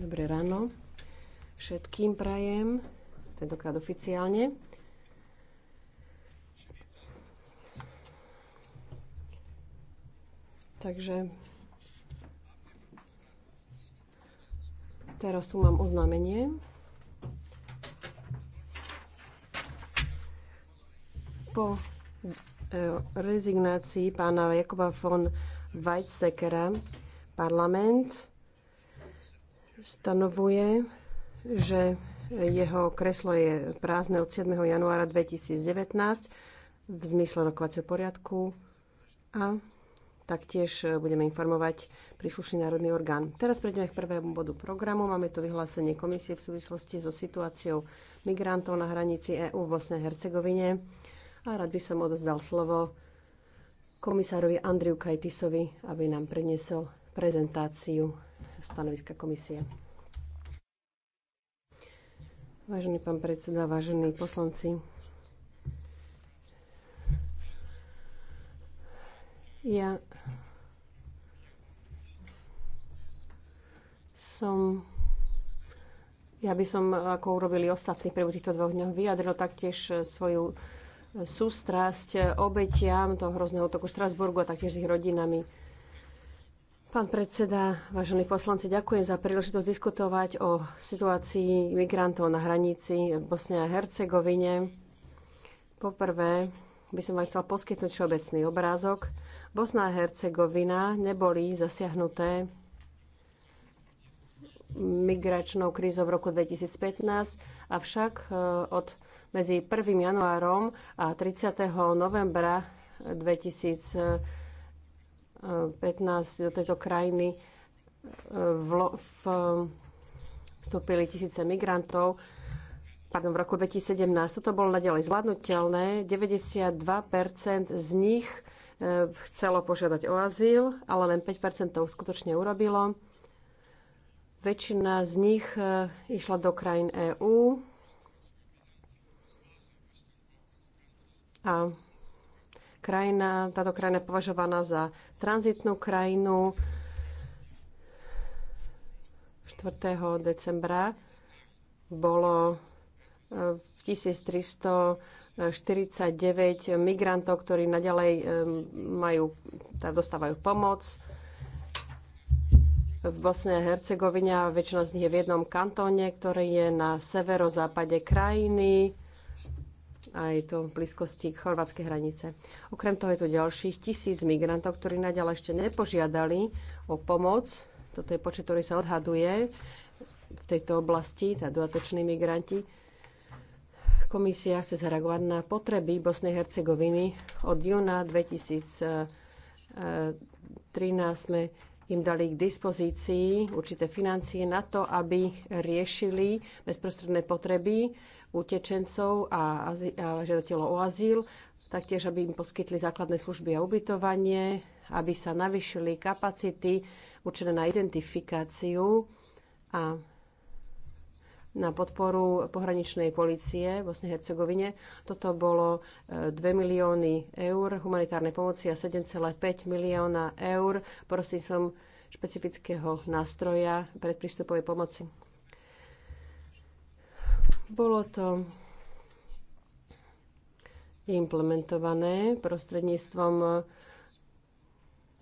Dobré ráno. Všetkým prajem, tentokrát oficiálne. Takže teraz tu mám oznámenie. Po e, rezignácii pána Jakoba von Weizsäckera parlament stanovuje, že jeho kreslo je prázdne od 7. januára 2019 v zmysle rokovacieho poriadku a taktiež budeme informovať príslušný národný orgán. Teraz prejdeme k prvému bodu programu. Máme tu vyhlásenie komisie v súvislosti so situáciou migrantov na hranici EÚ v Bosne a Hercegovine. A rád by som odozdal slovo komisárovi Andriu Kajtisovi, aby nám preniesol prezentáciu stanoviska komisie. Vážený pán predseda, vážení poslanci, ja som ja by som, ako urobili ostatní v priebehu týchto dvoch dňoch, vyjadril taktiež svoju sústrasť obetiam toho hrozného útoku Štrasburgu a taktiež s ich rodinami. Pán predseda, vážení poslanci, ďakujem za príležitosť diskutovať o situácii migrantov na hranici v Bosne a Hercegovine. Poprvé by som vám chcel poskytnúť všeobecný obrázok. Bosna a Hercegovina neboli zasiahnuté migračnou krízou v roku 2015, avšak e, od medzi 1. januárom a 30. novembra 2015 15 do tejto krajiny e, e, vstúpili tisíce migrantov. Pardon, v roku 2017 toto bolo nadalej zvládnutelné. 92% z nich e, chcelo požiadať o azyl, ale len 5% to skutočne urobilo. Väčšina z nich išla do krajín EÚ. A krajina, táto krajina je považovaná za tranzitnú krajinu 4. decembra bolo 1349 eh, migrantov, ktorí naďalej eh, majú, teda dostávajú pomoc v Bosne a Hercegovine a väčšina z nich je v jednom kantóne, ktorý je na severozápade krajiny aj to v blízkosti k chorvátskej hranice. Okrem toho je tu ďalších tisíc migrantov, ktorí naďalej ešte nepožiadali o pomoc. Toto je počet, ktorý sa odhaduje v tejto oblasti, tá dodatoční migranti. Komisia chce zareagovať na potreby Bosnej Hercegoviny. Od júna 2013 sme im dali k dispozícii určité financie na to, aby riešili bezprostredné potreby utečencov a, a žiadateľov o azyl, taktiež aby im poskytli základné služby a ubytovanie, aby sa navyšili kapacity určené na identifikáciu a na podporu pohraničnej policie v Bosne Hercegovine. Toto bolo 2 e, milióny eur humanitárnej pomoci a 7,5 milióna eur prosím som špecifického nástroja prístupovej pomoci. Bolo to implementované prostredníctvom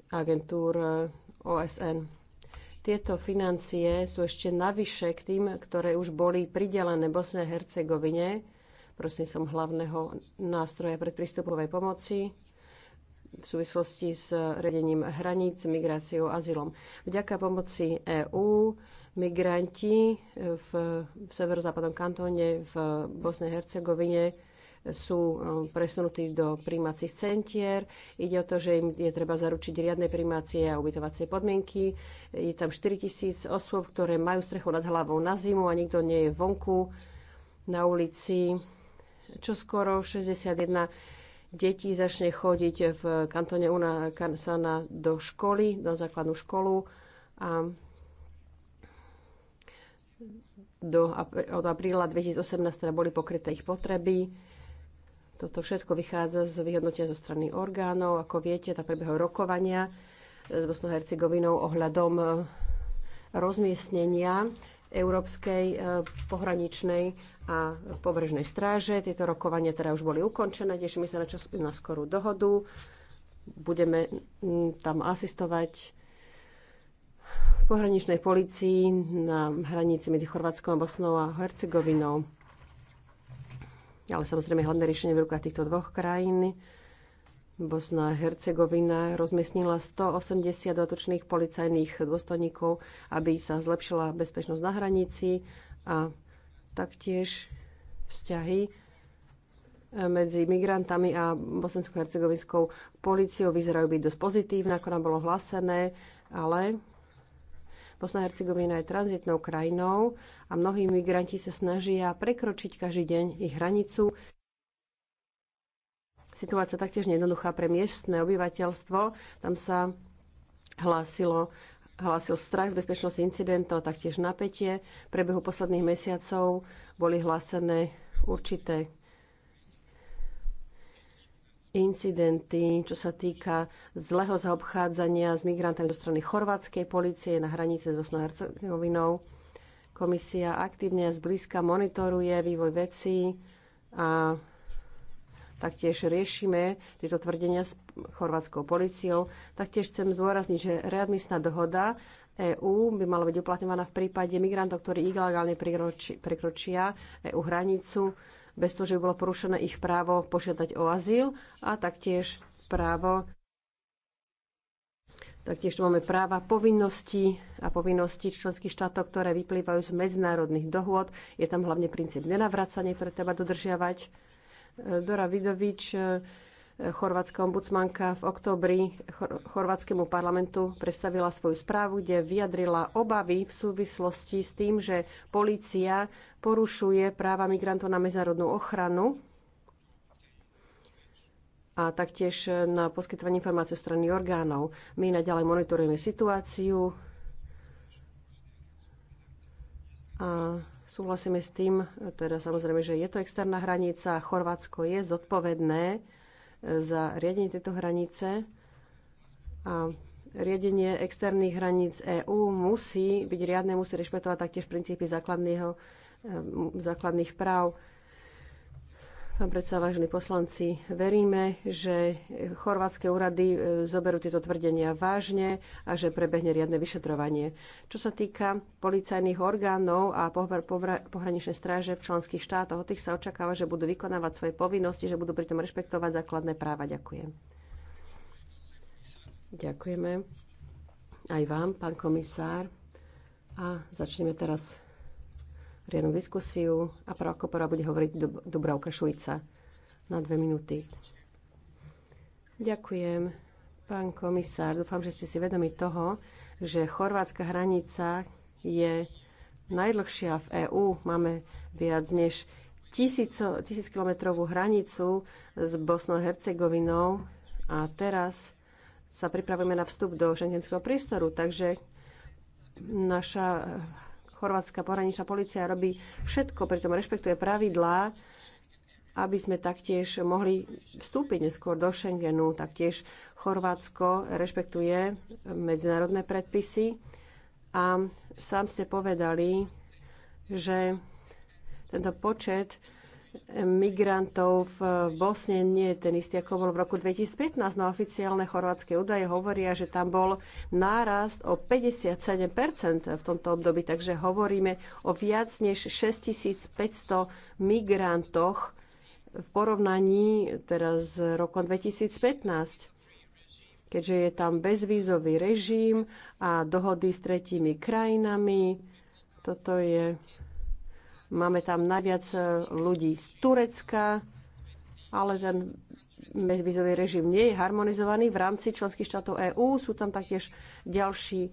agentúr OSN. Tieto financie sú ešte navyše k tým, ktoré už boli pridelené Bosne a Hercegovine prosím som hlavného nástroja predprístupovej pomoci v súvislosti s redením hraníc, migráciou, azylom. Vďaka pomoci EÚ Migranti e, v, v severozápadnom kantóne v Bosnej Hercegovine sú e, presunutí do príjmacích centier. Ide o to, že im je treba zaručiť riadne príjmacie a ubytovacie podmienky. Je tam 4 tisíc osôb, ktoré majú strechu nad hlavou na zimu a nikto nie je vonku na ulici. Čo skoro 61 detí začne chodiť v kantone Una Kansana do školy, do základnú školu. A do, od apríla 2018 teda boli pokryté ich potreby. Toto všetko vychádza z vyhodnotenia zo strany orgánov. Ako viete, tá prebiehajú rokovania s Bosnou Hercegovinou ohľadom e, rozmiestnenia Európskej e, pohraničnej a pobrežnej stráže. Tieto rokovania teda už boli ukončené. Tešíme sa na, čas, na skorú dohodu. Budeme tam asistovať pohraničnej policii na hranici medzi Chorvátskom a Bosnou a Hercegovinou. Ale samozrejme hlavné riešenie v rukách týchto dvoch krajín. Bosna a Hercegovina rozmiestnila 180 dotočných policajných dôstojníkov, aby sa zlepšila bezpečnosť na hranici a taktiež vzťahy medzi migrantami a bosensko-hercegovinskou policiou vyzerajú byť dosť pozitívne, ako nám bolo hlásené, ale Bosna Hercegovina je tranzitnou krajinou a mnohí migranti sa snažia prekročiť každý deň ich hranicu. Situácia taktiež nejednoduchá pre miestne obyvateľstvo. Tam sa hlásilo hlásil strach z bezpečnosti incidentov, taktiež napätie. V prebehu posledných mesiacov boli hlásené určité incidenty, čo sa týka zlého zaobchádzania s migrantami zo strany chorvátskej policie na hranice s Bosnou Hercegovinou. Komisia aktívne a zblízka monitoruje vývoj vecí a taktiež riešime tieto tvrdenia s chorvátskou policiou. Taktiež chcem zdôrazniť, že readmisná dohoda EÚ by mala byť uplatňovaná v prípade migrantov, ktorí ilegálne prekročia EÚ hranicu bez toho, že by bolo porušené ich právo požiadať o azyl a taktiež právo Taktiež tu máme práva, povinnosti a povinnosti členských štátov, ktoré vyplývajú z medzinárodných dohôd. Je tam hlavne princíp nenavracania, ktoré treba dodržiavať. Dora Vidovič, eh, chorvátska ombudsmanka v oktobri chorvátskemu parlamentu predstavila svoju správu, kde vyjadrila obavy v súvislosti s tým, že polícia porušuje práva migrantov na medzinárodnú ochranu a taktiež na poskytovanie informácií strany orgánov. My naďalej monitorujeme situáciu a súhlasíme s tým, teda samozrejme, že je to externá hranica, Chorvátsko je zodpovedné za riadenie tejto hranice a riadenie externých hraníc EÚ musí byť riadne, musí rešpektovať taktiež princípy základného Eh, základných práv. Pán predsa, vážení poslanci, veríme, že chorvátske úrady eh, zoberú tieto tvrdenia vážne a že prebehne riadne vyšetrovanie. Čo sa týka policajných orgánov a pohraničnej stráže v členských štátoch, od tých sa očakáva, že budú vykonávať svoje povinnosti, že budú pritom rešpektovať základné práva. Ďakujem. Ďakujeme aj vám, pán komisár. A začneme teraz riadnu diskusiu a prvá bude hovoriť Dubravka Šujca na dve minúty. Ďakujem, pán komisár. Dúfam, že ste si vedomi toho, že chorvátska hranica je najdlhšia v EÚ. Máme viac než tisíco, tisíckilometrovú hranicu s Bosnou Hercegovinou a teraz sa pripravujeme na vstup do šengenského priestoru, takže naša chorvátska pohraničná policia robí všetko, pritom rešpektuje pravidlá, aby sme taktiež mohli vstúpiť neskôr do Schengenu. Taktiež Chorvátsko rešpektuje medzinárodné predpisy. A sám ste povedali, že tento počet migrantov v Bosne nie je ten istý, ako bol v roku 2015. No oficiálne chorvátske údaje hovoria, že tam bol nárast o 57% v tomto období. Takže hovoríme o viac než 6500 migrantoch v porovnaní teraz s rokom 2015 keďže je tam bezvízový režim a dohody s tretími krajinami. Toto je Máme tam najviac e, ľudí z Turecka, ale ten bezvizový režim nie je harmonizovaný v rámci členských štátov EÚ. Sú tam taktiež ďalší e,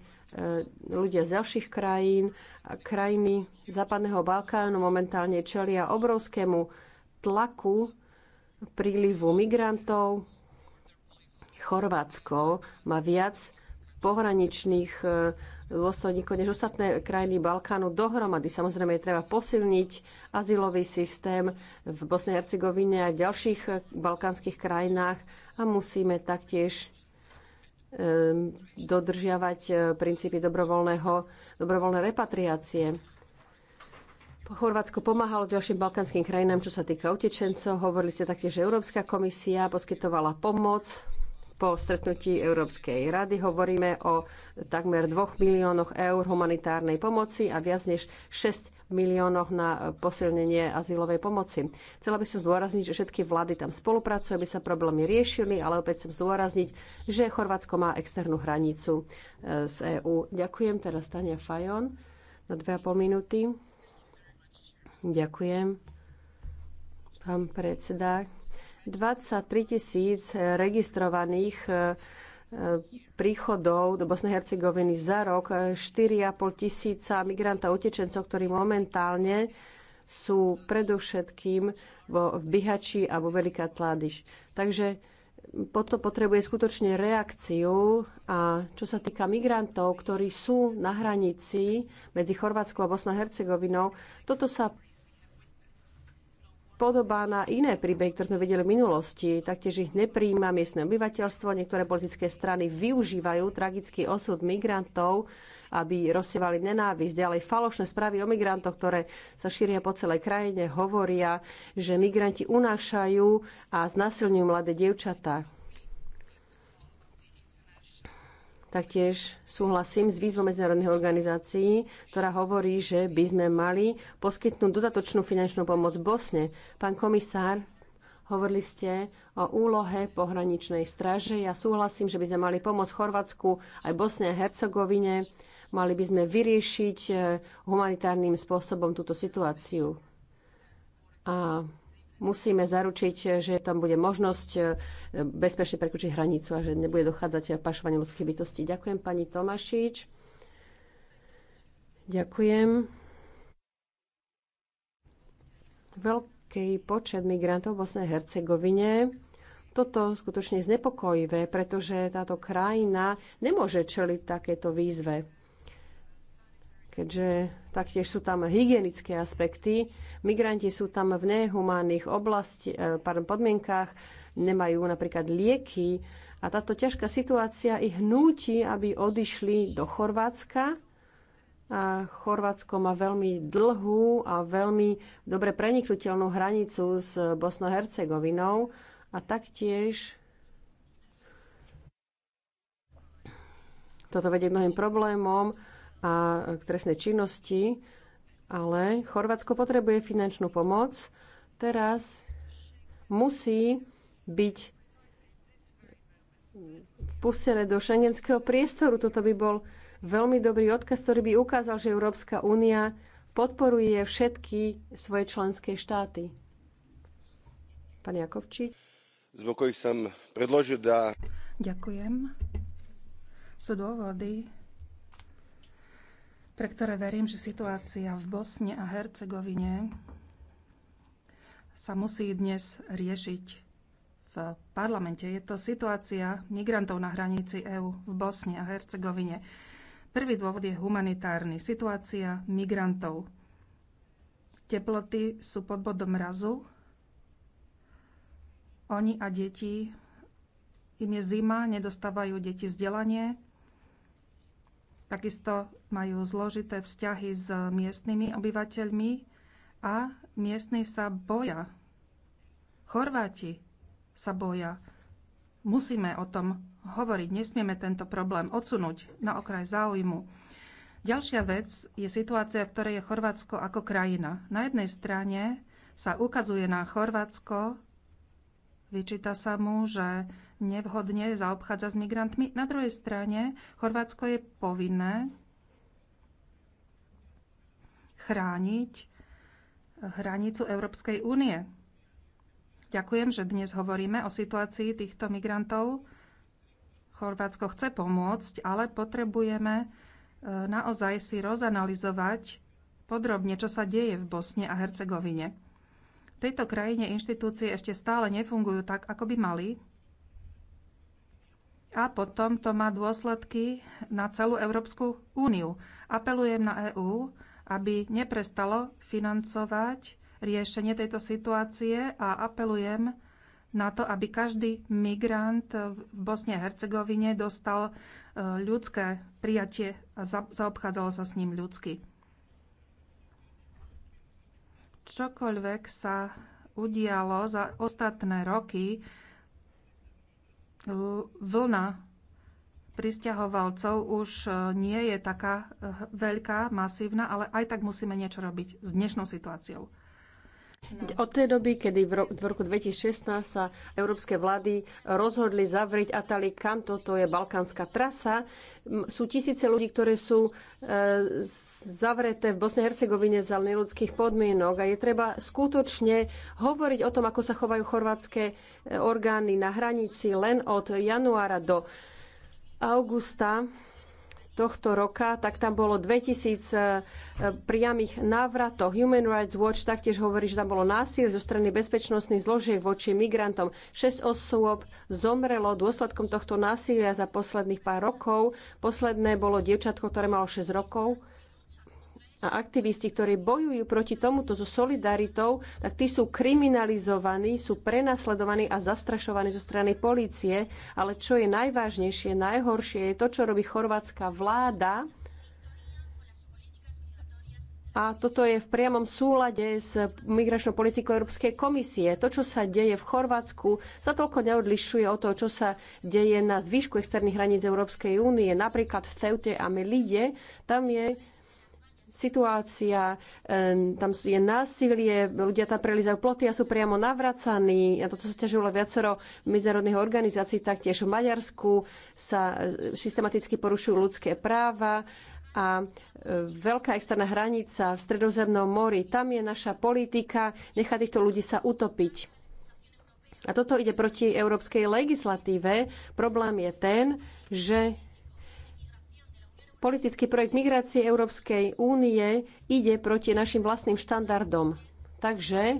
ľudia z ďalších krajín. Krajiny Západného Balkánu momentálne čelia obrovskému tlaku prílivu migrantov. Chorvátsko má viac pohraničných e, dôstojníkov než ostatné krajiny Balkánu dohromady. Samozrejme, je treba posilniť azylový systém v Bosnej Hercegovine a v ďalších balkánskych krajinách a musíme taktiež dodržiavať eh, princípy dobrovoľného, dobrovoľné repatriácie. Chorvátsko pomáhalo ďalším balkánskym krajinám, čo sa týka utečencov. Hovorili ste taktiež, že Európska komisia poskytovala pomoc po stretnutí Európskej rady. Hovoríme o takmer 2 miliónoch eur humanitárnej pomoci a viac než 6 miliónoch na posilnenie azylovej pomoci. Chcela by som zdôrazniť, že všetky vlády tam spolupracujú, aby sa problémy riešili, ale opäť chcem zdôrazniť, že Chorvátsko má externú hranicu eh, z EÚ. Ďakujem teraz Tania Fajon na 2,5 minúty. Ďakujem. Pán predseda, 23 tisíc eh, registrovaných eh, eh, príchodov do Bosnej Hercegoviny za rok, 4,5 tisíca migrantov, utečencov, ktorí momentálne sú predovšetkým vo, v Bihači a vo Veľká Tládiš. Takže hm, potom potrebuje skutočne reakciu a čo sa týka migrantov, ktorí sú na hranici medzi Chorvátskou a Bosnou Hercegovinou, toto sa podobá na iné príbehy, ktoré sme videli v minulosti. Taktiež ich nepríjima miestne obyvateľstvo. Niektoré politické strany využívajú tragický osud migrantov, aby rozsievali nenávisť. Ďalej falošné správy o migrantoch, ktoré sa šíria po celej krajine, hovoria, že migranti unášajú a znasilňujú mladé dievčatá. Taktiež súhlasím s výzvou medzinárodných organizácií, ktorá hovorí, že by sme mali poskytnúť dodatočnú finančnú pomoc Bosne. Pán komisár, hovorili ste o úlohe pohraničnej straže. Ja súhlasím, že by sme mali pomôcť Chorvátsku aj Bosne a Hercegovine. Mali by sme vyriešiť eh, humanitárnym spôsobom túto situáciu. A musíme zaručiť, že tam bude možnosť e, bezpečne prekročiť hranicu a že nebude dochádzať pašovanie ľudských bytostí. Ďakujem pani Tomašič. Ďakujem. Veľký počet migrantov v Bosnej Hercegovine. Toto skutočne znepokojivé, pretože táto krajina nemôže čeliť takéto výzve keďže taktiež sú tam hygienické aspekty. Migranti sú tam v nehumánnych oblasti, eh, pardon, podmienkách, nemajú napríklad lieky a táto ťažká situácia ich núti, aby odišli do Chorvátska. A Chorvátsko má veľmi dlhú a veľmi dobre preniknutelnú hranicu s Bosno-Hercegovinou a taktiež toto vedie k mnohým problémom a k trestnej činnosti, ale Chorvátsko potrebuje finančnú pomoc. Teraz musí byť vpustené do šengenského priestoru. Toto by bol veľmi dobrý odkaz, ktorý by ukázal, že Európska únia podporuje všetky svoje členské štáty. Pani Jakovči. Zbog som predložil da... Ďakujem. Sú dôvody, pre ktoré verím, že situácia v Bosne a Hercegovine sa musí dnes riešiť v parlamente. Je to situácia migrantov na hranici EÚ v Bosne a Hercegovine. Prvý dôvod je humanitárny. Situácia migrantov. Teploty sú pod bodom mrazu. Oni a deti, im je zima, nedostávajú deti vzdelanie, Takisto majú zložité vzťahy s miestnymi obyvateľmi a miestni sa boja. Chorváti sa boja. Musíme o tom hovoriť. Nesmieme tento problém odsunúť na okraj záujmu. Ďalšia vec je situácia, v ktorej je Chorvátsko ako krajina. Na jednej strane sa ukazuje na Chorvátsko, vyčíta sa mu, že nevhodne zaobchádza s migrantmi. Na druhej strane Chorvátsko je povinné chrániť eh, hranicu Európskej únie. Ďakujem, že dnes hovoríme o situácii týchto migrantov. Chorvátsko chce pomôcť, ale potrebujeme eh, naozaj si rozanalizovať podrobne, čo sa deje v Bosne a Hercegovine. V tejto krajine inštitúcie ešte stále nefungujú tak, ako by mali a potom to má dôsledky na celú Európsku úniu. Apelujem na EÚ, aby neprestalo financovať riešenie tejto situácie a apelujem na to, aby každý migrant v Bosne a Hercegovine dostal e, ľudské prijatie a zaobchádzalo sa s ním ľudsky. Čokoľvek sa udialo za ostatné roky, vlna pristahovalcov už e, nie je taká e, veľká, masívna, ale aj tak musíme niečo robiť s dnešnou situáciou. No. Od tej doby, kedy v roku 2016 sa európske vlády rozhodli zavrieť Atali Kanto, to je balkánska trasa, sú tisíce ľudí, ktoré sú e, zavreté v Bosne Hercegovine za neludských podmienok a je treba skutočne hovoriť o tom, ako sa chovajú chorvátske e, orgány na hranici len od januára do augusta tohto roka, tak tam bolo 2000 e, priamých návratov. Human Rights Watch taktiež hovorí, že tam bolo násilie zo strany bezpečnostných zložiek voči migrantom. 6 osôb zomrelo dôsledkom tohto násilia za posledných pár rokov. Posledné bolo dievčatko, ktoré malo 6 rokov a aktivisti, ktorí bojujú proti tomuto so solidaritou, tak tí sú kriminalizovaní, sú prenasledovaní a zastrašovaní zo strany polície. Ale čo je najvážnejšie, najhoršie, je to, čo robí chorvátska vláda. A toto je v priamom súlade s migračnou politikou Európskej komisie. To, čo sa deje v Chorvátsku, sa toľko neodlišuje od toho, čo sa deje na zvýšku externých hraníc Európskej únie. Napríklad v Ceute a Melide, tam je situácia, tam je násilie, ľudia tam prelizajú ploty a sú priamo navracaní. Na toto sa ťažilo viacero medzinárodných organizácií, taktiež v Maďarsku sa e, systematicky porušujú ľudské práva a e, veľká externá hranica v Stredozemnom mori. Tam je naša politika nechať týchto ľudí sa utopiť. A toto ide proti európskej legislatíve. Problém je ten, že politický projekt migrácie Európskej únie ide proti našim vlastným štandardom. Takže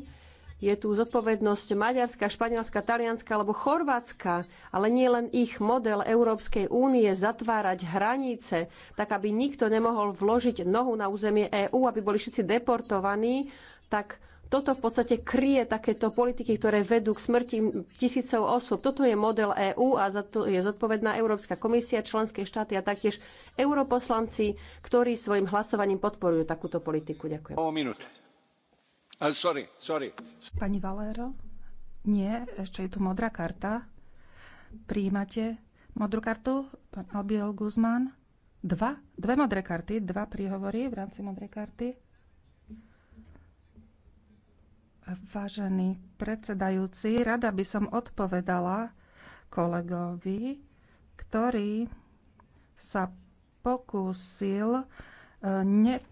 je tu zodpovednosť Maďarska, Španielska, Talianska alebo Chorvátska, ale nie len ich model Európskej únie zatvárať hranice, tak aby nikto nemohol vložiť nohu na územie EÚ, aby boli všetci deportovaní, tak toto v podstate kryje takéto politiky, ktoré vedú k smrti tisícov osôb. Toto je model EÚ a za to je zodpovedná Európska komisia, členské štáty a taktiež europoslanci, ktorí svojim hlasovaním podporujú takúto politiku. Ďakujem. Oh, minút. Sorry, sorry. Pani Valero, nie, ešte je tu modrá karta. Príjmate modrú kartu, pán Albiol Guzman. Dva? Dve modré karty, dva príhovory v rámci modrej karty. Vážený predsedajúci, rada by som odpovedala kolegovi, ktorý sa pokúsil e, ne,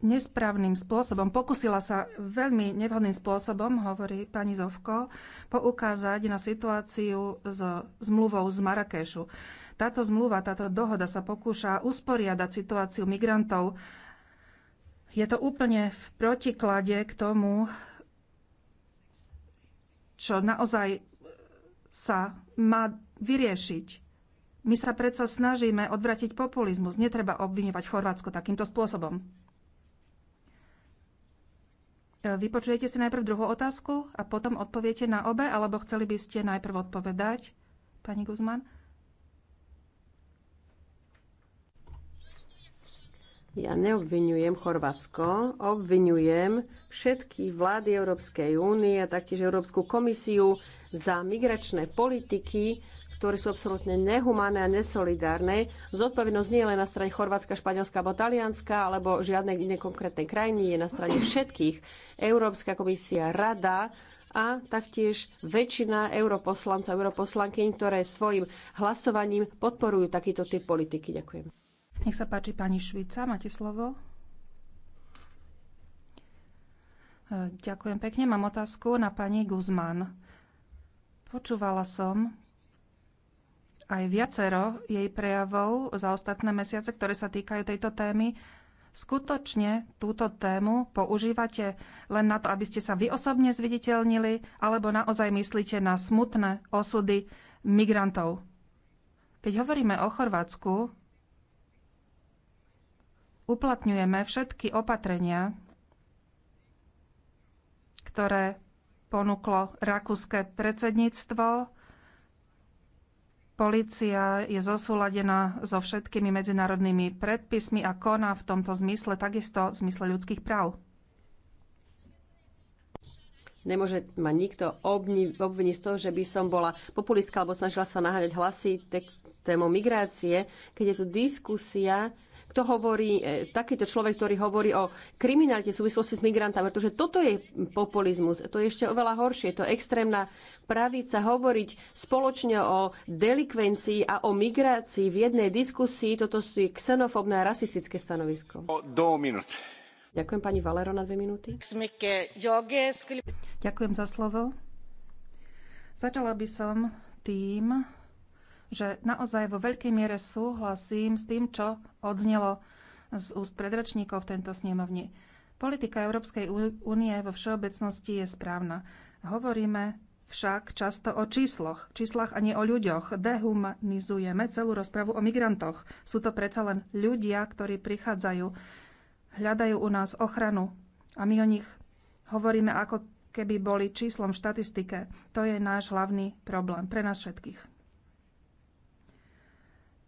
nesprávnym spôsobom, Pokúsila sa veľmi nevhodným spôsobom, hovorí pani Zovko, poukázať na situáciu s zmluvou z Marrakešu. Táto zmluva, táto dohoda sa pokúša usporiadať situáciu migrantov je to úplne v protiklade k tomu, čo naozaj sa má vyriešiť. My sa predsa snažíme odvratiť populizmus. Netreba obviňovať Chorvátsko takýmto spôsobom. Vypočujete si najprv druhú otázku a potom odpoviete na obe, alebo chceli by ste najprv odpovedať, pani Guzman? Ja neobvinujem Chorvátsko, obvinujem všetky vlády Európskej únie a taktiež Európsku komisiu za migračné politiky, ktoré sú absolútne nehumánne a nesolidárne. Zodpovednosť nie je len na strane Chorvátska, Španielska alebo Talianska, alebo žiadnej inej konkrétnej krajiny, je na strane všetkých. Európska komisia, rada, a taktiež väčšina europoslancov, europoslankyň, ktoré svojim hlasovaním podporujú takýto typ politiky. Ďakujem. Nech sa páči, pani Švica, máte slovo. E, ďakujem pekne. Mám otázku na pani Guzman. Počúvala som aj viacero jej prejavov za ostatné mesiace, ktoré sa týkajú tejto témy. Skutočne túto tému používate len na to, aby ste sa vy osobne zviditeľnili, alebo naozaj myslíte na smutné osudy migrantov. Keď hovoríme o Chorvátsku, uplatňujeme všetky opatrenia, ktoré ponúklo rakúske predsedníctvo. Polícia je zosúladená so všetkými medzinárodnými predpismi a koná v tomto zmysle, takisto v zmysle ľudských práv. Nemôže ma nikto obviniť z toho, že by som bola populistka alebo snažila sa naháňať hlasy tému migrácie, keď je tu diskusia kto hovorí, e, takýto človek, ktorý hovorí o kriminalite v súvislosti s migrantami, pretože toto je populizmus, to je ešte oveľa horšie, to je extrémna pravica hovoriť spoločne o delikvencii a o migrácii v jednej diskusii, toto sú xenofobné a rasistické stanovisko. O do minút. Ďakujem pani Valero na dve minúty. Ďakujem za slovo. Začala by som tým, že naozaj vo veľkej miere súhlasím s tým, čo odznelo z úst predračníkov v tento snemovni. Politika Európskej únie vo všeobecnosti je správna. Hovoríme však často o čísloch, číslach a nie o ľuďoch. Dehumanizujeme celú rozpravu o migrantoch. Sú to predsa len ľudia, ktorí prichádzajú, hľadajú u nás ochranu a my o nich hovoríme ako keby boli číslom v štatistike. To je náš hlavný problém pre nás všetkých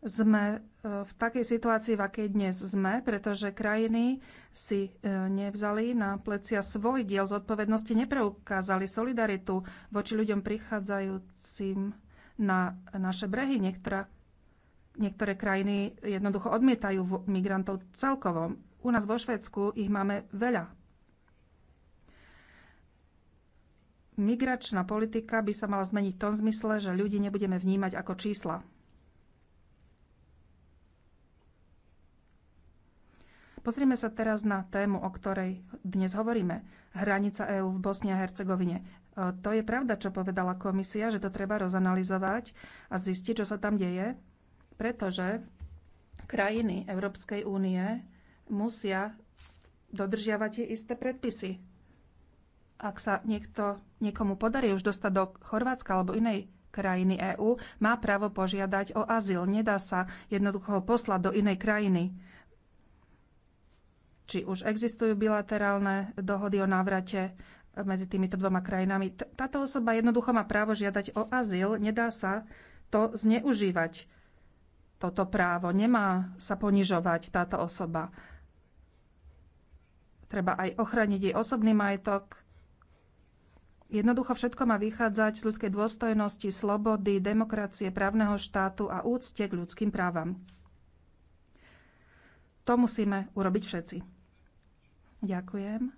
sme e, v takej situácii, v akej dnes sme, pretože krajiny si e, nevzali na plecia svoj diel zodpovednosti, nepreukázali solidaritu voči ľuďom prichádzajúcim na naše brehy. Niektorá, niektoré krajiny jednoducho odmietajú migrantov celkovo. U nás vo Švedsku ich máme veľa. Migračná politika by sa mala zmeniť v tom zmysle, že ľudí nebudeme vnímať ako čísla. Pozrieme sa teraz na tému, o ktorej dnes hovoríme. Hranica EÚ v Bosne a Hercegovine. E, to je pravda, čo povedala komisia, že to treba rozanalizovať a zistiť, čo sa tam deje, pretože krajiny Európskej únie musia dodržiavať tie isté predpisy. Ak sa niekto, niekomu podarí už dostať do Chorvátska alebo inej krajiny EÚ, má právo požiadať o azyl. Nedá sa jednoducho ho poslať do inej krajiny či už existujú bilaterálne dohody o návrate medzi týmito dvoma krajinami. Táto osoba jednoducho má právo žiadať o azyl, nedá sa to zneužívať, toto právo. Nemá sa ponižovať táto osoba. Treba aj ochraniť jej osobný majetok. Jednoducho všetko má vychádzať z ľudskej dôstojnosti, slobody, demokracie, právneho štátu a úcte k ľudským právam. To musíme urobiť všetci. Ďakujem.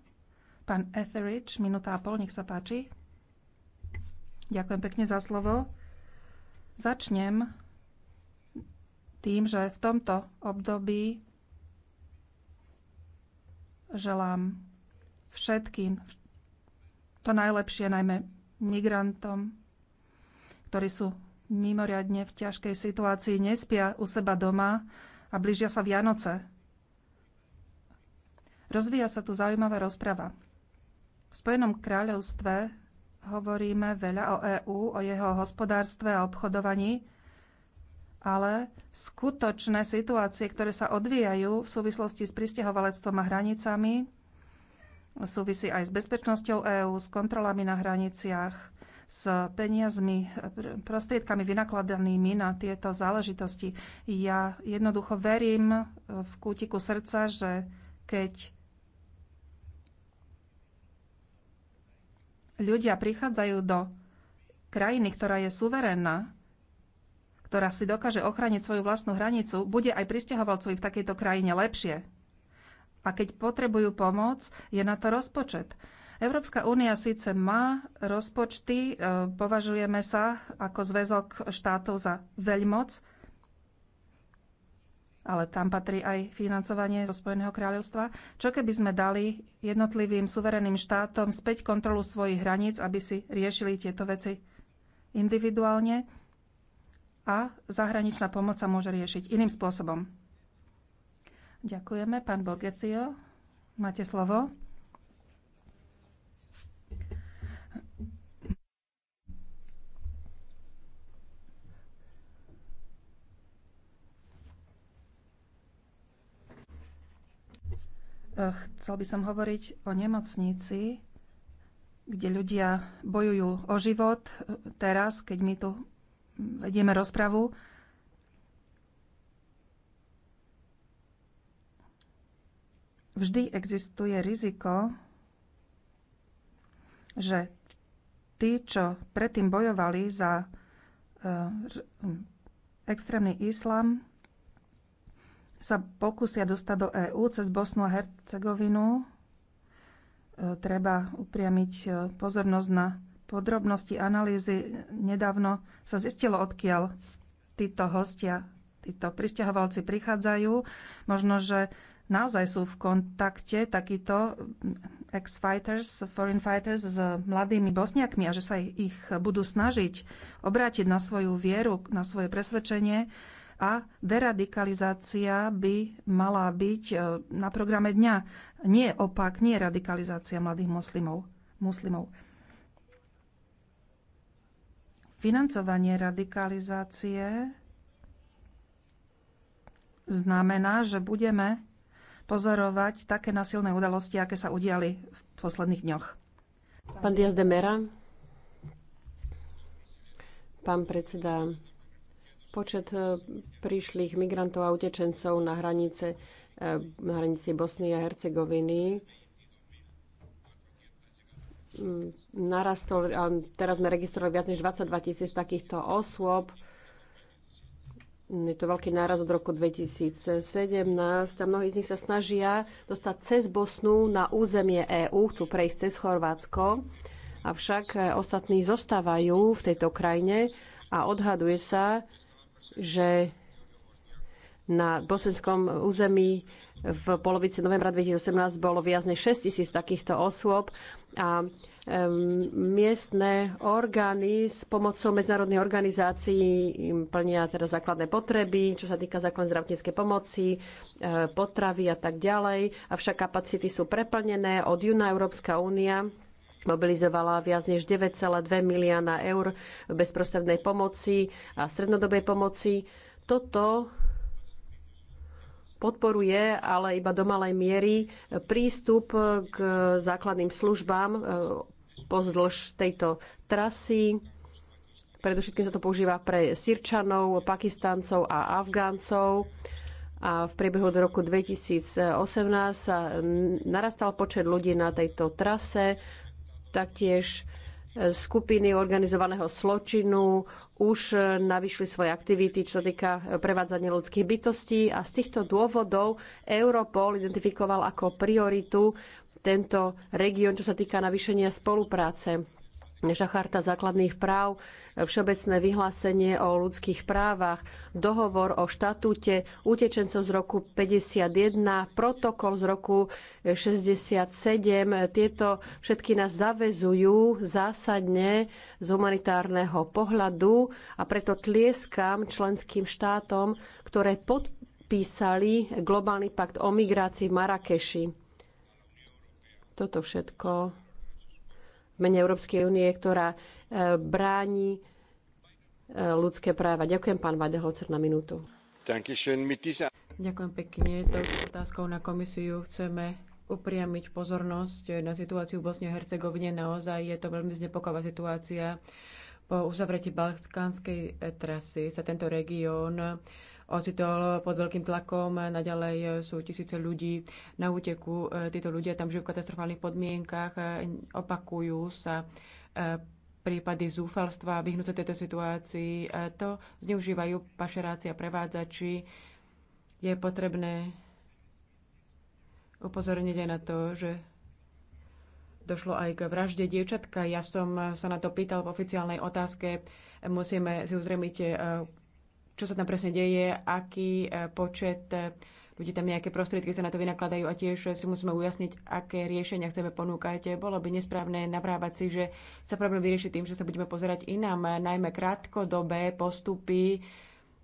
Pán Etheridge, minúta a pol, nech sa páči. Ďakujem pekne za slovo. Začnem tým, že v tomto období želám všetkým to najlepšie, najmä migrantom, ktorí sú mimoriadne v ťažkej situácii, nespia u seba doma a blížia sa Vianoce. Rozvíja sa tu zaujímavá rozprava. V Spojenom kráľovstve hovoríme veľa o EÚ, o jeho hospodárstve a obchodovaní, ale skutočné situácie, ktoré sa odvíjajú v súvislosti s pristahovalectvom a hranicami, súvisí aj s bezpečnosťou EÚ, s kontrolami na hraniciach, s peniazmi, prostriedkami vynakladanými na tieto záležitosti. Ja jednoducho verím v kútiku srdca, že keď ľudia prichádzajú do krajiny, ktorá je suverénna, ktorá si dokáže ochrániť svoju vlastnú hranicu, bude aj pristahovalcovi v takejto krajine lepšie. A keď potrebujú pomoc, je na to rozpočet. Európska únia síce má rozpočty, e, považujeme sa ako zväzok štátov za veľmoc, ale tam patrí aj financovanie zo Spojeného kráľovstva. Čo keby sme dali jednotlivým suvereným štátom späť kontrolu svojich hraníc, aby si riešili tieto veci individuálne a zahraničná pomoc sa môže riešiť iným spôsobom. Ďakujeme. Pán Borgecio, máte slovo. Eh, chcel by som hovoriť o nemocnici, kde ľudia bojujú o život eh, teraz, keď my tu vedieme rozpravu. Vždy existuje riziko, že tí, čo predtým bojovali za eh, extrémny islám, sa pokúsia dostať do EÚ cez Bosnu a Hercegovinu, e, treba upriamiť e, pozornosť na podrobnosti analýzy. Nedávno sa zistilo, odkiaľ títo hostia, títo pristahovalci prichádzajú. Možno, že naozaj sú v kontakte takíto ex-fighters, foreign fighters s mladými bosniakmi a že sa ich budú snažiť obrátiť na svoju vieru, na svoje presvedčenie a deradikalizácia by mala byť e, na programe dňa. Nie opak, nie radikalizácia mladých moslimov. muslimov. Financovanie radikalizácie znamená, že budeme pozorovať také nasilné udalosti, aké sa udiali v posledných dňoch. Pán Dias de Mera, pán predseda Počet e, prišlých migrantov a utečencov na hranice e, na hranici Bosny a Hercegoviny mm, narastol, teraz sme registrovali viac než 22 tisíc takýchto osôb. Mm, je to veľký náraz od roku 2017 a mnohí z nich sa snažia dostať cez Bosnu na územie EÚ, chcú prejsť cez Chorvátsko, avšak e, ostatní zostávajú v tejto krajine a odhaduje sa, že na bosenskom území v polovici novembra 2018 bolo viac než 6 tisíc takýchto osôb a miestne orgány s pomocou medzinárodných organizácií im plnia teda základné potreby, čo sa týka základnej zdravotníckej pomoci, e, potravy a tak ďalej. Avšak kapacity sú preplnené od júna Európska únia mobilizovala viac než 9,2 milióna eur bezprostrednej pomoci a strednodobej pomoci. Toto podporuje, ale iba do malej miery, prístup k základným službám e, pozdĺž tejto trasy. Predovšetkým sa to používa pre Sirčanov, Pakistancov a Afgáncov. A v priebehu do roku 2018 sa narastal počet ľudí na tejto trase Taktiež e, skupiny organizovaného zločinu už e, navýšili svoje aktivity, čo sa týka e, prevádzania ľudských bytostí. A z týchto dôvodov Europol identifikoval ako prioritu tento región, čo sa týka navýšenia spolupráce naša charta základných práv, všeobecné vyhlásenie o ľudských právach, dohovor o štatúte utečencov z roku 51, protokol z roku 67. Tieto všetky nás zavezujú zásadne z humanitárneho pohľadu a preto tlieskam členským štátom, ktoré podpísali globálny pakt o migrácii v Marakeši. Toto všetko v mene Európskej únie, ktorá e, bráni e, ľudské práva. Ďakujem, pán Vadeholcer, na minútu. Ďakujem pekne. Touto otázkou na komisiu chceme upriamiť pozornosť na situáciu v Bosne a Hercegovine. Naozaj je to veľmi znepokojivá situácia. Po uzavretí balkánskej trasy sa tento región ocitol pod veľkým tlakom. Naďalej sú tisíce ľudí na úteku. E, títo ľudia tam žijú v katastrofálnych podmienkach. E, opakujú sa e, prípady zúfalstva, vyhnúť sa tejto situácii. To zneužívajú pašeráci a prevádzači. Je potrebné upozorniť aj na to, že došlo aj k vražde dievčatka. Ja som sa na to pýtal v oficiálnej otázke. Musíme si uzremiť čo sa tam presne deje, aký e, počet e, ľudí tam nejaké prostriedky sa na to vynakladajú a tiež si musíme ujasniť, aké riešenia chceme ponúkať. Bolo by nesprávne navrávať si, že sa problém vyrieši tým, že sa budeme pozerať inám, najmä krátkodobé postupy,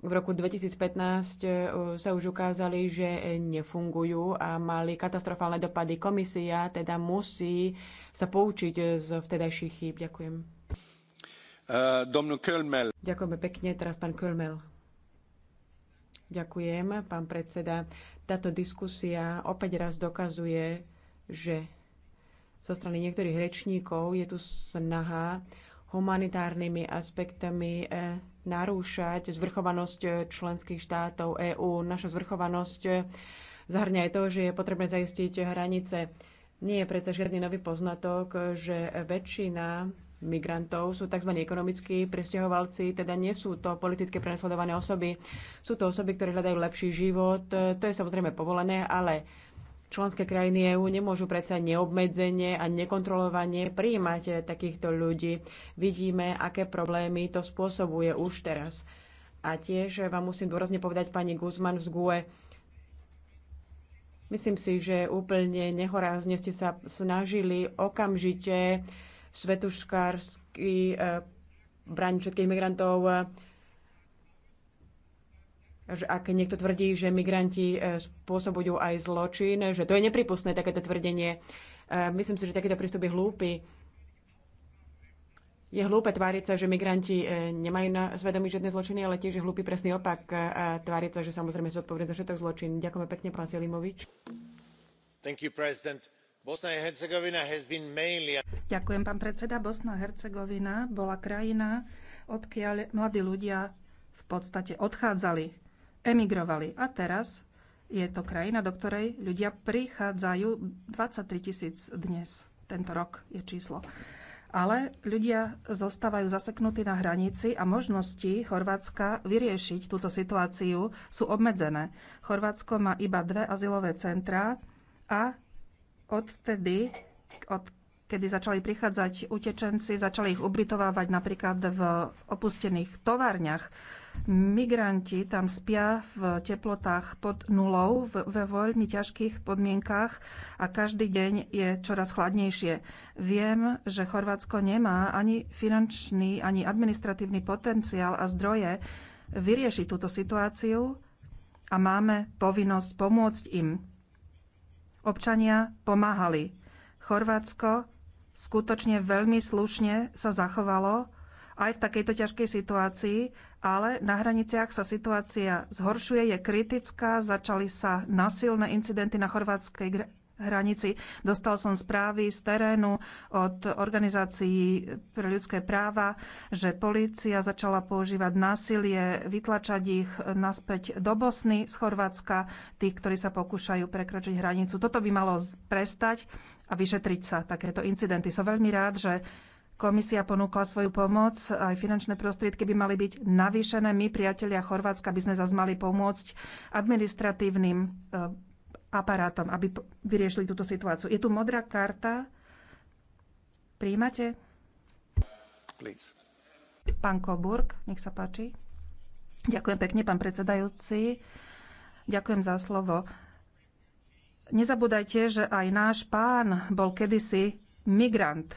v roku 2015 e, sa už ukázali, že nefungujú a mali katastrofálne dopady. Komisia teda musí sa poučiť z vtedajších chýb. Ďakujem. Uh, Ďakujeme pekne. Teraz pán Kölmel. Ďakujem, pán predseda. Táto diskusia opäť raz dokazuje, že zo strany niektorých rečníkov je tu snaha humanitárnymi aspektami eh, narúšať zvrchovanosť členských štátov EÚ. Naša zvrchovanosť eh, zahrňa aj to, že je potrebné zaistiť hranice. Nie je predsa žiadny nový poznatok, že väčšina migrantov sú tzv. ekonomickí presťahovalci, teda nie sú to politicky prenasledované osoby. Sú to osoby, ktoré hľadajú lepší život. To je samozrejme povolené, ale členské krajiny EÚ nemôžu predsa neobmedzenie a nekontrolovanie prijímať takýchto ľudí. Vidíme, aké problémy to spôsobuje už teraz. A tiež vám musím dôrazne povedať pani Guzman z GUE, Myslím si, že úplne nehorázne ste sa snažili okamžite svetuškársky e, braň všetkých migrantov, e, že ak niekto tvrdí, že migranti e, spôsobujú aj zločin, že to je nepripustné takéto tvrdenie. Myslím si, že takýto prístup je hlúpy. Je hlúpe tváriť sa, že migranti nemajú na svedomí žiadne zločiny, ale tiež je hlúpy presný opak tváriť sa, že samozrejme sú zodpovední za všetok zločin. Ďakujeme pekne, pán Selimovič. Thank you, president. Ďakujem, pán predseda. Bosna a Hercegovina bola krajina, odkiaľ mladí ľudia v podstate odchádzali, emigrovali. A teraz je to krajina, do ktorej ľudia prichádzajú 23 tisíc dnes. Tento rok je číslo. Ale ľudia zostávajú zaseknutí na hranici a možnosti Chorvátska vyriešiť túto situáciu sú obmedzené. Chorvátsko má iba dve azylové centrá a Odvtedy, od kedy začali prichádzať utečenci, začali ich ubytovávať napríklad v opustených továrniach. Migranti tam spia v teplotách pod nulou, ve veľmi ťažkých podmienkách a každý deň je čoraz chladnejšie. Viem, že Chorvátsko nemá ani finančný, ani administratívny potenciál a zdroje vyriešiť túto situáciu a máme povinnosť pomôcť im občania pomáhali. Chorvátsko skutočne veľmi slušne sa zachovalo aj v takejto ťažkej situácii, ale na hraniciach sa situácia zhoršuje, je kritická, začali sa násilné incidenty na chorvátskej hranici. Dostal som správy z terénu od organizácií pre ľudské práva, že polícia začala používať násilie, vytlačať ich naspäť do Bosny z Chorvátska, tých, ktorí sa pokúšajú prekročiť hranicu. Toto by malo prestať a vyšetriť sa takéto incidenty. Som veľmi rád, že Komisia ponúkla svoju pomoc, aj finančné prostriedky by mali byť navýšené. My, priatelia Chorvátska, by sme zase mali pomôcť administratívnym e, aparátom, aby vyriešili túto situáciu. Je tu modrá karta. Príjmate? Please. Pán Koburg, nech sa páči. Ďakujem pekne, pán predsedajúci. Ďakujem za slovo. Nezabúdajte, že aj náš pán bol kedysi migrant.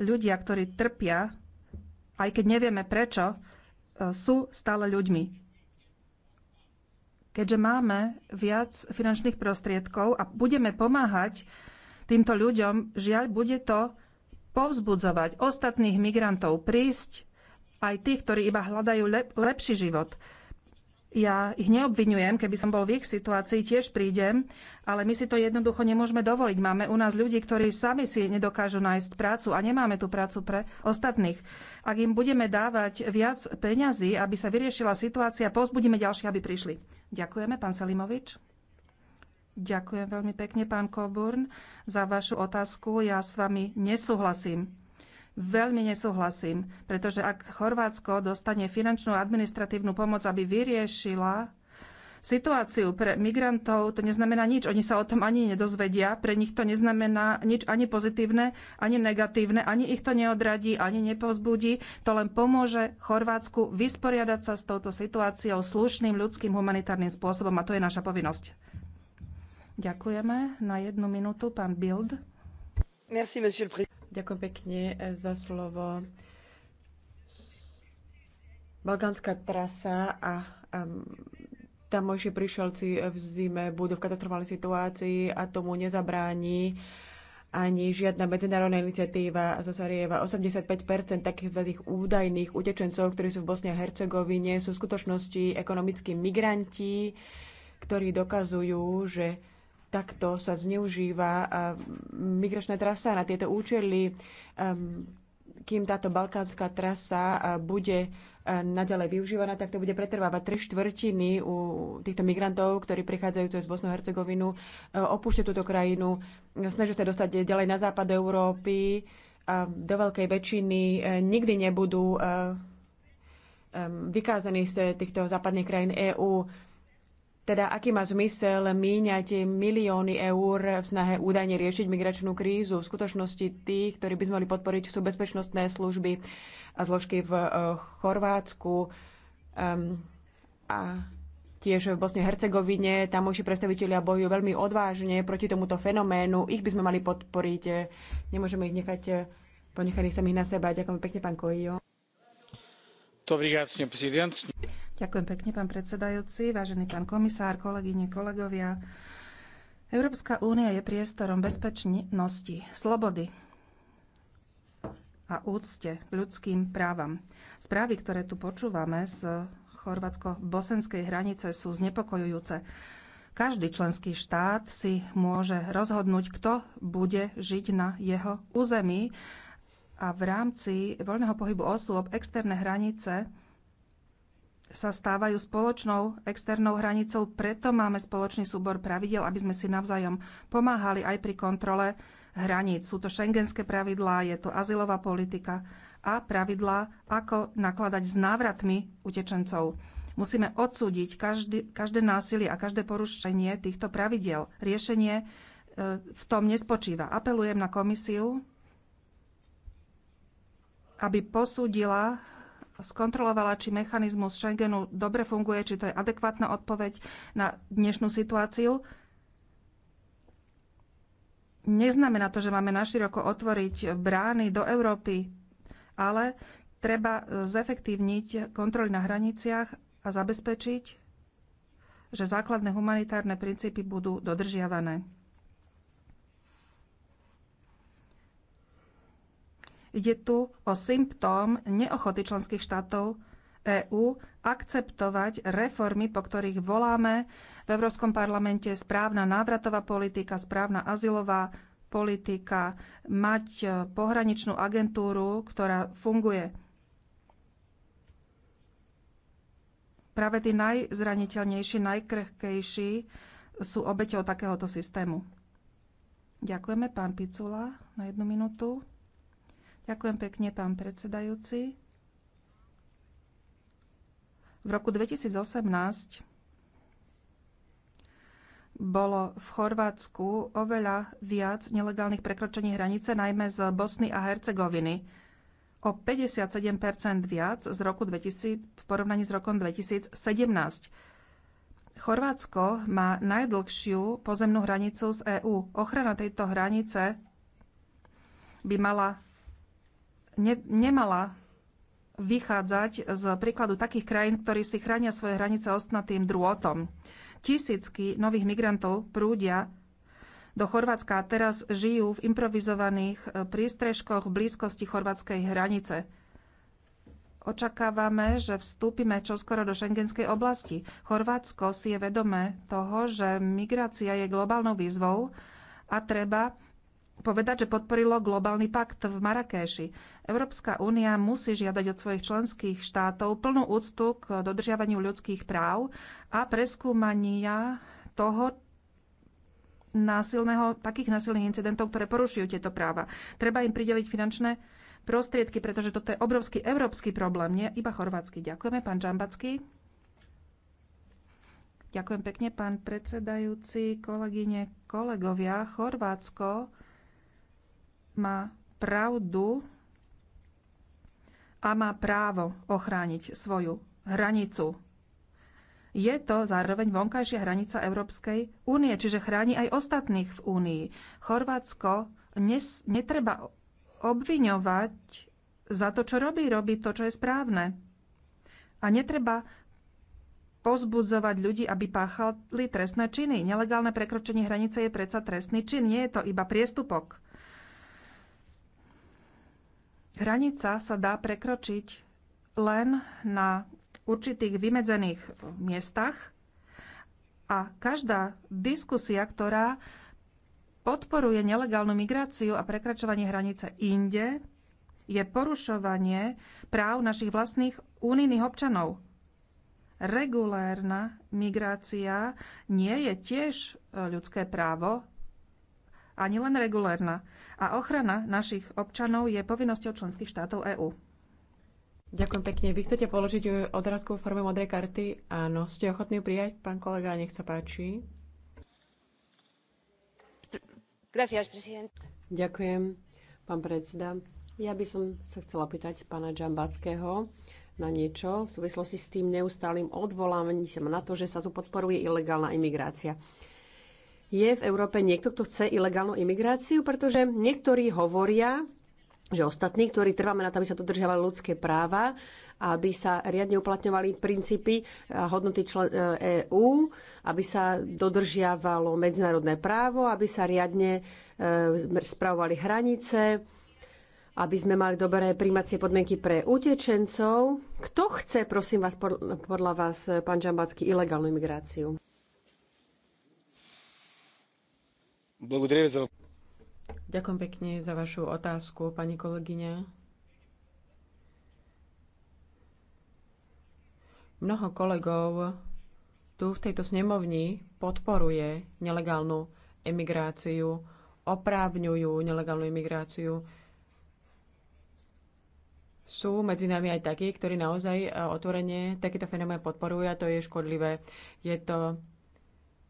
Ľudia, ktorí trpia, aj keď nevieme prečo, e, sú stále ľuďmi. Keďže máme viac finančných prostriedkov a budeme pomáhať týmto ľuďom, žiaľ, bude to povzbudzovať ostatných migrantov prísť, aj tých, ktorí iba hľadajú lep- lepší život. Ja ich neobvinujem, keby som bol v ich situácii, tiež prídem, ale my si to jednoducho nemôžeme dovoliť. Máme u nás ľudí, ktorí sami si nedokážu nájsť prácu a nemáme tú prácu pre ostatných. Ak im budeme dávať viac peňazí, aby sa vyriešila situácia, pozbudíme ďalšie, aby prišli. Ďakujeme, pán Salimovič. Ďakujem veľmi pekne, pán Coburn, za vašu otázku. Ja s vami nesúhlasím. Veľmi nesúhlasím, pretože ak Chorvátsko dostane finančnú administratívnu pomoc, aby vyriešila situáciu. Pre migrantov to neznamená nič. Oni sa o tom ani nedozvedia. Pre nich to neznamená nič ani pozitívne, ani negatívne. Ani ich to neodradí, ani nepovzbudí. To len pomôže Chorvátsku vysporiadať sa s touto situáciou slušným ľudským humanitárnym spôsobom. A to je naša povinnosť. Ďakujeme. Na jednu minútu pán Bild. Merci, Ďakujem pekne eh, za slovo. Balkánska trasa a um, tamojší prišelci v zime budú v katastrofálnej situácii a tomu nezabráni ani žiadna medzinárodná iniciatíva zo Sarajeva. 85 takých tých údajných utečencov, ktorí sú v Bosne a Hercegovine, sú v skutočnosti ekonomickí migranti, ktorí dokazujú, že takto sa zneužíva migračná trasa na tieto účely. Kým táto balkánska trasa bude naďalej využívaná, tak to bude pretrvávať. Tri štvrtiny u týchto migrantov, ktorí prichádzajú cez Bosnu a Hercegovinu, e, opúšťajú túto krajinu, snažia sa dostať ďalej na západ Európy. A do veľkej väčšiny e, nikdy nebudú e, vykázaní z týchto západných krajín EÚ. Teda aký má zmysel míňať milióny eur v snahe údajne riešiť migračnú krízu? V skutočnosti tých, ktorí by sme mali podporiť, sú bezpečnostné služby, a zložky v eh, Chorvátsku a tiež v Bosne Hercegovine. Tamoši predstavitelia bojujú veľmi odvážne proti tomuto fenoménu. Ich by sme mali podporiť. Nemôžeme ich nechať eh, ponechaných samých na seba. Ďakujem pekne, pán Kojo. Ďakujem pekne, pán predsedajúci, vážený pán komisár, kolegyne, kolegovia. Európska únia je priestorom bezpečnosti, slobody, a úcte k ľudským právam. Správy, ktoré tu počúvame z chorvátsko-bosenskej hranice, sú znepokojujúce. Každý členský štát si môže rozhodnúť, kto bude žiť na jeho území a v rámci voľného pohybu osôb externé hranice sa stávajú spoločnou externou hranicou, preto máme spoločný súbor pravidel, aby sme si navzájom pomáhali aj pri kontrole hraníc. Sú to šengenské pravidlá, je to azylová politika a pravidlá, ako nakladať s návratmi utečencov. Musíme odsúdiť každý, každé násilie a každé porušenie týchto pravidiel. Riešenie e, v tom nespočíva. Apelujem na komisiu, aby posúdila, skontrolovala, či mechanizmus Schengenu dobre funguje, či to je adekvátna odpoveď na dnešnú situáciu neznamená to, že máme naširoko otvoriť brány do Európy, ale treba zefektívniť kontroly na hraniciach a zabezpečiť, že základné humanitárne princípy budú dodržiavané. Ide tu o symptóm neochoty členských štátov EÚ akceptovať reformy, po ktorých voláme v Európskom parlamente správna návratová politika, správna azylová politika, mať e, pohraničnú agentúru, ktorá funguje. Práve tí najzraniteľnejší, najkrehkejší sú obeťou takéhoto systému. Ďakujeme, pán Picula, na jednu minútu. Ďakujem pekne, pán predsedajúci. V roku 2018 bolo v Chorvátsku oveľa viac nelegálnych prekročení hranice, najmä z Bosny a Hercegoviny. O 57 viac z roku 2000 v porovnaní s rokom 2017. Chorvátsko má najdlhšiu pozemnú hranicu z EÚ. Ochrana tejto hranice by mala, ne, nemala vychádzať z príkladu takých krajín, ktorí si chránia svoje hranice ostnatým drôtom. Tisícky nových migrantov prúdia do Chorvátska a teraz žijú v improvizovaných eh, prístrežkoch v blízkosti chorvátskej hranice. Očakávame, že vstúpime čoskoro do šengenskej oblasti. Chorvátsko si je vedomé toho, že migrácia je globálnou výzvou a treba povedať, že podporilo globálny pakt v Marrakeši. Európska únia musí žiadať od svojich členských štátov plnú úctu k dodržiavaniu ľudských práv a preskúmania toho násilného, takých násilných incidentov, ktoré porušujú tieto práva. Treba im prideliť finančné prostriedky, pretože toto je obrovský európsky problém, nie iba chorvátsky. Ďakujeme, pán Čambacký. Ďakujem pekne, pán predsedajúci, kolegyne, kolegovia. Chorvátsko má pravdu a má právo ochrániť svoju hranicu. Je to zároveň vonkajšia hranica Európskej únie, čiže chráni aj ostatných v únii. Chorvátsko nes, netreba obviňovať za to, čo robí, robí to, čo je správne. A netreba pozbudzovať ľudí, aby páchali trestné činy. Nelegálne prekročenie hranice je predsa trestný čin, nie je to iba priestupok. Hranica sa dá prekročiť len na určitých vymedzených miestach a každá diskusia, ktorá podporuje nelegálnu migráciu a prekračovanie hranice inde, je porušovanie práv našich vlastných únijných občanov. Regulérna migrácia nie je tiež e, ľudské právo, a nielen regulérna. A ochrana našich občanov je povinnosťou členských štátov EÚ. Ďakujem pekne. Vy chcete položiť e, odrazku v forme modrej karty? Áno. Ste ochotní prijať, pán kolega? Nech sa páči. Gracias, Ďakujem, pán predseda. Ja by som sa chcela pýtať pána Džambackého na niečo v súvislosti s tým neustálým odvolávaním sa na to, že sa tu podporuje ilegálna imigrácia. Je v Európe niekto, kto chce ilegálnu imigráciu? Pretože niektorí hovoria, že ostatní, ktorí trváme na to, aby sa dodržiavali ľudské práva, aby sa riadne uplatňovali princípy a hodnoty člen EÚ, e aby sa dodržiavalo medzinárodné právo, aby sa riadne e, spravovali hranice, aby sme mali dobré príjmacie podmienky pre utečencov. Kto chce, prosím vás, podľa vás, pán Žambacký, ilegálnu imigráciu? Ďakujem pekne za vašu otázku, pani kolegyňa. Mnoho kolegov tu v tejto snemovni podporuje nelegálnu emigráciu, oprávňujú nelegálnu emigráciu. Sú medzi nami aj takí, ktorí naozaj e, otvorene takýto fenomén podporujú a to je škodlivé. Je to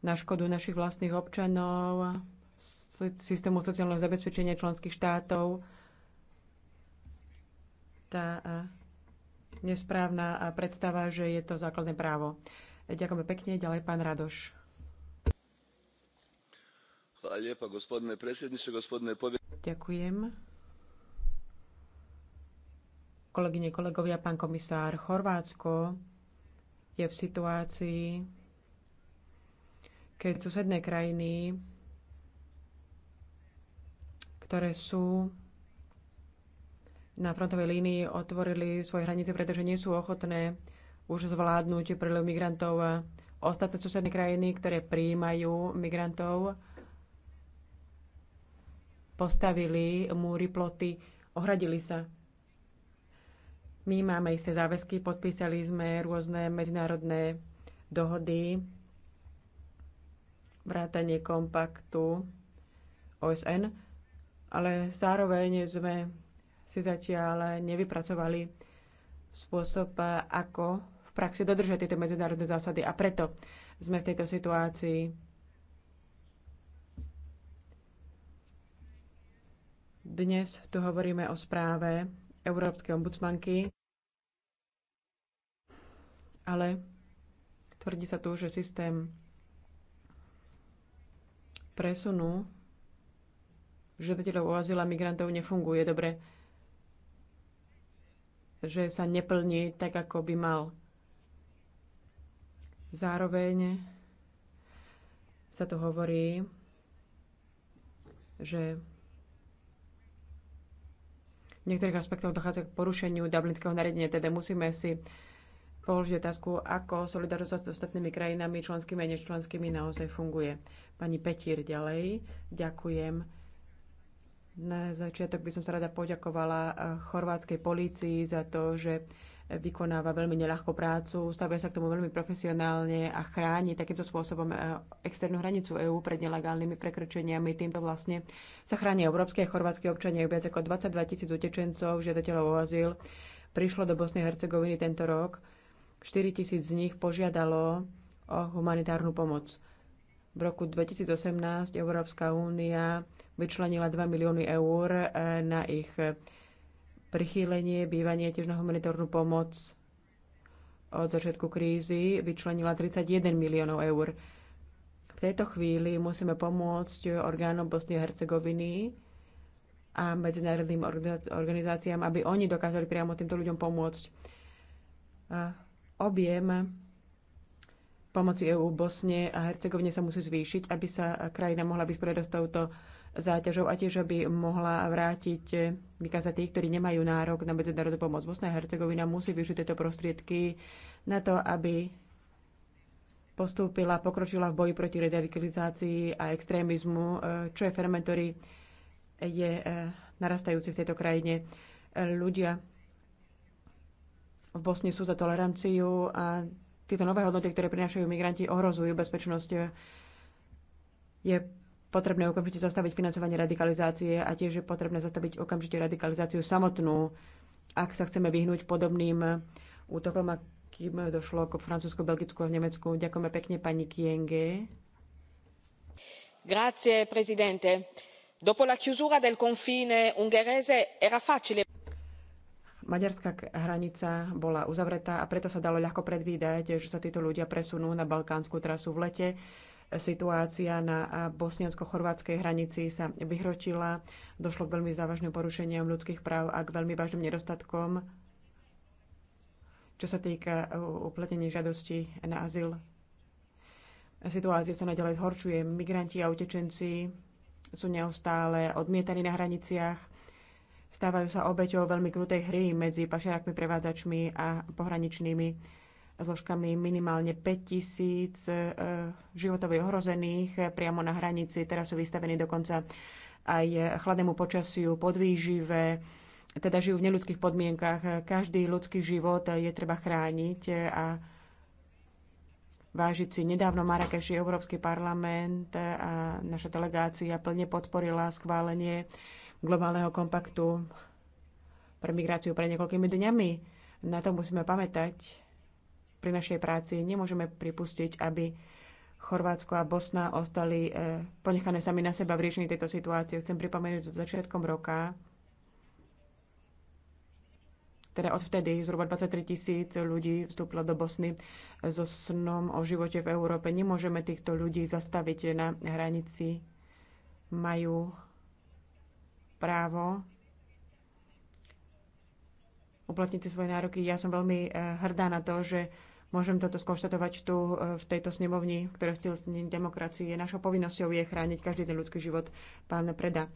na škodu našich vlastných občanov, systému sociálneho zabezpečenia členských štátov. Tá nesprávna predstava, že je to základné právo. E, ďakujeme pekne. Ďalej pán Radoš. Ďakujem. Kolegyne, kolegovia, pán komisár, Chorvátsko je v situácii, keď susedné krajiny ktoré sú na frontovej línii, otvorili svoje hranice, pretože nie sú ochotné už zvládnuť prílev migrantov. Ostatné susedné krajiny, ktoré prijímajú migrantov, postavili múry, ploty, ohradili sa. My máme isté záväzky, podpísali sme rôzne medzinárodné dohody, vrátanie kompaktu OSN ale zároveň sme si zatiaľ nevypracovali spôsob, ako v praxi dodržať tieto medzinárodné zásady. A preto sme v tejto situácii. Dnes tu hovoríme o správe Európskej ombudsmanky, ale tvrdí sa tu, že systém presunu žiadateľov o azyl a migrantov nefunguje dobre. Že sa neplní tak, ako by mal. Zároveň sa to hovorí, že v niektorých aspektoch dochádza k porušeniu Dublinského nariadenia, teda musíme si položiť otázku, ako solidarita s ostatnými krajinami, členskými a nečlenskými, naozaj funguje. Pani Petír ďalej, ďakujem. Na začiatok by som sa rada poďakovala eh, chorvátskej polícii za to, že vykonáva veľmi neľahkú prácu, stavia sa k tomu veľmi profesionálne a chráni takýmto spôsobom eh, externú hranicu EÚ pred nelegálnymi prekročeniami. Týmto vlastne sa chránia európske a chorvátske občania. Viac ako 22 tisíc utečencov, žiadateľov o azyl prišlo do Bosnej Hercegoviny tento rok. 4 tisíc z nich požiadalo o humanitárnu pomoc. V roku 2018 Európska únia vyčlenila 2 milióny eur e, na ich prichýlenie, bývanie, tiež na humanitárnu pomoc. Od začiatku krízy vyčlenila 31 miliónov eur. V tejto chvíli musíme pomôcť orgánom Bosny a Hercegoviny a medzinárodným organizáciám, aby oni dokázali priamo týmto ľuďom pomôcť. Objem pomoci EÚ Bosne a Hercegovine sa musí zvýšiť, aby sa krajina mohla vysporiadať s touto záťažou a tiež, aby mohla vrátiť, e, vykázať tých, ktorí nemajú nárok na medzinárodnú pomoc. Bosna a Hercegovina musí využiť tieto prostriedky na to, aby postúpila, pokročila v boji proti radikalizácii a extrémizmu, e, čo je fenomén, ktorý je e, narastajúci v tejto krajine. Ľudia v Bosne sú za toleranciu a tieto nové hodnoty, ktoré prinášajú migranti, ohrozujú bezpečnosť. Je potrebné okamžite zastaviť financovanie radikalizácie a tiež je potrebné zastaviť okamžite radikalizáciu samotnú, ak sa chceme vyhnúť podobným útokom, akým došlo v Francúzsku, Belgicku a v Nemecku. Ďakujeme pekne pani Kienge. Grazie, presidente. Dopo la chiusura del confine ungherese era facile maďarská hranica bola uzavretá a preto sa dalo ľahko predvídať, že sa títo ľudia presunú na balkánsku trasu v lete. Situácia na bosniansko-chorvátskej hranici sa vyhročila, došlo k veľmi závažným porušeniam ľudských práv a k veľmi vážnym nedostatkom, čo sa týka e, uplatnení žiadosti na azyl. Situácia sa nadalej zhorčuje. Migranti a utečenci sú neustále odmietaní na hraniciach stávajú sa obeťou veľmi krutej hry medzi pašerákmi, prevádzačmi a pohraničnými zložkami minimálne 5000 e, životovej ohrozených priamo na hranici. Teraz sú vystavení dokonca aj chladnému počasiu, podvýžive, teda žijú v neludských podmienkach. Každý ľudský život je treba chrániť a vážiť si. Nedávno Marrakeši Európsky parlament a naša delegácia plne podporila schválenie globálneho kompaktu pre migráciu pre niekoľkými dňami. Na to musíme pamätať pri našej práci. Nemôžeme pripustiť, aby Chorvátsko a Bosna ostali e, ponechané sami na seba v riešení tejto situácie. Chcem pripomenúť, že začiatkom roka, teda odvtedy zhruba 23 tisíc ľudí vstúpilo do Bosny e, so snom o živote v Európe. Nemôžeme týchto ľudí zastaviť na hranici. Majú právo uplatniť svoje nároky. Ja som veľmi eh, hrdá na to, že môžem toto skonštatovať tu eh, v tejto snemovni, v ktorej stilstení demokracie. Našou povinnosťou je chrániť každý ten ľudský život. Pán Preda,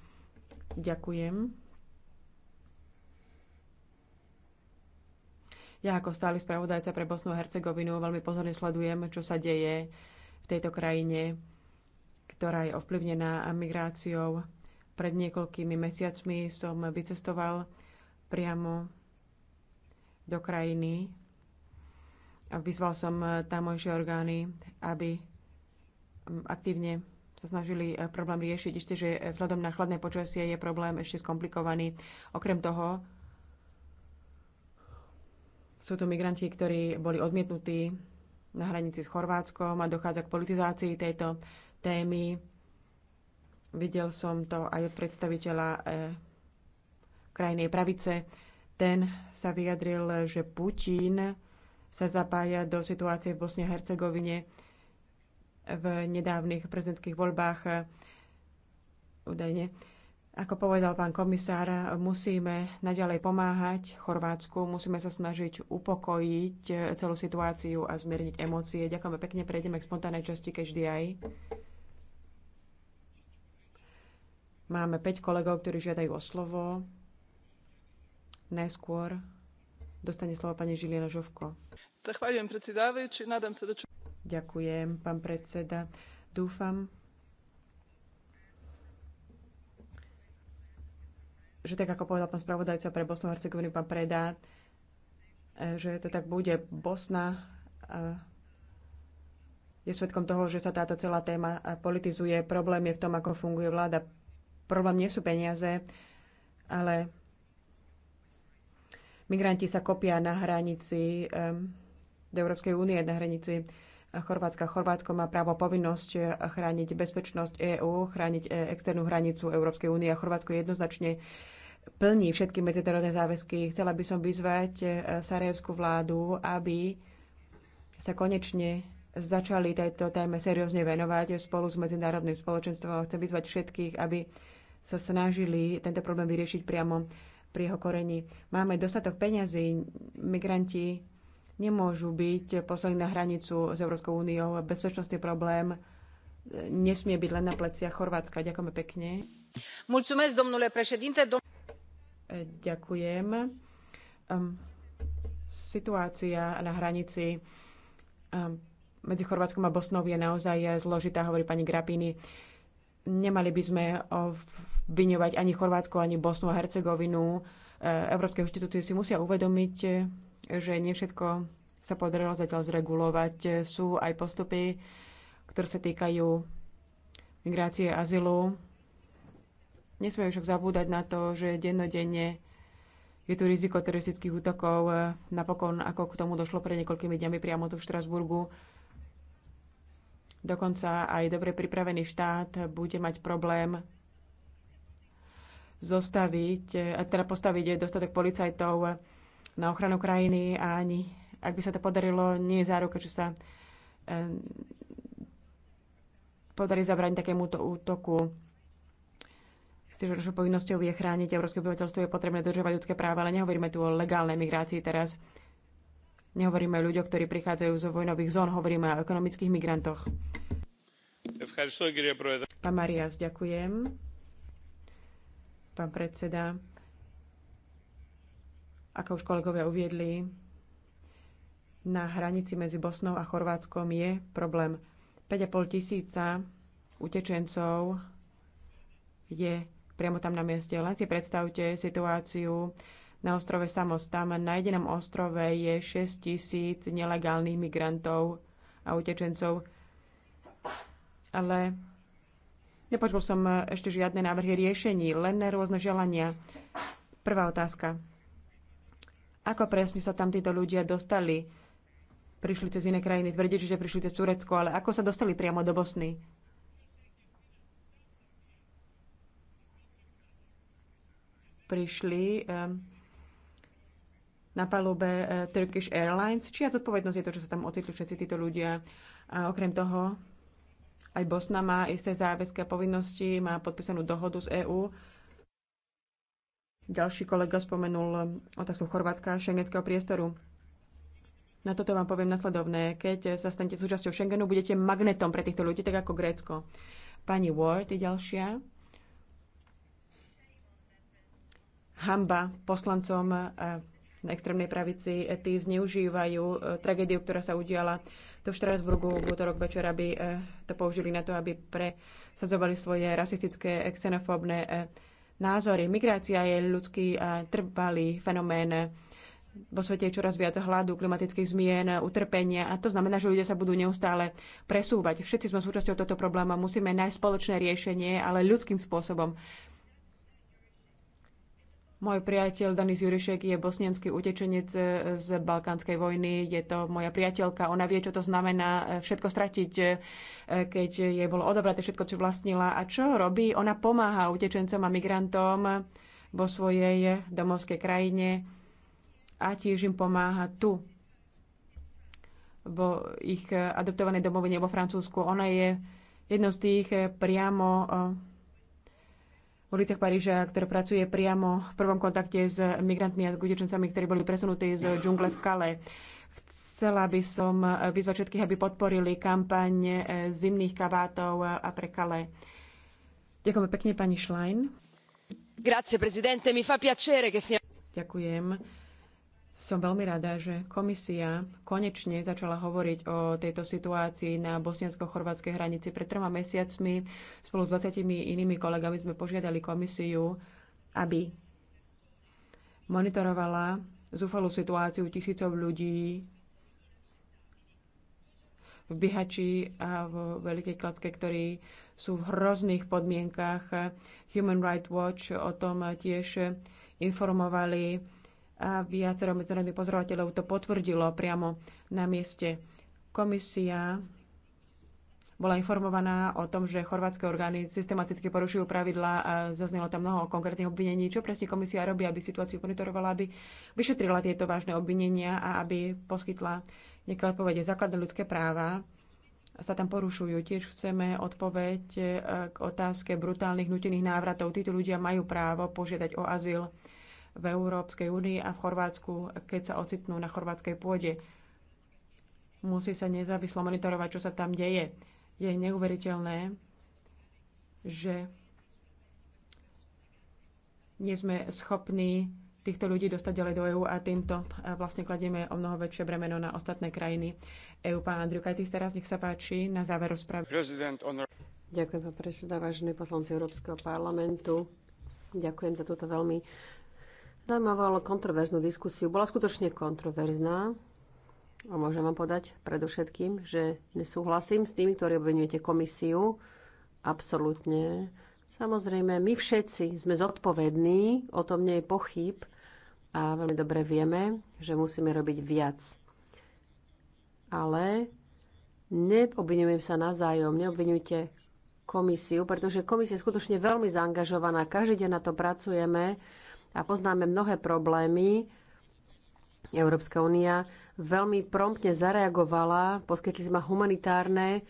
ďakujem. Ja ako stály spravodajca pre Bosnu a Hercegovinu veľmi pozorne sledujem, čo sa deje v tejto krajine, ktorá je ovplyvnená migráciou pred niekoľkými mesiacmi som vycestoval priamo do krajiny a vyzval som tamojšie orgány, aby mm, aktívne sa snažili eh, problém riešiť. Ešte, že eh, vzhľadom na chladné počasie je problém ešte skomplikovaný. Okrem toho sú tu migranti, ktorí boli odmietnutí na hranici s Chorvátskom a dochádza k politizácii tejto témy Videl som to aj od predstaviteľa eh, krajnej pravice. Ten sa vyjadril, že Putin sa zapája do situácie v Bosne a Hercegovine v nedávnych prezidentských voľbách údajne. Ako povedal pán komisár, musíme naďalej pomáhať Chorvátsku, musíme sa snažiť upokojiť eh, celú situáciu a zmierniť emócie. Ďakujeme pekne, prejdeme k spontánnej časti aj. Máme 5 kolegov, ktorí žiadajú o slovo. Najskôr dostane slovo pani Žilina Žovko. Zachváľujem predsedávajúči, nadám sa, čo... Ďakujem, pán predseda. Dúfam, že tak ako povedal pán spravodajca pre Bosnu a Hercegovinu, pán Preda, e, že to tak bude. Bosna e, je svetkom toho, že sa táto celá téma e, politizuje. Problém je v tom, ako funguje vláda problém nie sú peniaze, ale migranti sa kopia na hranici do Európskej únie, na hranici Chorvátska. Chorvátsko má právo povinnosť eh, chrániť bezpečnosť EÚ, chrániť eh, externú hranicu Európskej únie a Chorvátsko jednoznačne plní všetky medzinárodné záväzky. Chcela by som vyzvať eh, sarajevskú vládu, aby sa konečne začali tejto téme seriózne venovať spolu s medzinárodným spoločenstvom. Chcem vyzvať všetkých, aby sa snažili tento problém vyriešiť priamo pri jeho koreni. Máme dostatok peňazí, migranti nemôžu byť poslaní na hranicu s Európskou úniou. Bezpečnostný problém e, nesmie byť len na pleciach Chorvátska. Ďakujeme pekne. Mulțumesc, domnule președinte. Dom- e, Ďakujem. Um, situácia na hranici um, medzi Chorvátskom a Bosnou je naozaj zložitá, hovorí pani Grapini. Nemali by sme o obviňovať ani Chorvátsko, ani Bosnu a Hercegovinu. E, Európske inštitúcie si musia uvedomiť, e, že nie všetko sa podarilo zatiaľ zregulovať. E, sú aj postupy, ktoré sa týkajú migrácie a azylu. Nesmieme však zabúdať na to, že dennodenne je tu riziko teroristických útokov. Napokon, ako k tomu došlo pre niekoľkými dňami priamo tu v Štrasburgu, dokonca aj dobre pripravený štát bude mať problém zostaviť, e, teda postaviť dostatok policajtov na ochranu krajiny a ani, ak by sa to podarilo, nie je záruka, že sa e, podarí zabrániť takémuto útoku. Si, že našou povinnosťou je chrániť európske obyvateľstvo, je potrebné dodržovať ľudské práva, ale nehovoríme tu o legálnej migrácii teraz. Nehovoríme o ľuďoch, ktorí prichádzajú zo vojnových zón, hovoríme o ekonomických migrantoch. Pán Marias, ďakujem pán predseda. Ako už kolegovia uviedli, na hranici medzi Bosnou a Chorvátskom je problém. 5,5 tisíca utečencov je priamo tam na mieste. Len si predstavte situáciu na ostrove Samos. Tam na jedinom ostrove je 6 tisíc nelegálnych migrantov a utečencov. Ale Nepočul som ešte žiadne návrhy riešení, len rôzne želania. Prvá otázka. Ako presne sa tam títo ľudia dostali? Prišli cez iné krajiny, tvrdíte, že prišli cez Turecko, ale ako sa dostali priamo do Bosny? Prišli ehm, na palube eh, Turkish Airlines. Čia zodpovednosť je to, čo sa tam ocitli všetci títo ľudia. A okrem toho, aj Bosna má isté záväzky a povinnosti, má podpísanú dohodu z EÚ. Ďalší kolega spomenul otázku Chorvátska a šengenského priestoru. Na toto vám poviem nasledovné. Keď sa stanete súčasťou Schengenu, budete magnetom pre týchto ľudí, tak ako Grécko. Pani Ward je ďalšia. Hamba poslancom eh, na extrémnej pravici, e, tí zneužívajú e, tragédiu, ktorá sa udiala do v Štrasburgu v útorok večer, aby e, to použili na to, aby presadzovali svoje rasistické, xenofóbne názory. Migrácia je ľudský a trvalý fenomén. Vo svete je čoraz viac hladu, klimatických zmien, utrpenia a to znamená, že ľudia sa budú neustále presúvať. Všetci sme súčasťou tohto problému, musíme nájsť spoločné riešenie, ale ľudským spôsobom. Môj priateľ Danis Jurišek je bosnianský utečenec z Balkánskej vojny. Je to moja priateľka. Ona vie, čo to znamená eh, všetko stratiť, eh, keď jej bolo odobraté všetko, čo vlastnila. A čo robí? Ona pomáha utečencom a migrantom vo svojej domovskej krajine a tiež im pomáha tu, vo ich adoptovanej domovine vo Francúzsku. Ona je jednou z tých eh, priamo uliciach Paríža, ktoré pracuje priamo v prvom kontakte s migrantmi a utečencami, ktorí boli presunutí z džungle v Kale. Chcela by som vyzvať všetkých, aby podporili kampaň zimných kabátov a pre Kale. Ďakujeme pekne, pani Schlein. Grazie, presidente. Mi fa piacere che... Ďakujem som veľmi rada, že komisia konečne začala hovoriť o tejto situácii na bosniansko-chorvátskej hranici. Pred troma mesiacmi spolu s 20 inými kolegami sme požiadali komisiu, aby monitorovala zúfalú situáciu tisícov ľudí v Bihači a vo Veľkej Klacke, ktorí sú v hrozných podmienkach. Human Rights Watch o tom tiež informovali a viacero medzinárodných pozorovateľov to potvrdilo priamo na mieste. Komisia bola informovaná o tom, že chorvátske orgány systematicky porušujú pravidlá a zaznelo tam mnoho konkrétnych obvinení. Čo presne komisia robí, aby situáciu monitorovala, aby vyšetrila tieto vážne obvinenia a aby poskytla nejaké odpovede. Základné ľudské práva sa tam porušujú. Tiež chceme odpoveď e, k otázke brutálnych nutených návratov. Títo ľudia majú právo požiadať o azyl v Európskej únii a v Chorvátsku, keď sa ocitnú na chorvátskej pôde. Musí sa nezávislo monitorovať, čo sa tam deje. Je neuveriteľné, že nie sme schopní týchto ľudí dostať ďalej do EÚ a týmto eh, vlastne kladieme o mnoho väčšie bremeno na ostatné krajiny EÚ. Pán Andriu Kajtis, teraz nech sa páči na záver rozpravy. Ďakujem, pán predseda, vážení poslanci Európskeho parlamentu. Ďakujem za túto veľmi zaujímavú, kontroverznú diskusiu. Bola skutočne kontroverzná. A môžem vám podať predovšetkým, že nesúhlasím s tými, ktorí obvinujete komisiu. Absolútne. Samozrejme, my všetci sme zodpovední, o tom nie je pochyb a veľmi dobre vieme, že musíme robiť viac. Ale neobvinujem sa nazájom, neobvinujte komisiu, pretože komisia je skutočne veľmi zaangažovaná, každý deň na to pracujeme a poznáme mnohé problémy. Európska únia veľmi promptne zareagovala, poskytli sme humanitárne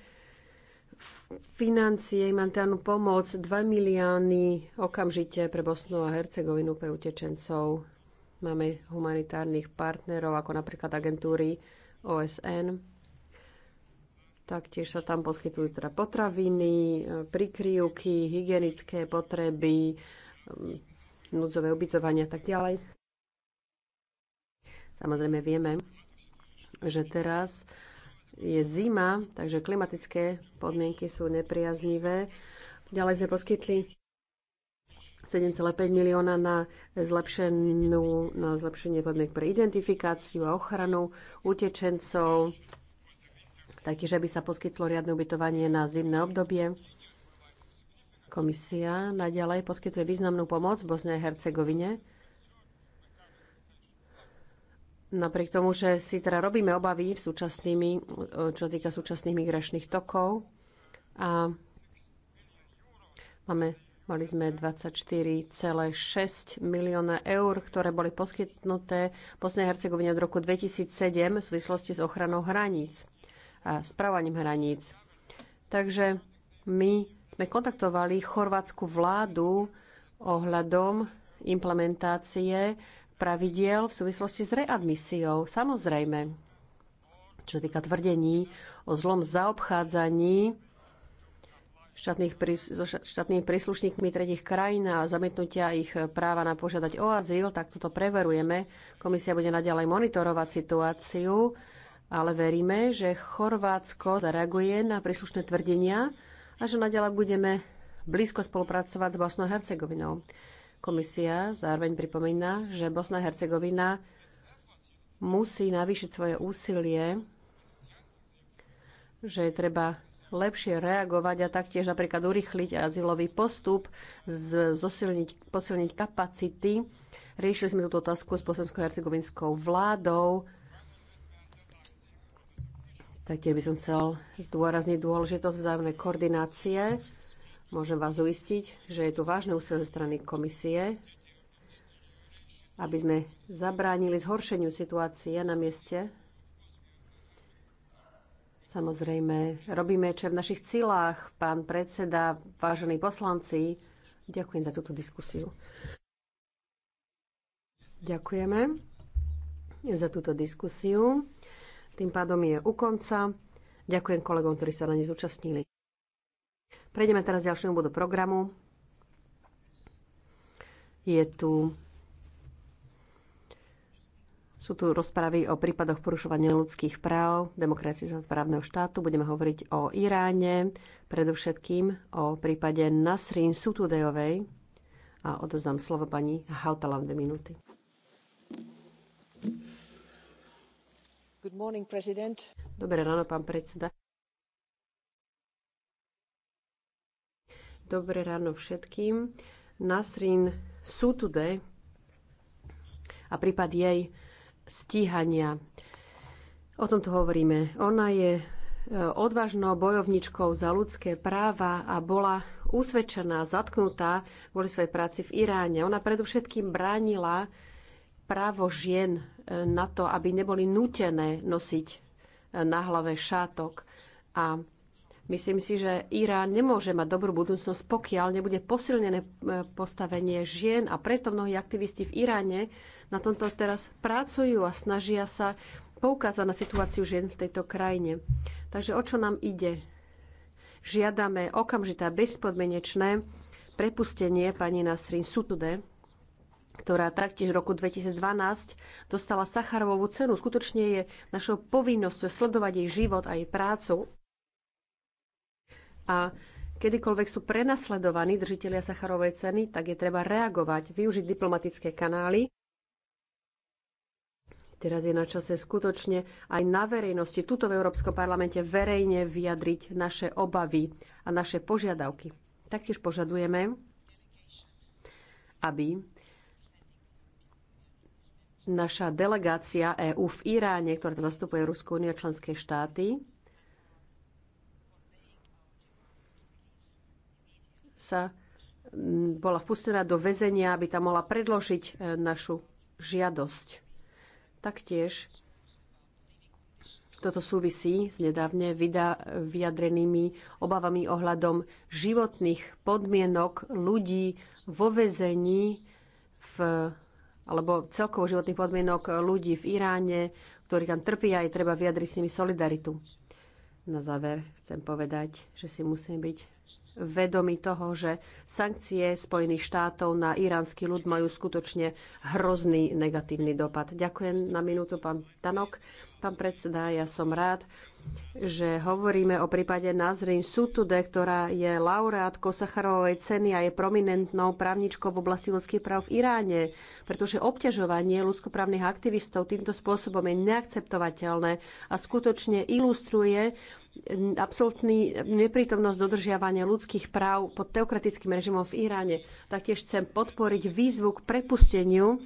financie, humanitárnu pomoc, 2 milióny okamžite pre Bosnu a Hercegovinu, pre utečencov. Máme humanitárnych partnerov, ako napríklad agentúry OSN. Taktiež sa tam poskytujú teda potraviny, e, prikryvky, hygienické potreby, núdzové ubytovania a tak ďalej. Samozrejme vieme, že teraz je zima, takže klimatické podmienky sú nepriaznivé. Ďalej sme poskytli 7,5 milióna na, zlepšenú, na zlepšenie podmienk pre identifikáciu a ochranu utečencov, taktiež aby sa poskytlo riadne ubytovanie na zimné obdobie. Komisia naďalej poskytuje významnú pomoc Bosnej a Hercegovine. Napriek tomu, že si teda robíme obavy v súčasnými, čo týka súčasných migračných tokov a máme, mali sme 24,6 milióna eur, ktoré boli poskytnuté Bosnej Hercegovine od roku 2007 v súvislosti s ochranou hraníc a správaním hraníc. Takže my sme kontaktovali chorvátsku vládu ohľadom implementácie pravidiel v súvislosti s readmisiou. Samozrejme, čo týka tvrdení o zlom zaobchádzaní štátnych, so štátnymi príslušníkmi tretich krajín a zamietnutia ich práva na požiadať o azyl, tak toto preverujeme. Komisia bude naďalej monitorovať situáciu, ale veríme, že Chorvátsko zareaguje na príslušné tvrdenia a že naďalej budeme blízko spolupracovať s Bosnou Hercegovinou. Komisia zároveň pripomína, že Bosna Hercegovina musí navýšiť svoje úsilie, že je treba lepšie reagovať a taktiež napríklad urychliť azylový postup, z, zosilniť, posilniť kapacity. Riešili sme túto otázku s bosensko-hercegovinskou vládou Taktiež by som chcel zdôrazniť dôležitosť vzájomnej koordinácie. Môžem vás uistiť, že je tu vážne úsilie zo strany komisie, aby sme zabránili zhoršeniu situácie na mieste. Samozrejme, robíme, čo je v našich cílách. Pán predseda, vážení poslanci, ďakujem za túto diskusiu. Ďakujeme za túto diskusiu. Tým pádom je u konca. Ďakujem kolegom, ktorí sa na ne zúčastnili. Prejdeme teraz k ďalšiemu bodu programu. Je tu sú tu rozpravy o prípadoch porušovania ľudských práv, demokracie za právneho štátu. Budeme hovoriť o Iráne, predovšetkým o prípade Nasrin Sutudejovej. A odozdám slovo pani Hautalam dve minúty. Dobré ráno, pán predseda. Dobré ráno všetkým. Nasrin Sutude a prípad jej stíhania. O tom tu hovoríme. Ona je e, odvážnou bojovničkou za ľudské práva a bola usvedčená, zatknutá kvôli svojej práci v Iráne. Ona predovšetkým bránila právo žien na to, aby neboli nutené nosiť e, na hlave šátok. A myslím si, že Irán nemôže mať dobrú budúcnosť, pokiaľ nebude posilnené e, postavenie žien a preto mnohí aktivisti v Iráne na tomto teraz pracujú a snažia sa poukázať na situáciu žien v tejto krajine. Takže o čo nám ide? Žiadame okamžité a bezpodmenečné prepustenie pani Nasrin Sutude, ktorá taktiež v roku 2012 dostala Sacharovú cenu. Skutočne je našou povinnosťou sledovať jej život a jej prácu. A kedykoľvek sú prenasledovaní držiteľia Sacharovej ceny, tak je treba reagovať, využiť diplomatické kanály. Teraz je na čase skutočne aj na verejnosti, tuto v Európskom parlamente verejne vyjadriť naše obavy a naše požiadavky. Taktiež požadujeme, aby naša delegácia EÚ v Iráne, ktorá zastupuje Ruskú úniu a členské štáty, sa bola vpustená do väzenia, aby tam mohla predložiť e, našu žiadosť. Taktiež toto súvisí s nedávne vyjadrenými obavami ohľadom životných podmienok ľudí vo väzení v alebo celkovo životných podmienok ľudí v Iráne, ktorí tam trpia, aj treba vyjadriť s nimi solidaritu. Na záver chcem povedať, že si musíme byť vedomi toho, že sankcie Spojených štátov na iránsky ľud majú skutočne hrozný negatívny dopad. Ďakujem na minútu, pán Tanok. Pán predseda, ja som rád, že hovoríme o prípade Nazrin Sutude, ktorá je laureátkou Sacharovej ceny a je prominentnou právničkou v oblasti ľudských práv v Iráne, pretože obťažovanie ľudskoprávnych aktivistov týmto spôsobom je neakceptovateľné a skutočne ilustruje absolútny neprítomnosť dodržiavania ľudských práv pod teokratickým režimom v Iráne. Taktiež chcem podporiť výzvu k prepusteniu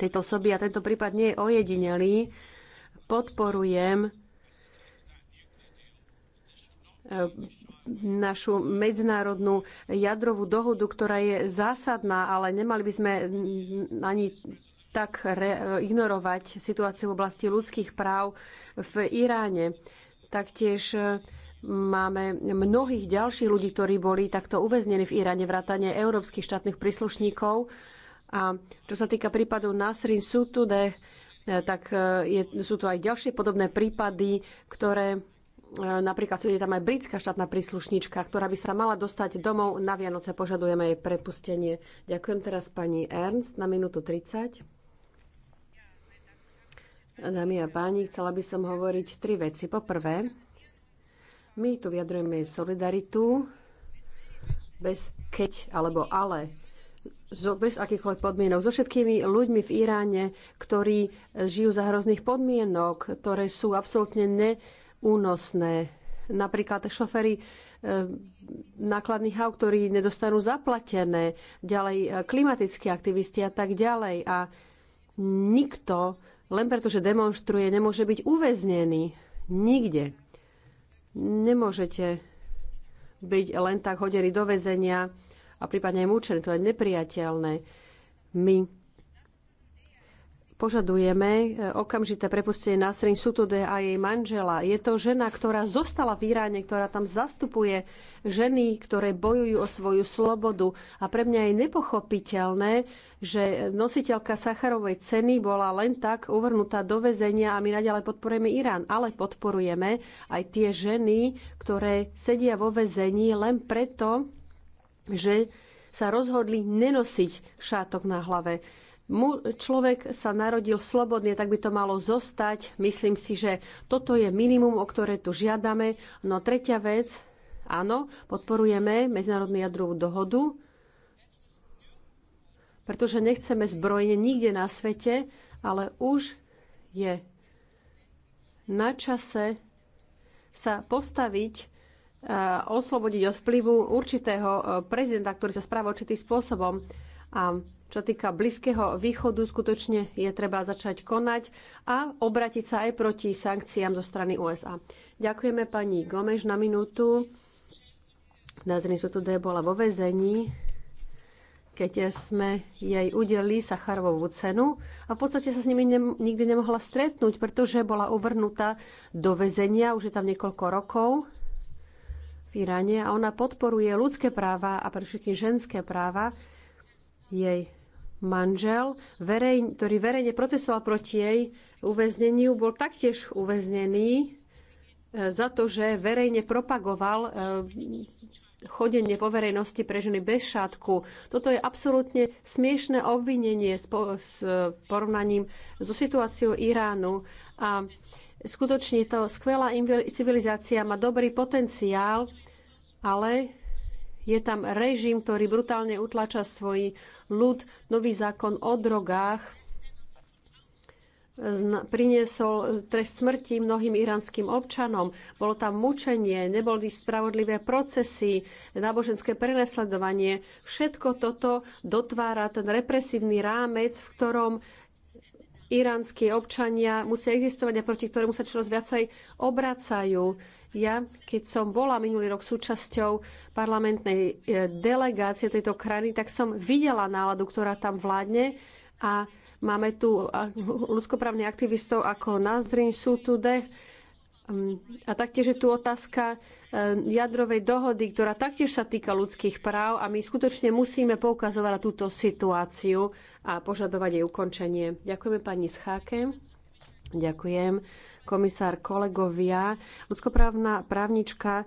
tejto osoby a tento prípad nie je ojedinelý. Podporujem E, našu medzinárodnú jadrovú dohodu, ktorá je zásadná, ale nemali by sme ani tak e, ignorovať situáciu v oblasti ľudských práv v Iráne. Taktiež e, máme mnohých ďalších ľudí, ktorí boli takto uväznení v Iráne, vrátane európskych štátnych príslušníkov. A čo sa týka prípadu Nasrin Sutude, tak je, sú tu aj ďalšie podobné prípady, ktoré E, napríklad je tam aj britská štátna príslušnička, ktorá by sa mala dostať domov na Vianoce. Požadujeme jej prepustenie. Ďakujem teraz pani Ernst na minútu 30. Dámy a páni, chcela by som hovoriť tri veci. Poprvé, my tu vyjadrujeme solidaritu bez keď alebo ale bez akýchkoľvek podmienok, so všetkými ľuďmi v Iráne, ktorí žijú za hrozných podmienok, ktoré sú absolútne ne, únosné. Napríklad šoféry e, nákladných aut, ktorí nedostanú zaplatené, ďalej e, klimatickí aktivisti a tak ďalej. A nikto, len preto, že demonstruje, nemôže byť uväznený. Nikde. Nemôžete byť len tak hodení do väzenia a prípadne aj mučení. To je nepriateľné. My požadujeme e, okamžité prepustenie Nasrin Sutude a jej manžela. Je to žena, ktorá zostala v Iráne, ktorá tam zastupuje ženy, ktoré bojujú o svoju slobodu. A pre mňa je nepochopiteľné, že nositeľka Sacharovej ceny bola len tak uvrnutá do väzenia a my naďalej podporujeme Irán. Ale podporujeme aj tie ženy, ktoré sedia vo väzení len preto, že sa rozhodli nenosiť šátok na hlave mu, človek sa narodil slobodne, tak by to malo zostať. Myslím si, že toto je minimum, o ktoré tu žiadame. No tretia vec, áno, podporujeme medzinárodnú jadrovú dohodu, pretože nechceme zbrojenie nikde na svete, ale už je na čase sa postaviť e, oslobodiť od vplyvu určitého e, prezidenta, ktorý sa správa určitým spôsobom. A čo týka Blízkeho východu, skutočne je treba začať konať a obratiť sa aj proti sankciám zo strany USA. Ďakujeme pani Gomeš na minútu. Nazrin tu bola vo vezení, keď sme jej udelili Sacharovú cenu a v podstate sa s nimi ne- nikdy nemohla stretnúť, pretože bola uvrhnutá do väzenia, už je tam niekoľko rokov v Iráne a ona podporuje ľudské práva a pre všetky ženské práva. Jej manžel, verej, ktorý verejne protestoval proti jej uväzneniu, bol taktiež uväznený e, za to, že verejne propagoval e, chodenie po verejnosti pre ženy bez šátku. Toto je absolútne smiešné obvinenie s, porovnaním so situáciou Iránu. A skutočne to skvelá civilizácia má dobrý potenciál, ale je tam režim, ktorý brutálne utlača svoj ľud. Nový zákon o drogách priniesol trest smrti mnohým iránskym občanom. Bolo tam mučenie, neboli spravodlivé procesy, náboženské prenasledovanie. Všetko toto dotvára ten represívny rámec, v ktorom iránske občania musia existovať a proti ktorému sa čoraz viacej obracajú. Ja, keď som bola minulý rok súčasťou parlamentnej e, delegácie tejto krajiny, tak som videla náladu, ktorá tam vládne a máme tu ľudskoprávnych aktivistov ako Nazrin Sutude mm, a taktiež je tu otázka e, jadrovej dohody, ktorá taktiež sa týka ľudských práv a my skutočne musíme poukazovať na túto situáciu a požadovať jej ukončenie. Ďakujeme pani Scháke. Ďakujem komisár, kolegovia. Ľudskoprávna právnička e,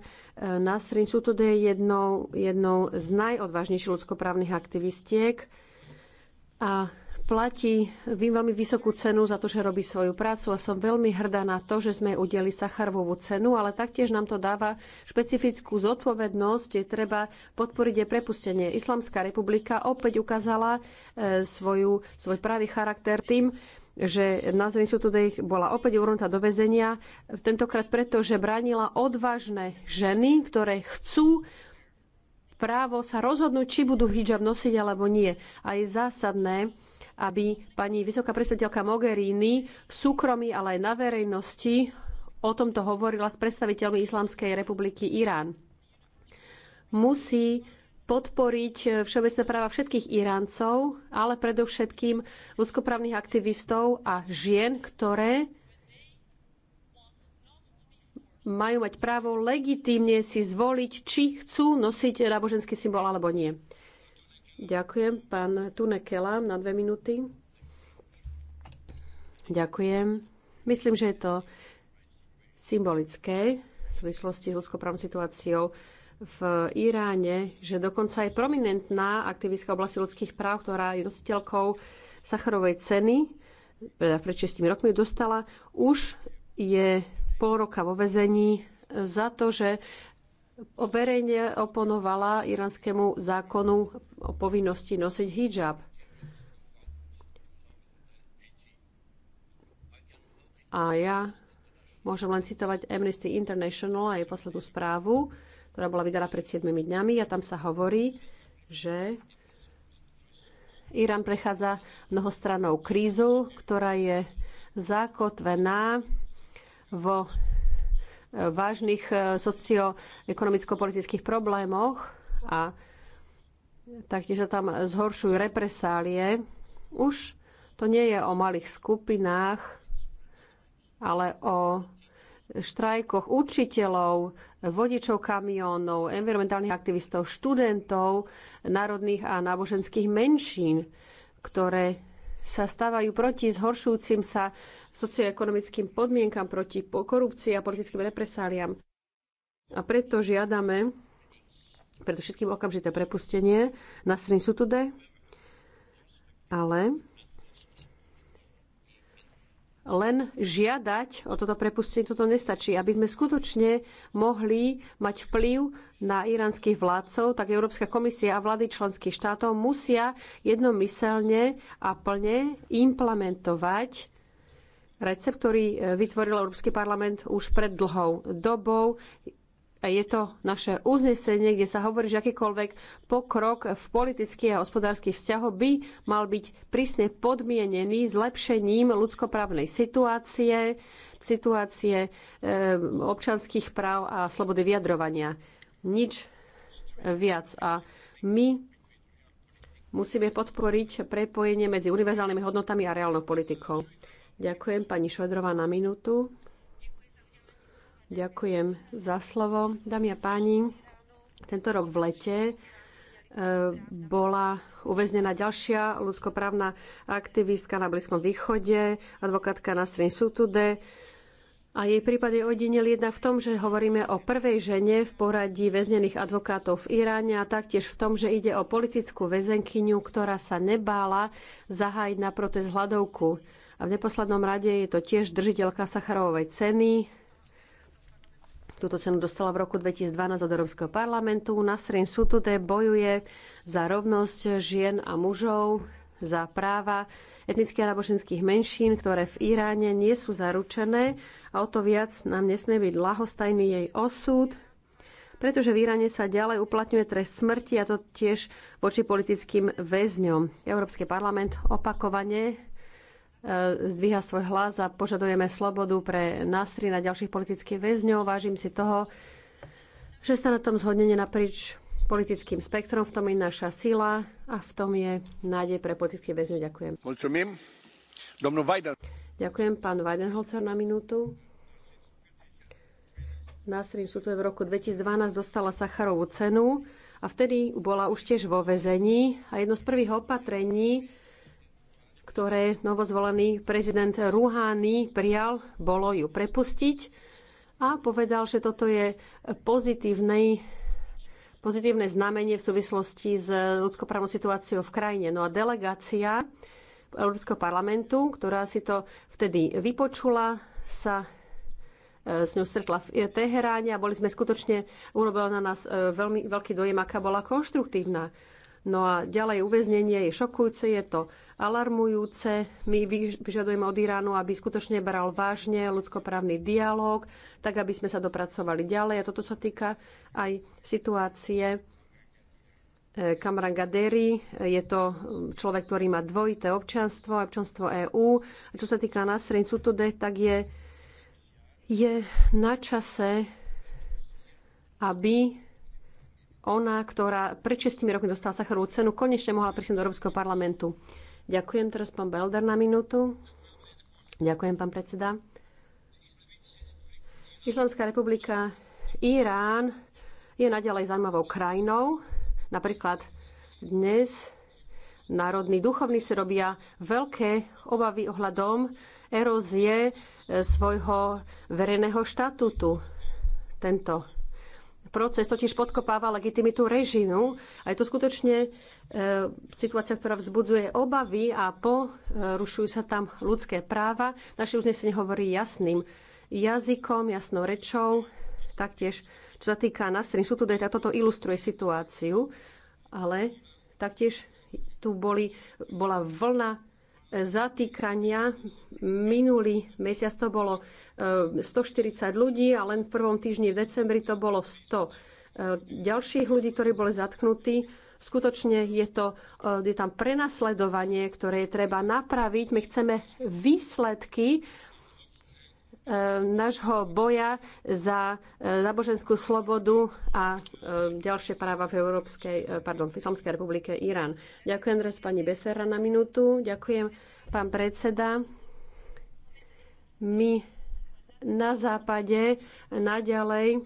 Nasrin sú je jednou, jednou z najodvážnejších ľudskoprávnych aktivistiek a platí veľmi vysokú cenu za to, že robí svoju prácu a som veľmi hrdá na to, že sme udeli Sacharovú cenu, ale taktiež nám to dáva špecifickú zodpovednosť, je treba podporiť aj prepustenie. Islamská republika opäť ukázala e, svoju, svoj pravý charakter tým, že na Zrinicu Tudej bola opäť uvrnutá do väzenia, tentokrát preto, že bránila odvážne ženy, ktoré chcú právo sa rozhodnúť, či budú hijab nosiť alebo nie. A je zásadné, aby pani vysoká predstaviteľka Mogherini v súkromí, ale aj na verejnosti o tomto hovorila s predstaviteľmi Islamskej republiky Irán. Musí podporiť všeobecné práva všetkých Iráncov, ale predovšetkým ľudskoprávnych aktivistov a žien, ktoré majú mať právo legitímne si zvoliť, či chcú nosiť náboženský symbol alebo nie. Ďakujem. Pán Tunekela na dve minúty. Ďakujem. Myslím, že je to symbolické v súvislosti s ľudskoprávnou situáciou v Iráne, že dokonca aj prominentná aktivistka oblasti ľudských práv, ktorá je nositeľkou Sacharovej ceny, teda pred 6 rokmi dostala, už je pol roka vo vezení za to, že verejne oponovala iránskemu zákonu o povinnosti nosiť hijab. A ja môžem len citovať Amnesty International a jej poslednú správu, ktorá bola vydaná pred 7 dňami a tam sa hovorí, že Irán prechádza mnohostrannou krízu, ktorá je zakotvená vo e, vážnych e, socioekonomicko-politických problémoch a taktiež sa tam zhoršujú represálie. Už to nie je o malých skupinách, ale o štrajkoch učiteľov, vodičov kamiónov, environmentálnych aktivistov, študentov, národných a náboženských menšín, ktoré sa stávajú proti zhoršujúcim sa socioekonomickým podmienkam, proti korupcii a politickým represáliám. A preto žiadame preto všetkým okamžité prepustenie na sú Sutude, ale len žiadať o toto prepustenie, toto nestačí. Aby sme skutočne mohli mať vplyv na iránskych vládcov, tak Európska komisia a vlády členských štátov musia jednomyselne a plne implementovať recept, ktorý vytvoril Európsky parlament už pred dlhou dobou je to naše uznesenie, kde sa hovorí, že akýkoľvek pokrok v politických a hospodárskych vzťahoch by mal byť prísne podmienený zlepšením ľudskoprávnej situácie, situácie e, občanských práv a slobody vyjadrovania. Nič viac. A my musíme podporiť prepojenie medzi univerzálnymi hodnotami a reálnou politikou. Ďakujem pani Švedrová na minútu. Ďakujem za slovo. Dámy a páni, tento rok v lete e, bola uväznená ďalšia ľudskoprávna aktivistka na Blízkom východe, advokátka Nasrin Sutude. A jej prípad je ojedinel jednak v tom, že hovoríme o prvej žene v poradí väznených advokátov v Iráne a taktiež v tom, že ide o politickú väzenkyňu, ktorá sa nebála zahájiť na protest hladovku. A v neposlednom rade je to tiež držiteľka Sacharovej ceny Túto cenu dostala v roku 2012 od Európskeho parlamentu. Nasrin Sutude bojuje za rovnosť žien a mužov, za práva etnických a náboženských menšín, ktoré v Iráne nie sú zaručené a o to viac nám nesmie byť lahostajný jej osud, pretože v Iráne sa ďalej uplatňuje trest smrti a to tiež voči politickým väzňom. Európsky parlament opakovane E, zdvíha svoj hlas a požadujeme slobodu pre Nasri na ďalších politických väzňov. Vážim si toho, že sa na tom zhodnenie naprieč politickým spektrom. V tom je naša sila a v tom je nádej pre politické väzňov. Ďakujem. Ďakujem, pán Weidenholzer, na minútu. Nasrin tu v roku 2012 dostala Sacharovú cenu a vtedy bola už tiež vo väzení a jedno z prvých opatrení, ktoré novozvolený prezident Rouhani prijal, bolo ju prepustiť a povedal, že toto je pozitívne, pozitívne znamenie v súvislosti s ľudskoprávnou situáciou v krajine. No a delegácia Európskeho parlamentu, ktorá si to vtedy vypočula, sa e, s ňou stretla v Teheráne a boli sme skutočne, urobila na nás e, veľmi veľký dojem, aká bola konštruktívna. No a ďalej uväznenie je šokujúce, je to alarmujúce. My vyžadujeme od Iránu, aby skutočne bral vážne ľudskoprávny dialog, tak aby sme sa dopracovali ďalej. A toto sa týka aj situácie e, Kamran Gaderi. Je to človek, ktorý má dvojité občanstvo, občanstvo EÚ. A čo sa týka Nasrin Sutude, tak je, je na čase, aby ona, ktorá pred 6 rokmi dostala Sacharovú cenu, konečne mohla prísť do Európskeho parlamentu. Ďakujem teraz pán Belder na minútu. Ďakujem, pán predseda. Islamská republika Irán je naďalej zaujímavou krajinou. Napríklad dnes národní duchovní si robia veľké obavy ohľadom erózie e, svojho verejného štatútu. Tento proces totiž podkopáva legitimitu režimu a je to skutočne e, situácia, ktorá vzbudzuje obavy a porušujú sa tam ľudské práva. Naše uznesenie hovorí jasným jazykom, jasnou rečou, taktiež čo sa týka Nasrin a teda toto ilustruje situáciu, ale taktiež tu boli, bola vlna zatýkania. Minulý mesiac to bolo 140 e, ľudí a len v prvom týždni v decembri to bolo 100 e, ďalších ľudí, ktorí boli zatknutí. Skutočne je, to, e, je tam prenasledovanie, ktoré je treba napraviť. My chceme výsledky E, nášho boja za e, náboženskú slobodu a e, ďalšie práva v Európskej, pardon, v Islamskej republike Irán. Ďakujem teraz pani Besera na minútu. Ďakujem pán predseda. My na západe naďalej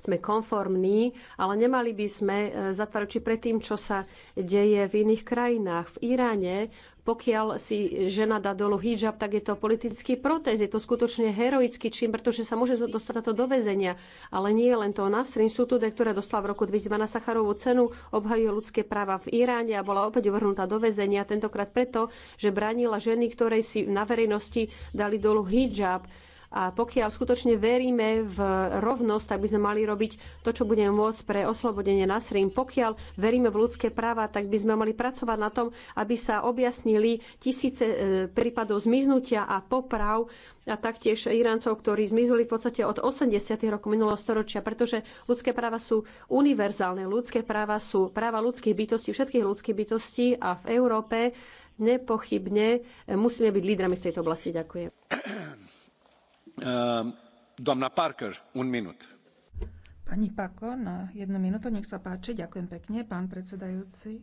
sme konformní, ale nemali by sme zatvárať oči pred tým, čo sa deje v iných krajinách. V Iráne pokiaľ si žena dá dolu hijab, tak je to politický protest. Je to skutočne heroický čin, pretože sa môže dostať to do väzenia. Ale nie je len to. Nasrin Sutude, ktorá dostala v roku 2002 na Sacharovú cenu, obhajuje ľudské práva v Iráne a bola opäť uvrhnutá do väzenia. Tentokrát preto, že bránila ženy, ktoré si na verejnosti dali dolu hijab. A pokiaľ skutočne veríme v rovnosť, tak by sme mali robiť to, čo bude môcť pre oslobodenie Nasrin. Pokiaľ veríme v ľudské práva, tak by sme mali pracovať na tom, aby sa objasnili tisíce e, prípadov zmiznutia a poprav a taktiež Iráncov, ktorí zmizli v podstate od 80. rokov minulého storočia, pretože ľudské práva sú univerzálne. Ľudské práva sú práva ľudských bytostí, všetkých ľudských bytostí a v Európe nepochybne musíme byť lídrami v tejto oblasti. Ďakujem. Ehm, doamna Parker, un Pani Pako, na jednu minútu, nech sa páči. Ďakujem pekne, pán predsedajúci.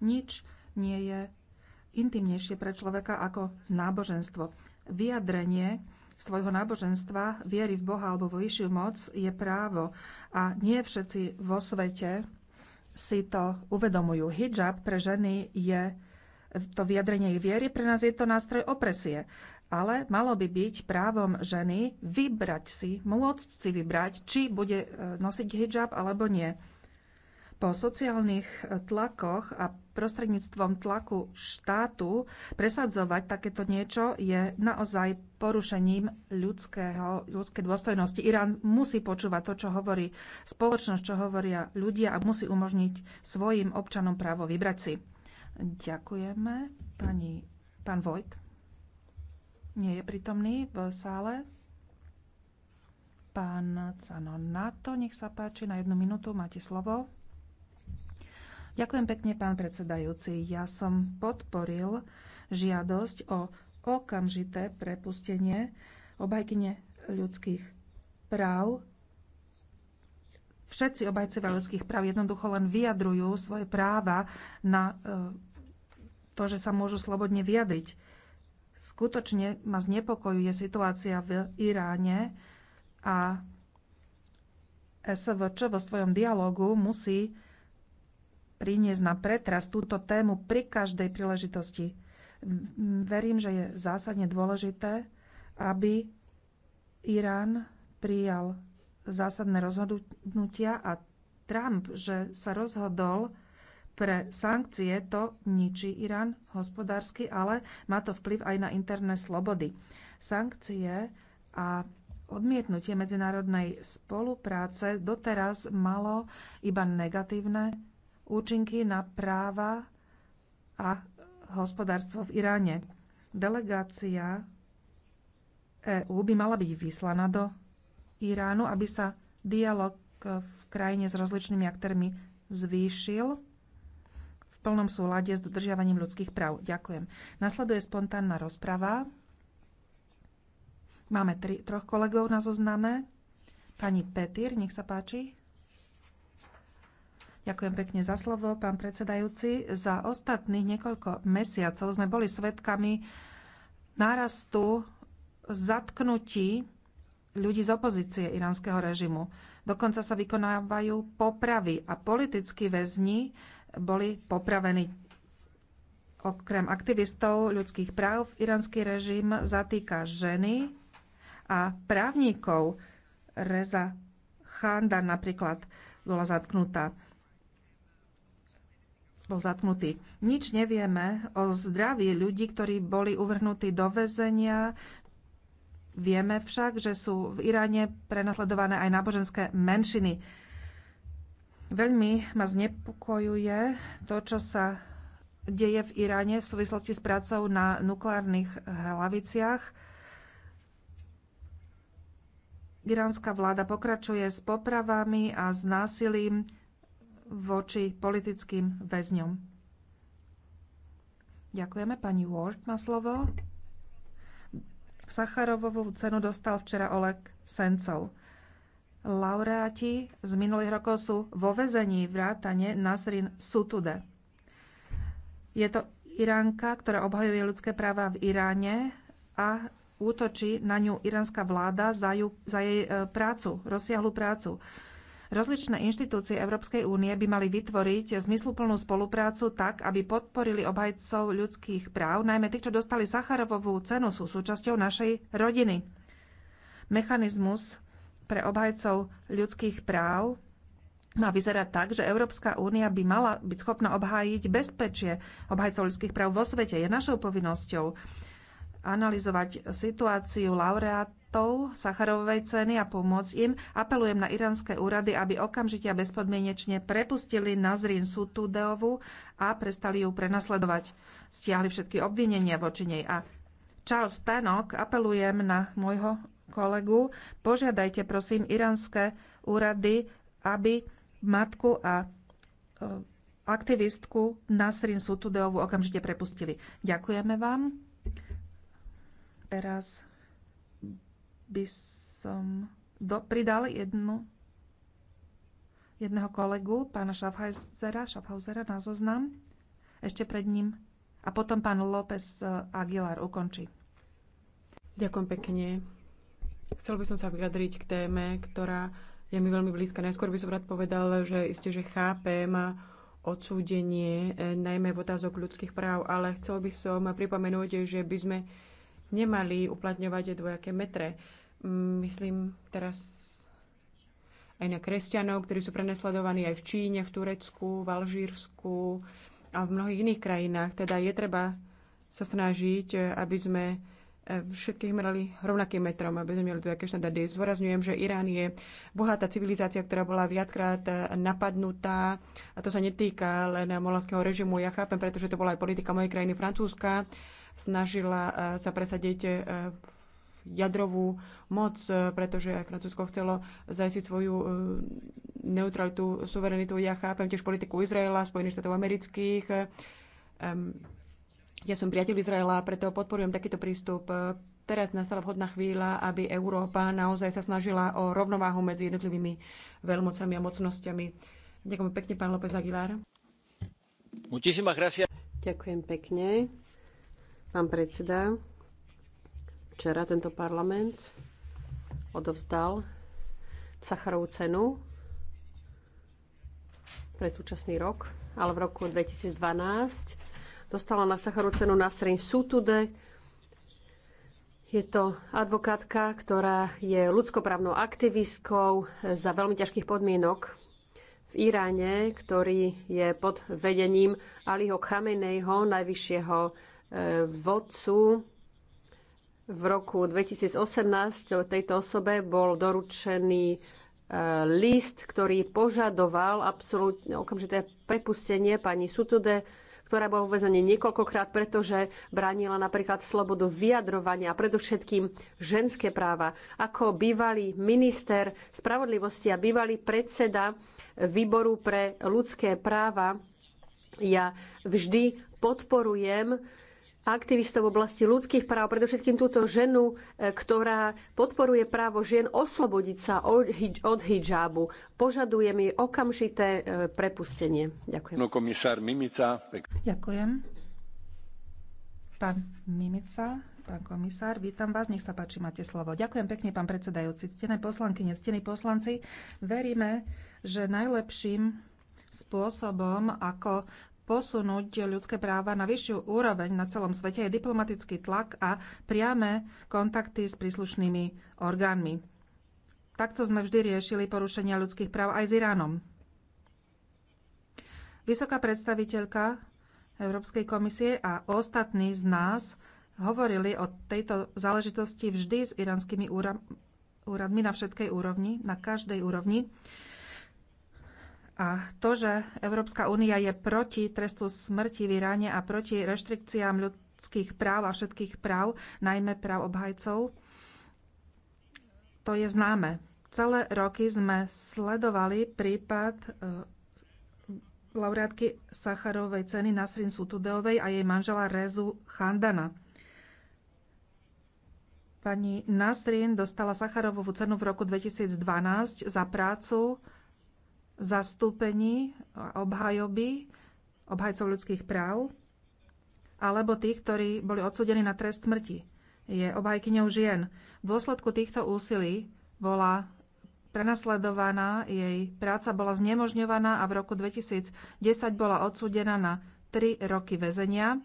Nič nie je intimnejšie pre človeka ako náboženstvo. Vyjadrenie svojho náboženstva, viery v Boha alebo vo vyššiu moc je právo. A nie všetci vo svete si to uvedomujú. Hijab pre ženy je to vyjadrenie ich viery, pre nás je to nástroj opresie ale malo by byť právom ženy vybrať si, môcť si vybrať, či bude e, nosiť hijab alebo nie. Po sociálnych e, tlakoch a prostredníctvom tlaku štátu presadzovať takéto niečo je naozaj porušením ľudského, ľudské dôstojnosti. Irán musí počúvať to, čo hovorí spoločnosť, čo hovoria ľudia a musí umožniť svojim občanom právo vybrať si. Ďakujeme, pani, pán Vojt nie je prítomný v sále. Pán Cano Nato, nech sa páči, na jednu minútu máte slovo. Ďakujem pekne, pán predsedajúci. Ja som podporil žiadosť o okamžité prepustenie obhajkyne ľudských práv. Všetci obhajcovia ľudských práv jednoducho len vyjadrujú svoje práva na e, to, že sa môžu slobodne vyjadriť. Skutočne ma znepokojuje situácia v Iráne a SVČ vo svojom dialogu musí priniesť na pretras túto tému pri každej príležitosti. Verím, že je zásadne dôležité, aby Irán prijal zásadné rozhodnutia a Trump, že sa rozhodol pre sankcie to ničí Irán hospodársky, ale má to vplyv aj na interné slobody. Sankcie a odmietnutie medzinárodnej spolupráce doteraz malo iba negatívne účinky na práva a hospodárstvo v Iráne. Delegácia EÚ by mala byť vyslaná do Iránu, aby sa dialog v krajine s rozličnými aktérmi zvýšil plnom súlade s dodržiavaním ľudských práv. Ďakujem. Nasleduje spontánna rozprava. Máme tri, troch kolegov na zozname. Pani Petír, nech sa páči. Ďakujem pekne za slovo, pán predsedajúci. Za ostatných niekoľko mesiacov sme boli svedkami nárastu zatknutí ľudí z opozície iránskeho režimu. Dokonca sa vykonávajú popravy a politickí väzni boli popravení. Okrem aktivistov ľudských práv iránsky režim zatýka ženy a právnikov. Reza Chanda napríklad bola zatknutá bol zatknutý. Nič nevieme o zdraví ľudí, ktorí boli uvrhnutí do väzenia. Vieme však, že sú v Iráne prenasledované aj náboženské menšiny. Veľmi ma znepokojuje to, čo sa deje v Iráne v súvislosti s prácou na nukleárnych hlaviciach. Iránska vláda pokračuje s popravami a s násilím voči politickým väzňom. Ďakujeme. Pani Ward má slovo. Sacharovovú cenu dostal včera Oleg Sencov. Laureáti z minulých rokov sú vo vezení vrátane Nasrin Sutude. Je to Iránka, ktorá obhajuje ľudské práva v Iráne a útočí na ňu iránska vláda za, ju, za jej e, prácu, rozsiahlu prácu. Rozličné inštitúcie Európskej únie by mali vytvoriť zmysluplnú spoluprácu tak, aby podporili obhajcov ľudských práv, najmä tých, čo dostali Sacharovovú cenu, sú súčasťou našej rodiny. Mechanizmus pre obhajcov ľudských práv má vyzerať tak, že Európska únia by mala byť schopná obhájiť bezpečie obhajcov ľudských práv vo svete. Je našou povinnosťou analyzovať situáciu laureátov Sacharovej ceny a pomôcť im. Apelujem na iránske úrady, aby okamžite a bezpodmienečne prepustili Nazrin Sutudeovu a prestali ju prenasledovať. Stiahli všetky obvinenia voči nej. A Charles Stanok, apelujem na môjho kolegu. Požiadajte prosím iránske úrady, aby matku a e, aktivistku Nasrin Sutudeovu okamžite prepustili. Ďakujeme vám. Teraz by som do, pridal jednu, jedného kolegu, pána Schaffhausera, Schaffhausera na zoznam. Ešte pred ním. A potom pán López e, Aguilar ukončí. Ďakujem pekne. Chcel by som sa vyjadriť k téme, ktorá je mi veľmi blízka. Najskôr by som rád povedal, že isté, že chápem odsúdenie, eh, najmä v otázok ľudských práv, ale chcel by som pripomenúť, že by sme nemali uplatňovať dvojaké metre. Mm, myslím teraz aj na kresťanov, ktorí sú prenasledovaní aj v Číne, v Turecku, v Alžírsku a v mnohých iných krajinách. Teda je treba sa snažiť, eh, aby sme všetkých merali rovnakým metrom, aby sme mali také štandardy. Zvorazňujem, že Irán je bohatá civilizácia, ktorá bola viackrát napadnutá a to sa netýka len molanského režimu. Ja chápem, pretože to bola aj politika mojej krajiny Francúzska. Snažila e, sa presadiť e, jadrovú moc, e, pretože aj Francúzsko chcelo zajistiť svoju neutralitu, suverenitu. Ja chápem tiež politiku Izraela, Spojených štátov amerických, ja som priateľ Izraela, preto podporujem takýto prístup. Teraz nastala vhodná chvíľa, aby Európa naozaj sa snažila o rovnováhu medzi jednotlivými veľmocami a mocnosťami. Ďakujem pekne, pán López Aguilar. Ďakujem pekne, pán predseda. Včera tento parlament odovzdal Sacharovú cenu pre súčasný rok, ale v roku 2012 dostala na Sacharu cenu sreň Sutude. Je to advokátka, ktorá je ľudskoprávnou aktivistkou za veľmi ťažkých podmienok v Iráne, ktorý je pod vedením Aliho Khamenejho, najvyššieho e, vodcu. V roku 2018 tejto osobe bol doručený e, list, ktorý požadoval absolútne okamžité prepustenie pani Sutude ktorá bola uväzenie niekoľkokrát, pretože bránila napríklad slobodu vyjadrovania a predovšetkým ženské práva. Ako bývalý minister spravodlivosti a bývalý predseda výboru pre ľudské práva, ja vždy podporujem aktivistov v oblasti ľudských práv, predovšetkým túto ženu, e, ktorá podporuje právo žien oslobodiť sa od hijabu. Požadujem jej okamžité e, prepustenie. Ďakujem. No komisár Mimica. Ďakujem. Pán Mimica, pán komisár, vítam vás, nech sa páči, máte slovo. Ďakujem pekne, pán predsedajúci, ctené poslanky, ctení poslanci. Veríme, že najlepším spôsobom, ako posunúť ľudské práva na vyššiu úroveň na celom svete je diplomatický tlak a priame kontakty s príslušnými orgánmi. Takto sme vždy riešili porušenia ľudských práv aj s Iránom. Vysoká predstaviteľka Európskej komisie a ostatní z nás hovorili o tejto záležitosti vždy s iránskymi úradmi na všetkej úrovni, na každej úrovni. A to, že Európska únia je proti trestu smrti v Iráne a proti reštrikciám ľudských práv a všetkých práv, najmä práv obhajcov, to je známe. Celé roky sme sledovali prípad e, laureátky Sacharovej ceny Nasrin Sutudeovej a jej manžela Rezu Chandana. Pani Nasrin dostala Sacharovú cenu v roku 2012 za prácu, zastúpení obhajoby, obhajcov ľudských práv, alebo tých, ktorí boli odsudení na trest smrti. Je obhajkyňou žien. V dôsledku týchto úsilí bola prenasledovaná, jej práca bola znemožňovaná a v roku 2010 bola odsúdená na 3 roky väzenia,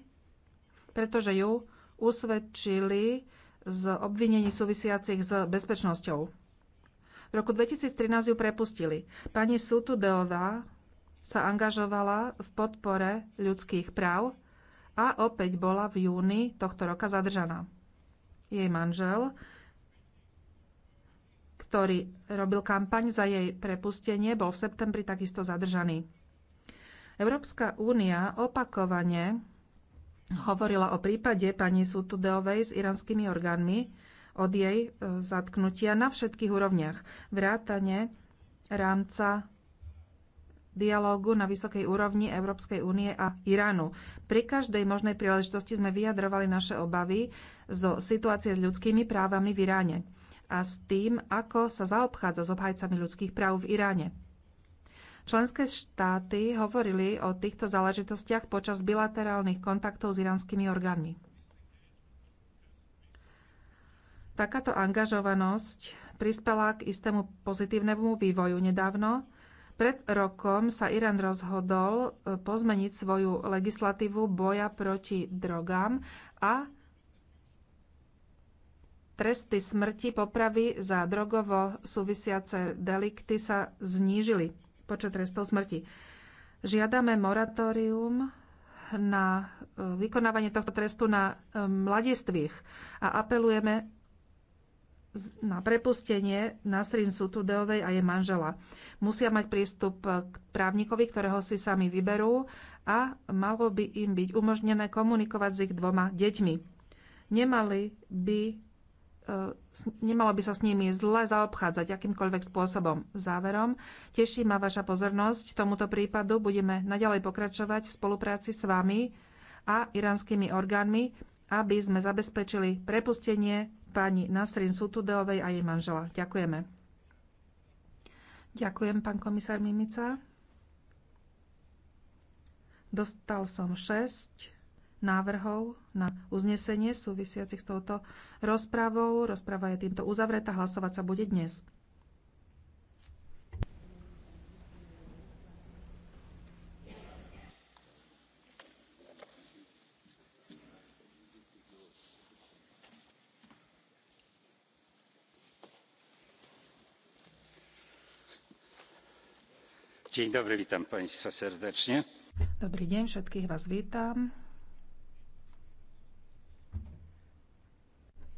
pretože ju usvedčili z obvinení súvisiacich s bezpečnosťou. V roku 2013 ju prepustili. Pani Deová sa angažovala v podpore ľudských práv a opäť bola v júni tohto roka zadržaná. Jej manžel, ktorý robil kampaň za jej prepustenie, bol v septembri takisto zadržaný. Európska únia opakovane hovorila o prípade pani Deovej s iránskymi orgánmi, od jej e, zatknutia na všetkých úrovniach. Vrátane rámca dialógu na vysokej úrovni Európskej únie a Iránu. Pri každej možnej príležitosti sme vyjadrovali naše obavy zo situácie s ľudskými právami v Iráne a s tým, ako sa zaobchádza s obhajcami ľudských práv v Iráne. Členské štáty hovorili o týchto záležitostiach počas bilaterálnych kontaktov s iránskymi orgánmi. Takáto angažovanosť prispela k istému pozitívnemu vývoju nedávno. Pred rokom sa Irán rozhodol e, pozmeniť svoju legislatívu boja proti drogám a tresty smrti, popravy za drogovo súvisiace delikty sa znížili. Počet trestov smrti. Žiadame moratórium na e, vykonávanie tohto trestu na e, mladistvých a apelujeme na prepustenie Nasrin Sutudeovej a jej manžela. Musia mať prístup k právnikovi, ktorého si sami vyberú a malo by im byť umožnené komunikovať s ich dvoma deťmi. Nemali by, e, nemalo by sa s nimi zle zaobchádzať akýmkoľvek spôsobom. Záverom, teší ma vaša pozornosť tomuto prípadu. Budeme naďalej pokračovať v spolupráci s vami a iránskymi orgánmi, aby sme zabezpečili prepustenie pani Nasrin Sutudeovej a jej manžela. Ďakujeme. Ďakujem, pán komisár Mimica. Dostal som 6 návrhov na uznesenie súvisiacich s touto rozpravou. Rozprava je týmto uzavretá. Hlasovať sa bude dnes. Dzień dobry, witam państwa serdecznie. Dobrý deň, všetkých vás vítam.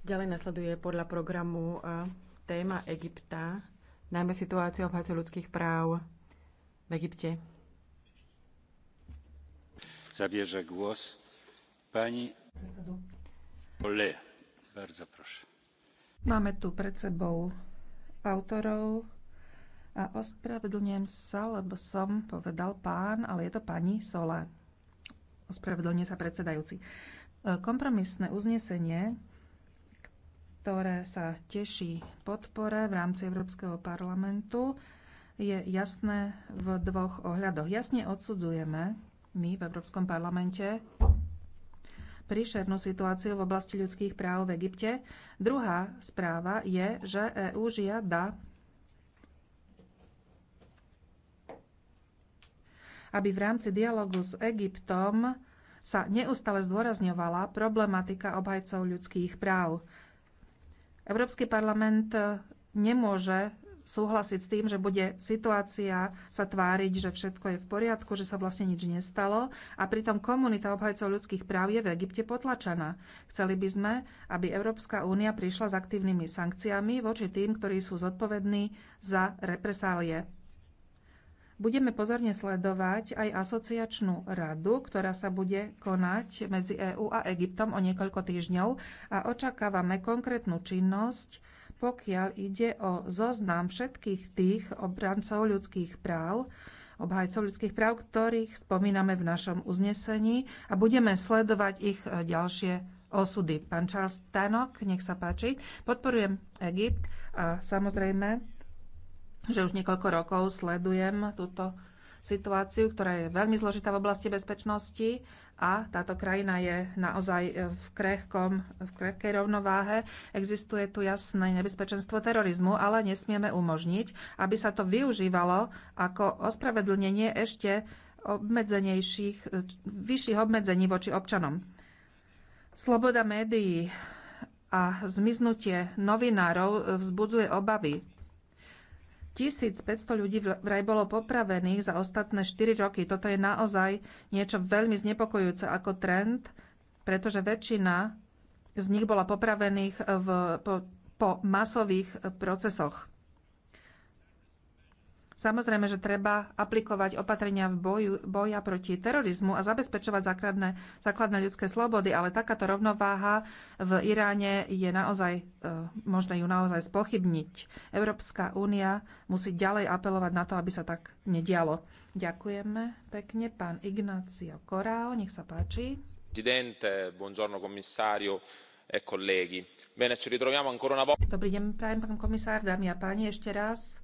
Ďalej nasleduje podľa programu e, téma Egypta, najmä situácia obhajcov ľudských práv v Egypte. Zabierze głos pani Ole. Bardzo proszę. Máme tu pred sebou autorov a ospravedlňujem sa, lebo som povedal pán, ale je to pani Sola. Ospravedlňuje sa predsedajúci. Kompromisné uznesenie, ktoré sa teší podpore v rámci Európskeho parlamentu, je jasné v dvoch ohľadoch. Jasne odsudzujeme my v Európskom parlamente príšernú situáciu v oblasti ľudských práv v Egypte. Druhá správa je, že EÚ žiada aby v rámci dialogu s Egyptom sa neustále zdôrazňovala problematika obhajcov ľudských práv. Európsky parlament nemôže súhlasiť s tým, že bude situácia sa tváriť, že všetko je v poriadku, že sa vlastne nič nestalo a pritom komunita obhajcov ľudských práv je v Egypte potlačená. Chceli by sme, aby Európska únia prišla s aktívnymi sankciami voči tým, ktorí sú zodpovední za represálie. Budeme pozorne sledovať aj asociačnú radu, ktorá sa bude konať medzi EÚ a Egyptom o niekoľko týždňov a očakávame konkrétnu činnosť, pokiaľ ide o zoznam všetkých tých obrancov ľudských práv, obhajcov ľudských práv, ktorých spomíname v našom uznesení a budeme sledovať ich e, ďalšie osudy. Pán Charles Tanok, nech sa páči. Podporujem Egypt a samozrejme že už niekoľko rokov sledujem túto situáciu, ktorá je veľmi zložitá v oblasti bezpečnosti a táto krajina je naozaj v, krehkom, v krehkej rovnováhe. Existuje tu jasné nebezpečenstvo terorizmu, ale nesmieme umožniť, aby sa to využívalo ako ospravedlnenie ešte obmedzenejších, vyšších obmedzení voči občanom. Sloboda médií a zmiznutie novinárov vzbudzuje obavy 1500 ľudí vraj bolo popravených za ostatné 4 roky. Toto je naozaj niečo veľmi znepokojujúce ako trend, pretože väčšina z nich bola popravených v, po, po masových procesoch. Samozrejme, že treba aplikovať opatrenia v boju, boja proti terorizmu a zabezpečovať základné, základné ľudské slobody, ale takáto rovnováha v Iráne je naozaj, e, možné ju naozaj spochybniť. Európska únia musí ďalej apelovať na to, aby sa tak nedialo. Ďakujeme pekne. Pán Ignacio Korao, nech sa páči. Presidente, buongiorno komisario e Bene, ci ritroviamo ancora una volta. Dobrý deň, prajem pán komisár, dámy a páni, ešte raz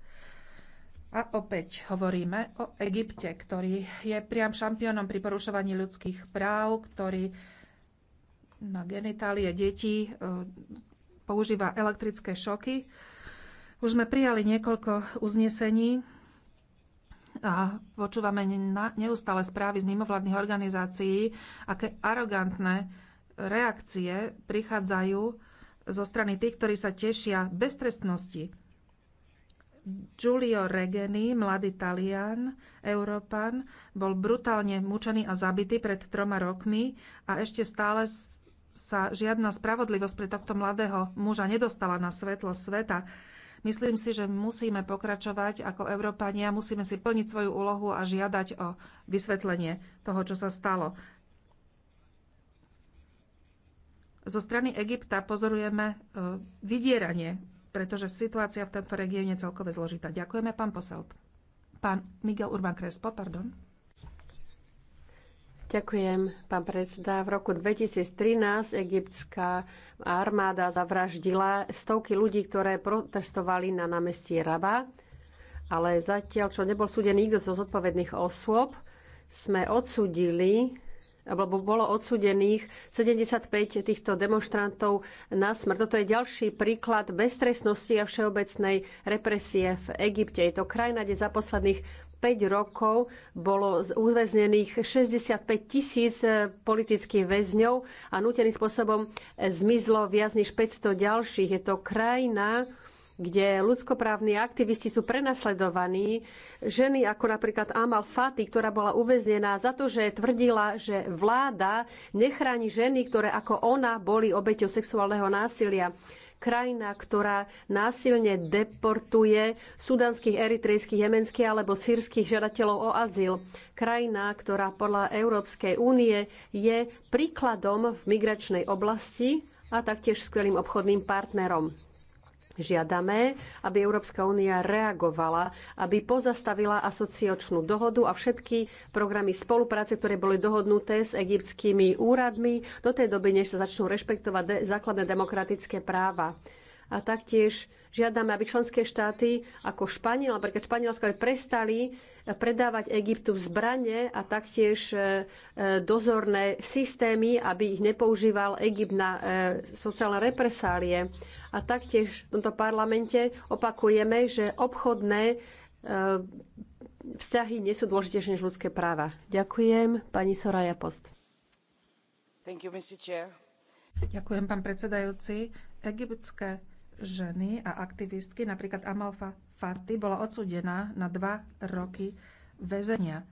a opäť hovoríme o Egypte, ktorý je priam šampiónom pri porušovaní ľudských práv, ktorý na genitálie detí e, používa elektrické šoky. Už sme prijali niekoľko uznesení a počúvame neustále správy z mimovládnych organizácií, aké arogantné reakcie prichádzajú zo strany tých, ktorí sa tešia beztrestnosti Giulio Regeni, mladý Talian, Európan, bol brutálne mučený a zabitý pred troma rokmi a ešte stále sa žiadna spravodlivosť pre tohto mladého muža nedostala na svetlo sveta. Myslím si, že musíme pokračovať ako Európania, musíme si plniť svoju úlohu a žiadať o vysvetlenie toho, čo sa stalo. Zo strany Egypta pozorujeme e, vydieranie pretože situácia v tomto regióne je celkové zložitá. Ďakujeme, pán posel. Pán Miguel Urban Crespo, pardon. Ďakujem, pán predseda. V roku 2013 egyptská armáda zavraždila stovky ľudí, ktoré protestovali na námestí Raba, ale zatiaľ, čo nebol súdený nikto zo zodpovedných osôb, sme odsudili alebo bolo odsudených 75 týchto demonstrantov na smrť. Toto je ďalší príklad beztresnosti a všeobecnej represie v Egypte. Je to krajina, kde za posledných 5 rokov bolo uväznených 65 tisíc politických väzňov a nuteným spôsobom zmizlo viac než 500 ďalších. Je to krajina, kde ľudskoprávni aktivisti sú prenasledovaní. Ženy ako napríklad Amal Fati, ktorá bola uväznená za to, že tvrdila, že vláda nechráni ženy, ktoré ako ona boli obeťou sexuálneho násilia krajina, ktorá násilne deportuje sudanských, eritrejských, jemenských alebo sírskych žiadateľov o azyl. Krajina, ktorá podľa Európskej únie je príkladom v migračnej oblasti a taktiež skvelým obchodným partnerom. Žiadame, aby Európska únia reagovala, aby pozastavila asociačnú dohodu a všetky programy spolupráce, ktoré boli dohodnuté s egyptskými úradmi do tej doby, než sa začnú rešpektovať de- základné demokratické práva a taktiež žiadame, aby členské štáty ako Španiel, napríklad Španielsko, aby prestali eh, predávať Egyptu zbranie a taktiež eh, eh, dozorné systémy, aby ich nepoužíval Egypt na sociálne represálie. A taktiež v tomto parlamente opakujeme, že obchodné vzťahy nie sú dôležitejšie než ľudské práva. Ďakujem. Pani Soraya Post. You, Ďakujem, pán predsedajúci. Egyptské ženy a aktivistky, napríklad Amal Fati, bola odsudená na dva roky väzenia.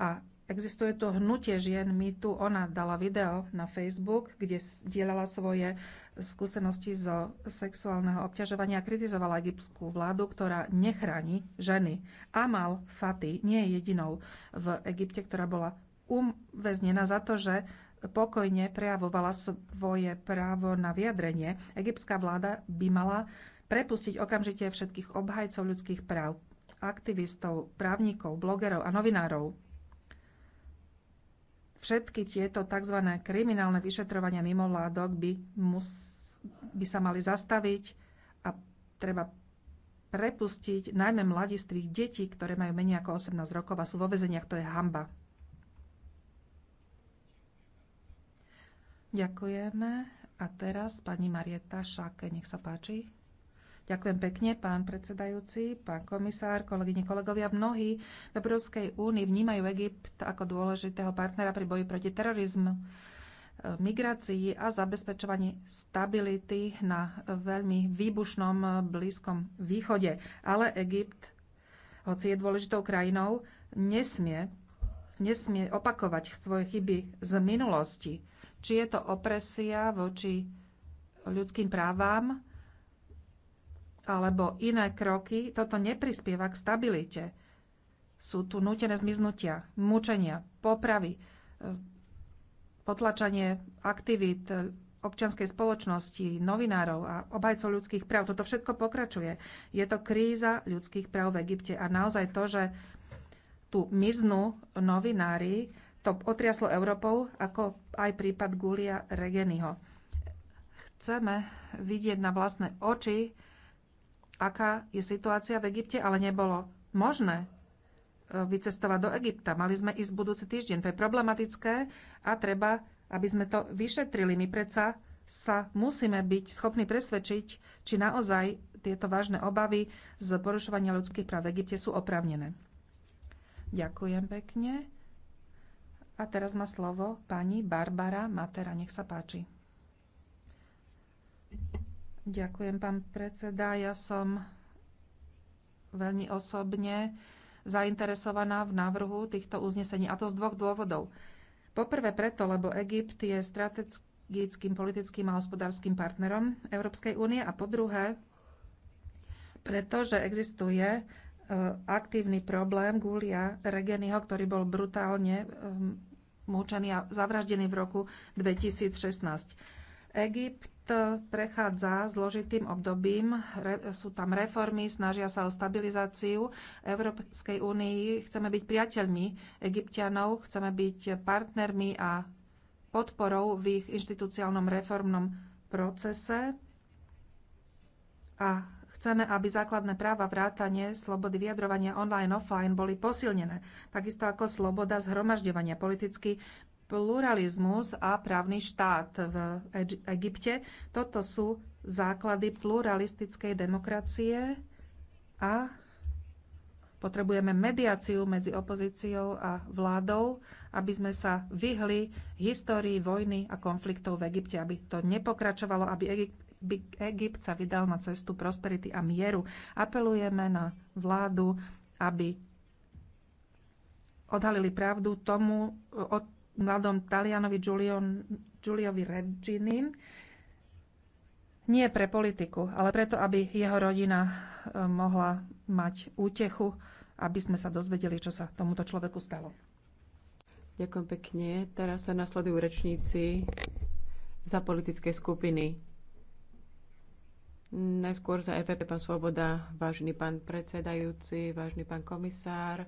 A existuje to hnutie žien tu Ona dala video na Facebook, kde dielala svoje skúsenosti zo sexuálneho obťažovania a kritizovala egyptskú vládu, ktorá nechráni ženy. Amal Fati nie je jedinou v Egypte, ktorá bola umväznená za to, že pokojne prejavovala svoje právo na vyjadrenie. Egyptská vláda by mala prepustiť okamžite všetkých obhajcov ľudských práv, aktivistov, právnikov, blogerov a novinárov. Všetky tieto tzv. kriminálne vyšetrovania mimo vládok by, mus, by sa mali zastaviť a treba prepustiť najmä mladistvých detí, ktoré majú menej ako 18 rokov a sú vo vezeniach. To je hamba. Ďakujeme. A teraz pani Marieta Šáke, nech sa páči. Ďakujem pekne, pán predsedajúci, pán komisár, kolegyne, kolegovia. Mnohí v Európskej únii vnímajú Egypt ako dôležitého partnera pri boji proti terorizmu, migrácii a zabezpečovaní stability na veľmi výbušnom Blízkom východe. Ale Egypt, hoci je dôležitou krajinou, nesmie, nesmie opakovať svoje chyby z minulosti či je to opresia voči ľudským právam alebo iné kroky, toto neprispieva k stabilite. Sú tu nútené zmiznutia, mučenia, popravy, e, potlačanie aktivít občianskej spoločnosti, novinárov a obhajcov ľudských práv. Toto všetko pokračuje. Je to kríza ľudských práv v Egypte a naozaj to, že tu miznú novinári, to otriaslo Európou, ako aj prípad Gulia Regeniho. Chceme vidieť na vlastné oči, aká je situácia v Egypte, ale nebolo možné e, vycestovať do Egypta. Mali sme ísť budúci týždeň. To je problematické a treba, aby sme to vyšetrili. My predsa sa musíme byť schopní presvedčiť, či naozaj tieto vážne obavy z porušovania ľudských práv v Egypte sú oprávnené. Ďakujem pekne. A teraz má slovo pani Barbara Matera. Nech sa páči. Ďakujem, pán predseda. Ja som veľmi osobne zainteresovaná v návrhu týchto uznesení. A to z dvoch dôvodov. Poprvé preto, lebo Egypt je strategickým, politickým a hospodárským partnerom Európskej únie. A po druhé, pretože existuje Eh, aktívny problém Gulia Regeniho, ktorý bol brutálne eh, mučený a zavraždený v roku 2016. Egypt prechádza zložitým obdobím, sú tam reformy, snažia sa o stabilizáciu Európskej únii. Chceme byť priateľmi egyptianov, chceme byť partnermi a podporou v ich inštitúciálnom reformnom procese a Chceme, aby základné práva vrátanie, slobody vyjadrovania online, offline boli posilnené, takisto ako sloboda zhromažďovania, politický pluralizmus a právny štát v Egypte. Toto sú základy pluralistickej demokracie a potrebujeme mediáciu medzi opozíciou a vládou, aby sme sa vyhli histórii vojny a konfliktov v Egypte, aby to nepokračovalo, aby Egypt Egypt sa vydal na cestu prosperity a mieru. Apelujeme na vládu, aby odhalili pravdu tomu od mladom Talianovi Giulion, Giuliovi Regini. nie pre politiku, ale preto, aby jeho rodina e, mohla mať útechu, aby sme sa dozvedeli, čo sa tomuto človeku stalo. Ďakujem pekne. Teraz sa nasledujú rečníci za politické skupiny. Najskôr za EPP pán Svoboda, vážny pán predsedajúci, vážny pán komisár.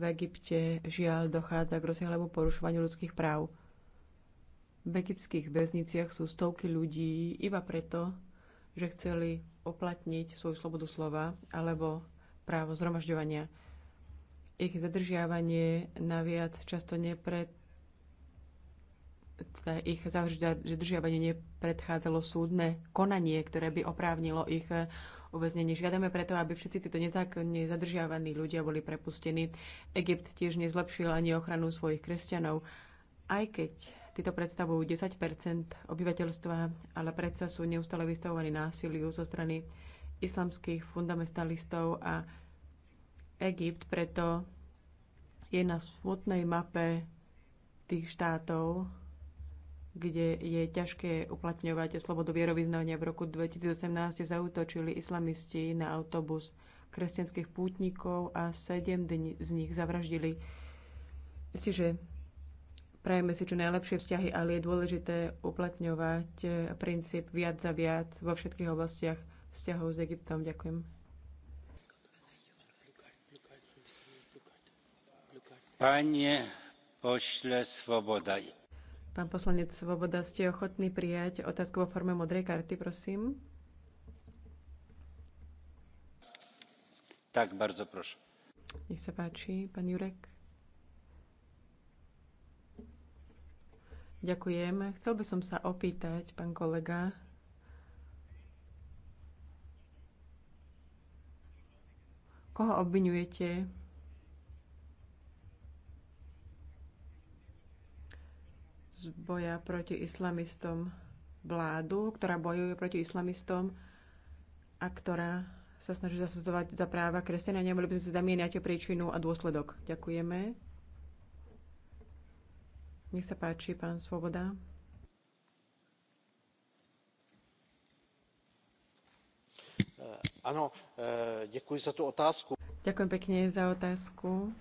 V Egypte žiaľ dochádza k rozsiahlemu porušovaniu ľudských práv. V egyptských väzniciach sú stovky ľudí iba preto, že chceli oplatniť svoju slobodu slova alebo právo zhromažďovania. Ich zadržiavanie naviac často nepred teda ich zadržiavanie nepredchádzalo súdne konanie, ktoré by oprávnilo ich eh, uväznenie. Žiadame preto, aby všetci títo nezákonne zadržiavaní ľudia boli prepustení. Egypt tiež nezlepšil ani ochranu svojich kresťanov, aj keď títo predstavujú 10 obyvateľstva, ale predsa sú neustále vystavovaní násiliu zo strany islamských fundamentalistov a Egypt preto je na smutnej mape tých štátov, kde je ťažké uplatňovať slobodu vierovýznania. V roku 2018 zautočili islamisti na autobus kresťanských pútnikov a sedem dní z nich zavraždili. že prajeme si čo najlepšie vzťahy, ale je dôležité uplatňovať princíp viac za viac vo všetkých oblastiach vzťahov s Egyptom. Ďakujem. Panie pošle Swoboda, Pán poslanec Svoboda, ste ochotní prijať otázku vo forme modrej karty, prosím? Tak, bardzo proszę. Nech sa páči, pán Jurek. Ďakujem. Chcel by som sa opýtať, pán kolega, koho obvinujete z boja proti islamistom vládu, ktorá bojuje proti islamistom a ktorá sa snaží zasadzovať za práva kresťania. Nemohli by sme si zamieňať príčinu a dôsledok. Ďakujeme. Nech sa páči, pán Svoboda. Eh, áno, eh, ďakujem za tú otázku. Ďakujem pekne za otázku.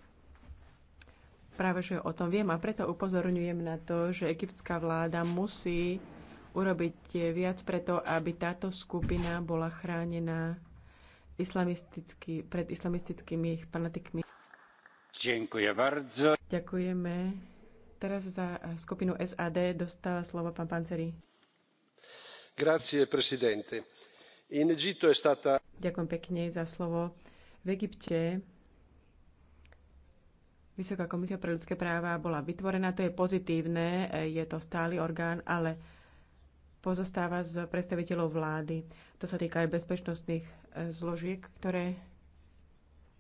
Práve, že o tom viem a preto upozorňujem na to, že egyptská vláda musí urobiť viac preto, aby táto skupina bola chránená islamisticky, pred islamistickými fanatikmi. Ďakujem bardzo. Ďakujeme. Teraz za skupinu SAD dostáva slovo pán Panceri. Grazie, presidente. In Egitto è stata... Ďakujem pekne za slovo. V Egypte Vysoká komisia pre ľudské práva bola vytvorená, to je pozitívne, e, je to stály orgán, ale pozostáva z predstaviteľov vlády. To sa týka aj bezpečnostných e, zložiek, ktoré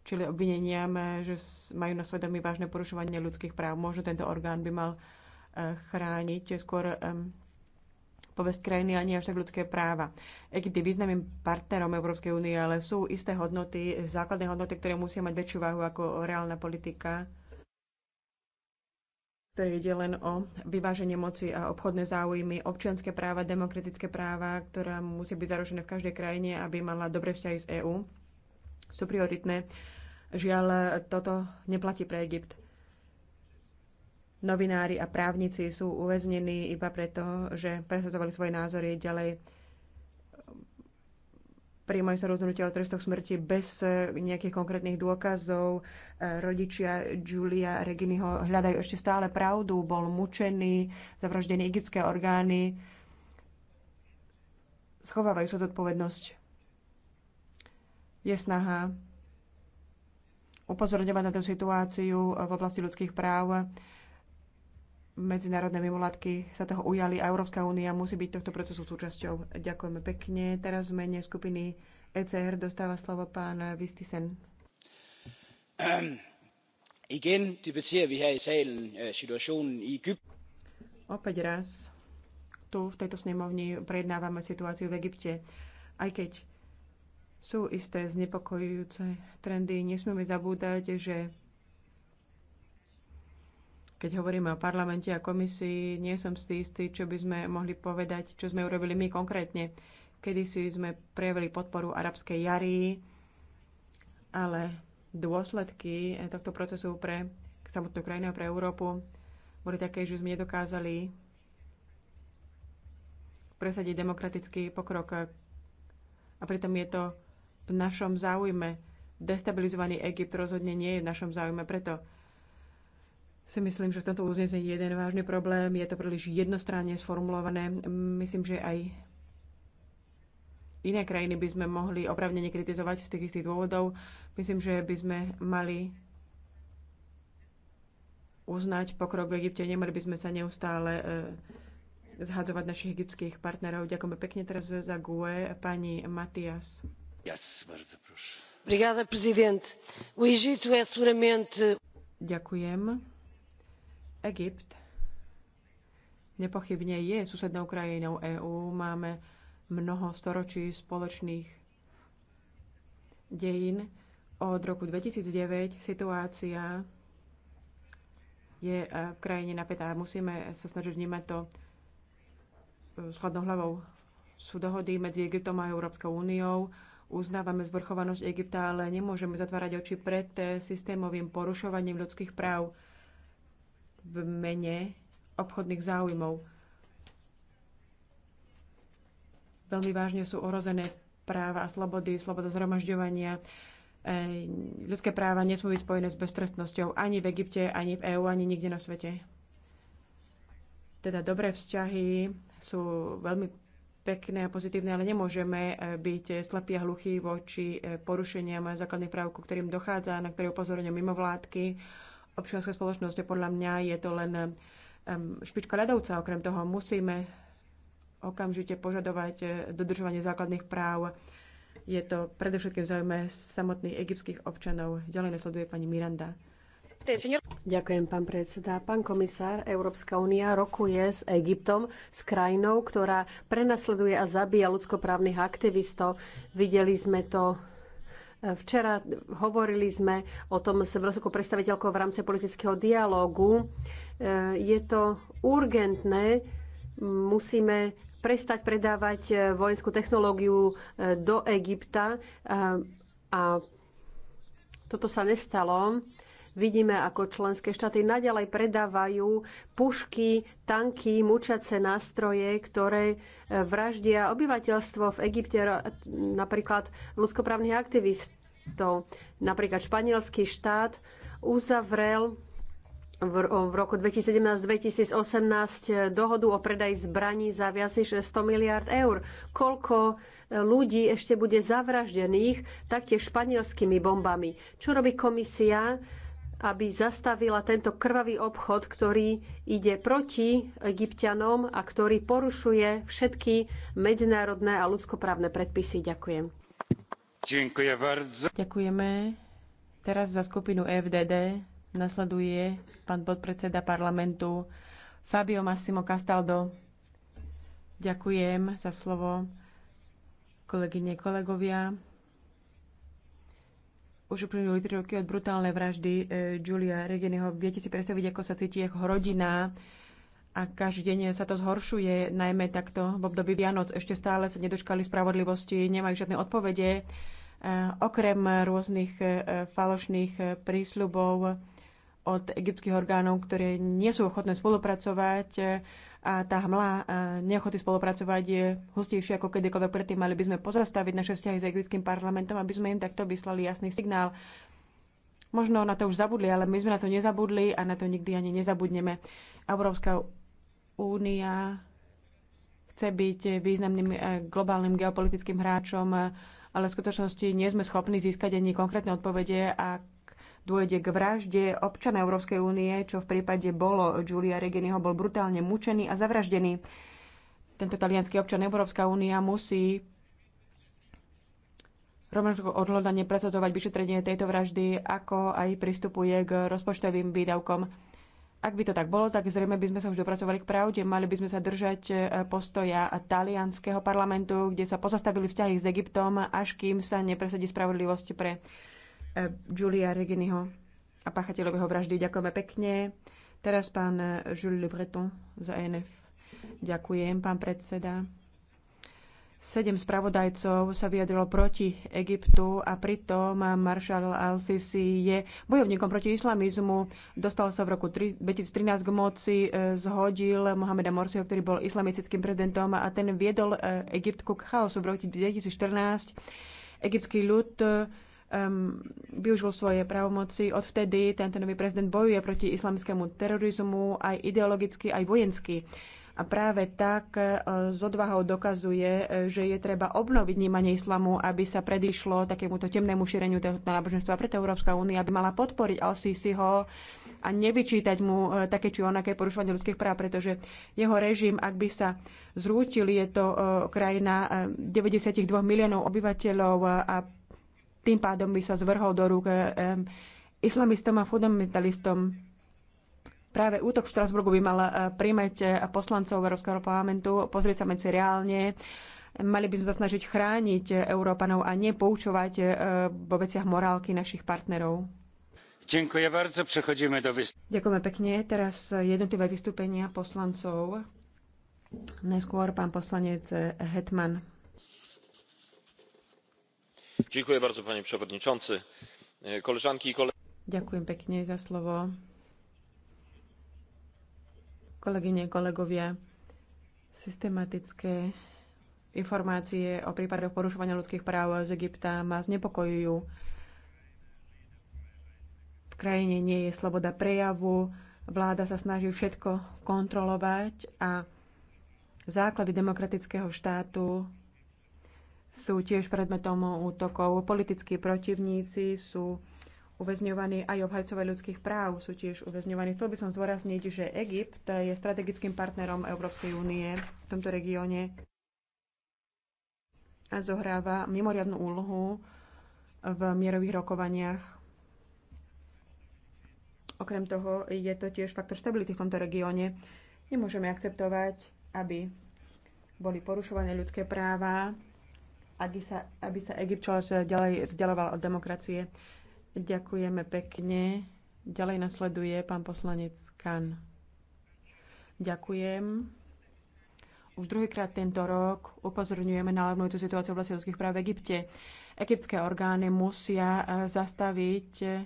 čili obvineniam, e, že majú na svedomí vážne porušovanie ľudských práv. Možno tento orgán by mal chrániť skôr povesť krajiny a nie však ľudské práva. Egypt je významným partnerom Európskej únie, ale sú isté hodnoty, základné hodnoty, ktoré musia mať väčšiu váhu ako reálna politika ktorý ide len o vyváženie moci a obchodné záujmy, občianské práva, demokratické práva, ktorá musí byť zaručené v každej krajine, aby mala dobré vzťahy z EÚ, sú prioritné. Žiaľ, toto neplatí pre Egypt. Novinári a právnici sú uväznení iba preto, že presadzovali svoje názory ďalej Príjmajú sa rozhodnutia o trestoch smrti bez e, nejakých konkrétnych dôkazov. E, rodičia Julia Reginiho hľadajú ešte stále pravdu. Bol mučený, zavraždený egyptské orgány. Schovávajú sa zodpovednosť. Je snaha upozorňovať na tú situáciu v oblasti ľudských práv medzinárodné mimovládky sa toho ujali a Európska únia musí byť tohto procesu súčasťou. Ďakujeme pekne. Teraz v mene skupiny ECR dostáva slovo pán Vistisen. Ehm, igen debatterer vi her i salen øh, situationen i Egypt. Opäť raz tu v tejto snemovni prejednávame situáciu v Egypte. Aj keď sú isté znepokojujúce trendy, nesmieme zabúdať, že keď hovoríme o parlamente a komisii, nie som si istý, čo by sme mohli povedať, čo sme urobili my konkrétne. Kedy si sme prejavili podporu arabskej jary, ale dôsledky eh, tohto procesu pre samotnú krajinu a pre Európu boli také, že sme nedokázali presadiť demokratický pokrok. A pritom je to v našom záujme. Destabilizovaný Egypt rozhodne nie je v našom záujme, preto si myslím, že v tomto uznesení je jeden vážny problém. Je to príliš jednostranne sformulované. Myslím, že aj iné krajiny by sme mohli opravnene kritizovať z tých istých dôvodov. Myslím, že by sme mali uznať pokrok v Egypte. Nemali by sme sa neustále e, zhadzovať našich egyptských partnerov. Ďakujeme pekne teraz za GUE, pani Matias. Yes, Ďakujem. Egypt nepochybne je susednou krajinou EÚ. Máme mnoho storočí spoločných dejín. Od roku 2009 situácia je e, v krajine napätá. Musíme sa snažiť vnímať to e, s chladnou hlavou. Sú dohody medzi Egyptom a Európskou úniou. Uznávame zvrchovanosť Egypta, ale nemôžeme zatvárať oči pred e, systémovým porušovaním ľudských práv v mene obchodných záujmov. Veľmi vážne sú ohrozené práva a slobody, sloboda zhromažďovania. E, ľudské práva nesmú byť spojené s beztrestnosťou ani v Egypte, ani v EÚ, ani nikde na svete. Teda dobré vzťahy sú veľmi pekné a pozitívne, ale nemôžeme e, byť slepí a hluchí voči e, porušeniam základných práv, ku ktorým dochádza, na ktoré upozorňujú mimovládky. vládky občianská spoločnosť. Podľa mňa je to len špička ľadovca. Okrem toho musíme okamžite požadovať e, dodržovanie základných práv. Je to predovšetkým zaujme samotných egyptských občanov. Ďalej nasleduje pani Miranda. Ďakujem, pán predseda. Pán komisár, Európska únia rokuje s Egyptom, s krajinou, ktorá prenasleduje a zabíja ľudskoprávnych aktivistov. Videli sme to Včera hovorili sme o tom s vysokou predstaviteľkou v rámci politického dialógu. E, je to urgentné, musíme prestať predávať e, vojenskú technológiu e, do Egypta a toto sa nestalo. Vidíme, ako členské štáty naďalej predávajú pušky, tanky, mučace nástroje, ktoré e, vraždia obyvateľstvo v Egypte, napríklad ľudskoprávnych aktivistov. Napríklad španielský štát uzavrel v roku 2017-2018 dohodu o predaji zbraní za viac než 100 miliard eur. Koľko e, ľudí ešte bude zavraždených taktiež španielskými bombami? Čo robí komisia? aby zastavila tento krvavý obchod, ktorý ide proti egyptianom a ktorý porušuje všetky medzinárodné a ľudskoprávne predpisy. Ďakujem. Ďakujem bardzo. Ďakujeme. Teraz za skupinu FDD nasleduje pán podpredseda parlamentu Fabio Massimo Castaldo. Ďakujem za slovo kolegyne, kolegovia. Už uplynuli 3 roky od brutálnej vraždy e, Julia Regenyho. Viete si predstaviť, ako sa cíti ako rodina a každý deň sa to zhoršuje, najmä takto v období Vianoc. Ešte stále sa nedočkali spravodlivosti, nemajú žiadne odpovede. E, okrem rôznych e, falošných prísľubov od egyptských orgánov, ktoré nie sú ochotné spolupracovať, a tá hmla e, neochoty spolupracovať je hustejšia ako kedykoľvek predtým. Mali by sme pozastaviť naše vzťahy s egyptským parlamentom, aby sme im takto vyslali jasný signál. Možno na to už zabudli, ale my sme na to nezabudli a na to nikdy ani nezabudneme. Európska únia chce byť významným e, globálnym geopolitickým hráčom, e, ale v skutočnosti nie sme schopní získať ani konkrétne odpovede a dôjde k vražde občana Európskej únie, čo v prípade bolo Giulia Regeniho bol brutálne mučený a zavraždený. Tento talianský občan Európska únia musí rovnako odhľadanie presadzovať vyšetrenie tejto vraždy, ako aj pristupuje k rozpočtovým výdavkom. Ak by to tak bolo, tak zrejme by sme sa už dopracovali k pravde. Mali by sme sa držať e, postoja talianského parlamentu, kde sa pozastavili vzťahy s Egyptom, až kým sa nepresadí spravodlivosť pre Julia eh, Reginiho a pachateľového vraždy. Ďakujeme pekne. Teraz pán eh, Jules Le Breton za ENF. Ďakujem, pán predseda. Sedem spravodajcov sa vyjadrilo proti Egyptu a pritom maršal al-Sisi je bojovníkom proti islamizmu. Dostal sa v roku 2013 k moci, eh, zhodil Mohameda Morsiho, ktorý bol islamistickým prezidentom a ten viedol Egyptku k chaosu v roku 2014. Egyptský ľud um, využil svoje právomoci. Odvtedy tento nový prezident bojuje proti islamskému terorizmu aj ideologicky, aj vojensky. A práve tak e, s odvahou dokazuje, e, že je treba obnoviť vnímanie islamu, aby sa predišlo takémuto temnému šíreniu tohto náboženstva. Preto Európska únia by mala podporiť al ho a nevyčítať mu e, také či onaké porušovanie ľudských práv, pretože jeho režim, ak by sa zrútil, je to krajina 92 miliónov obyvateľov a tým pádom by sa zvrhol do rúk islamistom a fundamentalistom. Práve útok v Štrasburgu by mal eh, príjmať eh, poslancov Európskeho parlamentu, pozrieť sa medzi reálne. Mali by sme sa snažiť chrániť Európanov a nepoučovať eh, vo veciach morálky našich partnerov. Ďakujem bardzo. Prechodíme do vyst- Ďakujeme pekne. Teraz jednotlivé vystúpenia poslancov. Neskôr pán poslanec Hetman. Ďakujem pekne za slovo. Kolegyne, kolegovia, systematické informácie o prípadoch porušovania ľudských práv z Egypta ma znepokojujú. V krajine nie je sloboda prejavu, vláda sa snaží všetko kontrolovať a základy demokratického štátu sú tiež predmetom útokov. Politickí protivníci sú uväzňovaní aj obhajcovia ľudských práv sú tiež uväzňovaní. Chcel by som zdôrazniť, že Egypt je strategickým partnerom Európskej únie v tomto regióne a zohráva mimoriadnú úlohu v mierových rokovaniach. Okrem toho je to tiež faktor stability v tomto regióne. Nemôžeme akceptovať, aby boli porušované ľudské práva, aby sa, aby sa Egypt čo ďalej vzdialoval od demokracie. Ďakujeme pekne. Ďalej nasleduje pán poslanec Kan. Ďakujem. Už druhýkrát tento rok upozorňujeme na alarmujúcu situáciu v oblasti ľudských práv v Egypte. Egyptské orgány musia eh, zastaviť eh,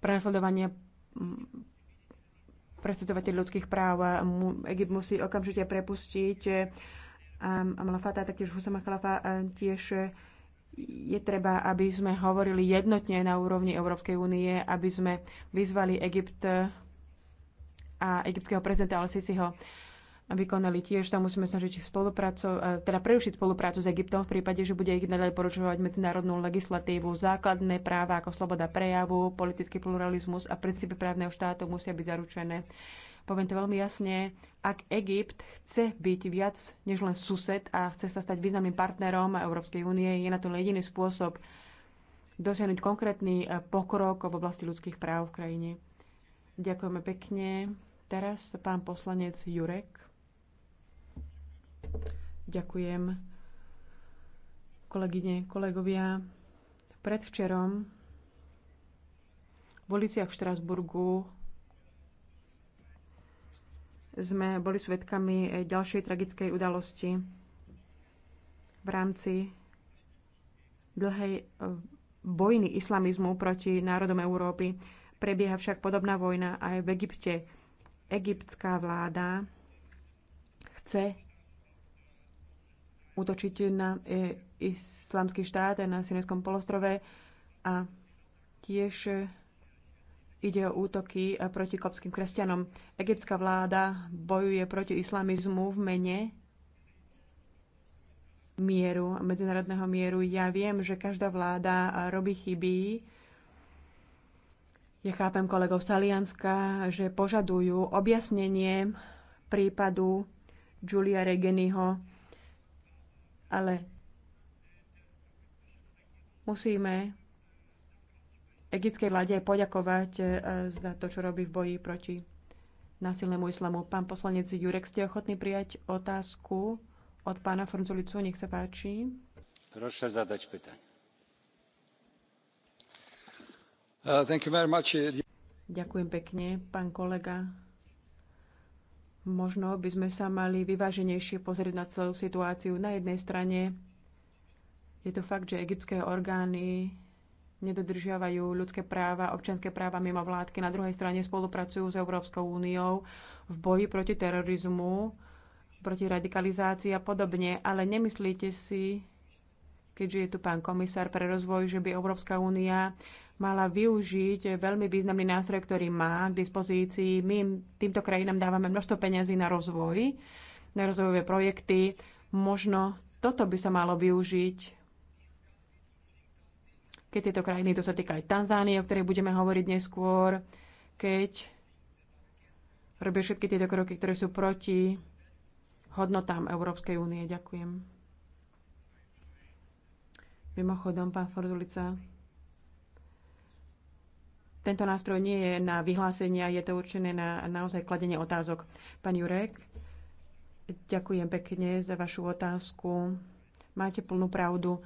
prenasledovanie mm, predsedovateľ ľudských práv. Egypt musí okamžite prepustiť eh, Amla Fata, taktiež Husama Khalafa, tiež je treba, aby sme hovorili jednotne na úrovni Európskej únie, aby sme vyzvali Egypt a egyptského prezidenta Al-Sisiho vykonali tiež. Tam musíme snažiť spoluprácu, e, teda prerušiť spoluprácu s Egyptom v prípade, že bude Egypt nadalej poručovať medzinárodnú legislatívu. Základné práva ako sloboda prejavu, politický pluralizmus a princípy právneho štátu musia byť zaručené. Poviem to veľmi jasne, ak Egypt chce byť viac než len sused a chce sa stať významným partnerom Európskej únie, je na to jediný spôsob dosiahnuť konkrétny eh, pokrok v oblasti ľudských práv v krajine. Ďakujeme pekne. Teraz pán poslanec Jurek. Ďakujem. Kolegyne, kolegovia, predvčerom v uliciach v Štrasburgu sme boli svedkami ďalšej tragickej udalosti v rámci dlhej eh, vojny islamizmu proti národom Európy. Prebieha však podobná vojna aj v Egypte. Egyptská vláda chce útočiť na eh, islamský štát na Sinejskom polostrove a tiež eh, Ide o útoky eh, proti kopským kresťanom. Egyptská vláda bojuje proti islamizmu v mene mieru, medzinárodného mieru. Ja viem, že každá vláda eh, robí chyby. Ja chápem kolegov z Talianska, že požadujú objasnenie prípadu Giulia Regeniho, ale musíme egyptskej vláde aj poďakovať e, za to, čo robí v boji proti násilnému islamu. Pán poslanec Jurek, ste ochotní prijať otázku od pána Frunzulicu? Nech sa páči. Proszę zadać pytanie. Uh, thank you very much. Ďakujem pekne, pán kolega. Možno by sme sa mali vyváženejšie pozrieť na celú situáciu. Na jednej strane je to fakt, že egyptské orgány nedodržiavajú ľudské práva, občianské práva mimo vládky. Na druhej strane spolupracujú s Európskou úniou v boji proti terorizmu, proti radikalizácii a podobne. Ale nemyslíte si, keďže je tu pán komisár pre rozvoj, že by Európska únia mala využiť veľmi významný nástroj, ktorý má k dispozícii. My týmto krajinám dávame množstvo peňazí na rozvoj, na rozvojové projekty. Možno toto by sa malo využiť keď tieto krajiny, to sa týka aj Tanzánie, o ktorej budeme hovoriť neskôr, keď robia všetky tieto kroky, ktoré sú proti hodnotám Európskej únie. Ďakujem. Mimochodom, pán Forzulica, tento nástroj nie je na vyhlásenia, je to určené na naozaj kladenie otázok. Pán Jurek, ďakujem pekne za vašu otázku. Máte plnú pravdu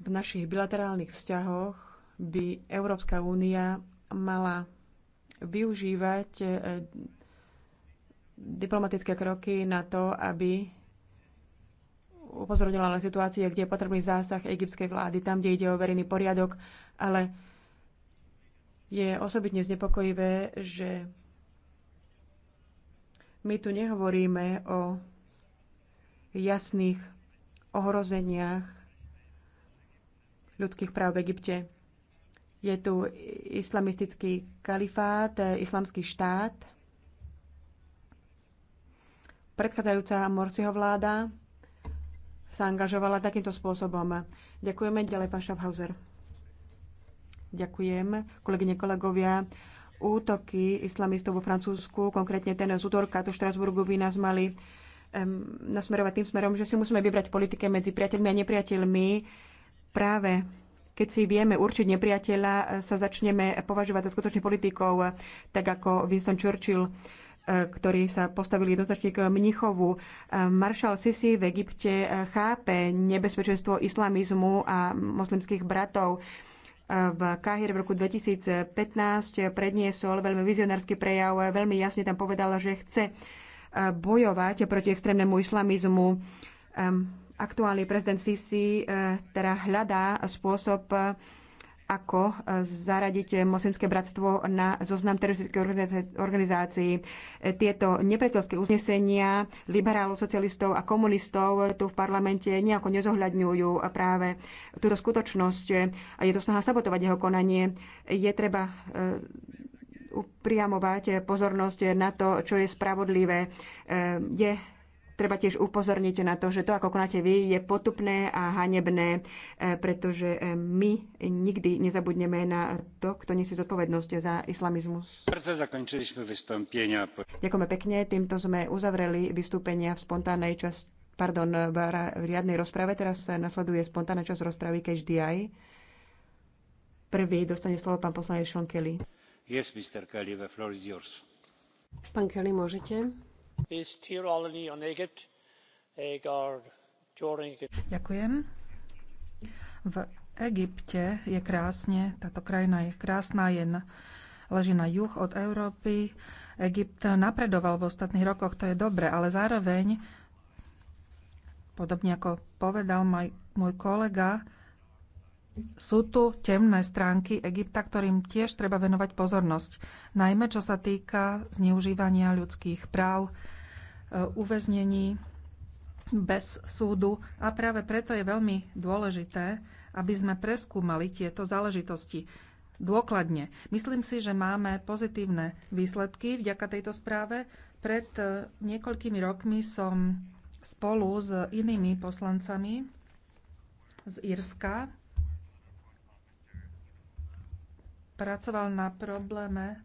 v našich bilaterálnych vzťahoch by Európska únia mala využívať e, diplomatické kroky na to, aby upozornila na situácie, kde je potrebný zásah egyptskej vlády, tam, kde ide o verejný poriadok, ale je osobitne znepokojivé, že my tu nehovoríme o jasných ohrozeniach ľudských práv v Egypte. Je tu islamistický kalifát, e, islamský štát, predchádzajúca Morsiho vláda sa angažovala takýmto spôsobom. Ďakujeme ďalej, pán Schaffhauser. Ďakujem, kolegyne, kolegovia. Útoky islamistov vo Francúzsku, konkrétne ten z útorka tu Štrasburgu, by nás mali um, nasmerovať tým smerom, že si musíme vybrať politike medzi priateľmi a nepriateľmi Práve keď si vieme určiť nepriateľa, sa začneme považovať za skutočných politikov, tak ako Winston Churchill, eh, ktorý sa postavili jednoznačne k Mnichovu. Eh, maršal Sisi v Egypte eh, chápe nebezpečenstvo islamizmu a moslimských bratov. V Káhire v roku 2015 predniesol veľmi vizionársky prejav, veľmi jasne tam povedala, že chce bojovať proti extrémnemu islamizmu ehm, Aktuálny prezident Sisi eh, teda hľadá spôsob, eh, ako eh, zaradiť moslimské bratstvo na zoznam teroristických organizácií. Tieto nepriateľské uznesenia liberálov, socialistov a komunistov tu v parlamente nejako nezohľadňujú práve túto skutočnosť. Je to snaha sabotovať jeho konanie. Je treba upriamovať pozornosť na to, čo je spravodlivé. Je Treba tiež upozorniť na to, že to, ako konáte vy, je potupné a hanebné, e, pretože e, my nikdy nezabudneme na to, kto nesie zodpovednosť za islamizmus. Ďakujeme pekne, týmto sme uzavreli vystúpenia v spontánnej časti pardon, v, riadnej rozprave. Teraz nasleduje spontánna časť rozpravy Cash Prvý dostane slovo pán poslanec Sean Kelly. Yes, Mr. Kelly, the floor is yours. Pán Kelly, môžete. Ďakujem. V Egypte je krásne, táto krajina je krásna, je na, leží na juh od Európy. Egypt napredoval v ostatných rokoch, to je dobre, ale zároveň, podobne ako povedal maj, môj kolega, sú tu temné stránky Egypta, ktorým tiež treba venovať pozornosť, najmä čo sa týka zneužívania ľudských práv, e, uväznení bez súdu. A práve preto je veľmi dôležité, aby sme preskúmali tieto záležitosti dôkladne. Myslím si, že máme pozitívne výsledky vďaka tejto správe. Pred e, niekoľkými rokmi som spolu s inými poslancami z Írska pracoval na probléme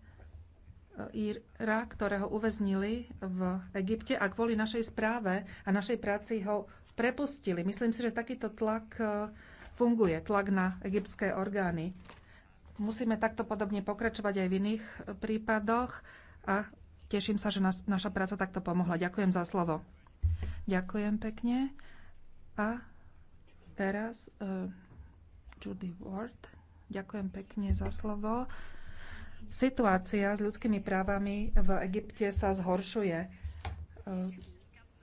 Ira, e, ktorého uväznili v Egypte a kvôli našej správe a našej práci ho prepustili. Myslím si, že takýto tlak e, funguje, tlak na egyptské orgány. Musíme takto podobne pokračovať aj v iných prípadoch a teším sa, že nás, naša práca takto pomohla. Ďakujem za slovo. Ďakujem pekne. A teraz uh, Judy Ward. Ďakujem pekne za slovo. Situácia s ľudskými právami v Egypte sa zhoršuje.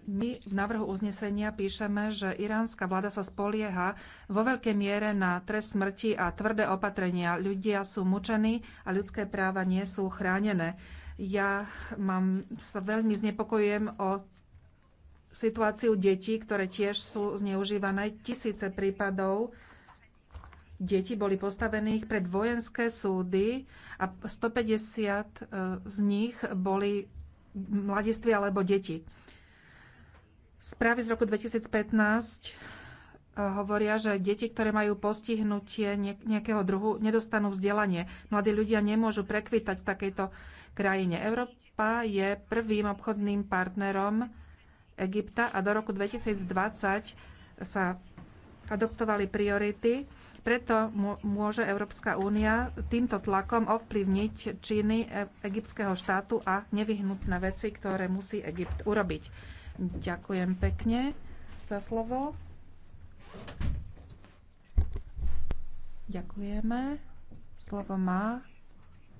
My v návrhu uznesenia píšeme, že iránska vláda sa spolieha vo veľkej miere na trest smrti a tvrdé opatrenia. Ľudia sú mučení a ľudské práva nie sú chránené. Ja mám, sa veľmi znepokojujem o situáciu detí, ktoré tiež sú zneužívané. Tisíce prípadov detí boli postavených pred vojenské súdy a 150 e, z nich boli mladiství alebo deti. Správy z roku 2015 e, hovoria, že deti, ktoré majú postihnutie nejakého druhu, nedostanú vzdelanie. Mladí ľudia nemôžu prekvitať v takejto krajine. Európa je prvým obchodným partnerom Egypta a do roku 2020 sa adoptovali priority preto môže Európska únia týmto tlakom ovplyvniť činy e, egyptského štátu a nevyhnutné veci, ktoré musí Egypt urobiť. Ďakujem pekne za slovo. Ďakujeme. Slovo má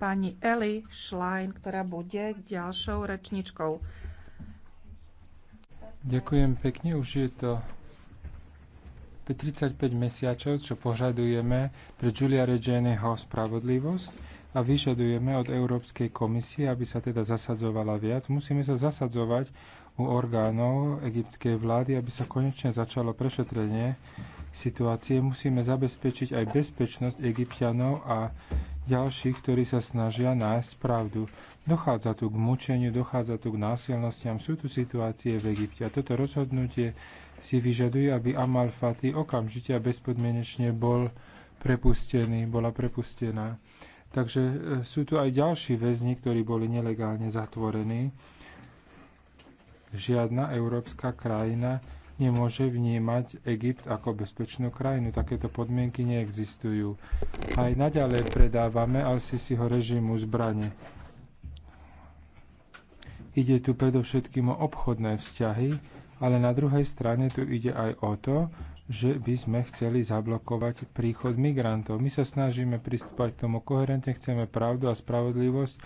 pani Eli Schlein, ktorá bude ďalšou rečničkou. Ďakujem pekne, už je to 35 mesiacov, čo požadujeme pre Julia Regeneho spravodlivosť a vyžadujeme od Európskej komisie, aby sa teda zasadzovala viac. Musíme sa zasadzovať u orgánov egyptskej vlády, aby sa konečne začalo prešetrenie situácie. Musíme zabezpečiť aj bezpečnosť egyptianov a ďalších, ktorí sa snažia nájsť pravdu. Dochádza tu k mučeniu, dochádza tu k násilnostiam, sú tu situácie v Egypte. A toto rozhodnutie si vyžaduje, aby Amal Fati okamžite a bezpodmienečne bol prepustený, bola prepustená. Takže e, sú tu aj ďalší väzni, ktorí boli nelegálne zatvorení. Žiadna európska krajina nemôže vnímať Egypt ako bezpečnú krajinu. Takéto podmienky neexistujú. Aj naďalej predávame Al-Sisiho režimu zbrane. Ide tu predovšetkým o obchodné vzťahy, ale na druhej strane tu ide aj o to, že by sme chceli zablokovať príchod migrantov. My sa snažíme pristúpať k tomu koherentne, chceme pravdu a spravodlivosť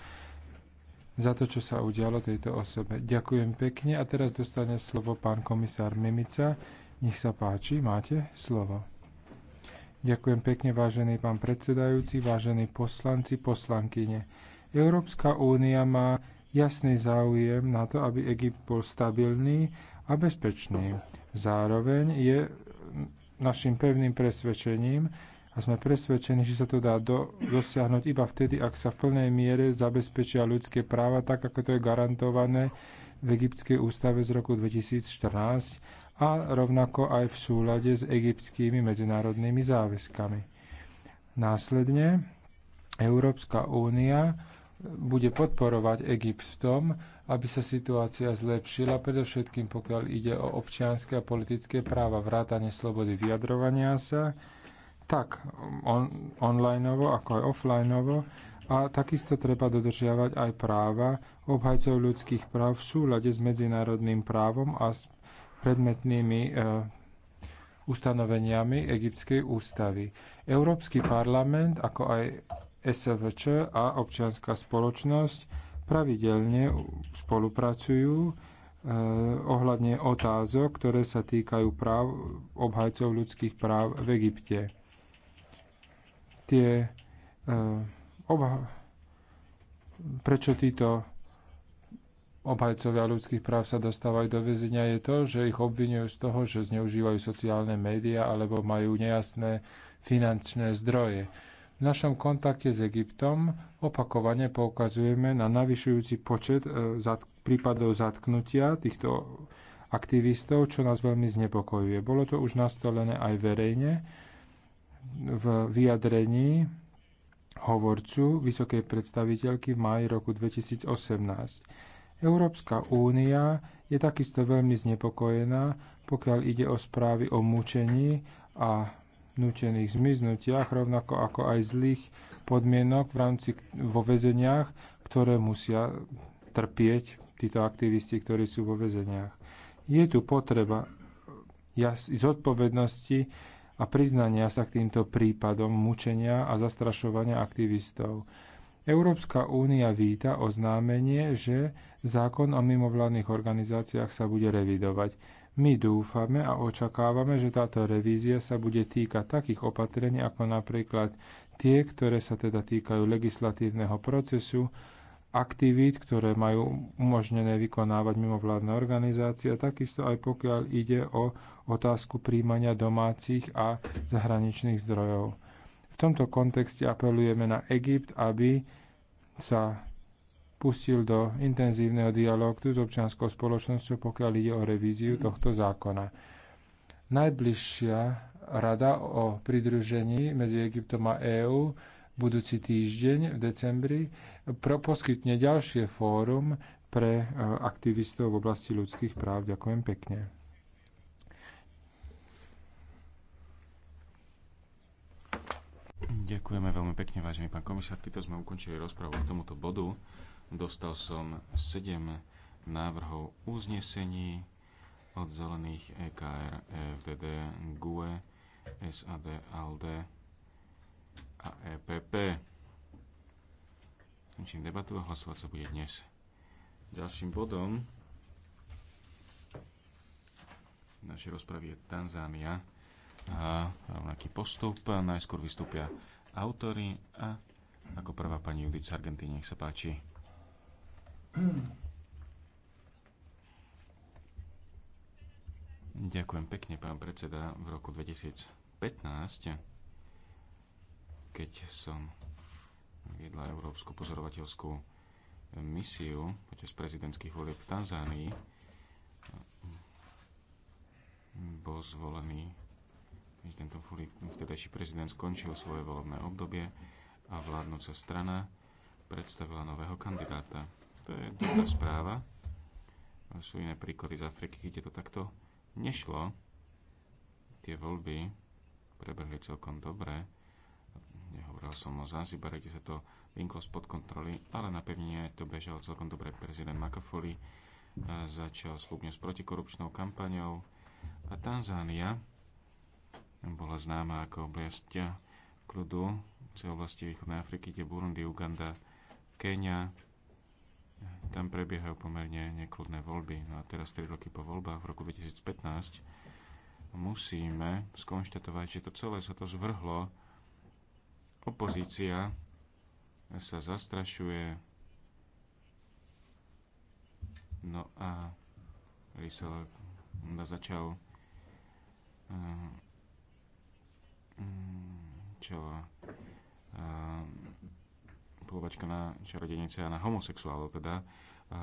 za to, čo sa udialo tejto osobe. Ďakujem pekne a teraz dostane slovo pán komisár Mimica. Nech sa páči, máte slovo. Ďakujem pekne, vážený pán predsedajúci, vážení poslanci, poslankyne. Európska únia má jasný záujem na to, aby Egypt bol stabilný a bezpečný. Zároveň je našim pevným presvedčením a sme presvedčení, že sa to dá do, dosiahnuť iba vtedy, ak sa v plnej miere zabezpečia ľudské práva tak, ako to je garantované v egyptskej ústave z roku 2014 a rovnako aj v súlade s egyptskými medzinárodnými záväzkami. Následne Európska únia bude podporovať Egypt v tom, aby sa situácia zlepšila, predovšetkým pokiaľ ide o občianske a politické práva, vrátanie slobody vyjadrovania sa, tak on, onlineovo ako aj offlineovo, a takisto treba dodržiavať aj práva obhajcov ľudských práv v súlade s medzinárodným právom a s predmetnými e, ustanoveniami egyptskej ústavy. Európsky parlament, ako aj SVČ a občianská spoločnosť pravidelne spolupracujú e, ohľadne otázok, ktoré sa týkajú práv obhajcov ľudských práv v Egypte. Tie, e, obha- prečo títo obhajcovia ľudských práv sa dostávajú do väzenia je to, že ich obvinujú z toho, že zneužívajú sociálne médiá alebo majú nejasné finančné zdroje. V našom kontakte s Egyptom opakovane poukazujeme na navyšujúci počet e, prípadov zatknutia týchto aktivistov, čo nás veľmi znepokojuje. Bolo to už nastolené aj verejne v vyjadrení hovorcu vysokej predstaviteľky v máji roku 2018. Európska únia je takisto veľmi znepokojená, pokiaľ ide o správy o mučení a nútených zmiznutiach, rovnako ako aj zlých podmienok v rámci, vo väzeniach, ktoré musia trpieť títo aktivisti, ktorí sú vo väzeniach. Je tu potreba zodpovednosti a priznania sa k týmto prípadom mučenia a zastrašovania aktivistov. Európska únia víta oznámenie, že zákon o mimovládnych organizáciách sa bude revidovať. My dúfame a očakávame, že táto revízia sa bude týkať takých opatrení, ako napríklad tie, ktoré sa teda týkajú legislatívneho procesu, aktivít, ktoré majú umožnené vykonávať mimovládne organizácie, a takisto aj pokiaľ ide o otázku príjmania domácich a zahraničných zdrojov. V tomto kontexte apelujeme na Egypt, aby sa pustil do intenzívneho dialógu s občianskou spoločnosťou, pokiaľ ide o revíziu tohto zákona. Najbližšia rada o pridružení medzi Egyptom a EÚ budúci týždeň v decembri poskytne ďalšie fórum pre e, aktivistov v oblasti ľudských práv. Ďakujem pekne. Ďakujeme veľmi pekne, vážený pán komisár. Týto sme ukončili rozpravu k tomuto bodu. Dostal som 7 návrhov uznesení od zelených EKR, FDD, e GUE, SAD, ALD a EPP. Končím debatu a hlasovať sa bude dnes. Ďalším bodom našej rozpravy je Tanzánia a rovnaký postup. Najskôr vystúpia autory a ako prvá pani Judica Argentíne nech sa páči. Ďakujem pekne, pán predseda. V roku 2015, keď som viedla Európsku pozorovateľskú misiu počas prezidentských volieb v Tanzánii, bol zvolený prezidentom Fulip, vtedajší prezident skončil svoje volebné obdobie a vládnúca strana predstavila nového kandidáta. To je dobrá správa. Sú iné príklady z Afriky, kde to takto nešlo. Tie voľby prebehli celkom dobre. Nehovoril som o Zanzibare, kde sa to vymklo spod kontroly, ale na pevnine to bežal celkom dobre. Prezident Makafoli eh, začal slúbne s protikorupčnou kampaňou a Tanzánia bola známa ako oblasť kľudu v oblasti východnej Afriky, kde Burundi, Uganda, Kenia, tam prebiehajú pomerne nekludné voľby. No a teraz 3 roky po voľbách v roku 2015 musíme skonštatovať, že to celé sa to zvrhlo. Opozícia sa zastrašuje. No a Rysel začal eh, mm, čelo eh, pôvačka na čarodenice a na homosexuálov teda a, a,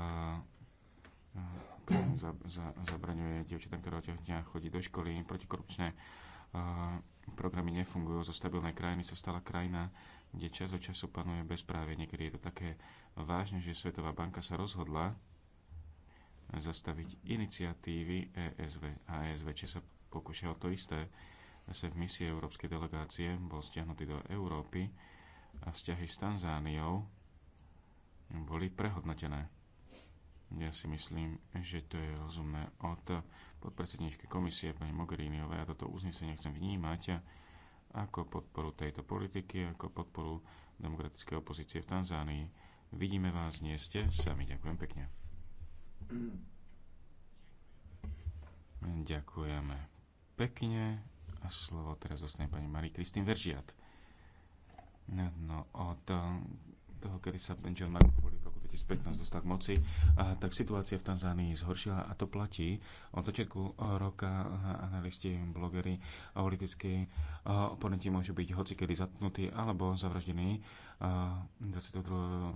za, za, zabraňuje dievčatám, ktoré odtehňa chodí do školy, protikorupčné a, programy nefungujú, zo stabilnej krajiny sa stala krajina, kde čas od času panuje bezprávie. Niekedy je to také vážne, že Svetová banka sa rozhodla zastaviť iniciatívy ESV a ESV, či sa pokúšalo to isté. Sa v misie európskej delegácie bol stiahnutý do Európy, a vzťahy s Tanzániou boli prehodnotené. Ja si myslím, že to je rozumné od podpredsedničky komisie pani Mogheriniovej. Ja toto uznesenie chcem vnímať ako podporu tejto politiky, ako podporu demokratickej opozície v Tanzánii. Vidíme vás, nie ste sami. Ďakujem pekne. Ďakujeme pekne. A slovo teraz zostane pani Marie Kristín Veržiat no, od eh, toho, kedy sa Benjamin Magufuli v roku 2015 dostal k moci, eh, tak situácia v Tanzánii zhoršila a to platí. Od začiatku eh, roka analisti, blogery a politickí oponenti môžu byť hocikedy zatknutí alebo zavraždení. 22.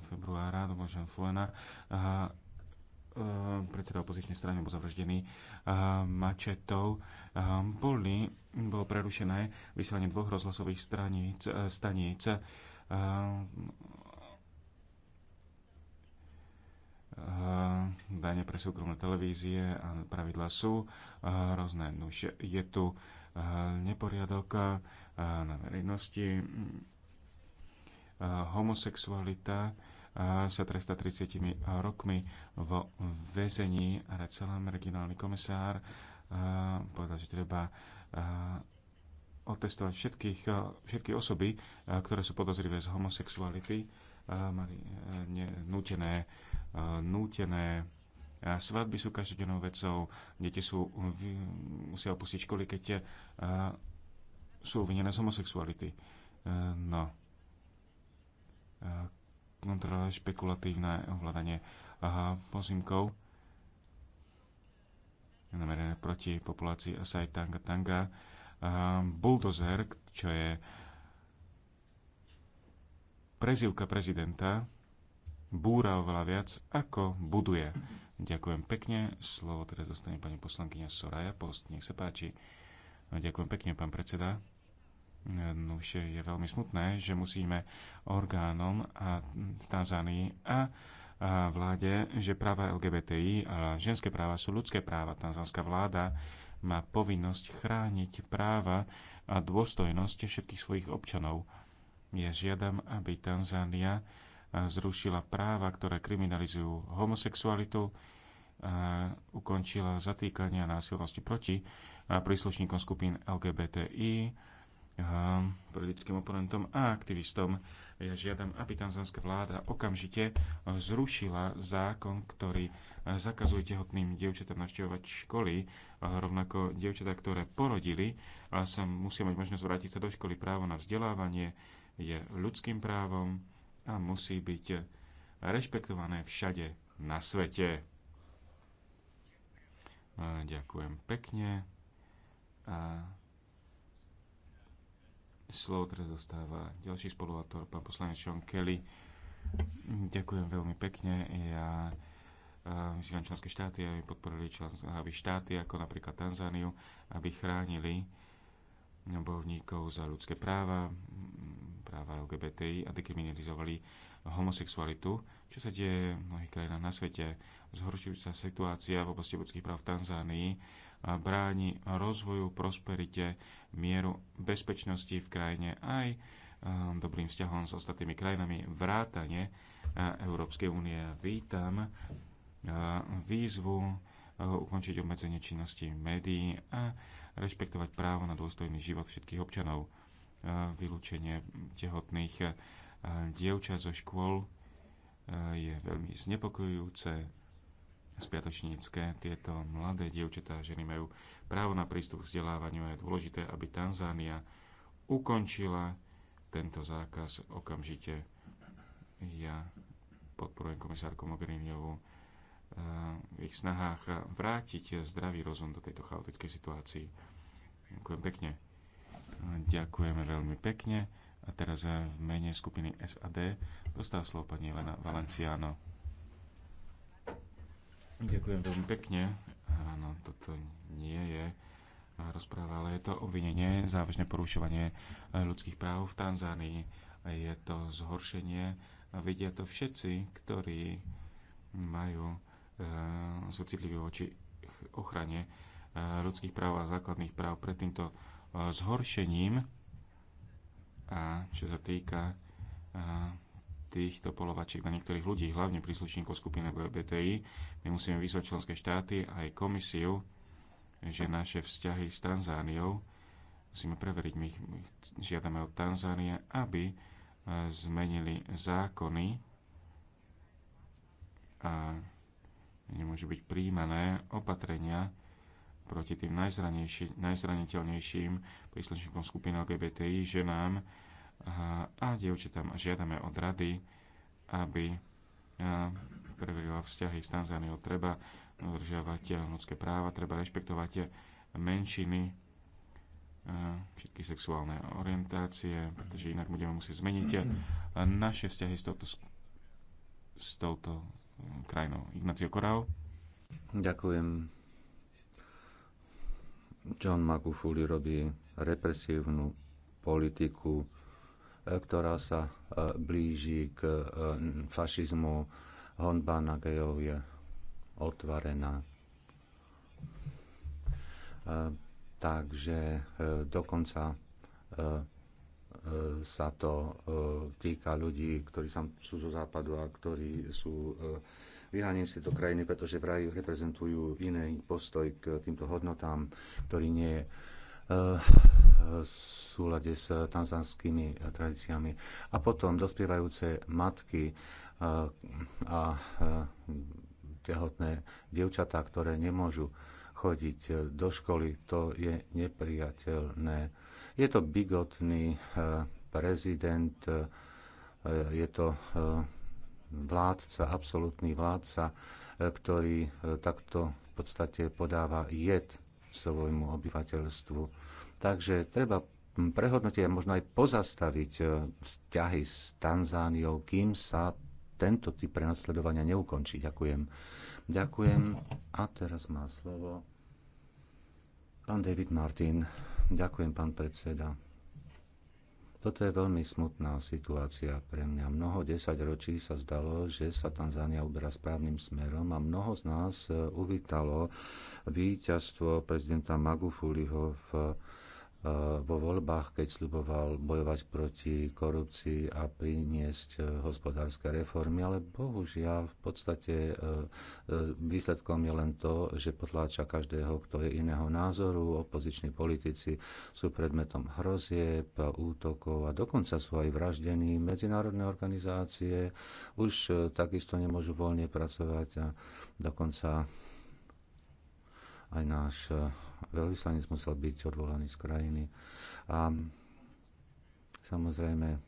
februára Domožan Fulena Eh, predseda opozičnej strany bol zavraždený eh, mačetou. Eh, boli, bolo prerušené vysielanie dvoch rozhlasových straníc, staníc. Dane pre súkromné televízie a pravidla sú rôzne. Nuž je tu neporiadok na verejnosti, homosexualita, sa tresta 30 rokmi vo väzení. Arad Salam, regionálny komisár, povedal, že treba otestovať všetkých, všetky osoby, ktoré sú podozrivé z homosexuality, mali e, nútené, nútené svadby sú každodennou vecou, deti sú, musia opustiť školy, keď e, sú obvinené z homosexuality. E, no kontrolovať no, teda špekulatívne ovládanie pozimkov namerené proti populácii Asai Tanga Tanga. Bulldozer, čo je prezivka prezidenta, búra oveľa viac, ako buduje. Ďakujem pekne. Slovo teraz dostane pani poslankyňa Soraya Post. Nech sa páči. Ďakujem pekne, pán predseda. No, už je veľmi smutné, že musíme orgánom a stázaní a vláde, že práva LGBTI a ženské práva sú ľudské práva. Tanzánska vláda má povinnosť chrániť práva a dôstojnosť všetkých svojich občanov. Ja žiadam, aby Tanzánia zrušila práva, ktoré kriminalizujú homosexualitu, a ukončila zatýkania násilnosti proti príslušníkom skupín LGBTI, politickým oponentom a aktivistom. Ja žiadam, aby tanzanská vláda okamžite eh, zrušila zákon, ktorý eh, zakazuje tehotným dievčatám navštevovať školy. Eh, rovnako dievčatá, ktoré porodili, sa musia mať možnosť vrátiť sa do školy. Právo na vzdelávanie je ľudským právom a musí byť rešpektované všade na svete. ďakujem pekne. A Slovo teraz dostáva ďalší spoluautor, pán poslanec Sean Kelly. Ďakujem veľmi pekne. Ja myslím, e, členské štáty, aby podporili členské štáty, ako napríklad Tanzániu, aby chránili bojovníkov za ľudské práva, práva LGBTI a dekriminalizovali homosexualitu, čo sa deje v mnohých krajinách na svete. Zhoršujúca situácia v oblasti ľudských práv v Tanzánii a bráni rozvoju, prosperite, mieru, bezpečnosti v krajine aj um, dobrým vzťahom s ostatnými krajinami vrátane Európskej únie. Vítam výzvu ukončiť obmedzenie činnosti médií a rešpektovať právo na dôstojný život všetkých občanov. Vylúčenie tehotných dievčat zo škôl je veľmi znepokojujúce spiatočnícke. Tieto mladé dievčatá a ženy majú právo na prístup k vzdelávaniu a je dôležité, aby Tanzánia ukončila tento zákaz okamžite. Ja podporujem komisárku Mogheriniovú eh, v ich snahách vrátiť zdravý rozum do tejto chaotickej situácii. Ďakujem pekne. Ďakujeme veľmi pekne. A teraz v mene skupiny SAD dostáva slovo pani Elena Valenciano. Ďakujem veľmi pekne. Áno, toto nie je rozpráva, ale je to obvinenie, závažné porušovanie ľudských práv v Tanzánii. Je to zhoršenie a vedia to všetci, ktorí majú, e, sú citliví voči ochrane eh, ľudských práv a základných práv pred týmto eh, zhoršením. A čo sa týka týchto polovačiek na niektorých ľudí, hlavne príslušníkov skupiny LGBTI. My musíme vyzvať členské štáty a aj komisiu, že naše vzťahy s Tanzániou musíme preveriť. My žiadame od Tanzánie, aby e, zmenili zákony a nemôžu byť príjmané opatrenia proti tým najzraniteľnejším príslušníkom skupiny LGBTI, nám a dievčatám žiadame od rady, aby e, preverila vzťahy s Tanzániou. Treba udržiavať e, ľudské práva, treba rešpektovať e, menšiny, všetky sexuálne orientácie, pretože inak budeme musieť zmeniť naše vzťahy s touto, s touto krajinou. Ignacio Korau. Ďakujem. John Magufuli robí represívnu politiku ktorá sa e, blíži k e, fašizmu. Honba na gejov je otvorená. E, takže dokonca sa to týka ľudí, ktorí sú zo západu a ktorí sú vyhanie si do krajiny, pretože vraj reprezentujú iný postoj k týmto hodnotám, ktorý nie je súlade s tanzanskými tradíciami. A potom dospievajúce matky e, a e, tehotné dievčatá, ktoré nemôžu chodiť do školy, to je nepriateľné. Je to bigotný e, prezident, je to vládca, absolútny vládca, ktorý takto v podstate podáva jed svojmu obyvateľstvu. Takže treba prehodnotiť a možno aj pozastaviť e, vzťahy s Tanzániou, kým sa tento typ prenasledovania neukončí. Ďakujem. Ďakujem. A teraz má slovo pán David Martin. Ďakujem, pán predseda. Toto je veľmi smutná situácia pre mňa. Mnoho desaťročí sa zdalo, že sa Tanzánia uberá správnym smerom a mnoho z nás eh, uvítalo víťazstvo prezidenta Magufuliho v E, vo voľbách, keď sluboval bojovať proti korupcii a priniesť e, hospodárske reformy, ale bohužiaľ v podstate e, výsledkom je len to, že potláča každého, kto je iného názoru. Opoziční politici sú predmetom hrozieb, útokov a dokonca sú aj vraždení. Medzinárodné organizácie už takisto nemôžu voľne pracovať a dokonca aj náš eh, veľvyslanec musel byť odvolaný z krajiny. A samozrejme, eh,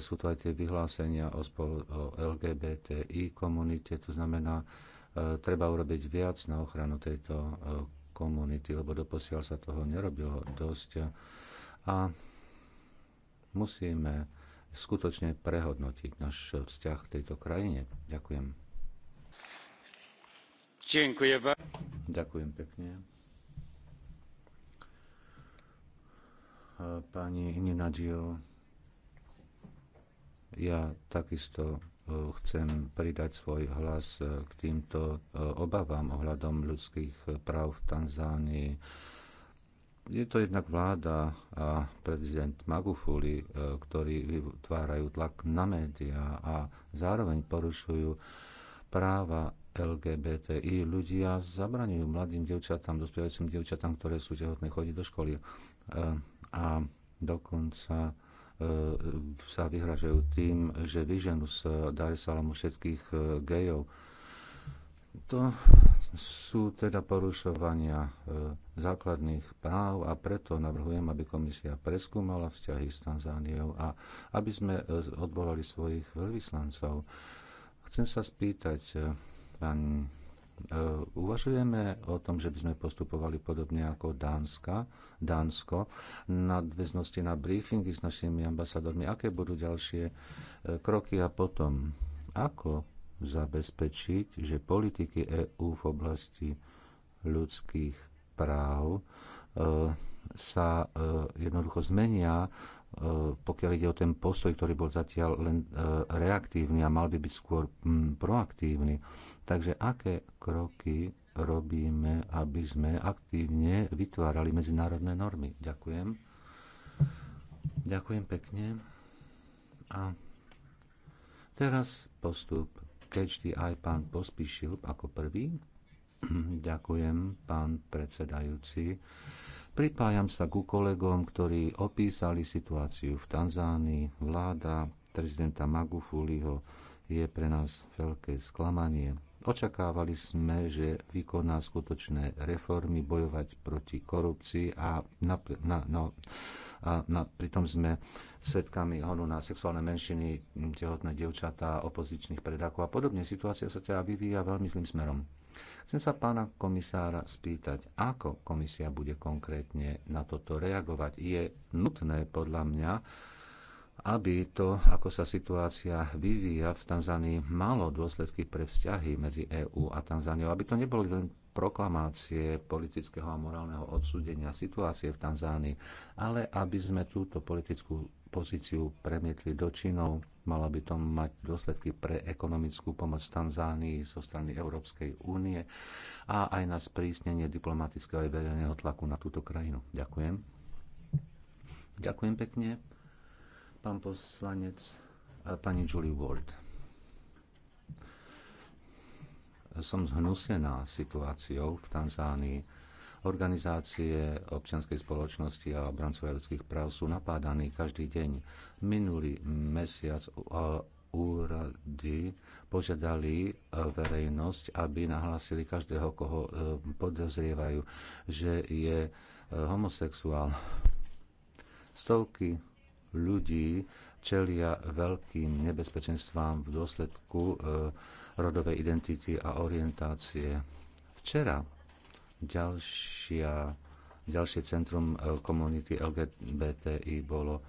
sú to aj tie vyhlásenia o, spol- o LGBTI komunite, to znamená, eh, treba urobiť viac na ochranu tejto komunity, lebo doposiaľ sa toho nerobilo dosť. A musíme skutočne prehodnotiť náš vzťah k tejto krajine. Ďakujem. Ďakujem. pekne. Pani Ninadil, ja takisto e, chcem pridať svoj hlas e, k týmto e, obavám ohľadom ľudských práv v Tanzánii. Je to jednak vláda a prezident Magufuli, ktorí vytvárajú tlak na médiá a zároveň porušujú práva LGBTI ľudia zabraňujú mladým devčatám, dospievajúcim devčatám, ktoré sú tehotné, chodiť do školy. E, a dokonca e, sa vyhražajú tým, že vyženú z Dar Salamu všetkých e, gejov. To sú teda porušovania základných práv a preto navrhujem, aby komisia preskúmala vzťahy s Tanzániou a aby sme odvolali svojich veľvyslancov. Chcem sa spýtať, páni. E, uvažujeme o tom, že by sme postupovali podobne ako Dánska, Dánsko nadväznosti na briefingy s našimi ambasadormi. Aké budú ďalšie e, kroky a potom ako zabezpečiť, že politiky EÚ v oblasti ľudských práv e, sa jednoducho zmenia, pokiaľ ide o ten postoj, ktorý bol zatiaľ len reaktívny a mal by byť skôr proaktívny Takže aké kroky robíme, aby sme aktívne vytvárali medzinárodné normy? Ďakujem. Ďakujem pekne. A teraz postup. Catch aj pán pospíšil ako prvý. Ďakujem, pán predsedajúci. Pripájam sa ku kolegom, ktorí opísali situáciu v Tanzánii. Vláda prezidenta Magufuliho je pre nás veľké sklamanie Očakávali sme, že vykoná skutočné reformy, bojovať proti korupcii a, na, na, no, a na, pritom sme svetkami honu na sexuálne menšiny, tehotné dievčatá, opozičných predákov a podobne. Situácia sa teda vyvíja veľmi zlým smerom. Chcem sa pána komisára spýtať, ako komisia bude konkrétne na toto reagovať. Je nutné podľa mňa, aby to, ako sa situácia vyvíja v Tanzánii, malo dôsledky pre vzťahy medzi EÚ a Tanzániou, aby to neboli len proklamácie politického a morálneho odsúdenia situácie v Tanzánii, ale aby sme túto politickú pozíciu premietli do činov. Mala by to mať dôsledky pre ekonomickú pomoc Tanzánii zo strany Európskej únie a aj na sprísnenie diplomatického aj verejného tlaku na túto krajinu. Ďakujem. Ďakujem pekne. Pán poslanec, pani Julie Ward. Som zhnusená situáciou v Tanzánii. Organizácie občianskej spoločnosti a obrancovia ľudských práv sú napádaní každý deň. Minulý mesiac úrady požiadali e, verejnosť, aby nahlásili každého, koho e, podozrievajú, že je e, homosexuál. Stovky ľudí čelia veľkým nebezpečenstvám v dôsledku eh, rodovej identity a orientácie. Včera ďalšia, ďalšie centrum eh, komunity LGBTI bolo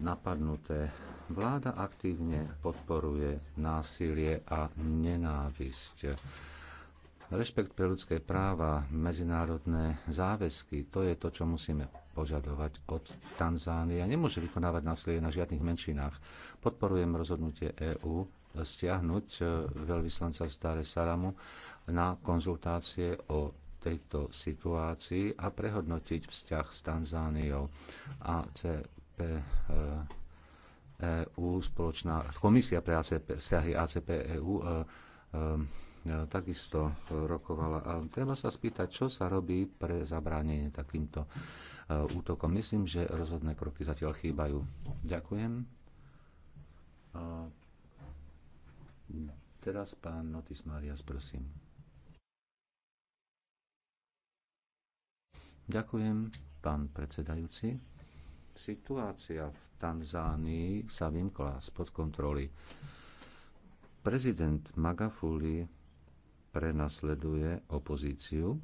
napadnuté. Vláda aktívne podporuje násilie a nenávisť. Rešpekt pre ľudské práva, medzinárodné záväzky, to je to, čo musíme požadovať od Tanzánie a nemôže vykonávať násilie na žiadnych menšinách. Podporujem rozhodnutie EÚ stiahnuť e, veľvyslanca z Dare Saramu na konzultácie o tejto situácii a prehodnotiť vzťah s Tanzániou a CP EU, e spoločná komisia pre ACP, vzťahy ACP EU e, takisto rokovala. A treba sa spýtať, čo sa robí pre zabránenie takýmto Eh, útokom. Myslím, že rozhodné kroky zatiaľ chýbajú. Ďakujem. Eh, teraz pán Notis Marias, prosím. Ďakujem, pán predsedajúci. Situácia v Tanzánii sa vymkla spod kontroly. Prezident Magafuli prenasleduje opozíciu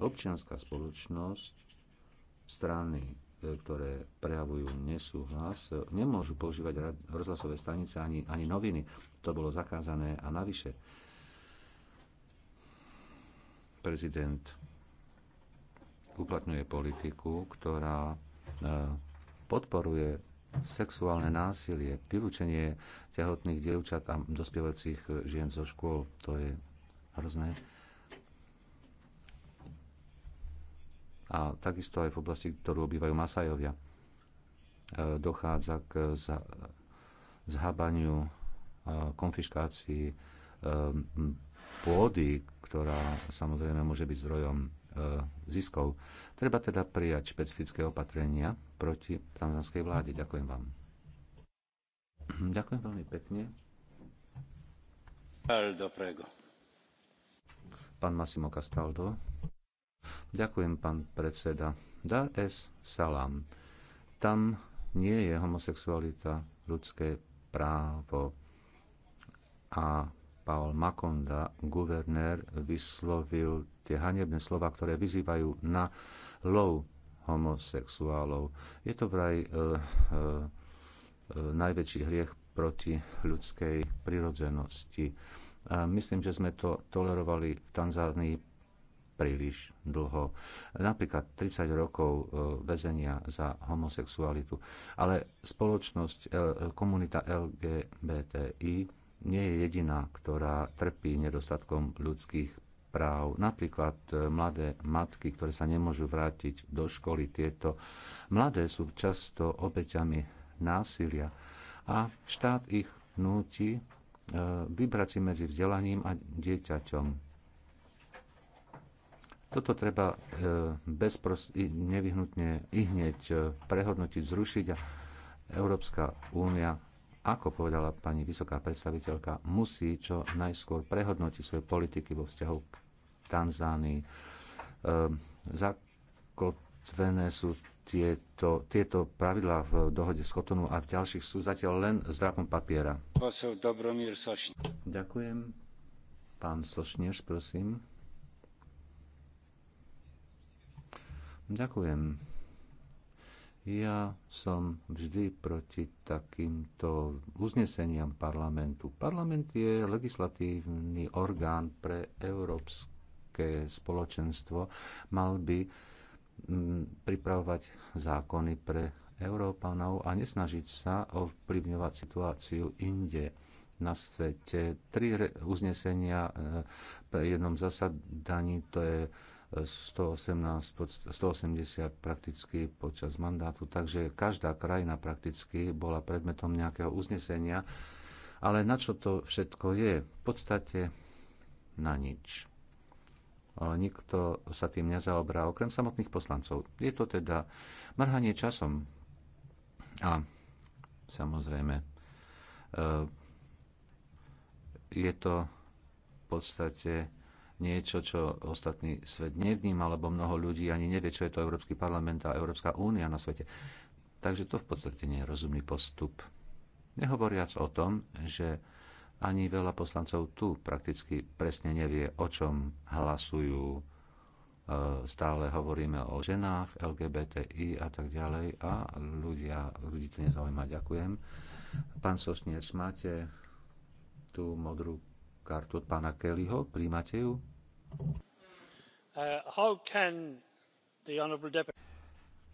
Občianská spoločnosť, strany, e, ktoré prejavujú nesúhlas, e, nemôžu používať rozhlasové stanice ani, ani noviny. To bolo zakázané a navyše prezident uplatňuje politiku, ktorá e, podporuje sexuálne násilie, vylúčenie tehotných dievčat a dospievacích žien zo škôl. To je hrozné. a takisto aj v oblasti, ktorú obývajú Masajovia. E, dochádza k zhabaniu, e, konfiškácii e, pôdy, ktorá samozrejme môže byť zdrojom ziskov. Treba teda prijať špecifické opatrenia proti tanzanskej vláde. Ďakujem vám. Ďakujem veľmi pekne. Pán Massimo Castaldo. Ďakujem, pán predseda. Dar es salam. Tam nie je homosexualita ľudské právo. A Paul Makonda, guvernér, vyslovil tie hanebné slova, ktoré vyzývajú na lov homosexuálov. Je to vraj e, e, najväčší hriech proti ľudskej prirodzenosti. A myslím, že sme to tolerovali v Tanzánii príliš dlho. Napríklad 30 rokov e, väzenia za homosexualitu. Ale spoločnosť, e, komunita LGBTI nie je jediná, ktorá trpí nedostatkom ľudských práv. Napríklad e, mladé matky, ktoré sa nemôžu vrátiť do školy. Tieto mladé sú často obeťami násilia a štát ich núti vybrať si medzi vzdelaním a dieťaťom toto treba e, bezprost, nevyhnutne i hneď e, prehodnotiť, zrušiť a Európska únia, ako povedala pani vysoká predstaviteľka, musí čo najskôr prehodnotiť svoje politiky vo vzťahu k Tanzánii. E, zakotvené sú tieto, tieto pravidlá v dohode s Kotonu a v ďalších sú zatiaľ len zdrapom papiera. Ďakujem. Pán Sošnierš, prosím. Ďakujem. Ja som vždy proti takýmto uzneseniam parlamentu. Parlament je legislatívny orgán pre európske spoločenstvo. Mal by mm, pripravovať zákony pre Európanov a nesnažiť sa ovplyvňovať situáciu inde na svete. Tri uznesenia v eh, jednom zasadaní, to je 118, 180 prakticky počas mandátu, takže každá krajina prakticky bola predmetom nejakého uznesenia. Ale na čo to všetko je? V podstate na nič. Nikto sa tým nezaobrá, okrem samotných poslancov. Je to teda mrhanie časom. A samozrejme, e, je to v podstate niečo, čo ostatný svet nevníma, alebo mnoho ľudí ani nevie, čo je to Európsky parlament a Európska únia na svete. Takže to v podstate nie je rozumný postup. Nehovoriac o tom, že ani veľa poslancov tu prakticky presne nevie, o čom hlasujú. E, stále hovoríme o ženách, LGBTI a tak ďalej a ľudia, ľudí to nezaujíma. Ďakujem. Pán Sosniec, máte tú modrú kartu od pána Kellyho. Príjmate ju? Uh,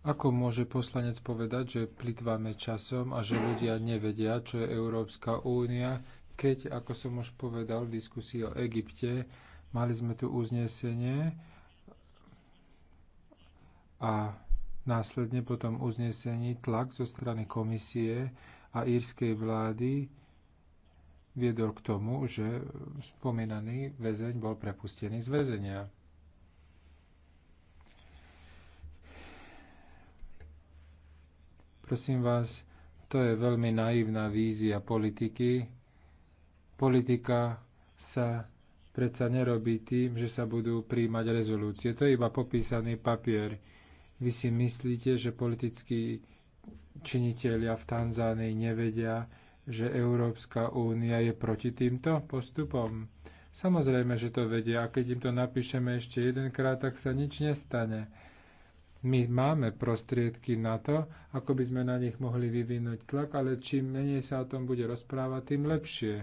ako môže poslanec povedať, že plitváme časom a že ľudia nevedia, čo je Európska únia, keď, ako som už povedal v diskusii o Egypte, mali sme tu uznesenie a následne potom uznesení tlak zo strany komisie a írskej vlády viedol k tomu, že spomínaný väzeň bol prepustený z väzenia. Prosím vás, to je veľmi naivná vízia politiky. Politika sa predsa nerobí tým, že sa budú príjmať rezolúcie. To je iba popísaný papier. Vy si myslíte, že politickí činitelia v Tanzánii nevedia, že Európska únia je proti týmto postupom? Samozrejme, že to vedia a keď im to napíšeme ešte jedenkrát, tak sa nič nestane. My máme prostriedky na to, ako by sme na nich mohli vyvinúť tlak, ale čím menej sa o tom bude rozprávať, tým lepšie.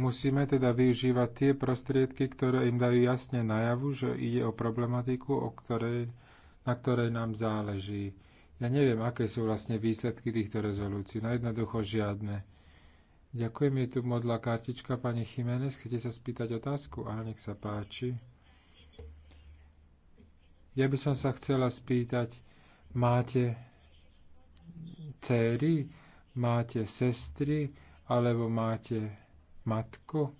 Musíme teda využívať tie prostriedky, ktoré im dajú jasne najavu, že ide o problematiku, o ktorej, na ktorej nám záleží. Ja neviem, aké sú vlastne výsledky týchto rezolúcií. No jednoducho žiadne. Ďakujem, je tu modlá kartička pani Jiménez. Chcete sa spýtať otázku? Áno, nech sa páči. Ja by som sa chcela spýtať, máte céry, máte sestry, alebo máte matku?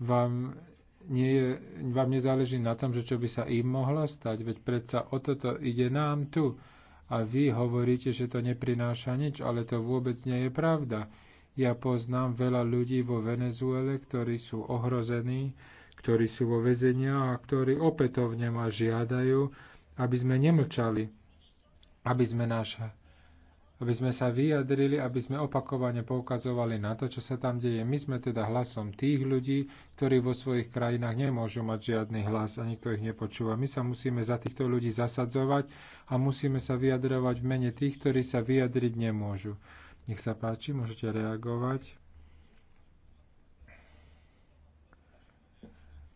Vám nie je, vám nezáleží na tom, že čo by sa im mohlo stať, veď predsa o toto ide nám tu. A vy hovoríte, že to neprináša nič, ale to vôbec nie je pravda. Ja poznám veľa ľudí vo Venezuele, ktorí sú ohrození, ktorí sú vo väzenia a ktorí opätovne ma žiadajú, aby sme nemlčali, aby sme náš aby sme sa vyjadrili, aby sme opakovane poukazovali na to, čo sa tam deje. My sme teda hlasom tých ľudí, ktorí vo svojich krajinách nemôžu mať žiadny hlas a nikto ich nepočúva. My sa musíme za týchto ľudí zasadzovať a musíme sa vyjadrovať v mene tých, ktorí sa vyjadriť nemôžu. Nech sa páči, môžete reagovať.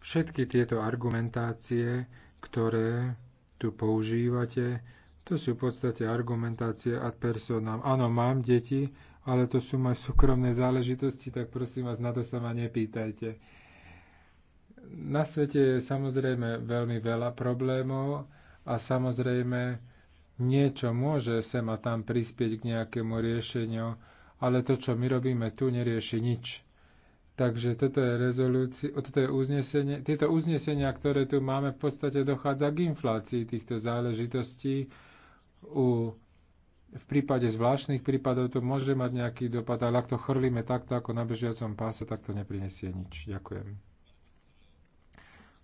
Všetky tieto argumentácie, ktoré tu používate, to sú v podstate argumentácie ad personam. Áno, mám deti, ale to sú moje súkromné záležitosti, tak prosím vás, na to sa ma nepýtajte. Na svete je samozrejme veľmi veľa problémov a samozrejme niečo môže sem a tam prispieť k nejakému riešeniu, ale to, čo my robíme tu, nerieši nič. Takže toto je, rezolúcia, toto je uznesenie. Tieto uznesenia, ktoré tu máme, v podstate dochádza k inflácii týchto záležitostí, u, v prípade zvláštnych prípadov to môže mať nejaký dopad, ale ak to chrlíme takto ako na bežiacom páse, tak to neprinesie nič. Ďakujem.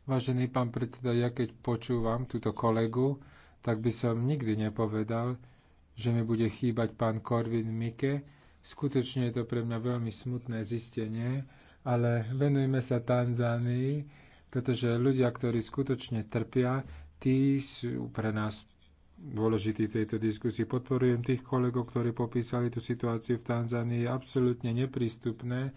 Vážený pán predseda, ja keď počúvam túto kolegu, tak by som nikdy nepovedal, že mi bude chýbať pán Korvin Mike. Skutočne je to pre mňa veľmi smutné zistenie, ale venujme sa Tanzánii, pretože ľudia, ktorí skutočne trpia, tí sú pre nás dôležitý v tejto diskusii. Podporujem tých kolegov, ktorí popísali tú situáciu v Tanzánii. Je absolútne neprístupné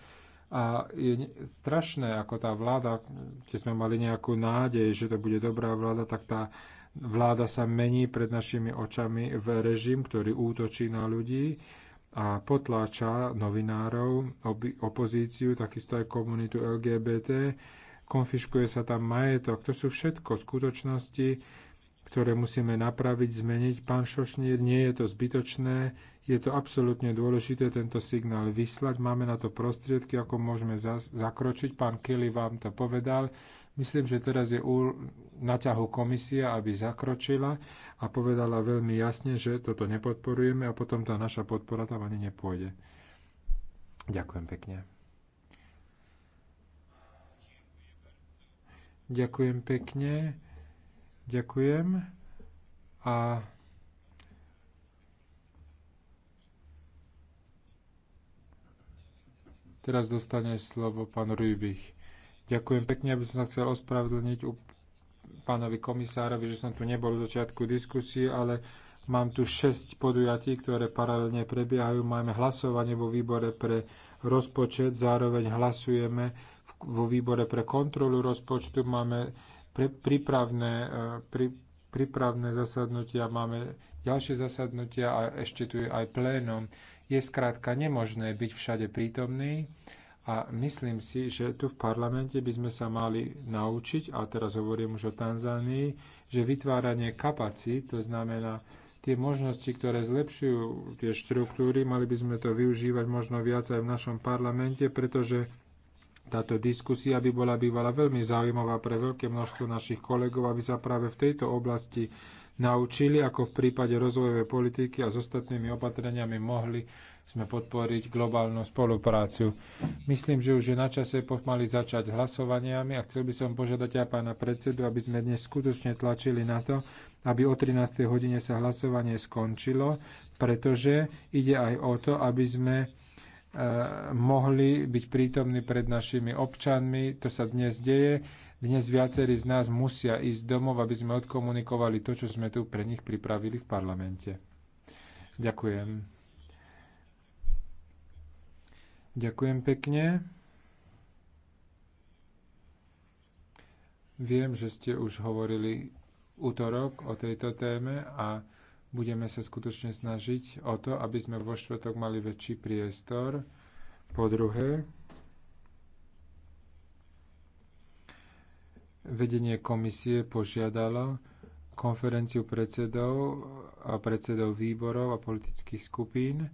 a je strašné, ako tá vláda, keď sme mali nejakú nádej, že to bude dobrá vláda, tak tá vláda sa mení pred našimi očami v režim, ktorý útočí na ľudí a potláča novinárov, opozíciu, takisto aj komunitu LGBT, konfiškuje sa tam majetok. To sú všetko skutočnosti, ktoré musíme napraviť, zmeniť. Pán Šošnier, nie je to zbytočné, je to absolútne dôležité tento signál vyslať. Máme na to prostriedky, ako môžeme zakročiť. Pán Kelly vám to povedal. Myslím, že teraz je na ťahu komisia, aby zakročila a povedala veľmi jasne, že toto nepodporujeme a potom tá naša podpora tam ani nepôjde. Ďakujem pekne. Ďakujem pekne. Ďakujem. A teraz dostane slovo pán Rübich. Ďakujem pekne, aby som sa chcel ospravedlniť u pánovi komisárovi, že som tu nebol v začiatku diskusie, ale Mám tu 6 podujatí, ktoré paralelne prebiehajú. Máme hlasovanie vo výbore pre rozpočet, zároveň hlasujeme vo výbore pre kontrolu rozpočtu. Máme pre, prípravné, pri, prípravné e, zasadnutia, máme ďalšie zasadnutia a ešte tu je aj plénom. Je skrátka nemožné byť všade prítomný a myslím si, že tu v parlamente by sme sa mali naučiť, a teraz hovorím už o Tanzánii, že vytváranie kapacít, to znamená tie možnosti, ktoré zlepšujú tie štruktúry, mali by sme to využívať možno viac aj v našom parlamente, pretože táto diskusia by bola bývala veľmi zaujímavá pre veľké množstvo našich kolegov, aby sa práve v tejto oblasti naučili, ako v prípade rozvojovej politiky a s ostatnými opatreniami mohli sme podporiť globálnu spoluprácu. Myslím, že už je na čase pomaly začať s hlasovaniami a chcel by som požiadať aj pána predsedu, aby sme dnes skutočne tlačili na to, aby o 13. hodine sa hlasovanie skončilo, pretože ide aj o to, aby sme Eh, mohli byť prítomní pred našimi občanmi. To sa dnes deje. Dnes viacerí z nás musia ísť domov, aby sme odkomunikovali to, čo sme tu pre nich pripravili v parlamente. Ďakujem. Ďakujem pekne. Viem, že ste už hovorili útorok o tejto téme a budeme sa skutočne snažiť o to, aby sme vo štvrtok mali väčší priestor. Po druhé, vedenie komisie požiadalo konferenciu predsedov a predsedov výborov a politických skupín,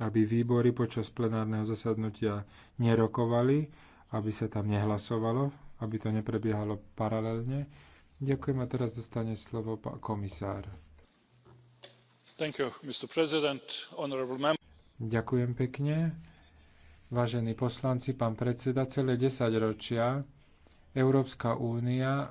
aby výbory počas plenárneho zasadnutia nerokovali, aby sa tam nehlasovalo, aby to neprebiehalo paralelne. Ďakujem a teraz dostane slovo pán komisár. You, Ďakujem pekne. Vážení poslanci, pán predseda, celé 10 ročia Európska únia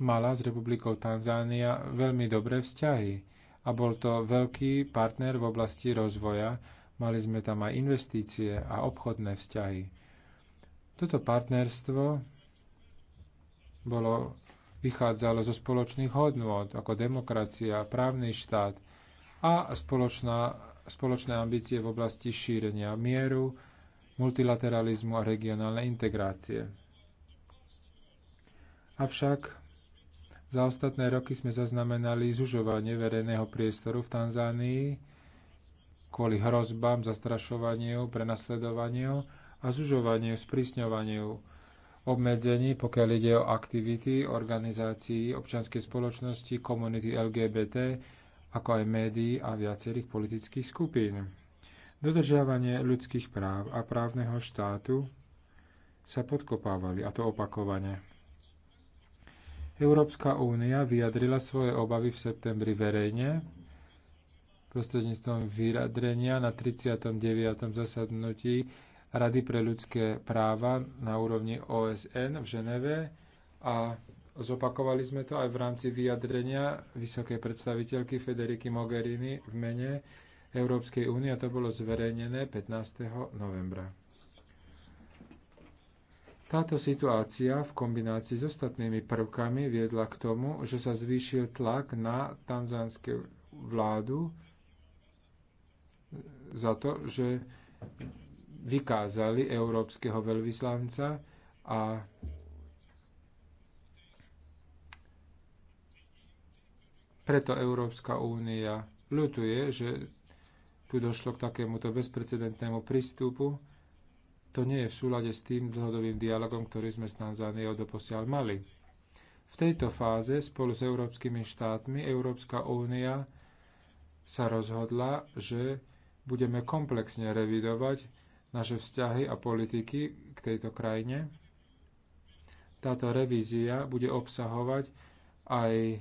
mala s Republikou Tanzánia veľmi dobré vzťahy a bol to veľký partner v oblasti rozvoja Mali sme tam aj investície a obchodné vzťahy. Toto partnerstvo bolo, vychádzalo zo spoločných hodnôt ako demokracia, právny štát a spoločná, spoločné ambície v oblasti šírenia mieru, multilateralizmu a regionálnej integrácie. Avšak za ostatné roky sme zaznamenali zužovanie verejného priestoru v Tanzánii, kvôli hrozbám, zastrašovaniu, prenasledovaniu a zužovaniu, sprísňovaniu obmedzení, pokiaľ ide o aktivity organizácií občianskej spoločnosti, komunity LGBT, ako aj médií a viacerých politických skupín. Dodržiavanie ľudských práv a právneho štátu sa podkopávali, a to opakovane. Európska únia vyjadrila svoje obavy v septembri verejne prostredníctvom vyjadrenia na 39. zasadnutí Rady pre ľudské práva na úrovni OSN v Ženeve a zopakovali sme to aj v rámci vyjadrenia vysokej predstaviteľky Federiky Mogherini v mene Európskej únie a to bolo zverejnené 15. novembra. Táto situácia v kombinácii s ostatnými prvkami viedla k tomu, že sa zvýšil tlak na tanzánske vládu, za to, že vykázali európskeho veľvyslanca a preto Európska únia ľutuje, že tu došlo k takémuto bezprecedentnému prístupu. To nie je v súlade s tým dlhodobým dialogom, ktorý sme s Tanzániou doposiaľ mali. V tejto fáze spolu s európskymi štátmi Európska únia sa rozhodla, že budeme komplexne revidovať naše vzťahy a politiky k tejto krajine. Táto revízia bude obsahovať aj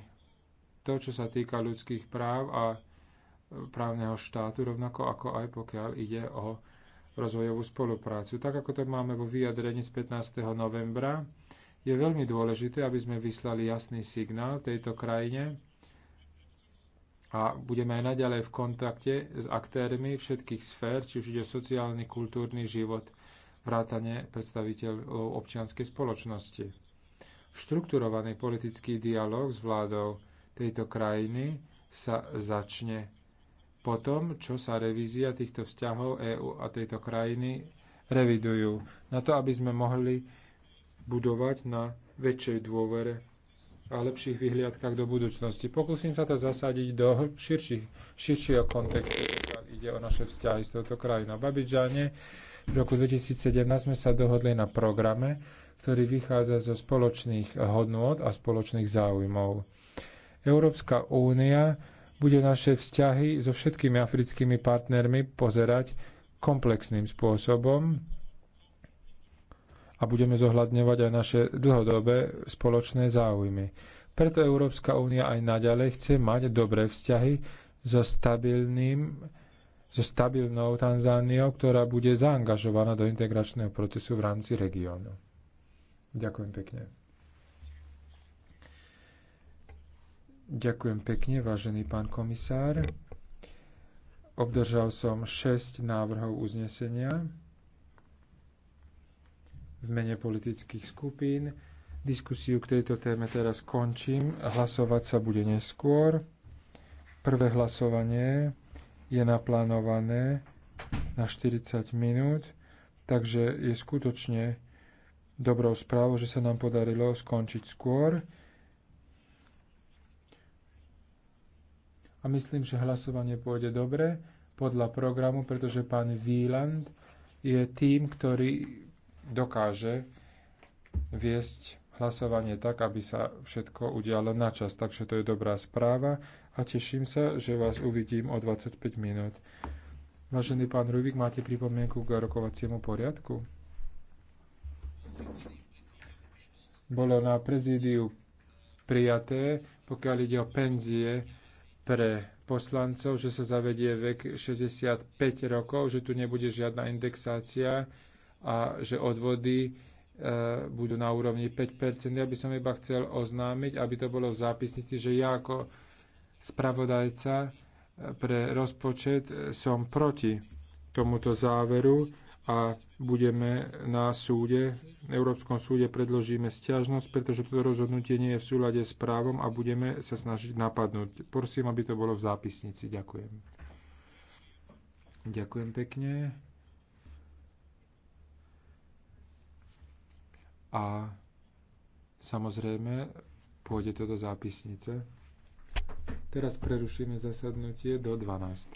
to, čo sa týka ľudských práv a právneho štátu, rovnako ako aj pokiaľ ide o rozvojovú spoluprácu. Tak ako to máme vo vyjadrení z 15. novembra, je veľmi dôležité, aby sme vyslali jasný signál tejto krajine, a budeme aj naďalej v kontakte s aktérmi všetkých sfér, či už ide sociálny, kultúrny život, vrátane predstaviteľov občianskej spoločnosti. Štrukturovaný politický dialog s vládou tejto krajiny sa začne po tom, čo sa revízia týchto vzťahov EÚ a tejto krajiny revidujú, na to, aby sme mohli budovať na väčšej dôvere a lepších vyhliadkach do budúcnosti. Pokúsim sa to zasadiť do širších, širšieho kontextu, pokiaľ ide o naše vzťahy s touto krajinou. V Abidžane v roku 2017 sme sa dohodli na programe, ktorý vychádza zo spoločných hodnôt a spoločných záujmov. Európska únia bude naše vzťahy so všetkými africkými partnermi pozerať komplexným spôsobom, a budeme zohľadňovať aj naše dlhodobé spoločné záujmy. Preto Európska únia aj naďalej chce mať dobré vzťahy so, stabilným, so stabilnou Tanzániou, ktorá bude zaangažovaná do integračného procesu v rámci regiónu. Ďakujem pekne. Ďakujem pekne, vážený pán komisár. Obdržal som 6 návrhov uznesenia v mene politických skupín. Diskusiu k tejto téme teraz končím. Hlasovať sa bude neskôr. Prvé hlasovanie je naplánované na 40 minút, takže je skutočne dobrou správou, že sa nám podarilo skončiť skôr. A myslím, že hlasovanie pôjde dobre podľa programu, pretože pán Wieland je tým, ktorý dokáže viesť hlasovanie tak, aby sa všetko udialo na čas. Takže to je dobrá správa a teším sa, že vás uvidím o 25 minút. Vážený pán Rubik, máte pripomienku k rokovaciemu poriadku? Bolo na prezídiu prijaté, pokiaľ ide o penzie pre poslancov, že sa zavedie vek 65 rokov, že tu nebude žiadna indexácia a že odvody e, budú na úrovni 5%. Ja by som iba chcel oznámiť, aby to bolo v zápisnici, že ja ako spravodajca e, pre rozpočet e, som proti tomuto záveru a budeme na súde, Európskom súde predložíme stiažnosť, pretože toto rozhodnutie nie je v súlade s právom a budeme sa snažiť napadnúť. Prosím, aby to bolo v zápisnici. Ďakujem. Ďakujem pekne. a samozrejme pôjde to do zápisnice. Teraz prerušíme zasadnutie do 12.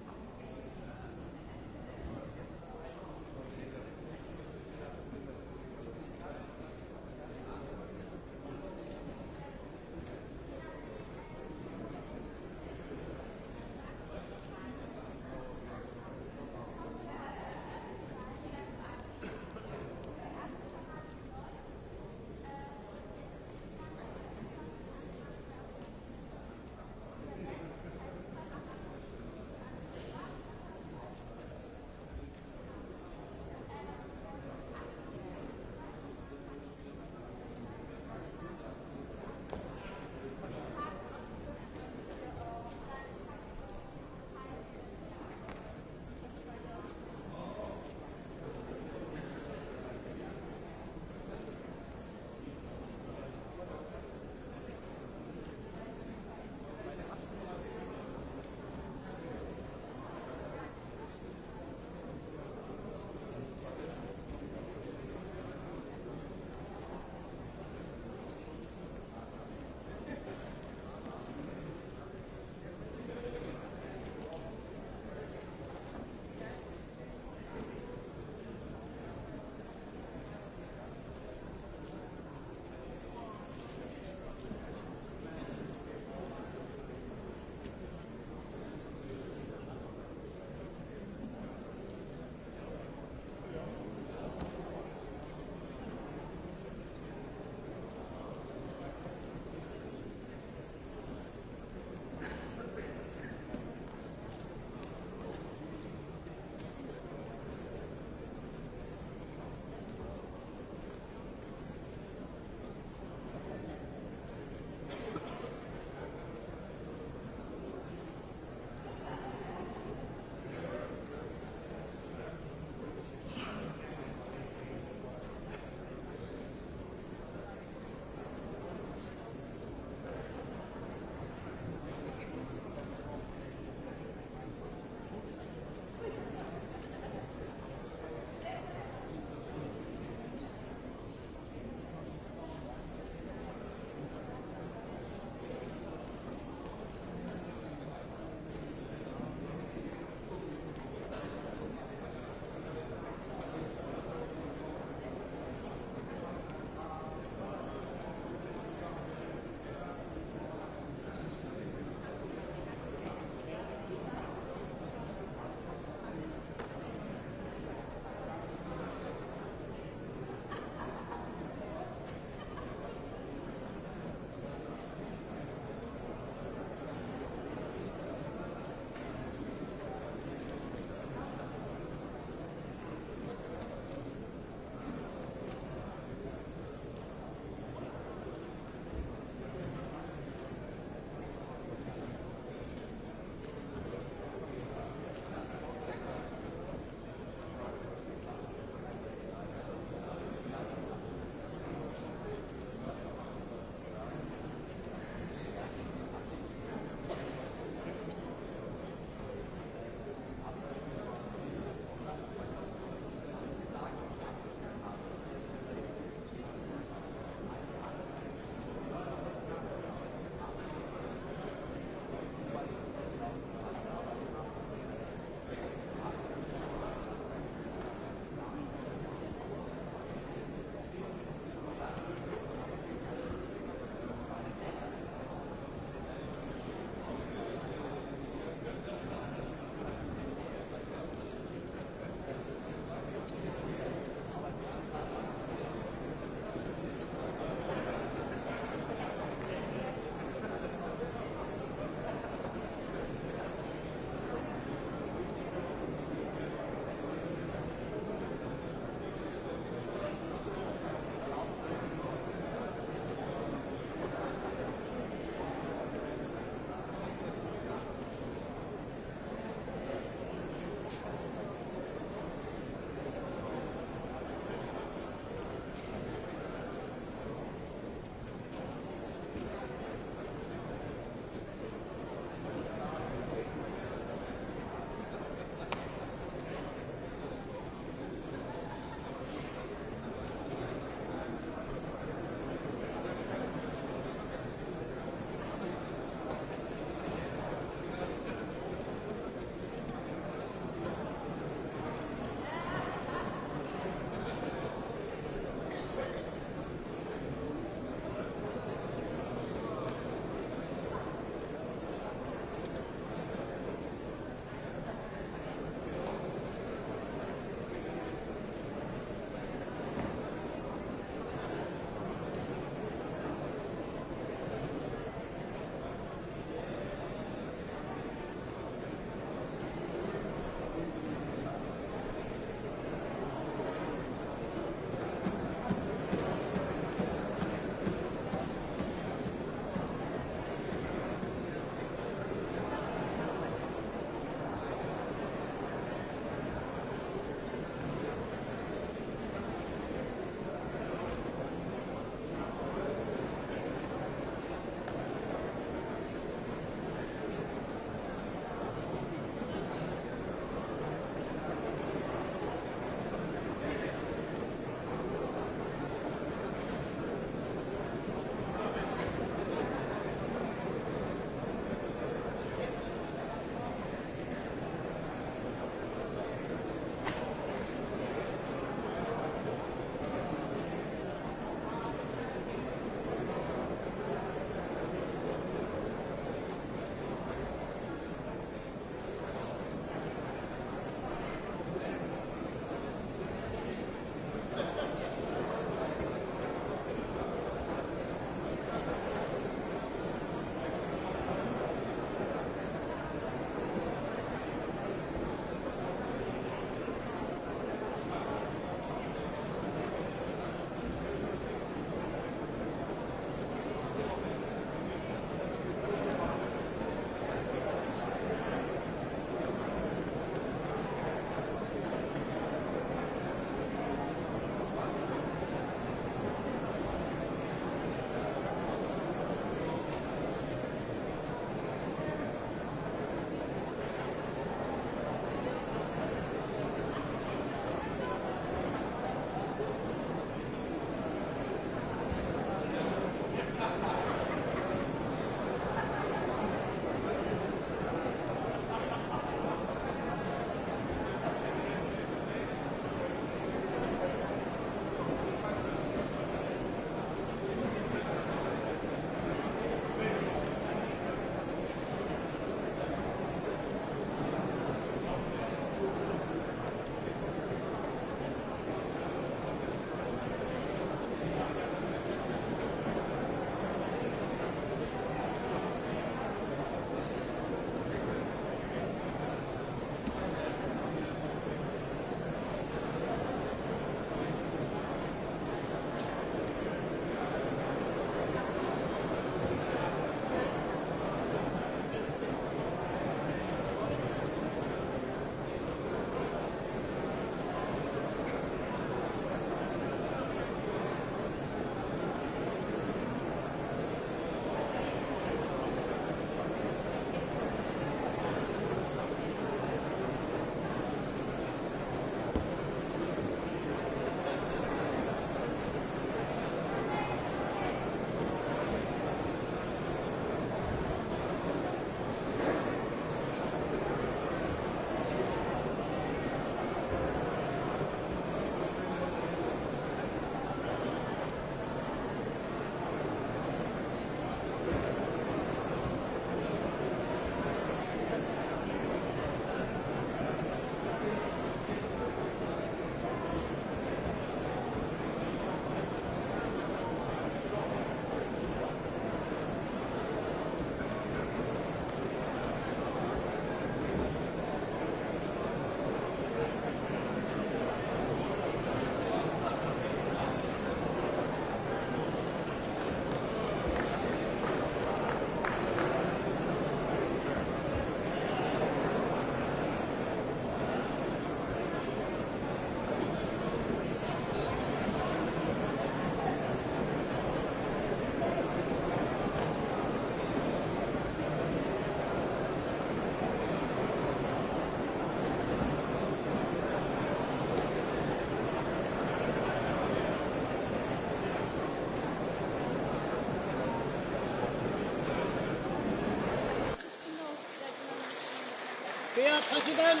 Präsident!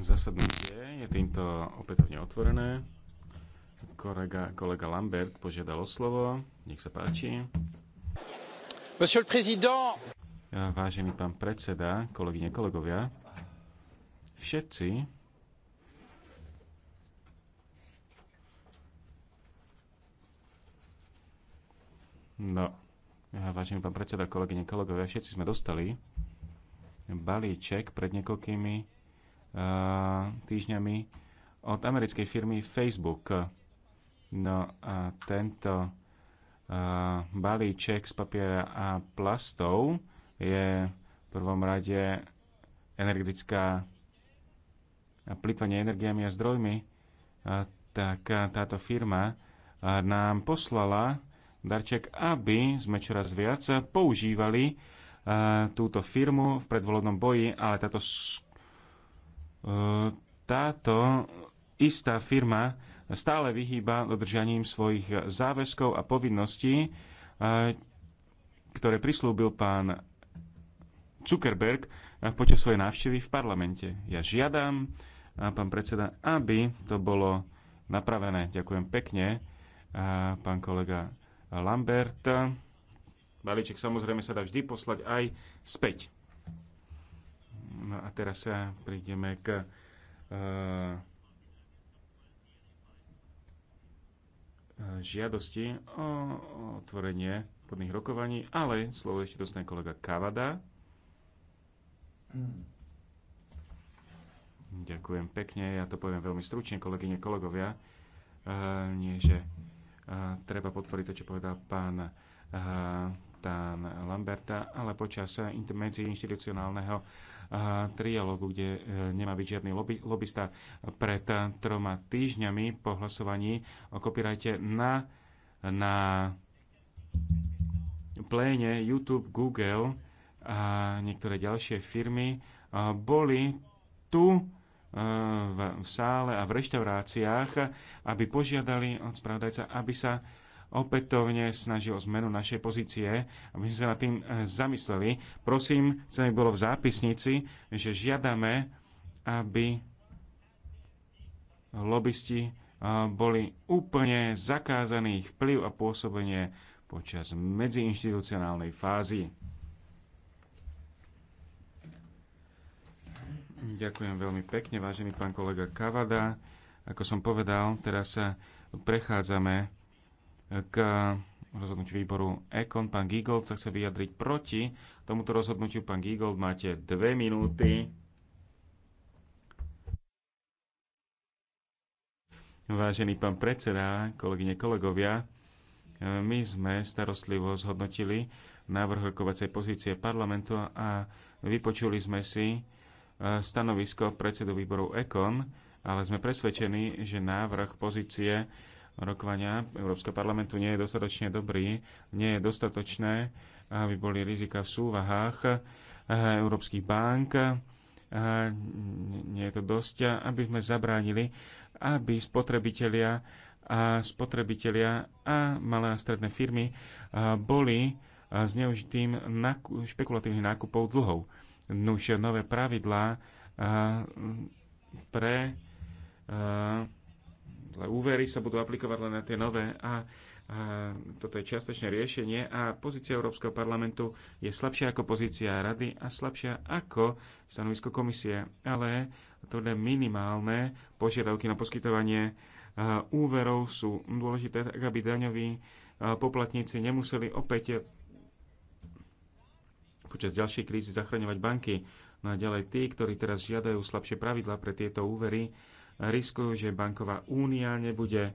Zasadnutie je týmto opätovne otvorené. Kolega, kolega Lambert požiadal o slovo. Nech sa páči. Monsieur le Président, pán predseda, kolegyne, kolegovia. Všetci No, vážený pán predseda, kolegyne, kolegovia, všetci sme dostali balíček pred niekoľkými uh, týždňami od americkej firmy Facebook. No a tento eh, balíček z papiera a plastov je prvom rade energetická plýtvanie energiami a zdrojmi, tak táto firma nám poslala darček, aby sme čoraz viac používali túto firmu v predvolebnom boji, ale táto, e, táto istá firma stále vyhýba dodržaním svojich záväzkov a povinností, ktoré prislúbil pán Zuckerberg eh, počas svojej návštevy v parlamente. Ja žiadam, eh, pán predseda, aby to bolo napravené. Ďakujem pekne, eh, pán kolega Lambert. Balíček samozrejme sa dá vždy poslať aj späť. No a teraz sa prídeme k uh, žiadosti o otvorenie podných rokovaní, ale slovo ešte dostane kolega Kavada. Hmm. Ďakujem pekne. Ja to poviem veľmi stručne, kolegyne, kolegovia. Uh, nie, že uh, treba podporiť to, čo povedal pán uh, Lamberta, ale počas medziinstitucionálneho trialógu, kde nemá byť žiadny lobby, lobista pred troma týždňami po hlasovaní o copyrighte na, na pléne YouTube, Google a niektoré ďalšie firmy e, boli tu e, v, v sále a v reštauráciách, aby požiadali od spravodajca, aby sa opätovne snažil o zmenu našej pozície, aby sme sa nad tým e, zamysleli. Prosím, chcem by bolo v zápisnici, že žiadame, aby lobbysti boli úplne zakázaní vplyv a pôsobenie počas medziinštitucionálnej fázy. Ďakujem veľmi pekne, vážený pán kolega Kavada. Ako som povedal, teraz sa prechádzame k rozhodnutiu výboru Ekon. Pán Giegold sa chce vyjadriť proti tomuto rozhodnutiu. Pán Giegold, máte dve minúty. Vážený pán predseda, kolegyne, kolegovia, my sme starostlivo zhodnotili návrh rokovacej pozície parlamentu a vypočuli sme si E, stanovisko predsedu výboru EKON, ale sme presvedčení, že návrh pozície rokovania Európskeho parlamentu nie je dostatočne dobrý, nie je dostatočné, aby boli rizika v súvahách e, európskych bank. E, nie je to dosť, aby sme zabránili, aby spotrebitelia a spotrebitelia a malé a stredné firmy boli zneužitým špekulatívnych nákupov dlhov nuž nové pravidlá pre úvery sa budú aplikovať len na tie nové a a toto je čiastočné riešenie a pozícia Európskeho parlamentu je slabšia ako pozícia rady a slabšia ako stanovisko komisie. Ale to je minimálne požiadavky na poskytovanie úverov sú dôležité, tak aby daňoví poplatníci nemuseli opäť počas ďalšej krízy zachraňovať banky. No a ďalej tí, ktorí teraz žiadajú slabšie pravidla pre tieto úvery, riskujú, že banková únia nebude eh,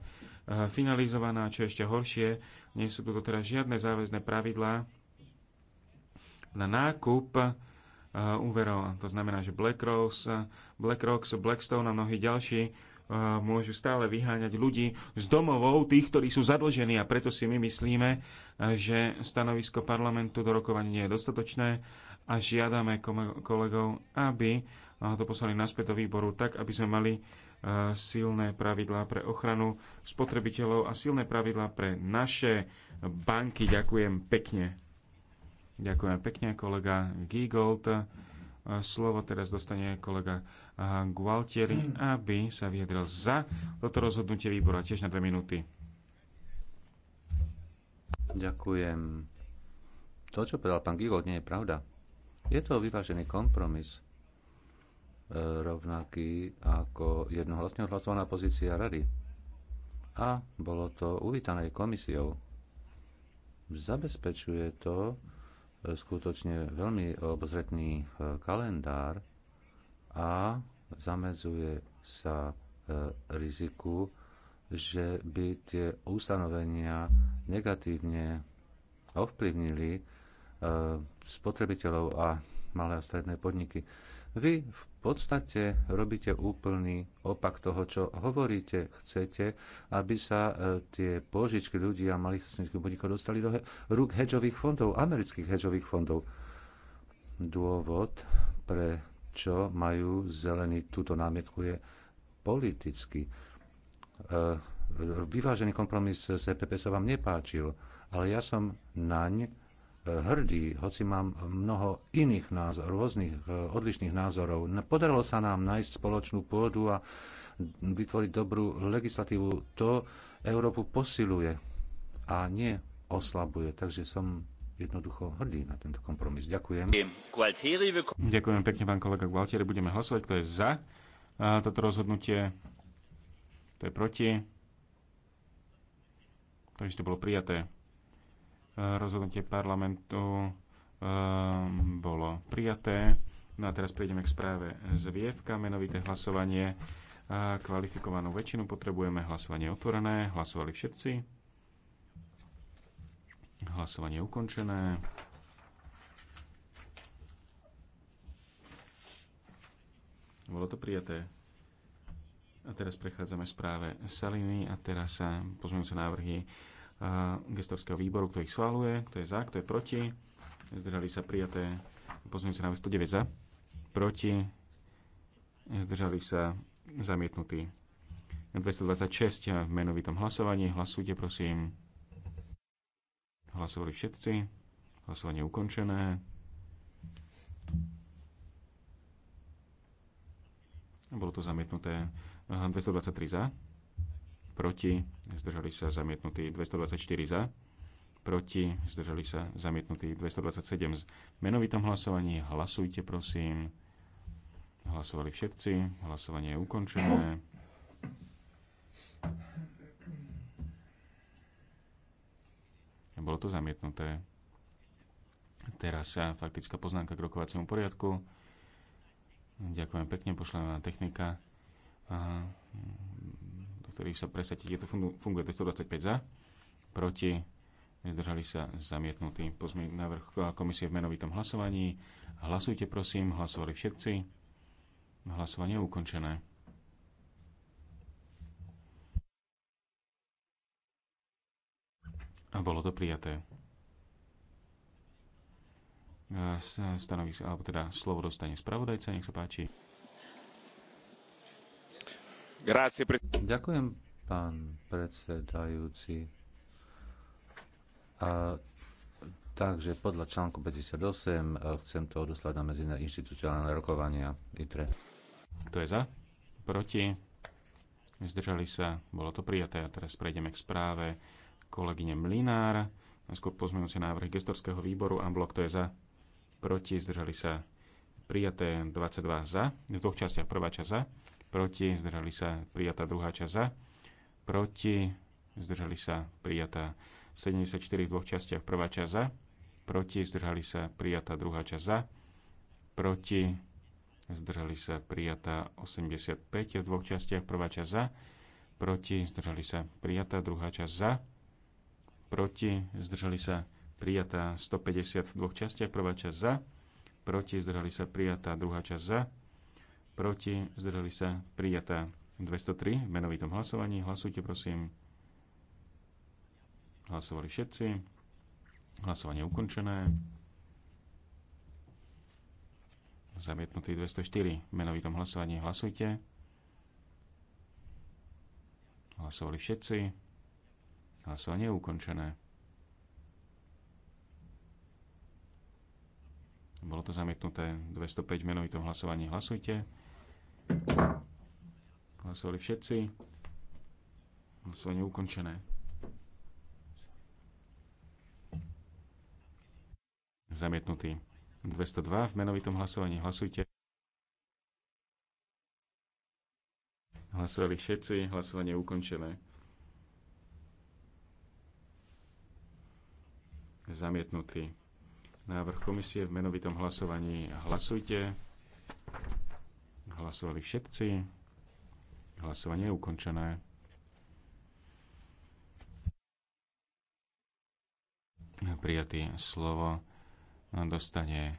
finalizovaná, čo ešte horšie, nie sú tu teraz žiadne záväzné pravidlá na nákup eh, úverov. To znamená, že BlackRock, BlackRock, Blackstone a mnohí ďalší môžu stále vyháňať ľudí z domovov, tých, ktorí sú zadlžení a preto si my myslíme, eh, že stanovisko parlamentu do rokovania nie je dostatočné a žiadame kolegov, aby eh, to poslali naspäť do výboru tak, aby sme mali eh, silné pravidlá pre ochranu spotrebiteľov a silné pravidlá pre naše banky. Ďakujem pekne. Ďakujem pekne, kolega Giegold. Slovo teraz dostane kolega Gualtieri, aby sa vyjadril za toto rozhodnutie výbora. Tiež na dve minúty. Ďakujem. To, čo povedal pán Gigold, nie je pravda. Je to vyvážený kompromis, e, rovnaký ako jednohlasne odhlasovaná pozícia rady. A bolo to uvítané komisiou. Zabezpečuje to e, skutočne veľmi obzretný e, kalendár a zamedzuje sa e, riziku, že by tie ustanovenia negatívne ovplyvnili e, spotrebiteľov a malé a stredné podniky. Vy v podstate robíte úplný opak toho, čo hovoríte. Chcete, aby sa e, tie požičky ľudí a malých stredných podnikov dostali do rúk hedžových fondov, amerických hedžových fondov. Dôvod pre čo majú zelení. Túto námietku je politicky. E, vyvážený kompromis z EPP sa vám nepáčil, ale ja som naň e, hrdý, hoci mám mnoho iných názorov, rôznych e, odlišných názorov. No, podarilo sa nám nájsť spoločnú pôdu a vytvoriť dobrú legislatívu. To Európu posiluje a nie oslabuje. Takže som jednoducho hrdí na tento kompromis. Ďakujem. Ďakujem pekne, pán kolega Gualtieri. Budeme hlasovať, kto je za toto rozhodnutie, kto je proti. Takže to bolo prijaté. Rozhodnutie parlamentu bolo prijaté. No a teraz prejdeme k správe z Vievka, menovité hlasovanie. Kvalifikovanú väčšinu potrebujeme, hlasovanie otvorené, hlasovali všetci. Hlasovanie je ukončené. Bolo to prijaté. A teraz prechádzame správe Saliny a teraz sa pozmeňujúce návrhy gestorského výboru, kto ich schváluje, kto je za, kto je proti. Zdržali sa prijaté pozmeňujúce návrhy 109 za, proti. Zdržali sa zamietnutí. 226 v menovitom hlasovaní. Hlasujte, prosím. Hlasovali všetci. Hlasovanie ukončené. Bolo to zamietnuté 223 za, proti, zdržali sa zamietnutí 224 za, proti, zdržali sa zamietnutí 227. z menovitom hlasovaní hlasujte prosím. Hlasovali všetci, hlasovanie je ukončené. Bolo to zamietnuté. Teraz sa faktická poznámka k rokovaciemu poriadku. Ďakujem pekne, pošlem vám technika, do ktorých sa presadí. Je to funguje 225 za, proti, zdržali sa zamietnutý pozmeň návrh komisie v menovitom hlasovaní. Hlasujte prosím, hlasovali všetci. Hlasovanie je ukončené. a bolo to prijaté. sa, alebo teda slovo dostane spravodajca, nech sa páči. Ďakujem, pán predsedajúci. A, takže podľa článku 58 e, chcem to odoslať na medziné inštitúciálne rokovania ITRE. Kto je za? Proti? Zdržali sa? Bolo to prijaté. A teraz prejdeme k správe kolegyne Mlinár. Skôr pozmenujúce návrhy gestorského výboru. Amblok to je za. Proti. Zdržali sa prijaté 22 za. V dvoch častiach. Prvá časť za. Proti. Zdržali sa prijatá druhá časť za. Proti. Zdržali sa prijatá 74 v dvoch častiach. Prvá časť za. Proti. Zdržali sa prijatá druhá časť za. Proti. Zdržali sa prijatá 85 v dvoch častiach. Prvá časť za. Proti. Zdržali sa prijatá druhá časť za proti, zdržali sa prijatá 150 v dvoch častiach, prvá časť za, proti, zdržali sa prijatá druhá časť za, proti, zdržali sa prijatá 203 v menovitom hlasovaní. Hlasujte prosím. Hlasovali všetci. Hlasovanie ukončené. Zamietnutý 204 v menovitom hlasovaní. Hlasujte. Hlasovali všetci. Hlasovanie je ukončené. Bolo to zamietnuté 205 menovitom hlasovaní. Hlasujte. Hlasovali všetci. Hlasovanie ukončené. Zamietnutý 202 v menovitom hlasovaní. Hlasujte. Hlasovali všetci. Hlasovanie ukončené. zamietnutý. Návrh komisie v menovitom hlasovaní. Hlasujte. Hlasovali všetci. Hlasovanie je ukončené. Prijatý slovo dostane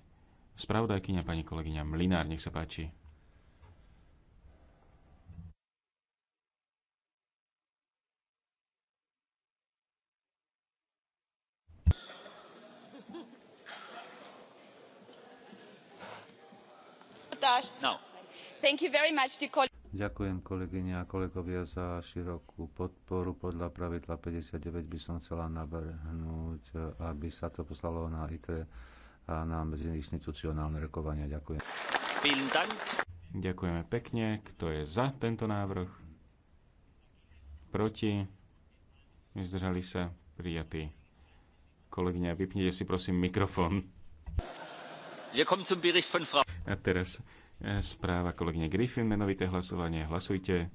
spravodajkyňa pani kolegyňa Mlinár. Nech sa páči. No. Ďakujem kolegyne a kolegovia za širokú podporu. Podľa pravidla 59 by som chcela navrhnúť, aby sa to poslalo na ITRE a na medziinstitucionálne rokovania. Ďakujem. Ďakujeme pekne. Kto je za tento návrh? Proti? Zdržali sa? prijatí. Kolegyňa, vypnite si prosím mikrofón. A teraz e, správa kolegyne Griffin, menovité hlasovanie. Hlasujte.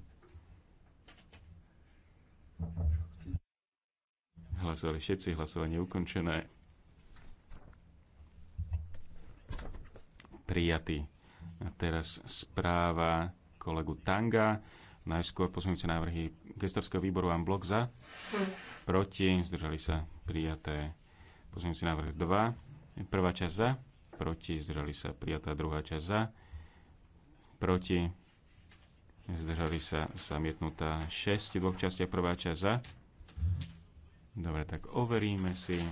Hlasovali všetci, hlasovanie ukončené. Prijatý. A teraz správa kolegu Tanga. Najskôr posunúce návrhy gestorského výboru a blok za. Proti. Zdržali sa prijaté. Posunúci návrh 2. Prvá časť za proti, zdržali sa prijatá druhá časť za, proti, zdržali sa zamietnutá 6 dvoch častiach prvá časť za. Dobre, tak overíme si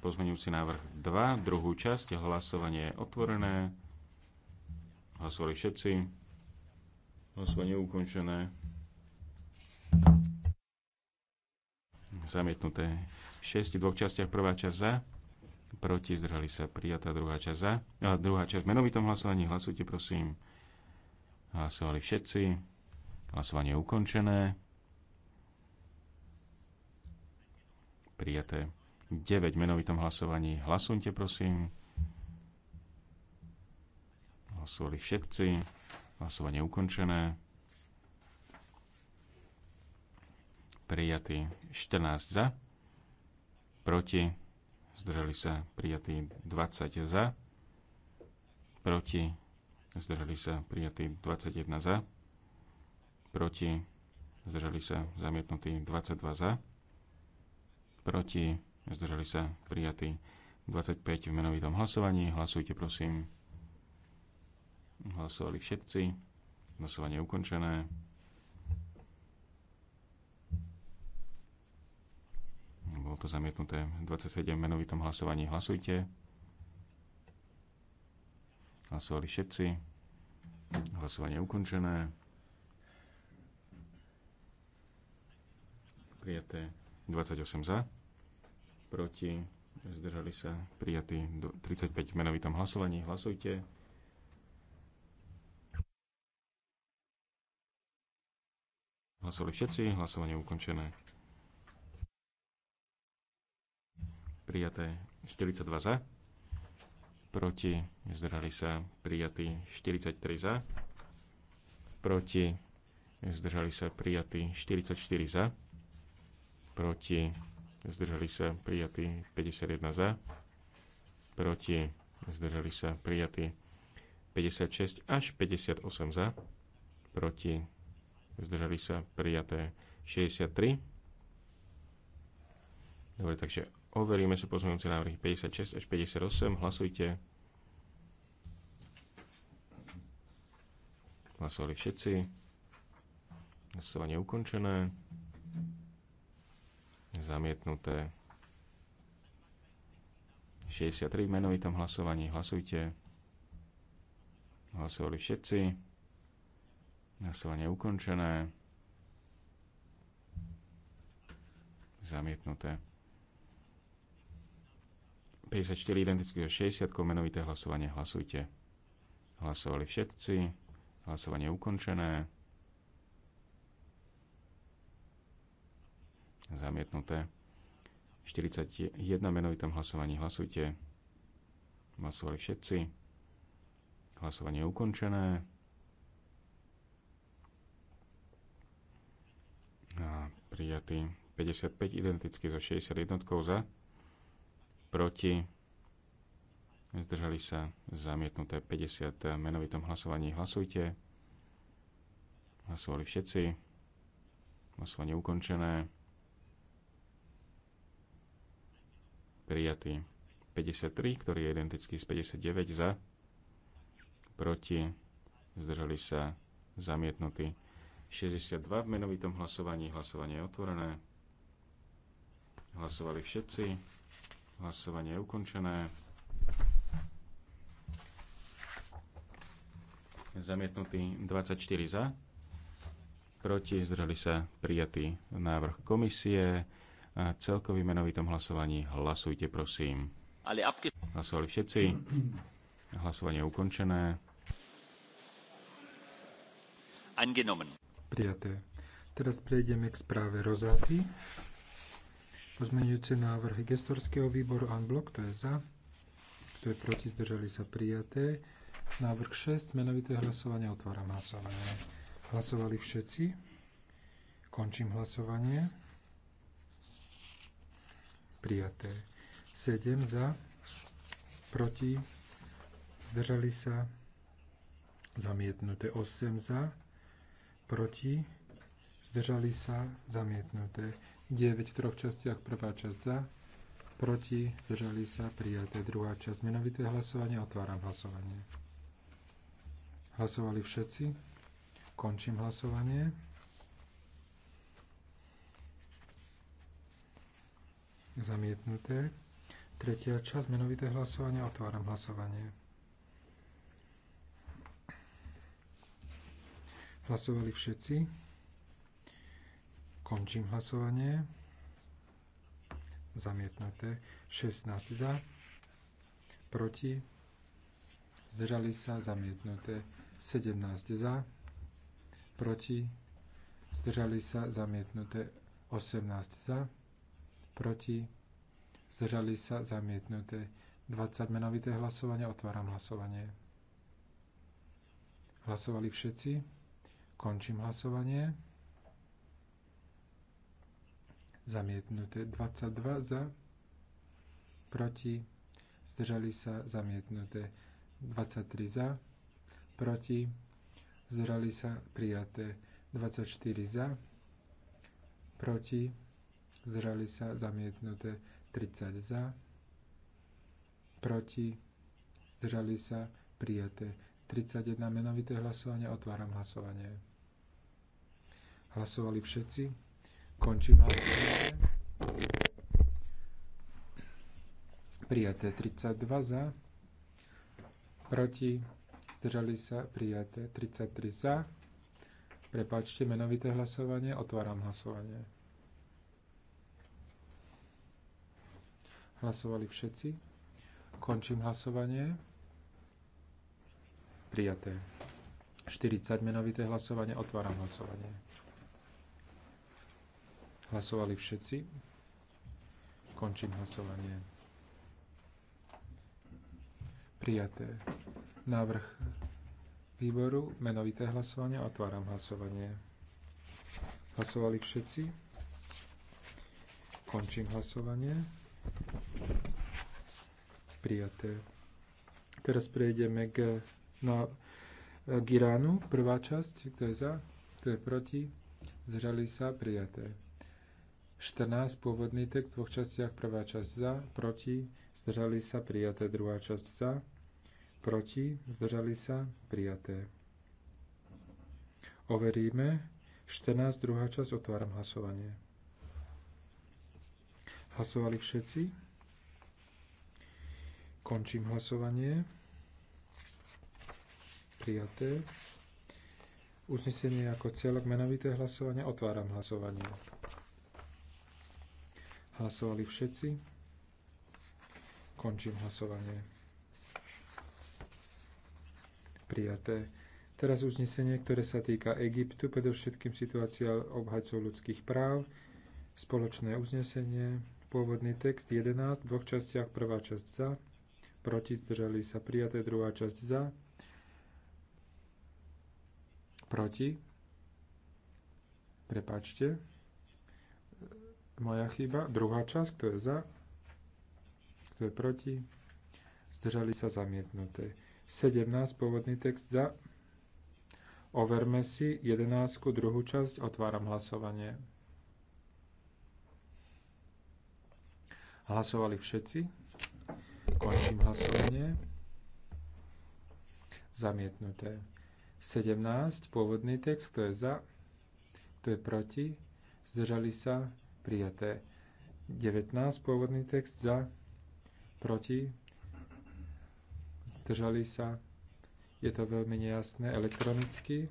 pozmeňujúci návrh 2, druhú časť, hlasovanie je otvorené, hlasovali všetci, hlasovanie je ukončené, zamietnuté 6 dvoch častiach prvá časť za proti, zdržali sa prijatá druhá časť za. A druhá časť v menovitom hlasovaní, hlasujte prosím. Hlasovali všetci. Hlasovanie je ukončené. Prijaté 9 v menovitom hlasovaní, hlasujte prosím. Hlasovali všetci. Hlasovanie je ukončené. Prijatý 14 za, proti zdržali sa prijatí 20 za, proti, zdržali sa prijatí 21 za, proti, zdržali sa zamietnutí 22 za, proti, zdržali sa prijatí 25 v menovitom hlasovaní. Hlasujte prosím. Hlasovali všetci. Hlasovanie je ukončené. bolo to zamietnuté 27 menovitom hlasovaní. Hlasujte. Hlasovali všetci. Hlasovanie ukončené. Prijaté 28 za. Proti. Zdržali sa. Prijatí 35 menovitom hlasovaní. Hlasujte. Hlasovali všetci. Hlasovanie ukončené. prijaté 42 za, proti zdržali sa prijatí 43 za, proti zdržali sa prijatí 44 za, proti zdržali sa prijatí 51 za, proti zdržali sa prijatí 56 až 58 za, proti zdržali sa prijaté 63. Dobre, takže Overíme si pozmeňujúce návrhy 56 až 58. Hlasujte. Hlasovali všetci. Hlasovanie ukončené. Zamietnuté. 63 v menovitom hlasovaní. Hlasujte. Hlasovali všetci. Hlasovanie ukončené. Zamietnuté. 54 identického 60, menovité hlasovanie, hlasujte. Hlasovali všetci, hlasovanie ukončené. Zamietnuté. 41 menovitom hlasovaní hlasujte. Hlasovali všetci. Hlasovanie ukončené. A prijatý 55 identický so 61 za proti, zdržali sa zamietnuté 50 menovitom hlasovaní. Hlasujte. Hlasovali všetci. Hlasovanie ukončené. Prijatý 53, ktorý je identický s 59 za. Proti, zdržali sa zamietnutí. 62 v menovitom hlasovaní. Hlasovanie je otvorené. Hlasovali všetci. Hlasovanie je ukončené. Zamietnutý 24 za. Proti zdržali sa prijatý návrh komisie. A celkový menovitom hlasovaní hlasujte prosím. Hlasovali všetci. Hlasovanie je ukončené. Angenomen. Prijaté. Teraz prejdeme k správe Rozáty. Pozmeňujúce návrhy gestorského výboru Unblock, to je za, kto je proti, zdržali sa prijaté. Návrh 6, menovité hlasovanie, otváram hlasovanie. Hlasovali všetci. Končím hlasovanie. Prijaté. 7 za, proti, zdržali sa, zamietnuté. 8 za, proti, zdržali sa, zamietnuté. 9 v troch častiach, prvá časť za, proti, zdržali sa, prijaté druhá časť. Menovité hlasovanie, otváram hlasovanie. Hlasovali všetci, končím hlasovanie. Zamietnuté. Tretia časť, menovité hlasovanie, otváram hlasovanie. Hlasovali všetci. Končím hlasovanie. Zamietnuté. 16 za. Proti. Zdržali sa. Zamietnuté. 17 za. Proti. Zdržali sa. Zamietnuté. 18 za. Proti. Zdržali sa. Zamietnuté. 20 menovité hlasovanie. Otváram hlasovanie. Hlasovali všetci. Končím hlasovanie zamietnuté. 22 za, proti, zdržali sa, zamietnuté. 23 za, proti, zdržali sa, prijaté. 24 za, proti, zdržali sa, zamietnuté. 30 za, proti, zdržali sa, prijaté. 31 menovité hlasovanie, otváram hlasovanie. Hlasovali všetci? Končím hlasovanie. Prijaté 32 za. Proti. Zdržali sa. Prijaté 33 za. Prepáčte, menovité hlasovanie. Otváram hlasovanie. Hlasovali všetci. Končím hlasovanie. Prijaté. 40 menovité hlasovanie. Otváram hlasovanie. Hlasovali všetci. Končím hlasovanie. Prijaté. Návrh výboru, menovité hlasovanie, otváram hlasovanie. Hlasovali všetci. Končím hlasovanie. Prijaté. Teraz prejdeme k, na, k Iránu. Prvá časť, kto je za, kto je proti. Zžali sa, prijaté 14, pôvodný text v dvoch častiach, prvá časť za, proti, zdržali sa, prijaté, druhá časť za, proti, zdržali sa, prijaté. Overíme. 14, druhá časť, otváram hlasovanie. Hlasovali všetci. Končím hlasovanie. Prijaté. Uznesenie ako celok, menovité hlasovanie, otváram hlasovanie. Hlasovali všetci. Končím hlasovanie. Prijaté. Teraz uznesenie, ktoré sa týka Egyptu, predovšetkým situácia obhajcov ľudských práv, spoločné uznesenie, pôvodný text 11, v dvoch častiach, prvá časť za, proti zdržali sa prijaté, druhá časť za, proti, prepačte, moja chyba. Druhá časť, kto je za, kto je proti. Zdržali sa zamietnuté. 17, pôvodný text za. Overme si 11, druhú časť, otváram hlasovanie. Hlasovali všetci. Končím hlasovanie. Zamietnuté. 17. Pôvodný text. Kto je za? Kto je proti? Zdržali sa? prijaté. 19, pôvodný text za, proti, zdržali sa, je to veľmi nejasné elektronicky.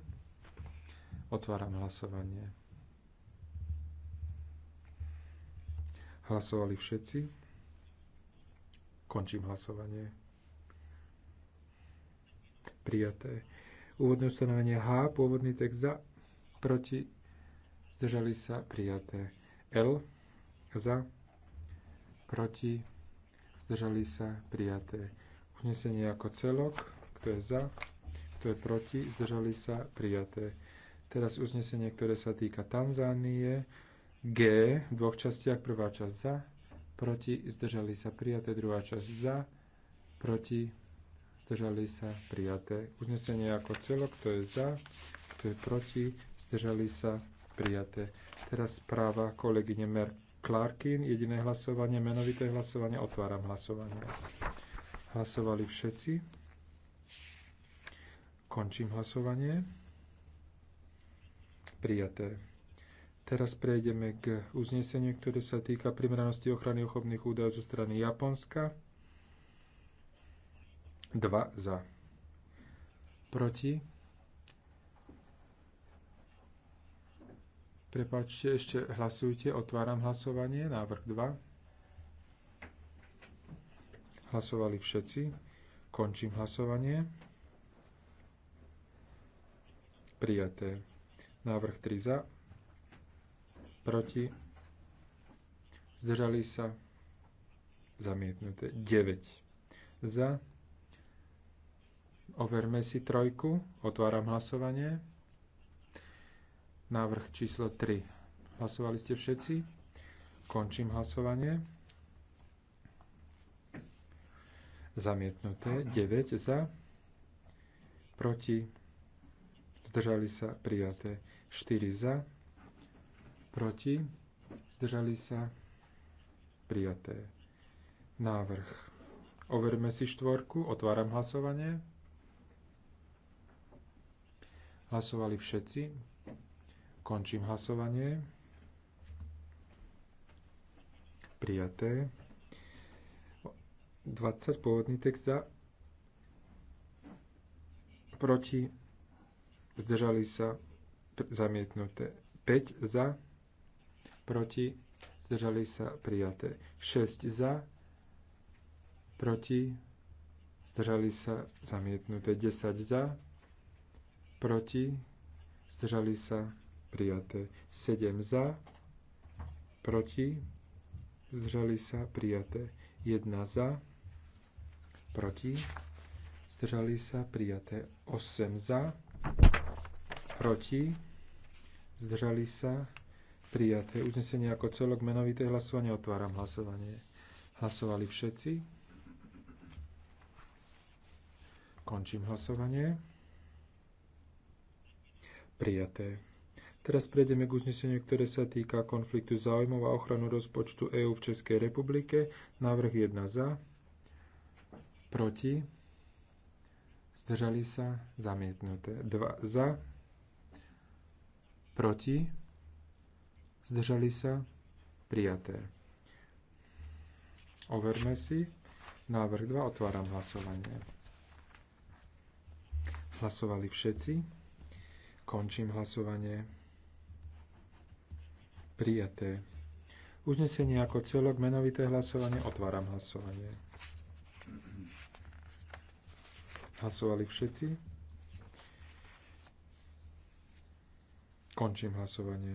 Otváram hlasovanie. Hlasovali všetci. Končím hlasovanie. Prijaté. Úvodné ustanovenie H, pôvodný text za, proti, zdržali sa, prijaté. L za, proti, zdržali sa, prijaté. Uznesenie ako celok, kto je za, kto je proti, zdržali sa, prijaté. Teraz uznesenie, ktoré sa týka Tanzánie, G v dvoch častiach, prvá časť za, proti, zdržali sa, prijaté, druhá časť za, proti, zdržali sa, prijaté. Uznesenie ako celok, kto je za, kto je proti, zdržali sa, prijaté prijaté. Teraz správa kolegyne Mer Clarkin, jediné hlasovanie, menovité hlasovanie, otváram hlasovanie. Hlasovali všetci. Končím hlasovanie. Prijaté. Teraz prejdeme k uzneseniu, ktoré sa týka primeranosti ochrany ochobných údajov zo strany Japonska. 2 za. Proti Prepačte, ešte hlasujte. Otváram hlasovanie. Návrh 2. Hlasovali všetci. Končím hlasovanie. Prijaté. Návrh 3 za. Proti. Zdržali sa. Zamietnuté. 9 za. Overme si trojku. Otváram hlasovanie. Návrh číslo 3. Hlasovali ste všetci? Končím hlasovanie. Zamietnuté. 9 za. Proti. Zdržali sa. Prijaté. 4 za. Proti. Zdržali sa. Prijaté. Návrh. Overme si štvorku. Otváram hlasovanie. Hlasovali všetci. Končím hlasovanie. Prijaté. 20 pôvodný text za. Proti. Zdržali sa. Zamietnuté. 5 za. Proti. Zdržali sa. Prijaté. 6 za. Proti. Zdržali sa. Zamietnuté. 10 za. Proti. Zdržali sa prijaté. 7 za, proti, zdržali sa, prijaté. 1 za, proti, zdržali sa, prijaté. 8 za, proti, zdržali sa, prijaté. Uznesenie ako celok menovité hlasovanie. Otváram hlasovanie. Hlasovali všetci. Končím hlasovanie. Prijaté. Teraz prejdeme k uzneseniu, ktoré sa týka konfliktu záujmov a ochranu rozpočtu EÚ v Českej republike. Návrh 1 za, proti, zdržali sa, zamietnuté. 2 za, proti, zdržali sa, prijaté. Overme si. Návrh 2, otváram hlasovanie. Hlasovali všetci. Končím hlasovanie. Prijaté. Uznesenie ako celok, menovité hlasovanie, otváram hlasovanie. Hlasovali všetci? Končím hlasovanie.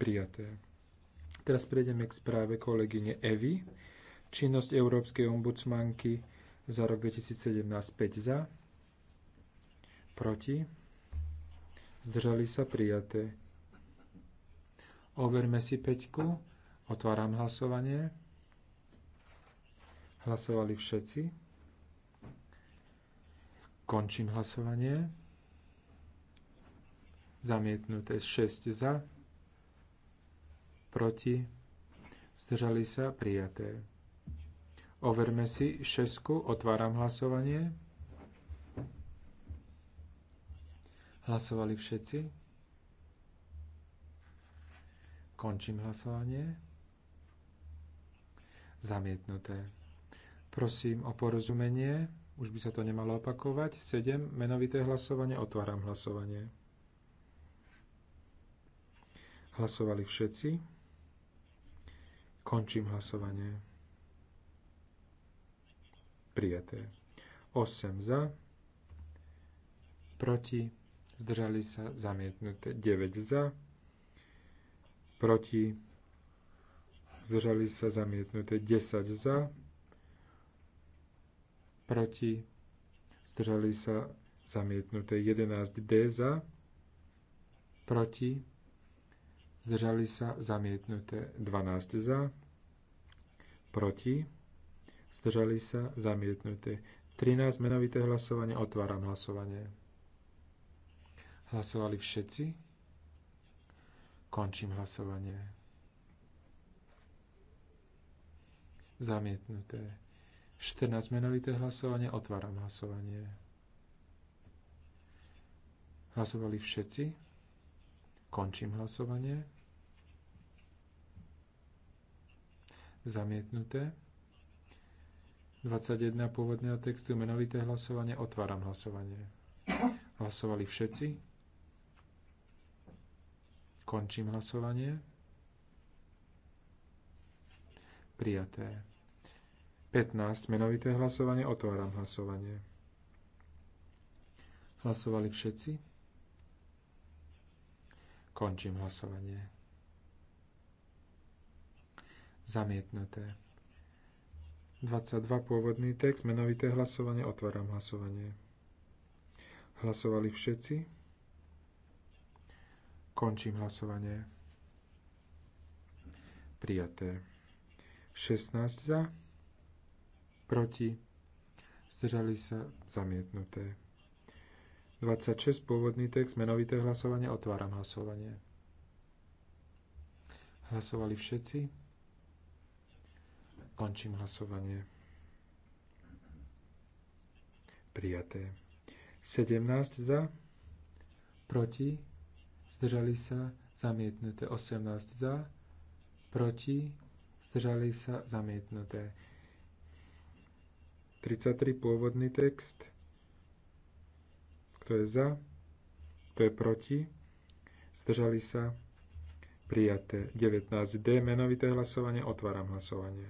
Prijaté. Teraz prejdeme k správe kolegyne Evy. Činnosť Európskej ombudsmanky za rok 2017 5 za, proti, zdržali sa prijaté. Overme si peťku. Otváram hlasovanie. Hlasovali všetci. Končím hlasovanie. Zamietnuté 6 za. Proti. Zdržali sa prijaté. Overme si 6, Otváram hlasovanie. Hlasovali všetci. Končím hlasovanie. Zamietnuté. Prosím o porozumenie. Už by sa to nemalo opakovať. 7. Menovité hlasovanie. Otváram hlasovanie. Hlasovali všetci. Končím hlasovanie. Prijaté. 8 za, proti, zdržali sa zamietnuté. 9 za, proti, zdržali sa zamietnuté 10 za, proti, zdržali sa zamietnuté 11 D za, proti, zdržali sa zamietnuté 12 za, proti, zdržali sa zamietnuté 13 menovité hlasovanie, otváram hlasovanie. Hlasovali všetci? Končím hlasovanie. Zamietnuté. 14 menovité hlasovanie. Otváram hlasovanie. Hlasovali všetci. Končím hlasovanie. Zamietnuté. 21 pôvodného textu menovité hlasovanie. Otváram hlasovanie. Hlasovali všetci. Končím hlasovanie. Prijaté. 15. Menovité hlasovanie. Otváram hlasovanie. Hlasovali všetci? Končím hlasovanie. Zamietnuté. 22. Pôvodný text. Menovité hlasovanie. Otváram hlasovanie. Hlasovali všetci? Končím hlasovanie. Prijaté. 16 za, proti, zdržali sa, zamietnuté. 26 pôvodný text, menovité hlasovanie, otváram hlasovanie. Hlasovali všetci? Končím hlasovanie. Prijaté. 17 za, proti, zdržali sa, zamietnuté 18 za, proti, zdržali sa, zamietnuté. 33 pôvodný text, kto je za, kto je proti, zdržali sa, prijaté. 19D, menovité hlasovanie, otváram hlasovanie.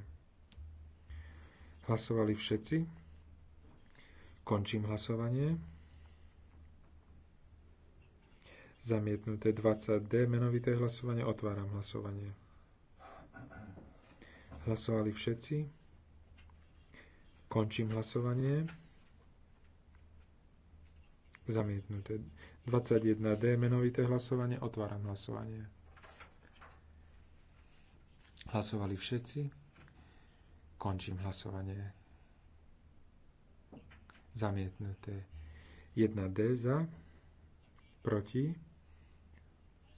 Hlasovali všetci, končím hlasovanie. Zamietnuté 20D, menovité hlasovanie, otváram hlasovanie. Hlasovali všetci. Končím hlasovanie. Zamietnuté 21D, menovité hlasovanie, otváram hlasovanie. Hlasovali všetci. Končím hlasovanie. Zamietnuté 1D za, proti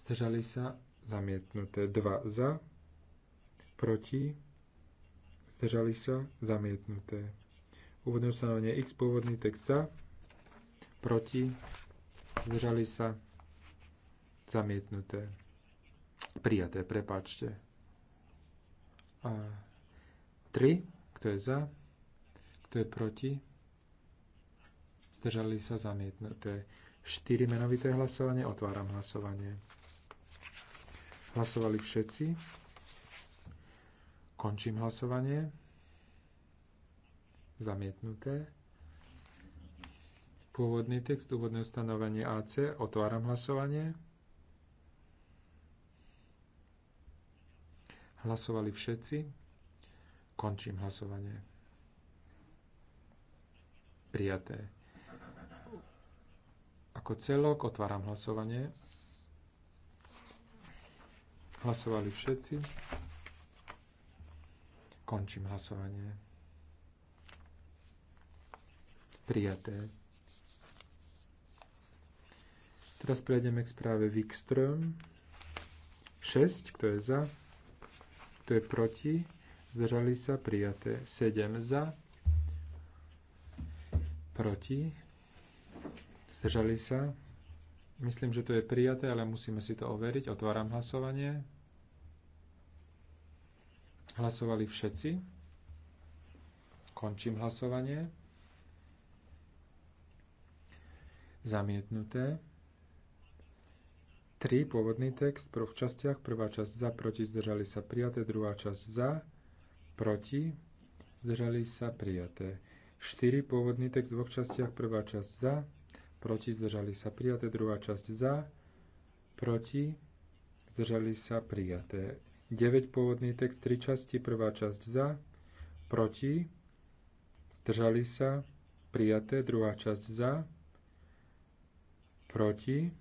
zdržali sa, zamietnuté 2 za, proti, zdržali sa, zamietnuté. Úvodné ustanovenie X, pôvodný text za, proti, zdržali sa, zamietnuté. Prijaté, prepáčte. A 3, kto je za, kto je proti, zdržali sa, zamietnuté. 4 menovité hlasovanie, otváram hlasovanie. Hlasovali všetci. Končím hlasovanie. Zamietnuté. Pôvodný text, úvodné ustanovenie AC. Otváram hlasovanie. Hlasovali všetci. Končím hlasovanie. Prijaté. Ako celok otváram hlasovanie. Hlasovali všetci. Končím hlasovanie. Prijaté. Teraz prejdeme k správe Wikström. 6, kto je za, kto je proti, zdržali sa, prijaté. 7 za, proti, zdržali sa. Myslím, že to je prijaté, ale musíme si to overiť. Otváram hlasovanie. Hlasovali všetci? Končím hlasovanie. Zamietnuté. 3. Pôvodný text pro v častiach. Prvá časť za, proti, zdržali sa prijaté. Druhá časť za, proti, zdržali sa prijaté. 4. Pôvodný text v dvoch častiach. Prvá časť za, proti, zdržali sa prijaté. Druhá časť za, proti, zdržali sa prijaté. 9 pôvodný text, 3 časti, prvá časť za, proti, zdržali sa, prijaté, druhá časť za, proti,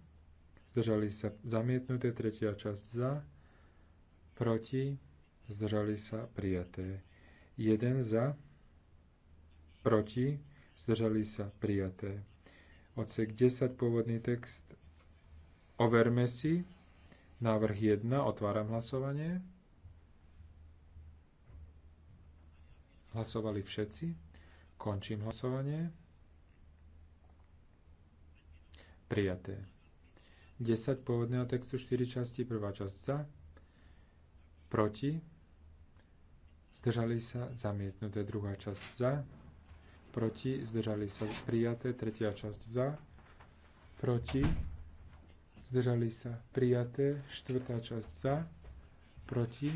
zdržali sa, zamietnuté, tretia časť za, proti, zdržali sa, prijaté. 1 za, proti, zdržali sa, prijaté. Odsek 10, pôvodný text, overme si, Návrh 1. Otváram hlasovanie. Hlasovali všetci. Končím hlasovanie. Prijaté. 10 pôvodného textu 4 časti, prvá časť za, proti, zdržali sa, zamietnuté, druhá časť za, proti, zdržali sa, prijaté, tretia časť za, proti, zdržali sa prijaté, štvrtá časť za, proti,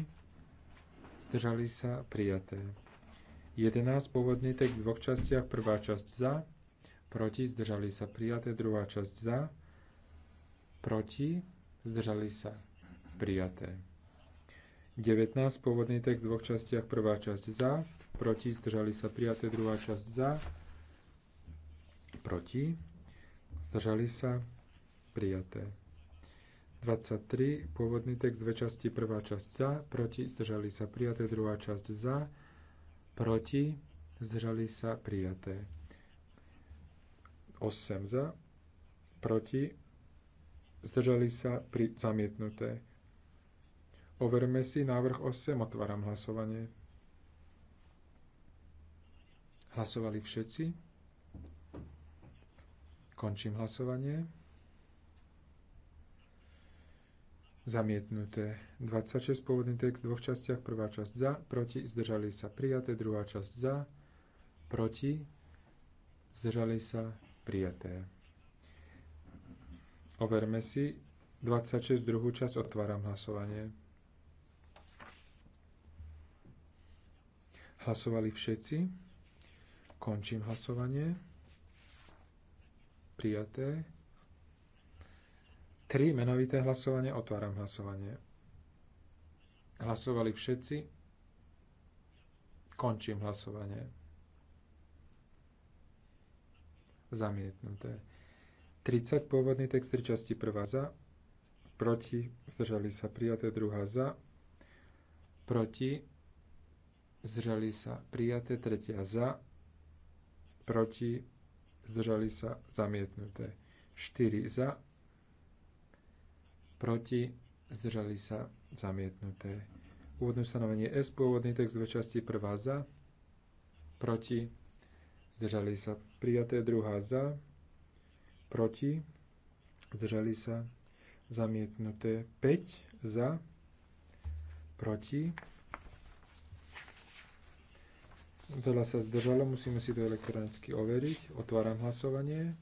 zdržali sa prijaté. 11. Pôvodný text v dvoch častiach, prvá časť za, proti, zdržali sa prijaté, druhá časť za, proti, zdržali sa prijaté. 19. Pôvodný text v dvoch častiach, prvá časť za, proti, zdržali sa prijaté, druhá časť za, proti, zdržali sa prijaté prijaté. 23. Pôvodný text, dve časti, prvá časť za, proti, zdržali sa prijaté, druhá časť za, proti, zdržali sa prijaté. 8 za, proti, zdržali sa pri, zamietnuté. Overme si návrh 8, otváram hlasovanie. Hlasovali všetci? Končím hlasovanie. zamietnuté. 26 pôvodný text v dvoch častiach, prvá časť za, proti, zdržali sa prijaté, druhá časť za, proti, zdržali sa prijaté. Overme si 26 druhú časť, otváram hlasovanie. Hlasovali všetci. Končím hlasovanie. Prijaté. 3. Menovité hlasovanie. Otváram hlasovanie. Hlasovali všetci. Končím hlasovanie. Zamietnuté. 30. Pôvodný text 3 časti. 1 za. Proti. Zdržali sa prijaté. 2 za. Proti. Zdržali sa prijaté. 3 za. Proti. Zdržali sa zamietnuté. 4 za proti, zdržali sa zamietnuté. Úvodné ustanovenie S, pôvodný text dve časti, prvá za, proti, zdržali sa prijaté, druhá za, proti, zdržali sa zamietnuté, 5 za, proti, veľa sa zdržalo, musíme si to elektronicky overiť, otváram hlasovanie.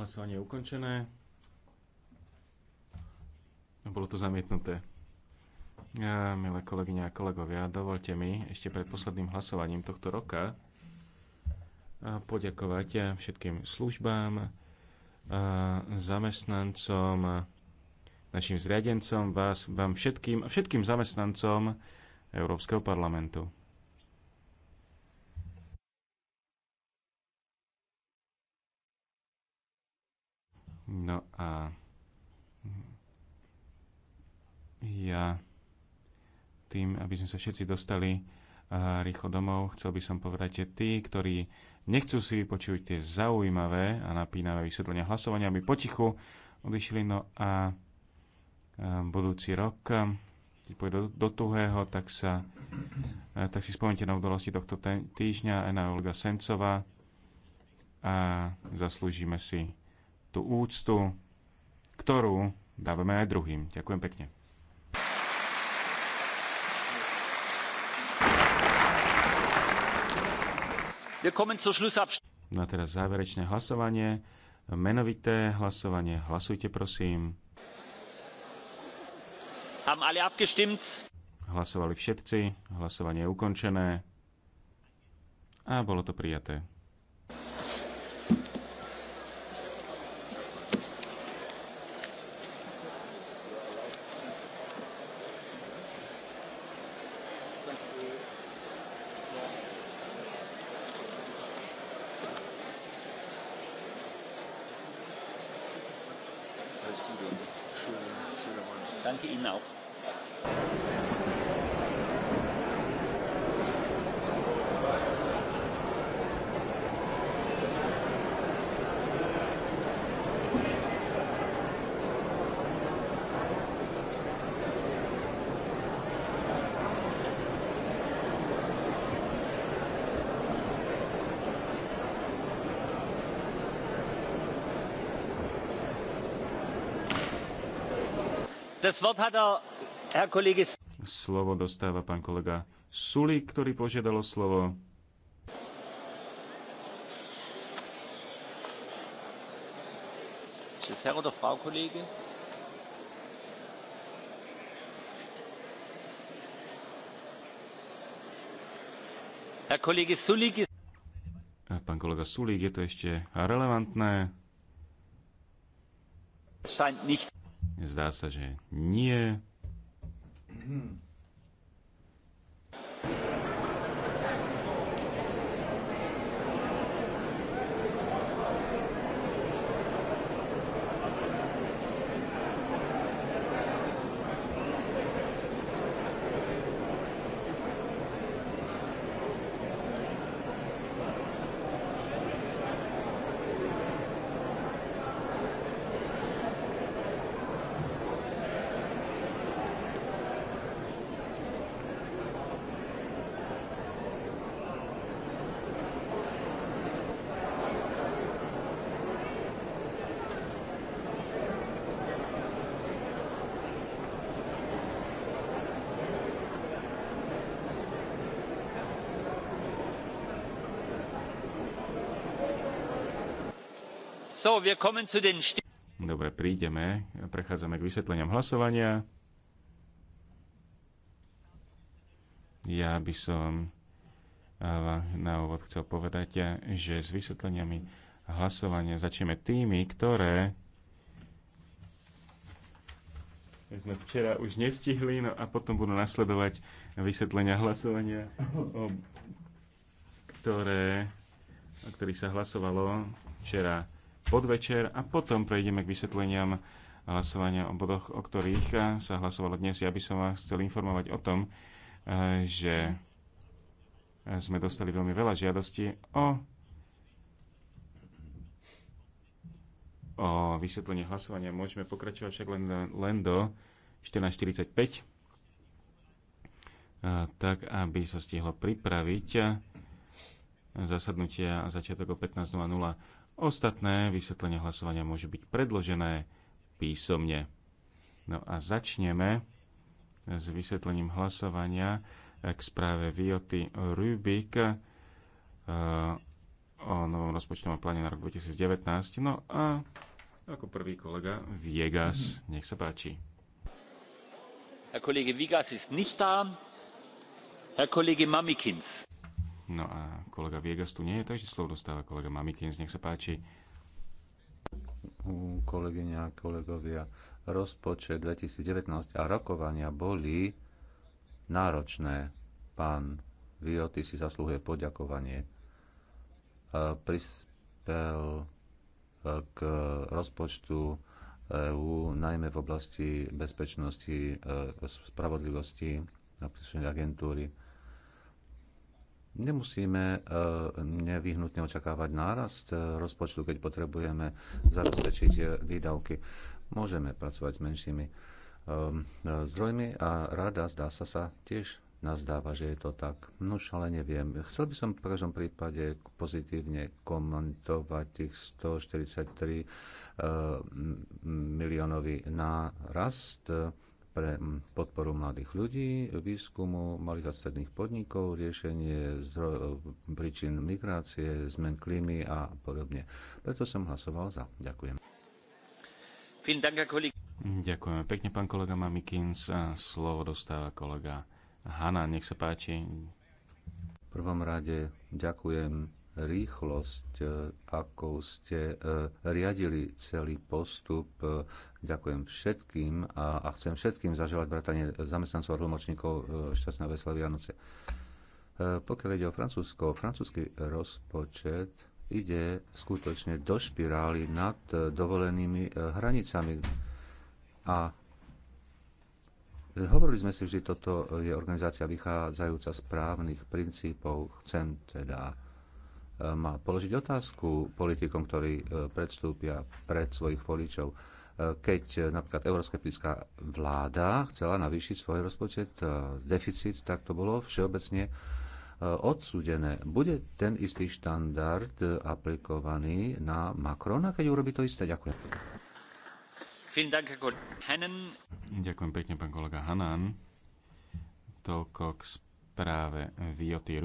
Hlasovanie je ukončené. Bolo to zamietnuté. Ja, milé kolegyne a kolegovia, dovolte mi ešte pred posledným hlasovaním tohto roka poďakovať všetkým službám, zamestnancom, našim zriadencom, vás, vám všetkým a všetkým zamestnancom Európskeho parlamentu. No a ja tým, aby sme sa všetci dostali eh, rýchlo domov, chcel by som povedať, že tí, ktorí nechcú si vypočuť tie zaujímavé a napínavé vysvetlenia hlasovania, aby potichu odišli. No a eh, budúci rok, eh, keď pôjde do, do tuhého, tak, sa, tak si spomente na udalosti tohto týždňa Ena Olga Sencová a zaslúžime si tú úctu, ktorú dávame aj druhým. Ďakujem pekne. Na no teraz záverečné hlasovanie. Menovité hlasovanie. Hlasujte, prosím. Hlasovali všetci. Hlasovanie je ukončené. A bolo to prijaté. Er, slovo dostáva pán kolega Sulík, ktorý požiadal o slovo. Ist Pán kolega Sulík, je to ešte relevantné? Scheint nicht Zdá sa, že nie. Dobre, prídeme. Prechádzame k vysvetleniam hlasovania. Ja by som eh, na úvod chcel povedať, že s vysvetleniami hlasovania začneme tými, ktoré sme včera už nestihli, no a potom budú nasledovať vysvetlenia hlasovania, o, ktoré, o ktorých sa hlasovalo včera podvečer a potom prejdeme k vysvetleniam hlasovania o bodoch, o ktorých sa hlasovalo dnes. Ja by som vás chcel informovať o tom, že sme dostali veľmi veľa žiadostí o, o vysvetlenie hlasovania. Môžeme pokračovať však len, len do 14.45, tak aby sa stihlo pripraviť zasadnutie a začiatok o 15.00. Ostatné vysvetlenie hlasovania môže byť predložené písomne. No a začneme s vysvetlením hlasovania k správe Vioty Rubik eh, o novom rozpočtovom pláne na rok 2019. No a ako prvý kolega Viegas, mhm. nech sa páči. Herr Kollege Vigas ist nicht da. Herr Kollege Mamikins No a kolega Viegas tu nie je, takže slovo dostáva kolega Mamikins. Nech sa páči. Kolegyňa a kolegovia, rozpočet 2019 a rokovania boli náročné. Pán ty si zaslúhuje poďakovanie. E, prispel e, k rozpočtu EU, najmä v oblasti bezpečnosti, e, spravodlivosti a agentúry Nemusíme e, nevyhnutne očakávať nárast e, rozpočtu, keď potrebujeme zabezpečiť e, výdavky. Môžeme pracovať s menšími zdrojmi a rada, zdá sa, sa tiež nazdáva, že je to tak. No už ale neviem. Chcel by som v každom prípade pozitívne komentovať tých 143 miliónový nárast pre podporu mladých ľudí, výskumu malých a stredných podnikov, riešenie zdroj, príčin migrácie, zmen klímy a podobne. Preto som hlasoval za. Ďakujem. Ďakujeme pekne, pán kolega Mamikins. Slovo dostáva kolega Hanna. Nech sa páči. V prvom rade ďakujem rýchlosť, eh, ako ste eh, riadili celý postup. Eh, ďakujem všetkým a, chcem všetkým zaželať bratanie zamestnancov a tlmočníkov šťastné a veselé Vianoce. Pokiaľ ide o Francúzsko, francúzsky rozpočet ide skutočne do špirály nad dovolenými hranicami. A Hovorili sme si že toto je organizácia vychádzajúca z právnych princípov. Chcem teda má položiť otázku politikom, ktorí e, predstúpia pred svojich voličov. E, keď e, napríklad euroskeptická vláda chcela navýšiť svoj rozpočet, deficit, tak to bolo všeobecne odsúdené. Bude ten istý štandard aplikovaný na Macrona, keď urobí to isté? Ďakujem. Ďakujem pekne, pán kolega Hanan. Toľko k správe Vioty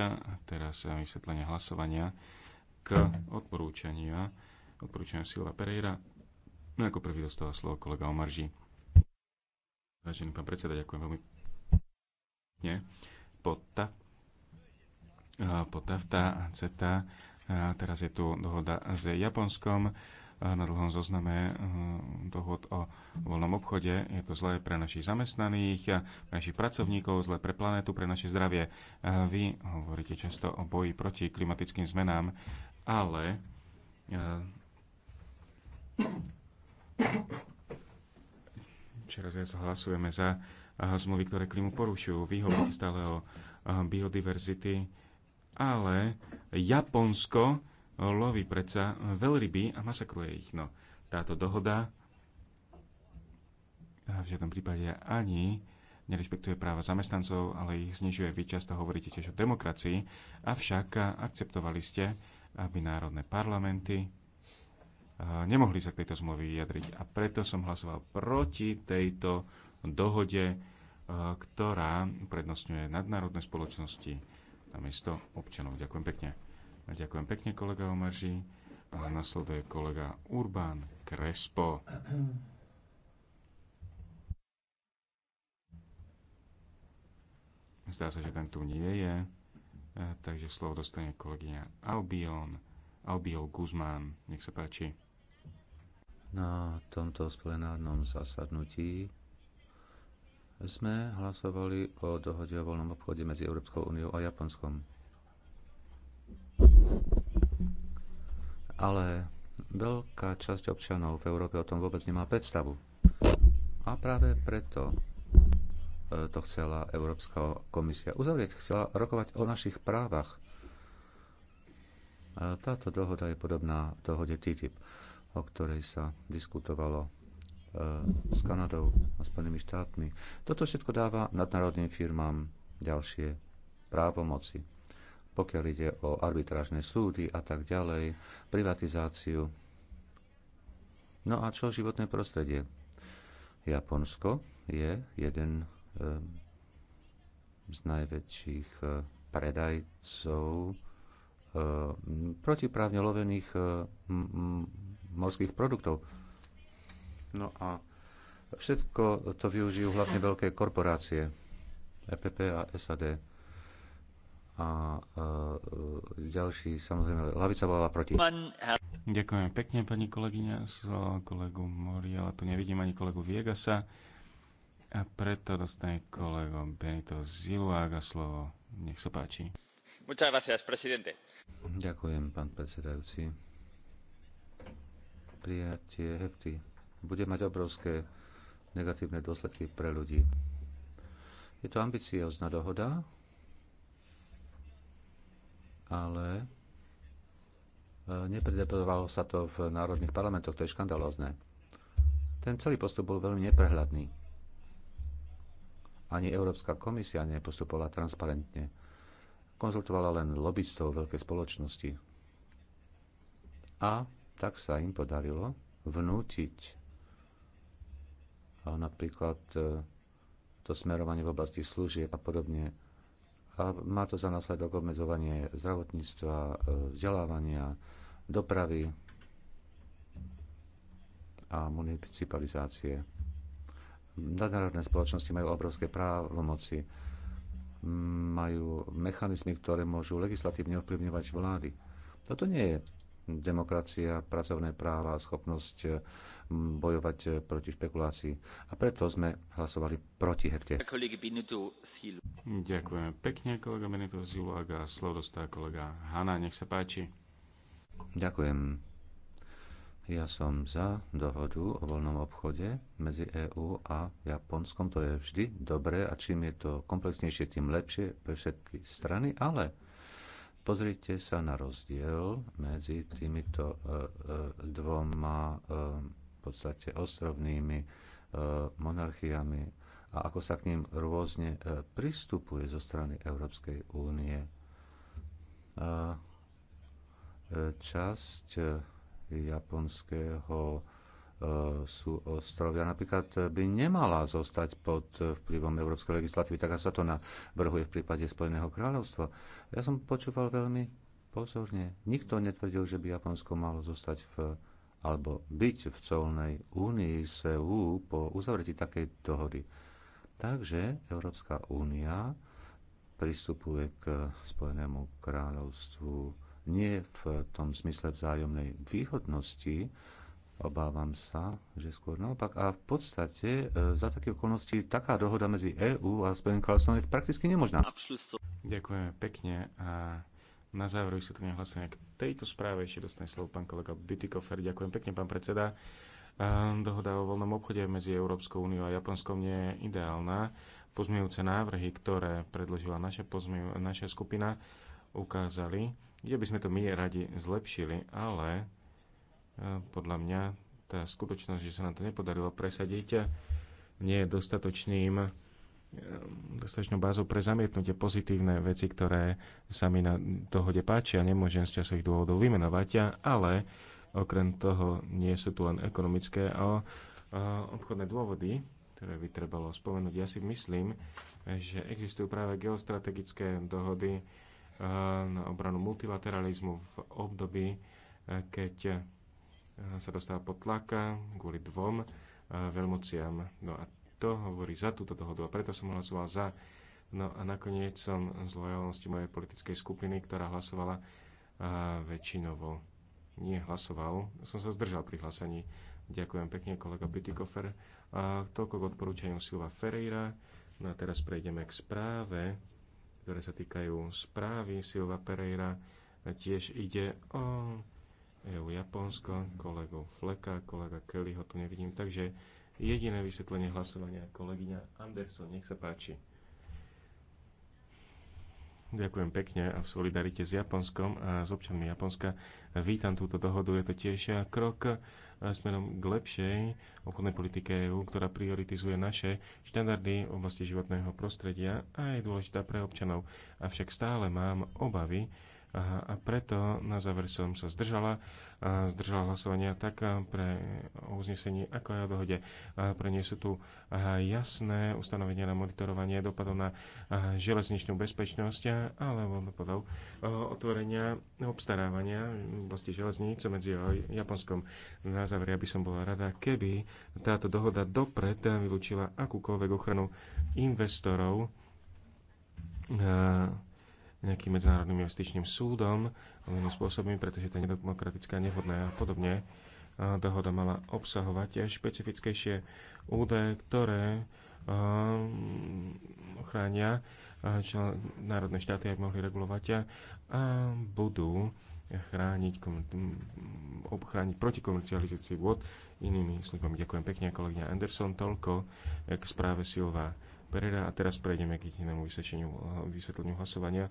a Teraz vysvetlenie hlasovania k odporúčania odporúčania Silva Pereira. No ako prvý dostal slovo kolega Omarži. Vážený pán predseda, ďakujem veľmi pekne. Pota, po vta, CETA, teraz je tu dohoda s Japonskom na dlhom zozname eh, dohod o voľnom obchode. Je to zlé pre našich zamestnaných, pre našich pracovníkov, zlé pre planetu, pre naše zdravie. Vy hovoríte často o boji proti klimatickým zmenám, ale eh, čoraz viac hlasujeme za eh, zmluvy, ktoré klimu porušujú. Vy hovoríte stále o biodiverzity, ale Japonsko loví predsa veľryby a masakruje ich. No, táto dohoda v žiadnom prípade ani nerespektuje práva zamestnancov, ale ich znižuje. Vy často hovoríte tiež o demokracii, avšak akceptovali ste, aby národné parlamenty eh, nemohli sa k tejto zmluvy vyjadriť. A preto som hlasoval proti tejto dohode, eh, ktorá prednostňuje nadnárodné spoločnosti namiesto občanov. Ďakujem pekne. Ďakujem pekne, kolega Omarži. A nasleduje kolega Urbán Krespo. Zdá sa, že ten tu nie je. E, takže slovo dostane kolegyňa Albion, Albiol Guzmán. Nech sa páči. Na tomto plenárnom zasadnutí sme hlasovali o dohode o voľnom obchode medzi Európskou úniou a Japonskom. Ale veľká časť občanov v Európe o tom vôbec nemá predstavu. A práve preto e, to chcela Európska komisia uzavrieť. Chcela rokovať o našich právach. E, táto dohoda je podobná dohode TTIP, o ktorej sa diskutovalo e, s Kanadou a Spojenými štátmi. Toto všetko dáva nadnárodným firmám ďalšie právomoci pokiaľ ide o arbitrážne súdy a tak ďalej, privatizáciu. No a čo životné prostredie? Japonsko je jeden eh, z najväčších eh, predajcov eh, protiprávne lovených morských produktov. No a všetko to využijú hlavne veľké korporácie EPP a SAD a e, ďalší samozrejme lavica bola proti. Ďakujem pekne pani kolegyňa s kolegu ale Tu nevidím ani kolegu Viegasa. A preto dostane kolego Benito Ziluaga slovo. Nech sa páči. Muchas gracias, presidente. Ďakujem, pán predsedajúci. Prijatie hefty bude mať obrovské negatívne dôsledky pre ľudí. Je to ambiciózna dohoda, ale e, nepredebatovalo sa to v národných parlamentoch, to je škandalózne. Ten celý postup bol veľmi neprehľadný. Ani Európska komisia nepostupovala transparentne. Konzultovala len lobbystov veľkej spoločnosti. A tak sa im podarilo vnútiť e, napríklad e, to smerovanie v oblasti služieb a podobne a má to za následok obmedzovanie zdravotníctva, e, vzdelávania, dopravy a municipalizácie. Nadnárodné spoločnosti majú obrovské právomoci, majú mechanizmy, ktoré môžu legislatívne ovplyvňovať vlády. Toto nie je demokracia, pracovné práva a schopnosť eh, bojovať eh, proti špekulácii. A preto sme hlasovali proti hepte. Ďakujeme pekne, kolega Benito Ziluaga. Slovo kolega Hanna, nech sa páči. Ďakujem. Ja som za dohodu o voľnom obchode medzi EÚ a Japonskom. To je vždy dobré a čím je to komplexnejšie, tým lepšie pre všetky strany, ale Pozrite sa na rozdiel medzi týmito e, e, dvoma e, v podstate ostrovnými monarchiami a ako sa k ním rôzne pristupuje zo strany Európskej únie. Časť japonského E, sú ostrovia napríklad by nemala zostať pod vplyvom európskej legislatívy, tak sa to navrhuje v prípade Spojeného kráľovstva. Ja som počúval veľmi pozorne. Nikto netvrdil, že by Japonsko malo zostať v alebo byť v colnej únii s EU po uzavretí takej dohody. Takže Európska únia pristupuje k Spojenému kráľovstvu nie v tom smysle vzájomnej výhodnosti, Obávam sa, že skôr naopak. A v podstate e, za také okolnosti taká dohoda medzi EÚ a Spojeným kráľovstvom je prakticky nemožná. Ďakujeme pekne a na záver vysvetlenia hlasenia k tejto správe ešte dostane slovo pán kolega Bitikofer. Ďakujem pekne, pán predseda. E, dohoda o voľnom obchode medzi Európskou úniou a Japonskom nie je ideálna. Pozmejúce návrhy, ktoré predložila naša, pozmejú, naša skupina, ukázali, kde by sme to my radi zlepšili, ale podľa mňa tá skutočnosť, že sa nám to nepodarilo presadiť, nie je dostatočným e, dostatočnou bázou pre zamietnutie pozitívne veci, ktoré sa mi na dohode páčia. Nemôžem z časových dôvodov vymenovať, ale okrem toho nie sú tu len ekonomické a obchodné dôvody, ktoré by trebalo spomenúť. Ja si myslím, že existujú práve geostrategické dohody e, na obranu multilateralizmu v období, e, keď Eh, sa dostáva pod tlaka eh, kvôli dvom eh, veľmociam. No a to hovorí za túto dohodu a preto som hlasoval za. No a nakoniec som z lojalnosti mojej politickej skupiny, ktorá hlasovala väčšinovo. Nie hlasoval, som sa zdržal pri hlasaní. Ďakujem pekne, kolega Pitikofer. A toľko k odporúčaniu Silva Ferreira. No a teraz prejdeme k správe, ktoré sa týkajú správy Silva Pereira. Tiež ide o EU Japonsko, kolegu Fleka, kolega ho tu nevidím, takže jediné vysvetlenie hlasovania kolegyňa Anderson, nech sa páči. Ďakujem pekne a v solidarite s Japonskom a s občanmi Japonska vítam túto dohodu. Je to tiež krok e, smerom k lepšej obchodnej politike EÚ, ktorá prioritizuje naše štandardy v oblasti životného prostredia a je dôležitá pre občanov. Avšak stále mám obavy, a preto na záver som sa zdržala, zdržala hlasovania tak pre uznesení ako aj o dohode. Pre nie sú tu jasné ustanovenia na monitorovanie dopadov na železničnú bezpečnosť alebo dopadov otvorenia obstarávania vlasti železníc medzi Japonskom. Na záver ja by som bola rada, keby táto dohoda dopred vylúčila akúkoľvek ochranu investorov nejakým medzinárodným investičným súdom, inými spôsobmi, pretože to je nedemokratická, nevhodné a podobne. A dohoda mala obsahovať špecifickejšie údaje, ktoré ehm, ochránia národné štáty, aby mohli regulovať a budú chrániť, obchrániť proti komercializácii vôd inými službami. Ďakujem pekne, kolegyňa Anderson, toľko k správe Silva. Pereira A teraz prejdeme k inému vysvetleniu, eh, vysvetleniu hlasovania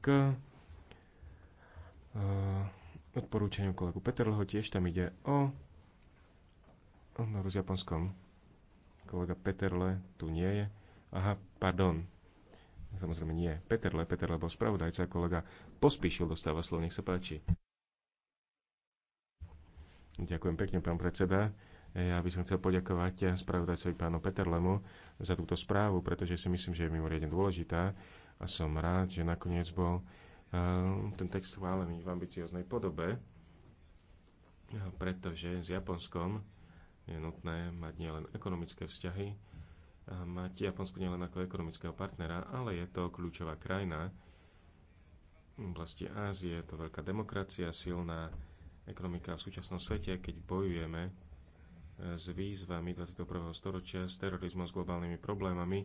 k eh, odporúčaniu kolegu Peterleho, Tiež tam ide o hovoru no, s japonskom. Kolega Peterle tu nie je. Aha, pardon. Samozrejme nie. Peterle, Peterle bol spravodajca, kolega pospíšil, dostáva slovo, nech sa páči. Ďakujem pekne, pán predseda. Ja by som chcel poďakovať spravodajcovi pánu Peter Lemu za túto správu, pretože si myslím, že je mimoriadne dôležitá a som rád, že nakoniec bol eh, ten text schválený v ambicioznej podobe, pretože s Japonskom je nutné mať nielen ekonomické vzťahy, mať Japonsko nielen ako ekonomického partnera, ale je to kľúčová krajina v oblasti Ázie, je to veľká demokracia, silná ekonomika v súčasnom svete, keď bojujeme s výzvami 21. storočia, s terorizmom, s globálnymi problémami.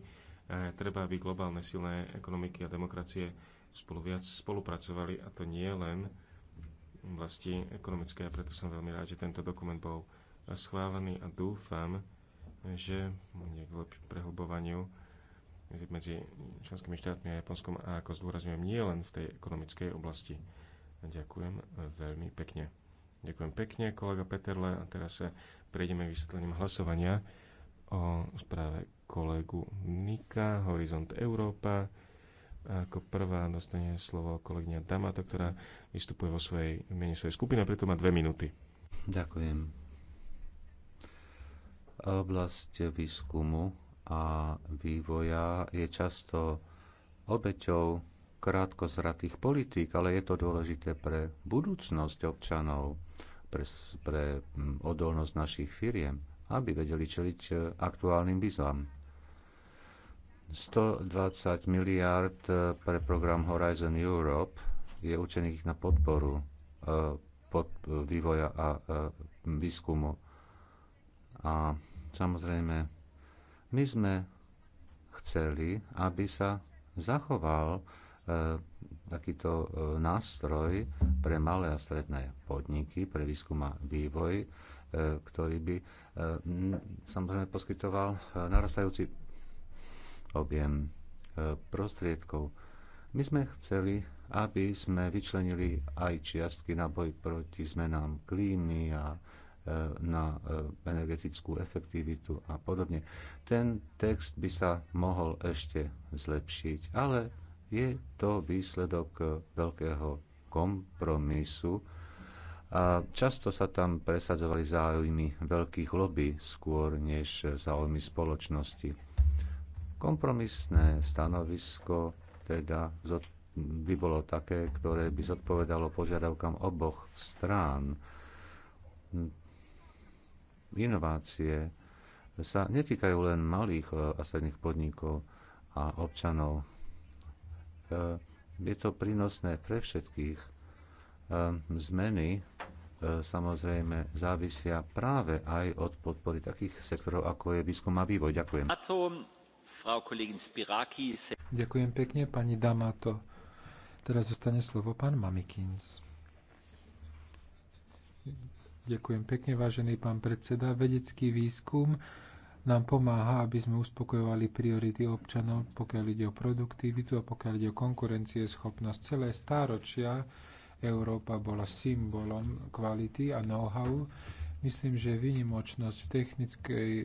Treba, aby globálne silné ekonomiky a demokracie spolu viac spolupracovali a to nie len v oblasti ekonomické. A preto som veľmi rád, že tento dokument bol schválený a dúfam, že bude k prehlbovaniu medzi členskými štátmi a Japonskom a ako zdôrazňujem, nie len v tej ekonomickej oblasti. Ďakujem veľmi pekne. Ďakujem pekne, kolega Peterle. A teraz sa prejdeme vysvetlením hlasovania o správe kolegu Nika, Horizont Európa. A ako prvá dostane slovo kolegyňa Damato, ktorá vystupuje vo svojej, v mene svojej skupiny a preto má dve minúty. Ďakujem. Oblasť výskumu a vývoja je často obeťou krátkozratých politík, ale je to dôležité pre budúcnosť občanov pre, pre odolnosť našich firiem, aby vedeli čeliť e, aktuálnym výzvam. 120 miliárd e, pre program Horizon Europe je určených na podporu e, pod vývoja a výskumu. A samozrejme, my sme chceli, aby sa zachoval takýto e, nástroj pre malé a stredné podniky, pre výskum a vývoj, e, ktorý by e, samozrejme poskytoval narastajúci objem prostriedkov. My sme chceli, aby sme vyčlenili aj čiastky na boj proti zmenám klímy a na energetickú efektivitu a podobne. Ten text by sa mohol ešte zlepšiť, ale je to výsledok eh, veľkého kompromisu. A často sa tam presadzovali záujmy veľkých lobby skôr než záujmy spoločnosti. Kompromisné stanovisko teda by bolo také, ktoré by zodpovedalo požiadavkám oboch strán. Inovácie sa netýkajú len malých eh, a stredných podnikov a občanov. Je to prínosné pre všetkých. E, zmeny e, samozrejme závisia práve aj od podpory takých sektorov, ako je výskum a vývoj. Ďakujem. Ďakujem pekne, pani Damato. Teraz zostane slovo pán Mamikins. Ďakujem pekne, vážený pán predseda. Vedecký výskum nám pomáha, aby sme uspokojovali priority občanov, pokiaľ ide o produktivitu a pokiaľ ide o konkurencieschopnosť. Celé stáročia Európa bola symbolom kvality a know-how. Myslím, že výnimočnosť v technickej e,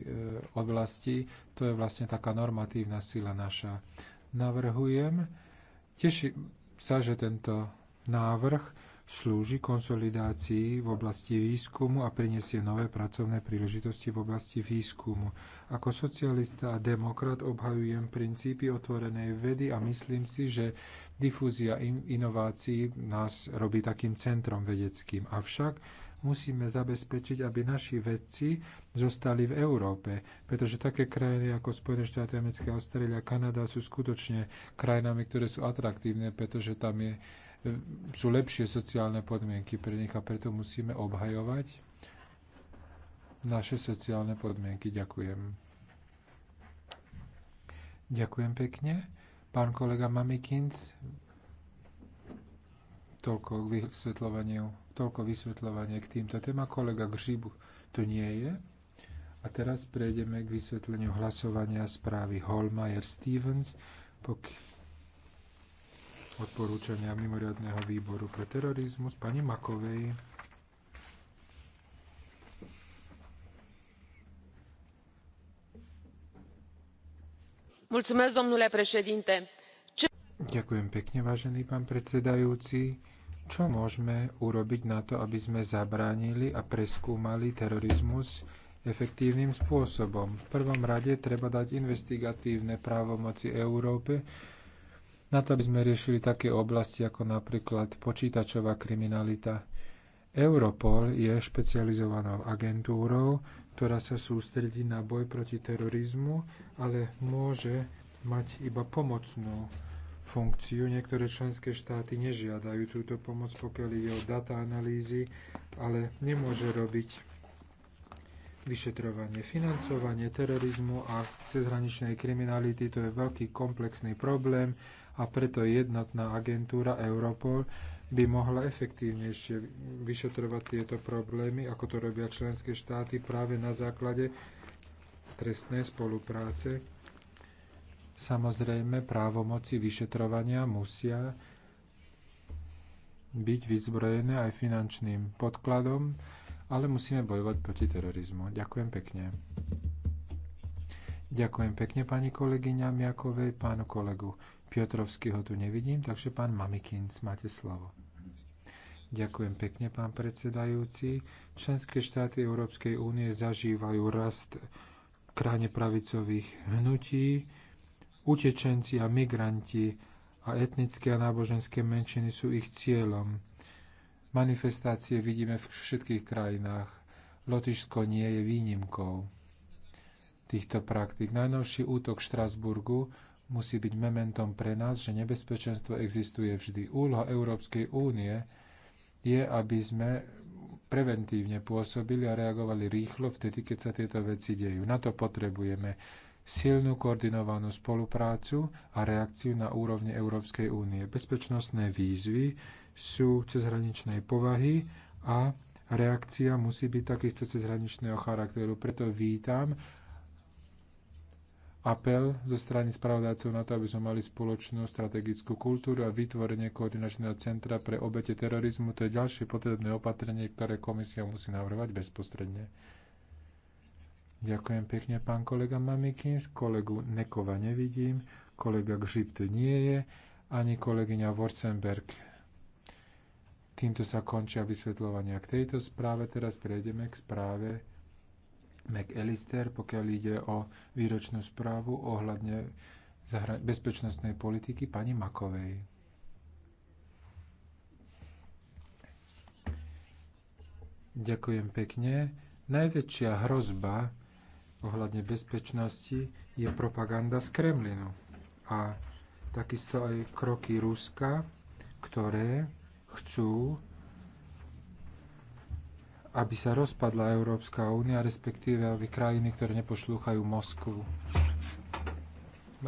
oblasti to je vlastne taká normatívna sila naša. Navrhujem, teším sa, že tento návrh slúži konsolidácii v oblasti výskumu a prinesie nové pracovné príležitosti v oblasti výskumu. Ako socialista a demokrat obhajujem princípy otvorenej vedy a myslím si, že difúzia inovácií nás robí takým centrom vedeckým. Avšak musíme zabezpečiť, aby naši vedci zostali v Európe, pretože také krajiny ako Spojené štáty americké, Austrália, Kanada sú skutočne krajinami, ktoré sú atraktívne, pretože tam je sú lepšie sociálne podmienky pre nich a preto musíme obhajovať naše sociálne podmienky. Ďakujem. Ďakujem pekne. Pán kolega Mamikins, toľko k vysvetľovaniu, toľko vysvetľovanie k týmto téma. Kolega Gříbu to nie je. A teraz prejdeme k vysvetleniu hlasovania správy Holmeyer Stevens, pokiaľ odporúčania mimoriadného výboru pre terorizmus pani Makovej. Mulțumesc, domnule președinte. Ce... Ďakujem pekne, vážený pán predsedajúci. Čo môžeme urobiť na to, aby sme zabránili a preskúmali terorizmus efektívnym spôsobom? V prvom rade treba dať investigatívne právomoci Európe, na to, aby sme riešili také oblasti ako napríklad počítačová kriminalita. Europol je špecializovanou agentúrou, ktorá sa sústredí na boj proti terorizmu, ale môže mať iba pomocnú funkciu. Niektoré členské štáty nežiadajú túto pomoc, pokiaľ ide o data analýzy, ale nemôže robiť vyšetrovanie, financovanie terorizmu a cezhraničnej kriminality. To je veľký komplexný problém, a preto jednotná agentúra Europol by mohla efektívnejšie vyšetrovať tieto problémy, ako to robia členské štáty práve na základe trestnej spolupráce. Samozrejme, právomoci vyšetrovania musia byť vyzbrojené aj finančným podkladom, ale musíme bojovať proti terorizmu. Ďakujem pekne. Ďakujem pekne pani kolegyňa Miakovej, pánu kolegu Piotrovský ho tu nevidím, takže pán Mamikins, máte slovo. Ďakujem pekne, pán predsedajúci. Členské štáty Európskej únie zažívajú rast krajne pravicových hnutí. Utečenci a migranti a etnické a náboženské menšiny sú ich cieľom. Manifestácie vidíme v všetkých krajinách. Lotyšsko nie je výnimkou týchto praktik. Najnovší útok v Štrasburgu musí byť mementom pre nás, že nebezpečenstvo existuje vždy. Úloha Európskej únie je, aby sme preventívne pôsobili a reagovali rýchlo vtedy, keď sa tieto veci dejú. Na to potrebujeme silnú koordinovanú spoluprácu a reakciu na úrovni Európskej únie. Bezpečnostné výzvy sú cezhraničnej povahy a reakcia musí byť takisto cezhraničného charakteru. Preto vítam apel zo strany spravodajcov na to, aby sme mali spoločnú strategickú kultúru a vytvorenie koordinačného centra pre obete terorizmu. To je ďalšie potrebné opatrenie, ktoré komisia musí navrhovať bezprostredne. Ďakujem pekne, pán kolega Mamikins. Kolegu Nekova nevidím, kolega Gžip tu nie je, ani kolegyňa Worsenberg. Týmto sa končia vysvetľovania k tejto správe. Teraz prejdeme k správe McAllister, pokiaľ ide o výročnú správu ohľadne bezpečnostnej politiky pani Makovej. Ďakujem pekne. Najväčšia hrozba ohľadne bezpečnosti je propaganda z Kremlinu a takisto aj kroky Ruska, ktoré chcú aby sa rozpadla Európska únia, respektíve aby krajiny, ktoré nepošlúchajú Moskvu.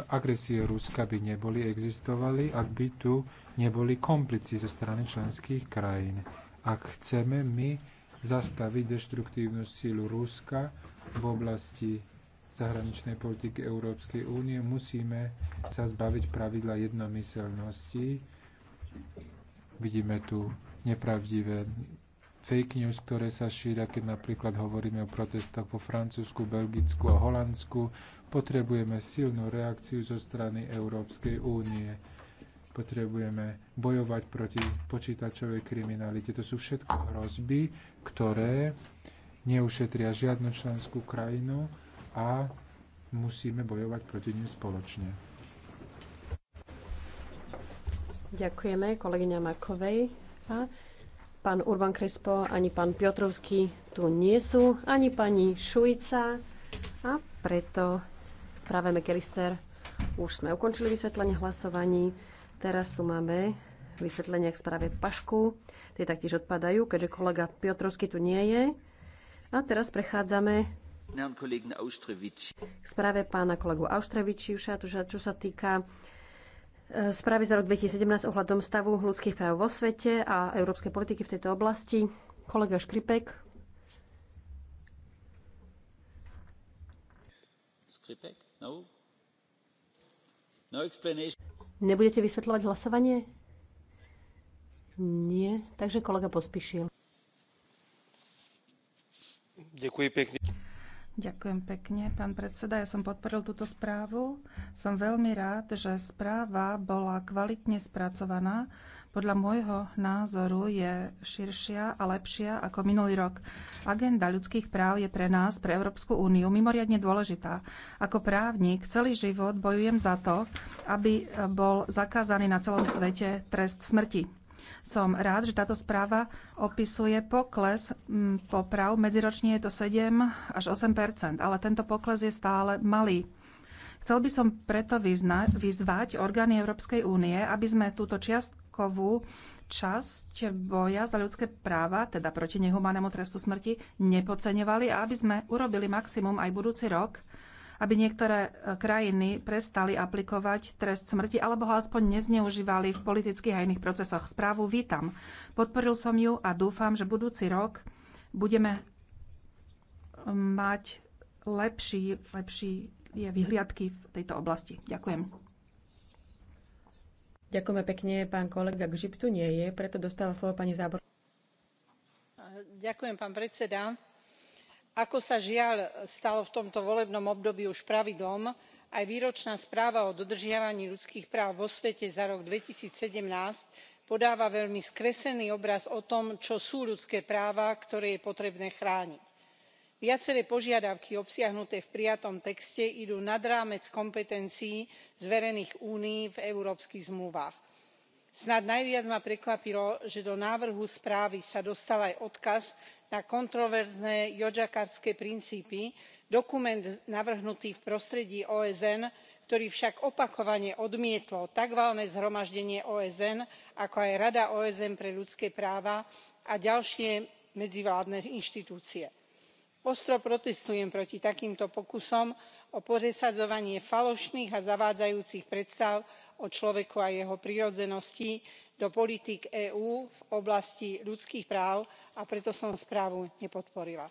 Agresie Ruska by neboli existovali, ak by tu neboli komplici zo strany členských krajín. Ak chceme my zastaviť deštruktívnu sílu Ruska v oblasti zahraničnej politiky Európskej únie, musíme sa zbaviť pravidla jednomyselnosti. Vidíme tu nepravdivé fake news, ktoré sa šíria, keď napríklad hovoríme o protestoch vo Francúzsku, Belgicku a Holandsku. Potrebujeme silnú reakciu zo strany Európskej únie. Potrebujeme bojovať proti počítačovej kriminalite. To sú všetko hrozby, ktoré neušetria žiadnu členskú krajinu a musíme bojovať proti nim spoločne. Ďakujeme kolegyňa Makovej. A Pán Urban Krespo, ani pán Piotrovský tu nie sú, ani pani Šujca. A preto v správe McAllister už sme ukončili vysvetlenie hlasovaní. Teraz tu máme vysvetlenia k správe Pašku. Tie taktiež odpadajú, keďže kolega Piotrovský tu nie je. A teraz prechádzame k správe pána kolegu Austrevičiuša, čo sa týka správy za rok 2017 ohľadom stavu ľudských práv vo svete a európskej politiky v tejto oblasti. Kolega Škripek. Škripek? No. No explanation. Nebudete vysvetľovať hlasovanie? Nie. Takže kolega pospíšil. Ďakujem pekne. Ďakujem pekne, pán predseda. Ja som podporil túto správu. Som veľmi rád, že správa bola kvalitne spracovaná. Podľa môjho názoru je širšia a lepšia ako minulý rok. Agenda ľudských práv je pre nás, pre Európsku úniu, mimoriadne dôležitá. Ako právnik celý život bojujem za to, aby bol zakázaný na celom svete trest smrti som rád, že táto správa opisuje pokles mm, poprav. Medziročne je to 7 až 8 ale tento pokles je stále malý. Chcel by som preto vyzna- vyzvať orgány Európskej únie, aby sme túto čiastkovú časť boja za ľudské práva, teda proti nehumanému trestu smrti, nepodceňovali a aby sme urobili maximum aj budúci rok, aby niektoré e, krajiny prestali aplikovať trest smrti alebo ho aspoň nezneužívali v politických a iných procesoch. Správu vítam. Podporil som ju a dúfam, že budúci rok budeme e, mať lepší, lepší vyhliadky v tejto oblasti. Ďakujem. Ďakujeme pekne. Pán kolega Gžip tu nie je, preto dostáva slovo pani Zábor. Ďakujem, pán predseda ako sa žiaľ stalo v tomto volebnom období už pravidlom aj výročná správa o dodržiavaní ľudských práv vo svete za rok two thousand and seventeen podáva veľmi skresený obraz o tom čo sú ľudské práva ktoré je potrebné chrániť. viaceré požiadavky obsiahnuté v prijatom texte idú nad rámec kompetencií zverených únii v európskych zmluvách. snáď najviac ma prekvapilo že do návrhu správy sa dostal aj odkaz na kontroverzné jodžakartské princípy dokument navrhnutý v prostredí osn ktorý však opakovane odmietlo tak valné zhromaždenie osn ako aj rada osn pre ľudské práva a ďalšie medzivládne inštitúcie. ostro protestujem proti takýmto pokusom o presadzovanie falošných a zavádzajúcich predstáv o človeku a jeho prirodzenosti do politík eú v oblasti ľudských práv a preto som správu nepodporila.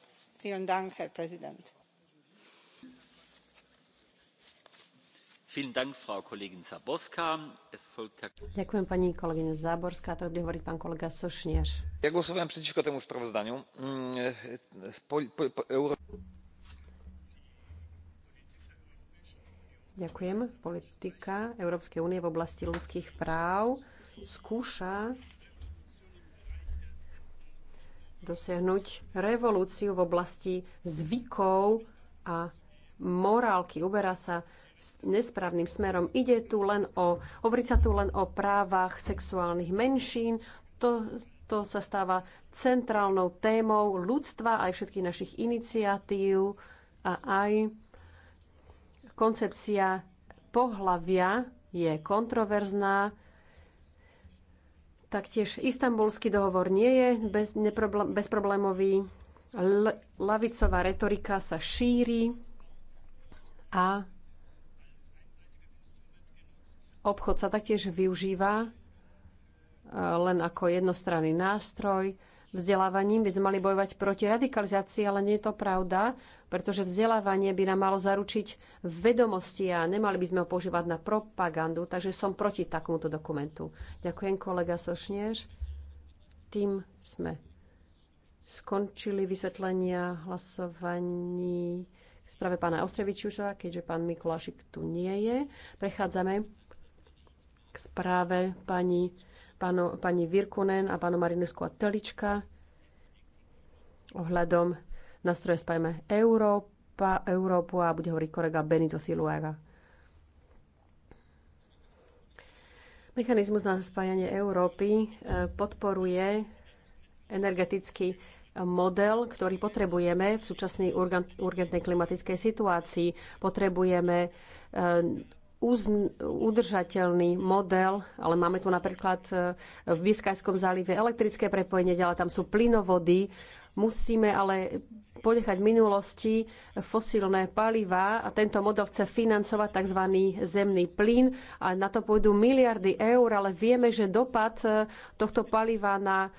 Ďakujem pani kolegyne Záborská. Teraz bude hovoriť pán kolega Ja głosowałem przeciwko temu sprawozdaniu. Mm, Politika Európskej únie v oblasti ľudských práv skúša dosiahnuť revolúciu v oblasti zvykov a morálky. Uberá sa nesprávnym smerom. Ide tu len o, hovorí sa tu len o právach sexuálnych menšín. To, to sa stáva centrálnou témou ľudstva, aj všetkých našich iniciatív a aj koncepcia pohlavia je kontroverzná, Taktiež istambulský dohovor nie je bez, neproblem, bezproblémový. L- lavicová retorika sa šíri a obchod sa taktiež využíva eh, len ako jednostranný nástroj vzdelávaním by sme mali bojovať proti radikalizácii, ale nie je to pravda, pretože vzdelávanie by nám malo zaručiť vedomosti a nemali by sme ho používať na propagandu, takže som proti takomuto dokumentu. Ďakujem, kolega Sošnier. Tým sme skončili vysvetlenia hlasovaní v správe pána Ostrevičuša, keďže pán Mikulášik tu nie je. Prechádzame k správe pani pano, pani Virkunen a pánu Marinesku a Telička ohľadom nástroje Spajme Európa, Európu a bude hovoriť kolega Benito Siluaga. Mechanizmus na spájanie Európy e, podporuje energetický model, ktorý potrebujeme v súčasnej urgentnej klimatickej situácii. Potrebujeme e, udržateľný model, ale máme tu napríklad e, v Biskajskom zálive elektrické prepojenie, ďalej tam sú plynovody. Musíme ale ponechať v minulosti fosílne paliva a tento model chce financovať tzv. zemný plyn a na to pôjdu miliardy eur, ale vieme, že dopad e, tohto paliva na e,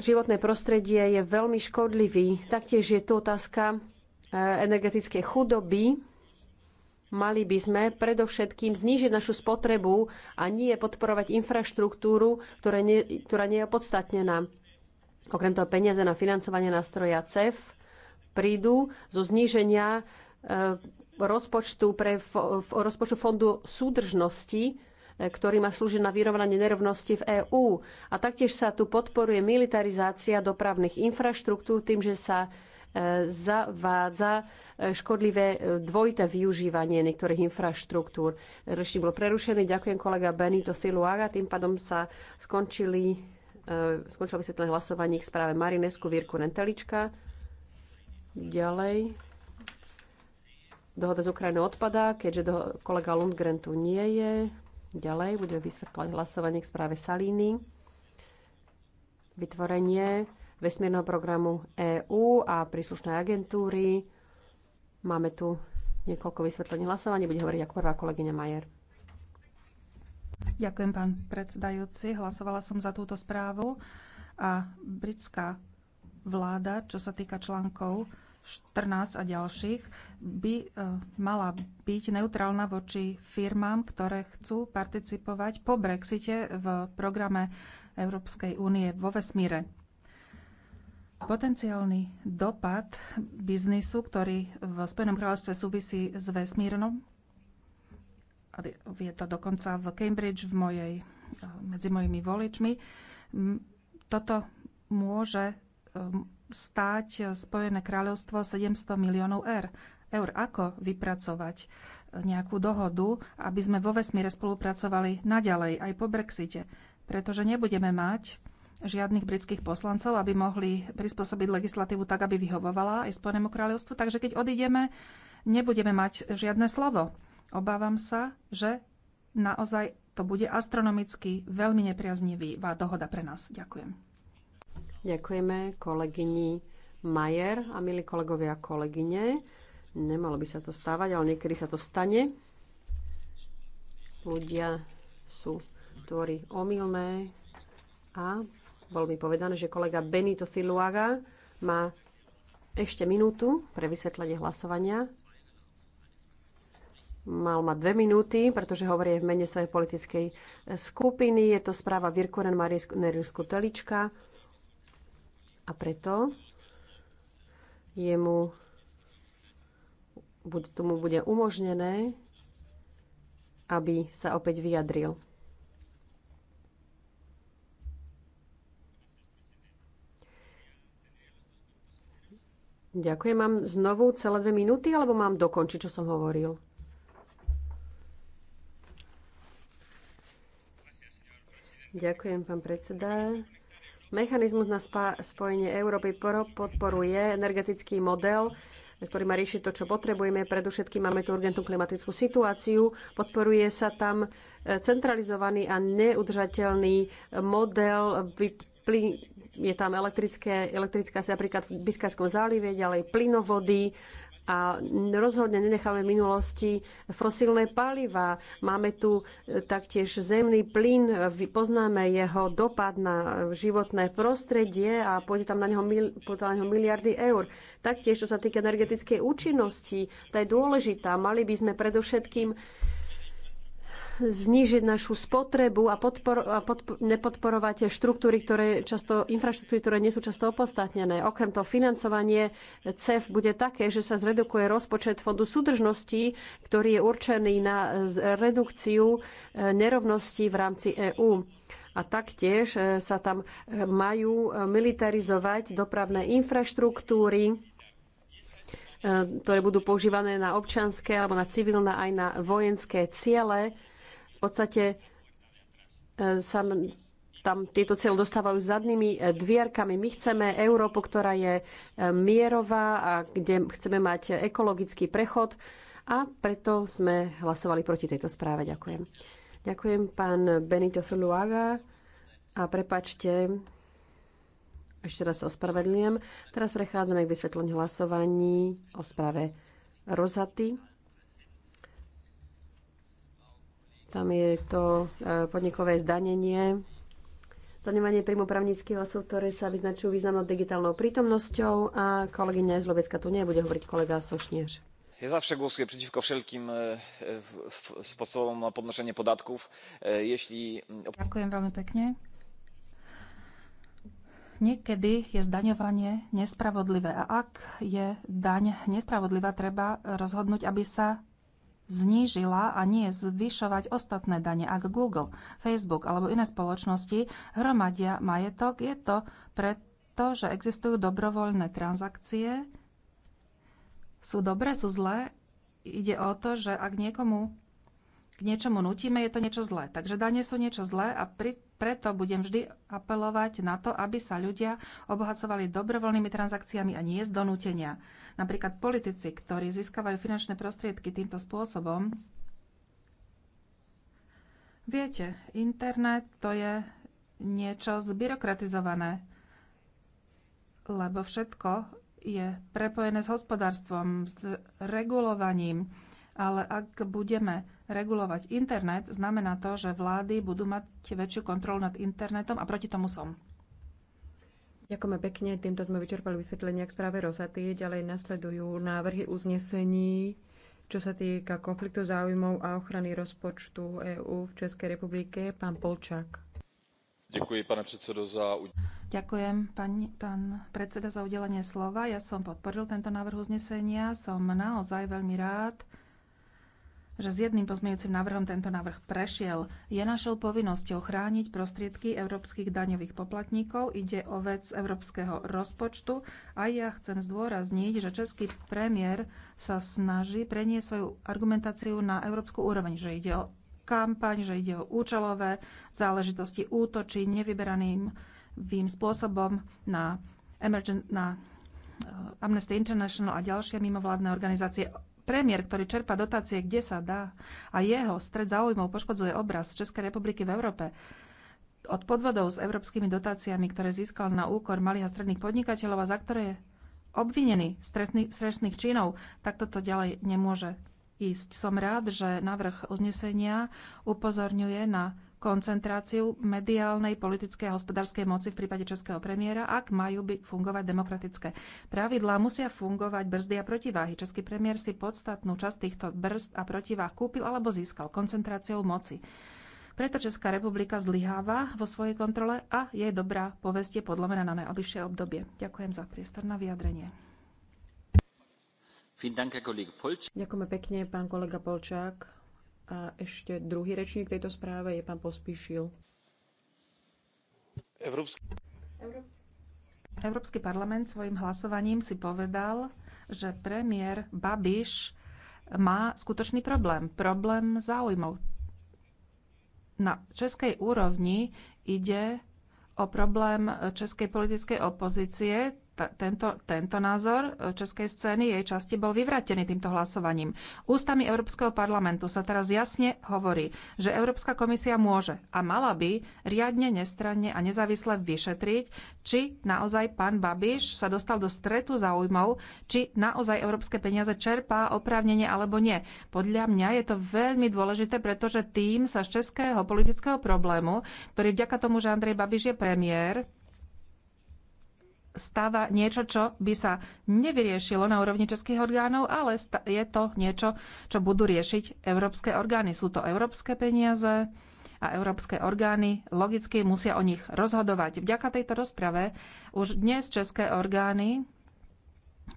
životné prostredie je veľmi škodlivý. Taktiež je tu otázka energetickej chudoby, Mali by sme predovšetkým znížiť našu spotrebu a nie podporovať infraštruktúru, ktorá nie, ktorá nie je opodstatnená. Okrem toho peniaze na financovanie nástroja CEF prídu zo zníženia eh, rozpočtu, pre, rozpočtu fondu súdržnosti, eh, ktorý má slúžiť na vyrovnanie nerovnosti v EÚ. A taktiež sa tu podporuje militarizácia dopravných infraštruktúr tým, že sa zavádza e, škodlivé e, dvojité využívanie niektorých infraštruktúr. Rečník bol prerušený. Ďakujem kolega Benito Filuaga. Tým pádom sa skončili e, skončilo vysvetlené hlasovanie k správe Marinesku, Vírku, Nentelička. Ďalej. Dohoda z Ukrajiny odpadá, keďže do, kolega Lundgren tu nie je. Ďalej budeme vysvetľovať hlasovanie k správe Salíny. Vytvorenie vesmírneho programu EÚ a príslušnej agentúry. Máme tu niekoľko vysvetlení hlasovania. Bude hovoriť ako prvá kolegyňa Majer. Ďakujem, pán predsedajúci. Hlasovala som za túto správu a britská vláda, čo sa týka článkov 14 a ďalších, by e, mala byť neutrálna voči firmám, ktoré chcú participovať po Brexite v programe Európskej únie vo vesmíre. Potenciálny dopad biznisu, ktorý v Spojenom kráľovstve súvisí s vesmírnom, je to dokonca v Cambridge v mojej, medzi mojimi voličmi, toto môže stáť Spojené kráľovstvo 700 miliónov eur. Eur, ako vypracovať e, nejakú dohodu, aby sme vo vesmíre spolupracovali naďalej aj po Brexite. Pretože nebudeme mať žiadnych britských poslancov, aby mohli prispôsobiť legislatívu tak, aby vyhovovala aj Spojenému kráľovstvu. Takže keď odídeme, nebudeme mať žiadne slovo. Obávam sa, že naozaj to bude astronomicky veľmi nepriaznivá dohoda pre nás. Ďakujem. Ďakujeme kolegyni Majer a milí kolegovia a kolegyne. Nemalo by sa to stávať, ale niekedy sa to stane. Ľudia sú tvory omylné a bol mi povedané, že kolega Benito Siluaga má ešte minútu pre vysvetlenie hlasovania. Mal ma dve minúty, pretože hovorí v mene svojej politickej skupiny. Je to správa Virkuren Mariusku Telička. A preto jemu tomu bude umožnené, aby sa opäť vyjadril. Ďakujem. Mám znovu celé dve minúty, alebo mám dokončiť, čo som hovoril? Ďakujem, pán predseda. Mechanizmus na spojenie Európy podporuje energetický model, ktorý má riešiť to, čo potrebujeme. Predovšetkým máme tu urgentnú klimatickú situáciu. Podporuje sa tam eh, centralizovaný a neudržateľný model vyplý je tam elektrické, elektrická sa napríklad v Biskajskom zálive, ďalej plynovody, a rozhodne nenecháme v minulosti fosílne paliva. Máme tu e, taktiež zemný plyn, poznáme jeho dopad na životné prostredie a pôjde tam na neho, pôjde na neho miliardy eur. Taktiež, čo sa týka energetickej účinnosti, tá je dôležitá. Mali by sme predovšetkým znížiť našu spotrebu a, podpor, a podpor, nepodporovať štruktúry, ktoré často, infraštruktúry, ktoré nie sú často opodstatnené. Okrem toho financovanie CEF bude také, že sa zredukuje rozpočet Fondu súdržnosti, ktorý je určený na redukciu e, nerovností v rámci EÚ. A taktiež e, sa tam e, majú militarizovať dopravné infraštruktúry, ktoré budú používané na občanské alebo na civilné aj na vojenské ciele podstate e, sa tam tieto cieľ dostávajú zadnými e, dvierkami. My chceme Európu, ktorá je e, mierová a kde chceme mať ekologický prechod a preto sme hlasovali proti tejto správe. Ďakujem. Ďakujem pán Benito Fluaga a prepačte, ešte raz sa ospravedlňujem. Teraz prechádzame k vysvetleniu hlasovaní o správe Rozaty. Tam je to e, podnikové zdanenie, Zanemanie príjmu právnických osôb, ktoré sa vyznačujú významnou digitálnou prítomnosťou a kolegyňa Zlobecka tu nebude hovoriť kolega Sošnieř. Ja zawsze głosuję przeciwko wszelkim e, sposobom na podnoszenie podatków. E, jeśli... Ďakujem veľmi pekne. Niekedy je zdaňovanie nespravodlivé a ak je daň nespravodlivá, treba rozhodnúť, aby sa znížila a nie zvyšovať ostatné dane. Ak Google, Facebook alebo iné spoločnosti hromadia majetok, je to preto, že existujú dobrovoľné transakcie. Sú dobré, sú zlé. Ide o to, že ak niekomu niečomu nutíme, je to niečo zlé. Takže dane sú niečo zlé a pri, preto budem vždy apelovať na to, aby sa ľudia obohacovali dobrovoľnými transakciami a nie z donútenia. Napríklad politici, ktorí získavajú finančné prostriedky týmto spôsobom, Viete, internet to je niečo zbyrokratizované, lebo všetko je prepojené s hospodárstvom, s regulovaním, ale ak budeme regulovať internet, znamená to, že vlády budú mať väčšiu kontrolu nad internetom a proti tomu som. Ďakujeme pekne. Týmto sme vyčerpali vysvetlenia k správe Rosaty. Ďalej nasledujú návrhy uznesení, čo sa týka konfliktu záujmov a ochrany rozpočtu EÚ v Českej republike. Pán Polčák. Ďakujem, pane predsedo, za... Ďakujem, pani, pán predseda, za udelenie slova. Ja som podporil tento návrh uznesenia. Som naozaj veľmi rád, že s jedným pozmeňujúcim návrhom tento návrh prešiel. Je našou povinnosťou chrániť prostriedky európskych daňových poplatníkov. Ide o vec európskeho rozpočtu a ja chcem zdôrazniť, že český premiér sa snaží preniesť svoju argumentáciu na európsku úroveň, že ide o kampaň, že ide o účelové záležitosti, útočí nevyberaným vým spôsobom na, na eh, Amnesty International a ďalšie mimovládne organizácie premiér, ktorý čerpa dotácie, kde sa dá, a jeho stred záujmov poškodzuje obraz Českej republiky v Európe, od podvodov s európskymi dotáciami, ktoré získal na úkor malých a stredných podnikateľov a za ktoré je obvinený z trestných činov, tak toto ďalej nemôže ísť. Som rád, že návrh uznesenia upozorňuje na koncentráciu mediálnej, politickej a hospodárskej moci v prípade českého premiéra, ak majú by fungovať demokratické pravidlá, musia fungovať brzdy a protiváhy. Český premiér si podstatnú časť týchto brzd a protiváh kúpil alebo získal koncentráciou moci. Preto Česká republika zlyháva vo svojej kontrole a jej dobrá povesť je podlomená na najbližšie obdobie. Ďakujem za priestor na vyjadrenie. Ďakujeme pekne, pán kolega Polčák. A ešte druhý rečník tejto správe je pán Pospíšil. Európsky. Európsky parlament svojim hlasovaním si povedal, že premiér Babiš má skutočný problém. Problém záujmov. Na českej úrovni ide o problém českej politickej opozície tento, tento názor e, českej scény, jej časti bol vyvratený týmto hlasovaním. Ústami Európskeho parlamentu sa teraz jasne hovorí, že Európska komisia môže a mala by riadne, nestranne a nezávisle vyšetriť, či naozaj pán Babiš sa dostal do stretu záujmov, či naozaj európske peniaze čerpá oprávnenie alebo nie. Podľa mňa je to veľmi dôležité, pretože tým sa z českého politického problému, ktorý vďaka tomu, že Andrej Babiš je premiér, stáva niečo, čo by sa nevyriešilo na úrovni českých orgánov, ale je to niečo, čo budú riešiť európske orgány. Sú to európske peniaze a európske orgány logicky musia o nich rozhodovať. Vďaka tejto rozprave už dnes české orgány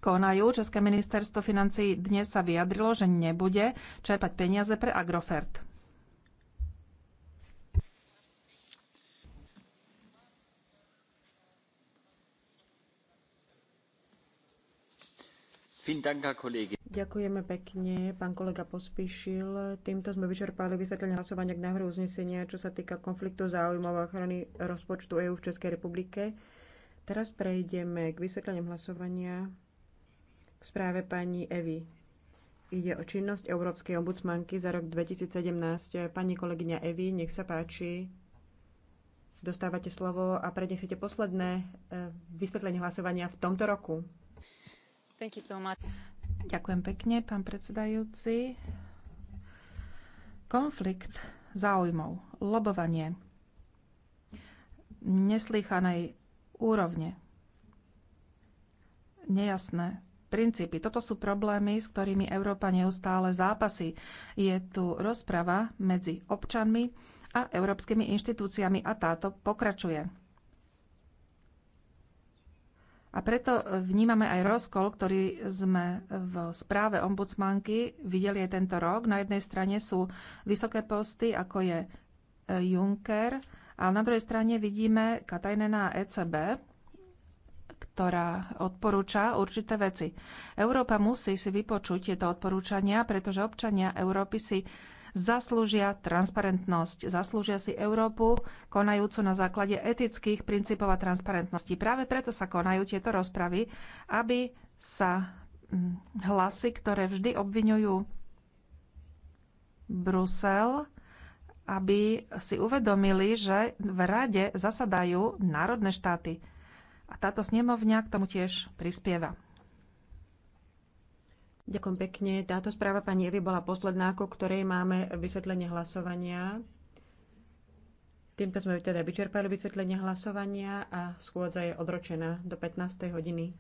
konajú. České ministerstvo financí dnes sa vyjadrilo, že nebude čerpať peniaze pre Agrofert. Ďakujeme pekne, pán kolega Pospíšil. Týmto sme vyčerpali vysvetlenie hlasovania k návrhu uznesenia, čo sa týka konfliktu záujmov a ochrany rozpočtu EÚ v Českej republike. Teraz prejdeme k vysvetleniam hlasovania k správe pani Evy. Ide o činnosť Európskej ombudsmanky za rok 2017. Pani kolegyňa Evy, nech sa páči. Dostávate slovo a prednesete posledné eh, vysvetlenie hlasovania v tomto roku. Thank you so much. Ďakujem pekne, pán predsedajúci. Konflikt záujmov, lobovanie neslýchanej úrovne, nejasné princípy. Toto sú problémy, s ktorými Európa neustále zápasí. Je tu rozprava medzi občanmi a európskymi inštitúciami a táto pokračuje. A preto vnímame aj rozkol, ktorý sme v správe ombudsmanky videli aj tento rok. Na jednej strane sú vysoké posty, ako je e, Juncker, ale na druhej strane vidíme Katajnená ECB, ktorá odporúča určité veci. Európa musí si vypočuť tieto odporúčania, pretože občania Európy si zaslúžia transparentnosť. Zaslúžia si Európu, konajúcu na základe etických princípov a transparentnosti. Práve preto sa konajú tieto rozpravy, aby sa mm, hlasy, ktoré vždy obvinujú Brusel, aby si uvedomili, že v rade zasadajú národné štáty. A táto snemovňa k tomu tiež prispieva. Ďakujem pekne. Táto správa pani Evy bola posledná, ku ktorej máme vysvetlenie hlasovania. Týmto sme teda vyčerpali vysvetlenie hlasovania a schôdza je odročená do 15. hodiny.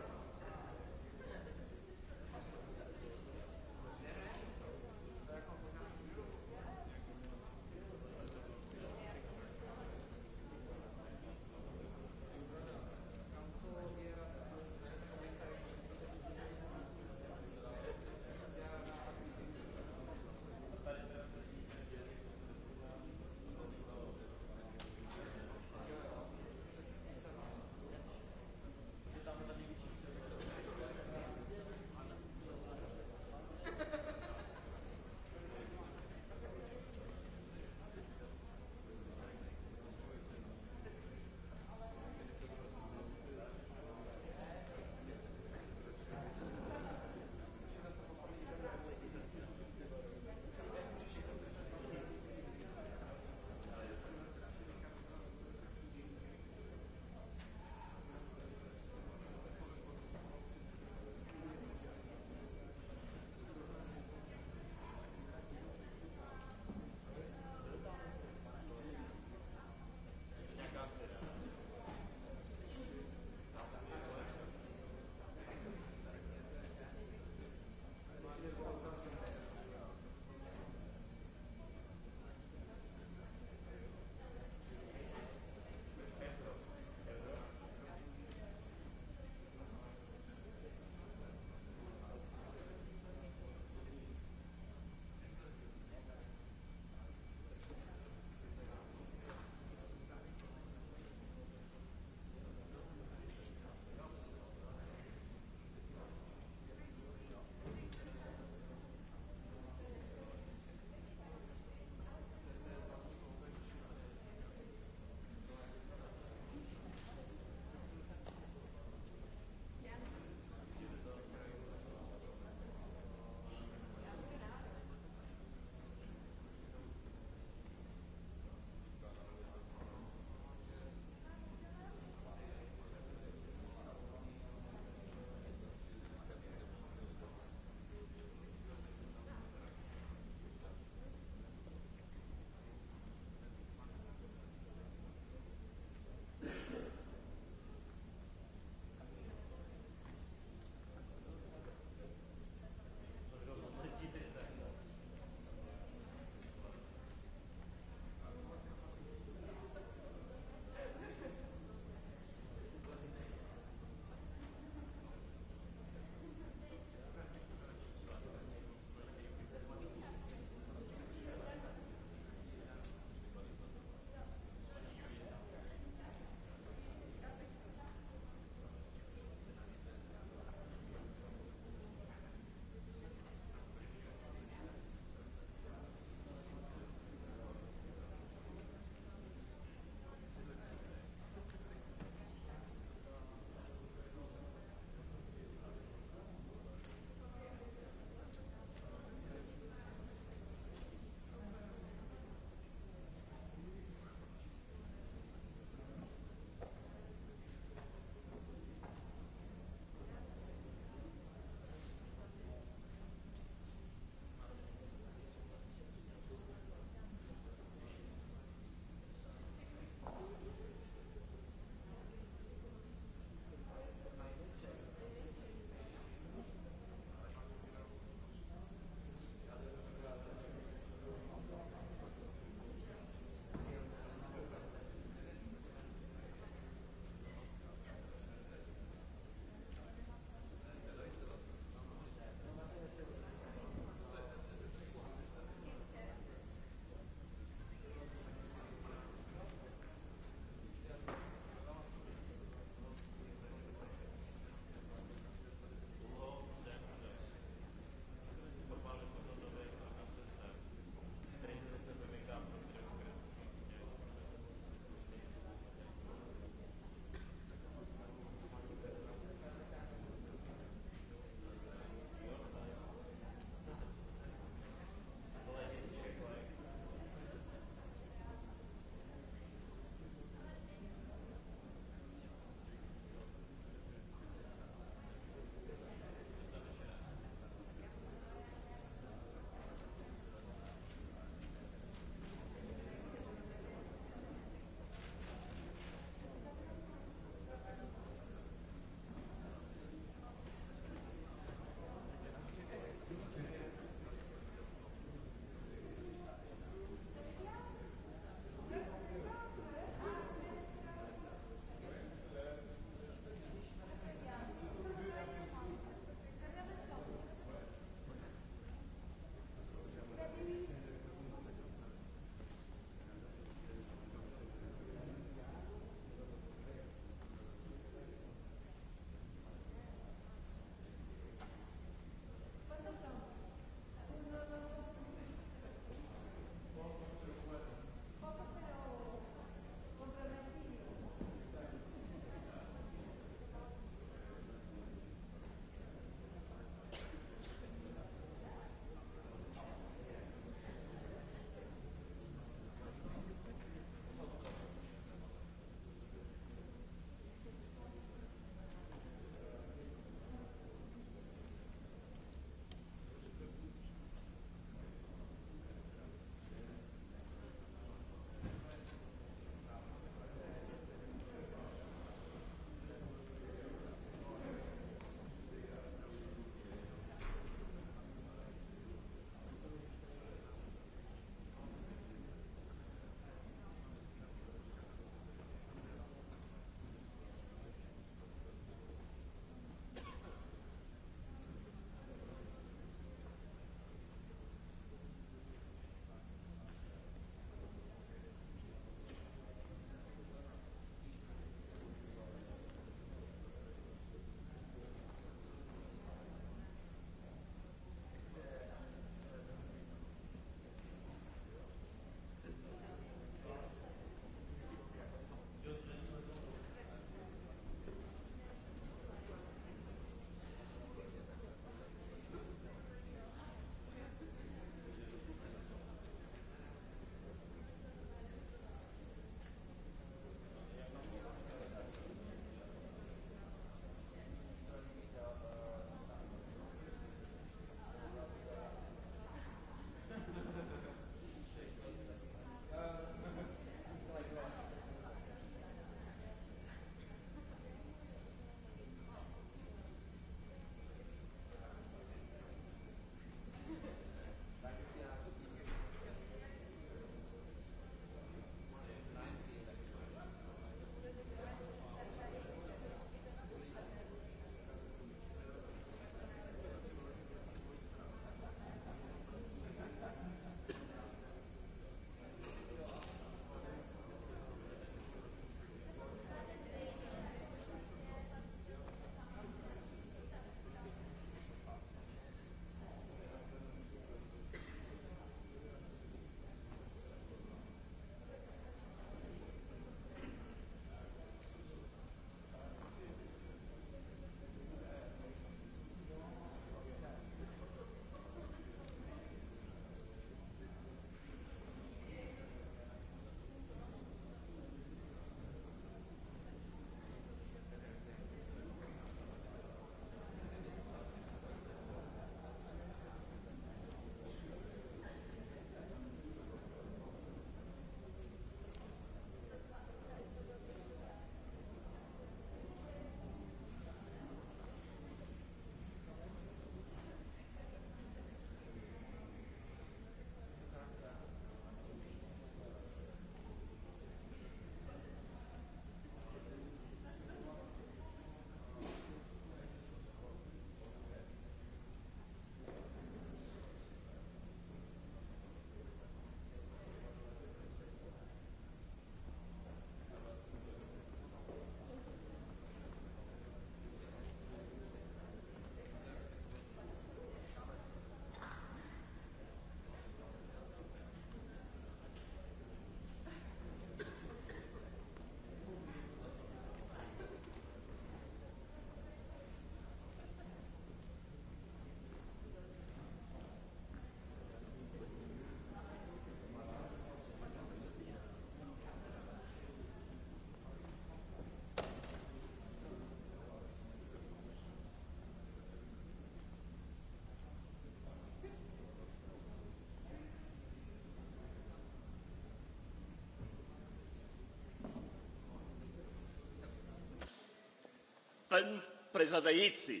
pán predsedajúci.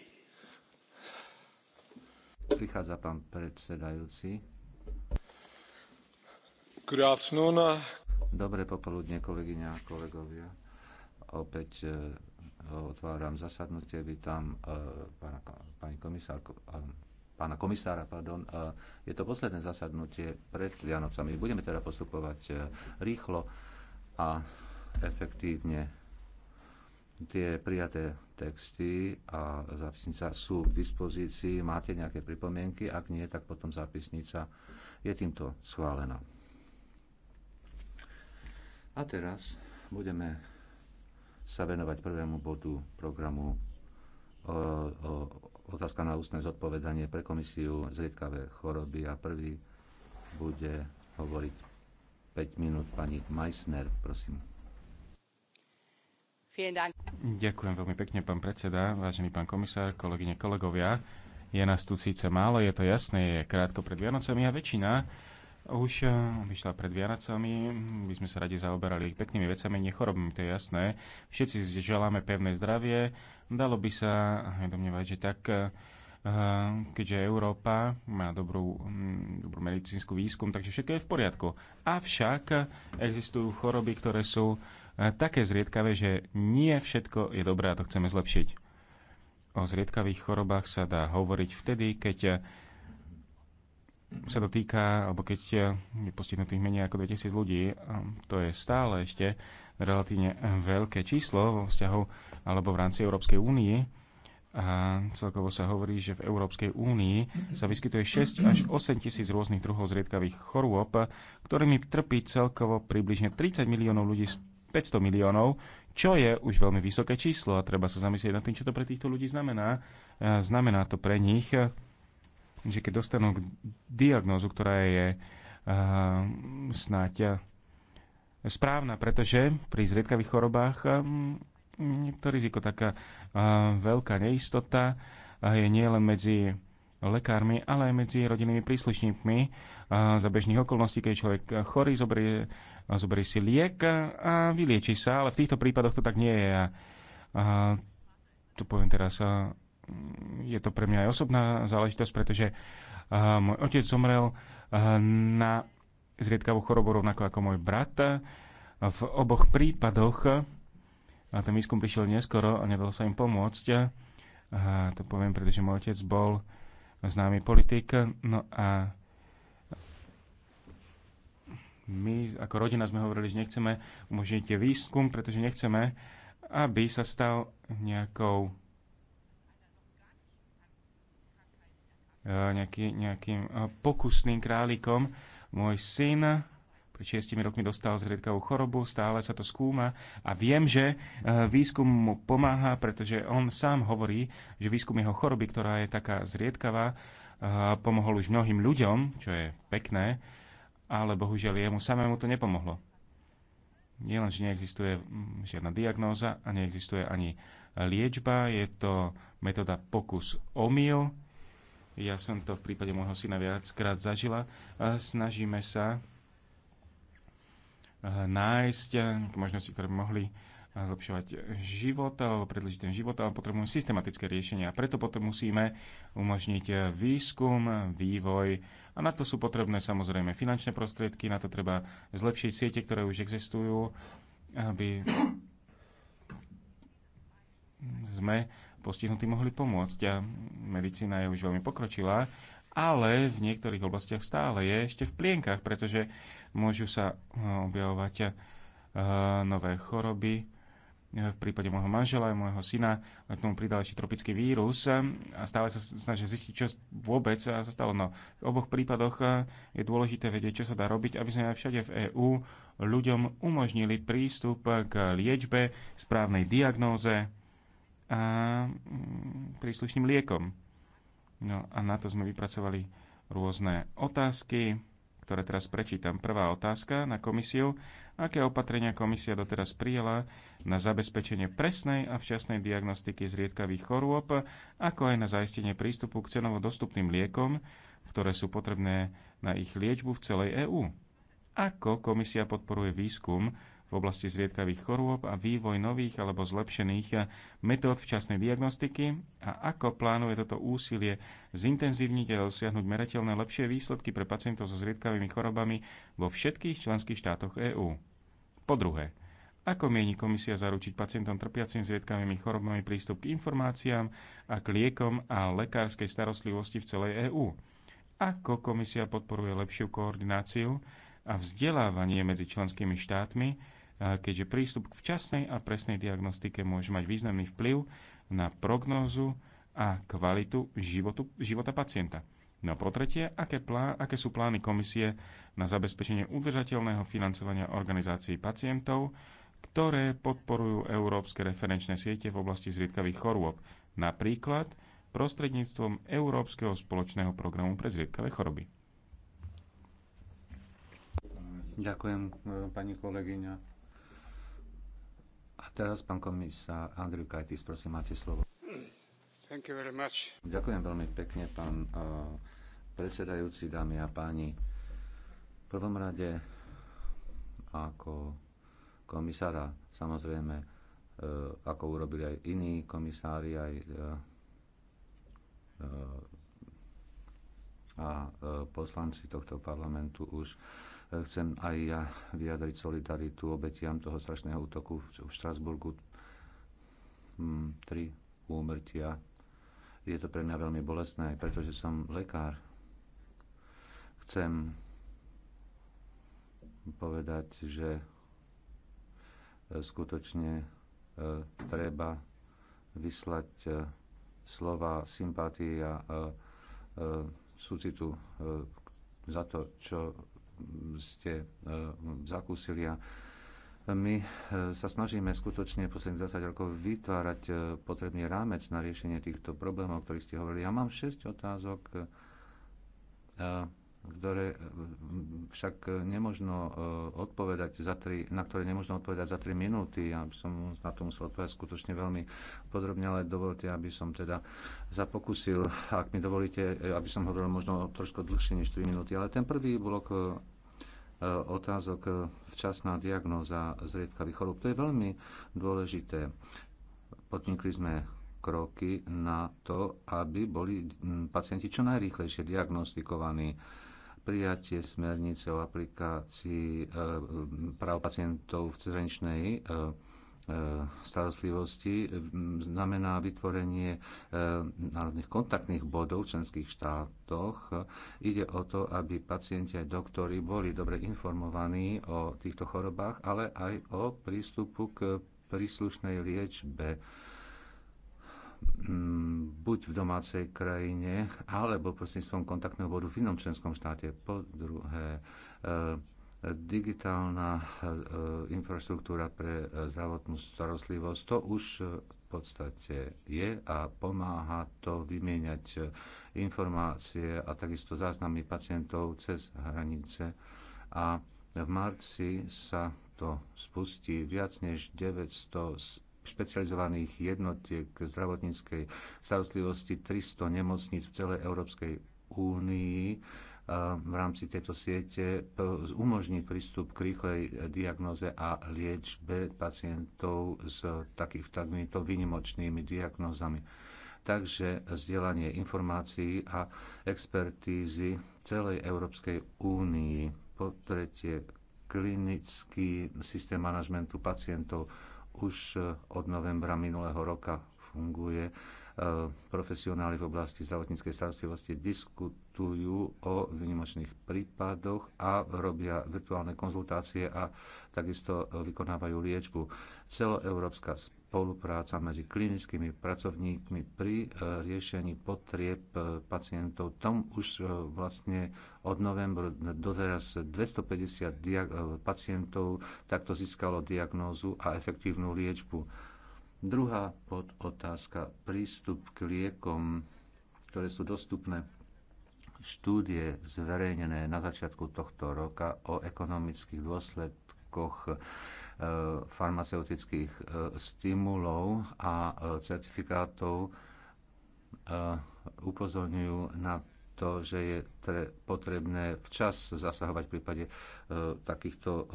Prichádza pán predsedajúci. Dobré popoludne, kolegyňa a kolegovia. Opäť e, otváram zasadnutie. Vítam e, pána, pani komisárku, e, pána komisára, pardon. Je to posledné zasadnutie pred Vianocami. Budeme teda postupovať rýchlo a efektívne tie prijaté texty a zápisnica sú k dispozícii. Máte nejaké pripomienky? Ak nie, tak potom zápisnica je týmto schválená. A teraz budeme sa venovať prvému bodu programu otázka na ústne zodpovedanie pre komisiu zriedkavé choroby a prvý bude hovoriť 5 minút pani Meissner, prosím. Ďakujem veľmi pekne, pán predseda, vážený pán komisár, kolegyne, kolegovia. Je nás tu síce málo, je to jasné, je krátko pred Vianocami a väčšina už eh, vyšla pred Vianocami, my sme sa radi zaoberali peknými vecami, nechorobmi, to je jasné. Všetci želáme pevné zdravie, dalo by sa domnievať, že tak eh, keďže Európa má dobrú, hm, dobrú medicínsku výskum, takže všetko je v poriadku. Avšak existujú choroby, ktoré sú také zriedkavé, že nie všetko je dobré a to chceme zlepšiť. O zriedkavých chorobách sa dá hovoriť vtedy, keď sa to týka, alebo keď je postihnutých menej ako 2000 ľudí, to je stále ešte relatívne veľké číslo vo vzťahu alebo v rámci Európskej únie. A celkovo sa hovorí, že v Európskej únii sa vyskytuje 6 až 8 tisíc rôznych druhov zriedkavých chorôb, ktorými trpí celkovo približne 30 miliónov ľudí 500 miliónov, čo je už veľmi vysoké číslo a treba sa zamyslieť nad tým, čo to pre týchto ľudí znamená. E, znamená to pre nich, e, že keď dostanú k diagnózu, ktorá je e, snáď správna, pretože pri zriedkavých chorobách to riziko taká veľká neistota je nielen medzi lekármi, ale aj medzi rodinnými príslušníkmi. Za bežných okolností, keď človek chorý, zoberie zoberie si liek a vylieči sa, ale v týchto prípadoch to tak nie je. A tu poviem teraz, mm, je to pre mňa aj osobná záležitosť, pretože môj otec zomrel na zriedkavú chorobu rovnako ako môj brat. V oboch prípadoch a ten výskum prišiel neskoro a nedal sa im pomôcť. A to poviem, pretože môj otec bol známy politik. No a my ako rodina sme hovorili, že nechceme umožniť výskum, pretože nechceme, aby sa stal nejakou e, nejaký, nejakým e, pokusným králikom. Môj syn pred šiestimi rokmi dostal zriedkavú chorobu, stále sa to skúma a viem, že e, výskum mu pomáha, pretože on sám hovorí, že výskum jeho choroby, ktorá je taká zriedkavá, pomohol už mnohým ľuďom, čo je pekné, ale bohužiaľ jemu samému to nepomohlo. len, že neexistuje mm, žiadna diagnóza a neexistuje ani liečba, je to metóda pokus omyl. Ja som to v prípade môjho syna viackrát zažila. Snažíme sa eh, nájsť eh, možnosti, ktoré by mohli zlepšovať život, predlžiť ten život, ale potrebujeme systematické riešenia. Preto potom musíme umožniť výskum, vývoj a na to sú potrebné samozrejme finančné prostriedky, na to treba zlepšiť siete, ktoré už existujú, aby sme postihnutí mohli pomôcť. A medicína je už veľmi pokročilá, ale v niektorých oblastiach stále je ešte v plienkach, pretože môžu sa eh, objavovať eh, nové choroby, v prípade môjho manžela a môjho syna k tomu pridal ešte tropický vírus a stále sa snažia zistiť, čo vôbec sa stalo. No, v oboch prípadoch eh, je dôležité vedieť, čo sa dá robiť, aby sme všade v EÚ ľuďom umožnili prístup k liečbe, správnej diagnóze a mm, príslušným liekom. No a na to sme vypracovali rôzne otázky, ktoré teraz prečítam. Prvá otázka na komisiu. Aké opatrenia komisia doteraz prijela na zabezpečenie presnej a včasnej diagnostiky zriedkavých chorôb, ako aj na zaistenie prístupu k cenovo dostupným liekom, ktoré sú potrebné na ich liečbu v celej EÚ. Ako komisia podporuje výskum v oblasti zriedkavých chorôb a vývoj nových alebo zlepšených metód včasnej diagnostiky a ako plánuje toto úsilie zintenzívniť a dosiahnuť merateľné lepšie výsledky pre pacientov so zriedkavými chorobami vo všetkých členských štátoch EÚ. Po druhé, ako mieni komisia zaručiť pacientom trpiacim s riedkavými chorobami prístup k informáciám a k liekom a lekárskej starostlivosti v celej EÚ? Ako komisia podporuje lepšiu koordináciu a vzdelávanie medzi členskými štátmi, keďže prístup k včasnej a presnej diagnostike môže mať významný vplyv na prognózu a kvalitu životu, života pacienta? No po tretie, aké, plá, aké sú plány komisie na zabezpečenie udržateľného financovania organizácií pacientov ktoré podporujú európske referenčné siete v oblasti zriedkavých chorôb, napríklad prostredníctvom Európskeho spoločného programu pre zriedkavé choroby. Ďakujem, pani kolegyňa. A teraz pán komisár Andriu Kajtis, prosím, máte slovo. Thank you very much. Ďakujem veľmi pekne, pán eh, predsedajúci, dámy a páni. V prvom rade, ako komisára. Samozrejme, e, ako urobili aj iní komisári, aj e, e, a poslanci tohto parlamentu už chcem aj ja vyjadriť solidaritu obetiam toho strašného útoku v Štrasburgu. Hm, tri úmrtia. Je to pre mňa veľmi bolestné, pretože som lekár. Chcem povedať, že skutočne e, treba vyslať e, slova sympatie a e, súcitu za to, čo ste zakúsili. A my sa snažíme skutočne posledných 20 rokov vytvárať potrebný rámec na riešenie týchto problémov, o ktorých ste hovorili. Ja mám 6 otázok ktoré e, však nemožno e, odpovedať za tri, na ktoré nemožno odpovedať za 3 minúty. Ja by som na to musel odpovedať skutočne veľmi podrobne, ale dovolte, aby som teda zapokusil, ak mi dovolíte, e, aby som hovoril možno trošku dlhšie než 3 minúty. Ale ten prvý blok otázok včasná diagnóza zriedkavých chorób. To je veľmi dôležité. Podnikli sme kroky na to, aby boli pacienti čo najrýchlejšie diagnostikovaní prijatie smernice o aplikácii e, práv pacientov v cezhraničnej e, e, starostlivosti znamená vytvorenie národných kontaktných bodov v členských štátoch. Ide o to, aby pacienti aj doktori boli dobre informovaní o týchto chorobách, ale aj o prístupu k príslušnej liečbe Mm, buď v domácej krajine, alebo prostredníctvom kontaktného bodu v inom členskom štáte. Po druhé, e, digitálna e, infraštruktúra pre e, zdravotnú starostlivosť, to už v podstate je a pomáha to vymieňať informácie a takisto záznamy pacientov cez hranice. A v marci sa to spustí viac než 900 špecializovaných jednotiek zdravotníckej starostlivosti 300 nemocníc v celej Európskej únii v rámci tejto siete umožní prístup k rýchlej diagnoze a liečbe pacientov s takých, takýmito výnimočnými diagnózami. Takže vzdielanie informácií a expertízy celej Európskej únii. Po tretie, klinický systém manažmentu pacientov už eh, od novembra minulého roka funguje E, profesionáli v oblasti zdravotníckej starostlivosti diskutujú o vynimočných prípadoch a robia virtuálne konzultácie a takisto vykonávajú liečbu. Celoeurópska spolupráca medzi klinickými pracovníkmi pri e, riešení potrieb e, pacientov. Tom už vlastne od novembra doteraz 250 pacientov takto získalo diagnózu a efektívnu liečbu Druhá podotázka, prístup k liekom, ktoré sú dostupné. Štúdie zverejnené na začiatku tohto roka o ekonomických dôsledkoch e, farmaceutických e, stimulov a e, certifikátov upozorňujú na to, že je potrebné včas zasahovať v prípade takýchto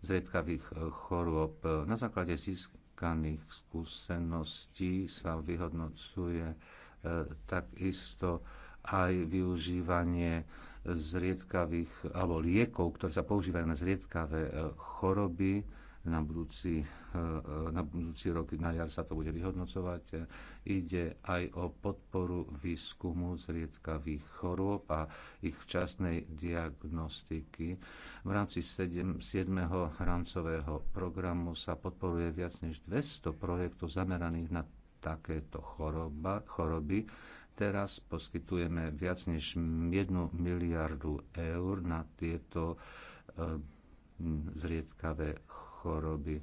zriedkavých chorôb. Na základe získ- získaných skúseností sa vyhodnocuje e, takisto aj využívanie zriedkavých alebo liekov, ktoré sa používajú na zriedkavé e, choroby na budúci, eh, na budúci rok, na jar sa to bude vyhodnocovať. Ide aj o podporu výskumu zriedkavých chorôb a ich včasnej diagnostiky. V rámci 7. rámcového programu sa podporuje viac než 200 projektov zameraných na takéto choroba, choroby. Teraz poskytujeme viac než 1 miliardu eur na tieto eh, zriedkavé choroby choroby.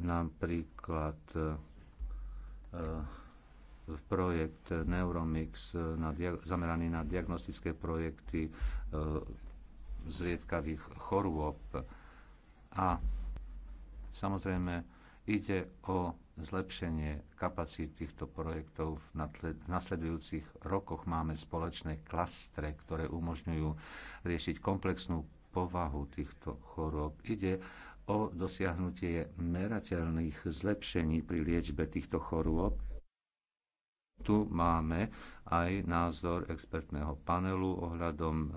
Napríklad e, e, projekt Neuromix e, na zameraný na diagnostické projekty zriedkavých chorôb. A samozrejme ide o zlepšenie kapacít týchto projektov. V nasledujúcich rokoch máme spoločné klastre, ktoré umožňujú riešiť komplexnú povahu týchto chorôb. Ide o dosiahnutie merateľných zlepšení pri liečbe týchto chorôb. Tu máme aj názor expertného panelu ohľadom e,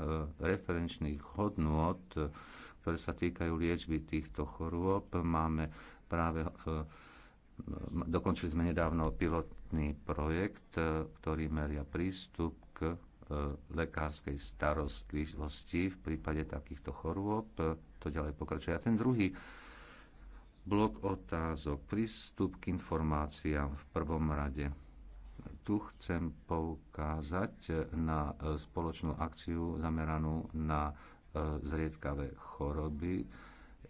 referenčných hodnôt, e, ktoré sa týkajú liečby týchto chorôb. Máme práve e, dokončili sme nedávno pilotný projekt, ktorý meria prístup k E, lekárskej starostlivosti v prípade takýchto chorôb. E, to ďalej pokračuje. A ten druhý blok otázok, prístup k informáciám v prvom rade. Tu chcem poukázať na e, spoločnú akciu zameranú na zriedkavé choroby,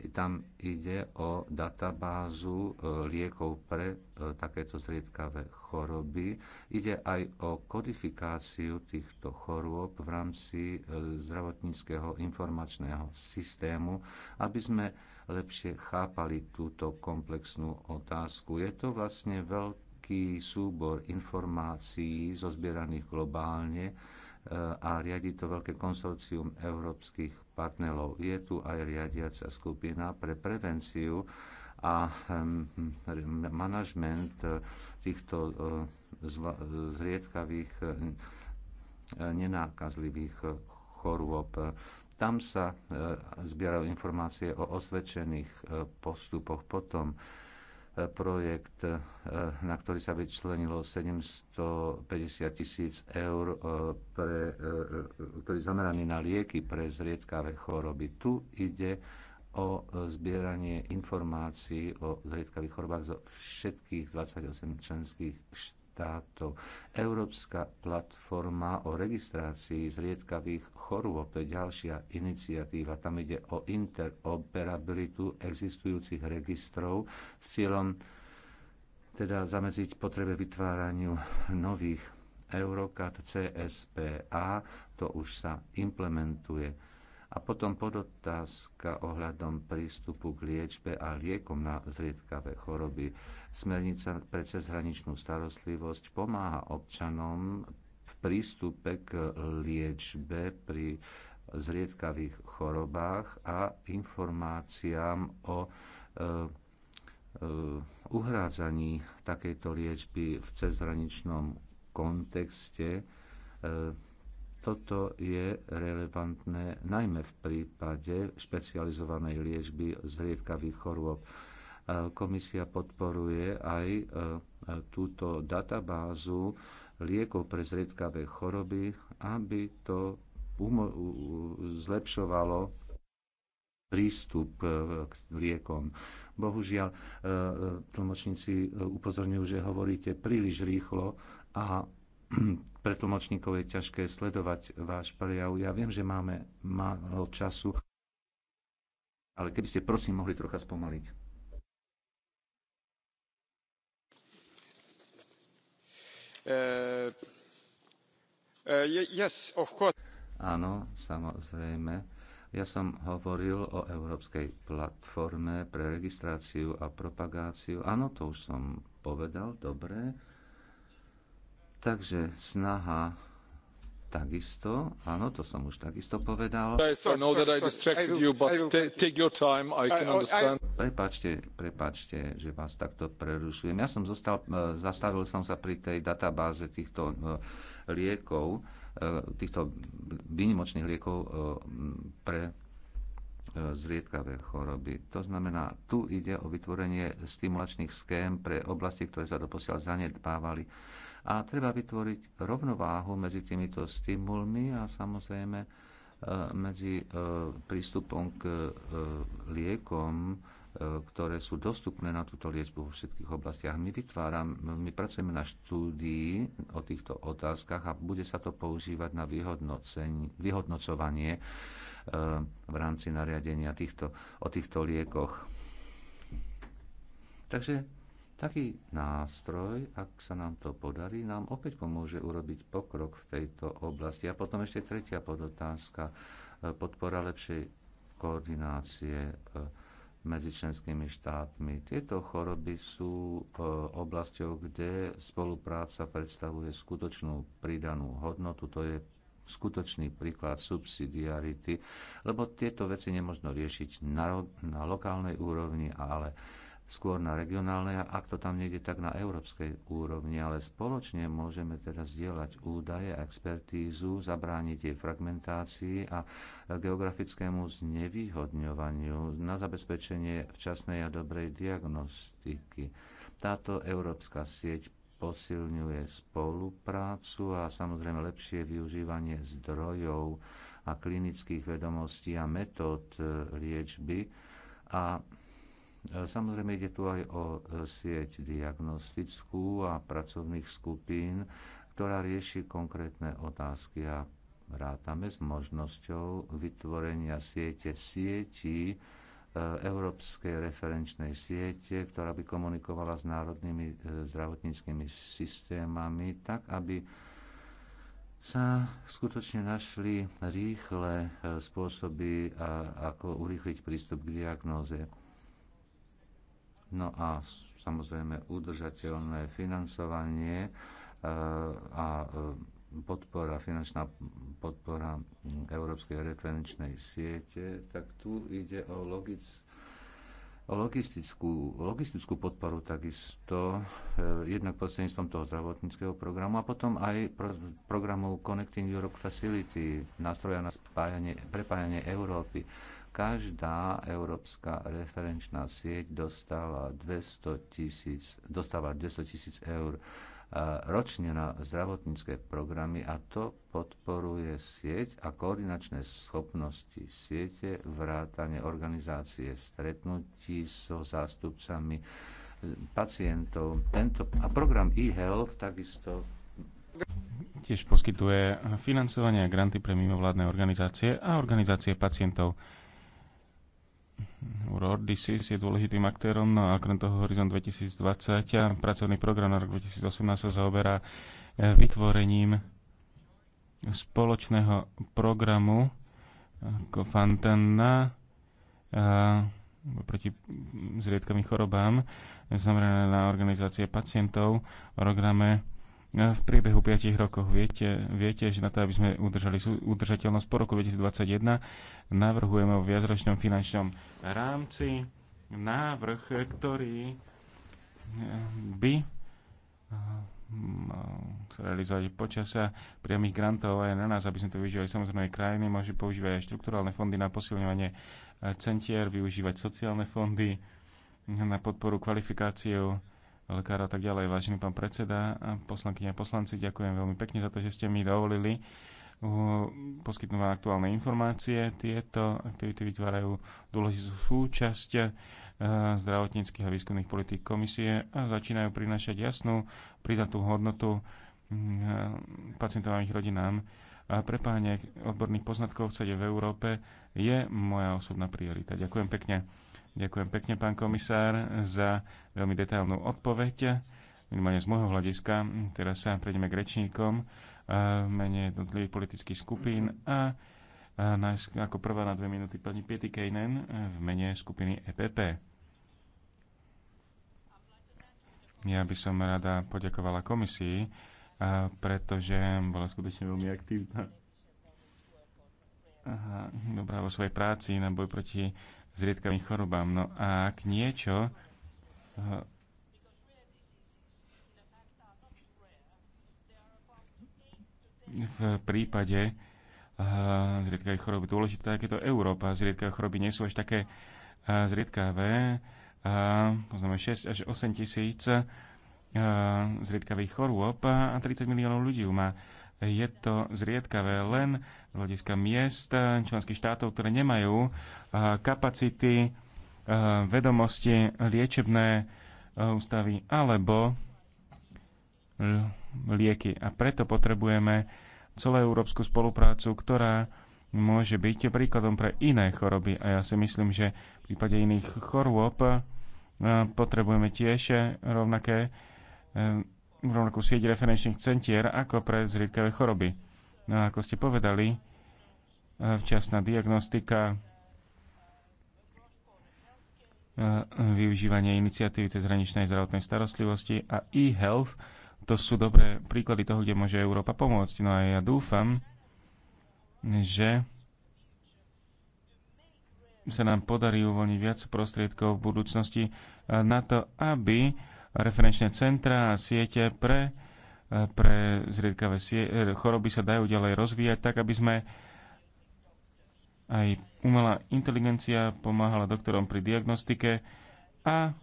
tam ide o databázu e, liekov pre e, takéto zriedkavé choroby. Ide aj o kodifikáciu týchto chorôb v rámci e, zdravotníckého informačného systému, aby sme lepšie chápali túto komplexnú otázku. Je to vlastne veľký súbor informácií zozbieraných globálne a riadi to veľké konsorcium európskych partnerov. Je tu aj riadiaca skupina pre prevenciu a hm, hm, manažment eh, týchto eh, zriedkavých eh, nenákazlivých chorôb. Tam sa zbierajú informácie o osvedčených postupoch. Potom projekt, eh, na ktorý sa vyčlenilo 750 tisíc eur, eh, pre, eh, ktorý je zameraný na lieky pre zriedkavé choroby. Tu ide o zbieranie informácií o zriedkavých chorobách zo všetkých 28 členských štátov táto Európska platforma o registrácii zriedkavých chorôb, to je ďalšia iniciatíva. Tam ide o interoperabilitu existujúcich registrov s cieľom teda zamedziť potrebe vytváraniu nových Eurocat CSPA, to už sa implementuje a potom podotázka ohľadom prístupu k liečbe a liekom na zriedkavé choroby. Smernica pre cezhraničnú starostlivosť pomáha občanom v prístupe k liečbe pri zriedkavých chorobách a informáciám o e, e, uhrádzaní takejto liečby v cezhraničnom kontexte e, toto je relevantné najmä v prípade špecializovanej liečby zriedkavých chorôb. Komisia podporuje aj e, túto databázu liekov pre zriedkavé choroby, aby to zlepšovalo prístup e, k liekom. Bohužiaľ, e, tlmočníci upozorňujú, že hovoríte príliš rýchlo a pre tlmočníkov je ťažké sledovať váš prejav. Ja viem, že máme málo času, ale keby ste prosím mohli trocha spomaliť. Uh, uh, yes, of course. Áno, samozrejme. Ja som hovoril o Európskej platforme pre registráciu a propagáciu. Áno, to už som povedal, dobre Takže snaha takisto, áno, to som už takisto povedal. Prepačte, prepačte, že vás takto prerušujem. Ja som zostal, zastavil som sa pri tej databáze týchto liekov, e, týchto výnimočných liekov e, pre e, zriedkavé choroby. To znamená, tu ide o vytvorenie stimulačných schém pre oblasti, ktoré sa doposiaľ zanedbávali a treba vytvoriť rovnováhu medzi týmito stimulmi a samozrejme e, medzi e, prístupom k e, liekom, ktoré sú dostupné na túto liečbu vo všetkých oblastiach. My vytváram, my pracujeme na štúdii o týchto otázkach a bude sa to používať na vyhodnocovanie v rámci nariadenia týchto, o týchto liekoch. Takže taký nástroj, ak sa nám to podarí, nám opäť pomôže urobiť pokrok v tejto oblasti. A potom ešte tretia podotázka, e, podpora lepšej koordinácie e, medzi členskými štátmi. Tieto choroby sú oblasťou, kde spolupráca predstavuje skutočnú pridanú hodnotu. To je skutočný príklad subsidiarity, lebo tieto veci nemôžno riešiť na, na lokálnej úrovni, ale skôr na regionálnej a ak to tam nejde, tak na európskej úrovni, ale spoločne môžeme teda zdieľať údaje expertízu, zabrániť jej fragmentácii a geografickému znevýhodňovaniu na zabezpečenie včasnej a dobrej diagnostiky. Táto európska sieť posilňuje spoluprácu a samozrejme lepšie využívanie zdrojov a klinických vedomostí a metód eh, liečby a E, samozrejme ide tu aj o e, sieť diagnostickú a pracovných skupín, ktorá rieši konkrétne otázky a rátame s možnosťou vytvorenia siete sietí e, Európskej referenčnej siete, ktorá by komunikovala s národnými zdravotníckými systémami tak, aby sa skutočne našli rýchle spôsoby, ako urýchliť prístup k diagnóze. No a samozrejme udržateľné financovanie e, a e, podpora, finančná podpora Európskej referenčnej siete, tak tu ide o, logic, o logistickú, logistickú podporu takisto, e, jednak prostredníctvom toho zdravotníckého programu a potom aj pro, programov Connecting Europe Facility, nástroja na spájanie, prepájanie Európy Každá európska referenčná sieť dostala 200 tisíc, dostáva 200 tisíc eur e, ročne na zdravotnícke programy a to podporuje sieť a koordinačné schopnosti siete, vrátanie organizácie stretnutí so zástupcami e, pacientov. Tento a program e-health takisto tiež poskytuje financovanie a granty pre mimovládne organizácie a organizácie pacientov. Eurordisis je dôležitým aktérom, no a okrem toho Horizon 2020 a pracovný program na rok 2018 sa zaoberá e, vytvorením spoločného programu e, Fantana e, proti zriedkavým chorobám, znamená na organizácie pacientov, programe v priebehu 5 rokov. Viete, viete, že na to, aby sme udržali udržateľnosť po roku 2021, navrhujeme o viacročnom finančnom rámci návrh, ktorý eh, by eh, sa realizovať počas priamých grantov aj na nás, aby sme to využívali samozrejme aj krajiny, môže používať aj štruktúrálne fondy na posilňovanie eh, centier, využívať sociálne fondy na podporu kvalifikáciu lekárov a tak ďalej. Vážený pán predseda, poslankyňa a poslanci, ďakujem veľmi pekne za to, že ste mi dovolili uh, poskytnú vám aktuálne informácie. Tieto aktivity vytvárajú dôležitú súčasť uh, zdravotníckých a výskumných politík komisie a začínajú prinašať jasnú pridatú hodnotu uh, pacientom a ich rodinám. A prepáhanie odborných poznatkov v v Európe je moja osobná priorita. Ďakujem pekne. Ďakujem pekne, pán komisár, za veľmi detailnú odpoveď. Minimálne z môjho hľadiska. Teraz sa prejdeme k rečníkom v mene jednotlivých politických skupín a ako prvá na dve minúty pani Kejnen v mene skupiny EPP. Ja by som rada poďakovala komisii, pretože bola skutočne veľmi aktívna. Aha, dobrá vo svojej práci na boj proti zriedkavým chorobám. No a ak niečo eh, v prípade eh, zriedkavých chorob dôležité, tak je to Európa. Zriedkavé choroby nie sú až také eh, zriedkavé. Poznáme 6 až 8 tisíc zriedkavých chorôb a 30 miliónov ľudí má je to zriedkavé len z hľadiska miest eh, členských štátov, ktoré nemajú eh, kapacity, eh, vedomosti, liečebné ústavy alebo lieky. A preto potrebujeme celú európsku spoluprácu, ktorá môže byť príkladom pre iné choroby. A ja si myslím, že v prípade iných chorôb potrebujeme tiež rovnaké rovnakú sieť referenčných centier ako pre zriedkavé choroby. No a ako ste povedali, e, včasná diagnostika, e, využívanie iniciatívy cez hraničnej zdravotnej starostlivosti a e-health, to sú dobré príklady toho, kde môže Európa pomôcť. No a ja dúfam, že sa nám podarí uvoľniť viac prostriedkov v budúcnosti e, na to, aby referenčné centra a siete pre, eh, pre zriedkavé eh, choroby sa dajú ďalej rozvíjať, tak aby sme aj umelá inteligencia pomáhala doktorom pri diagnostike a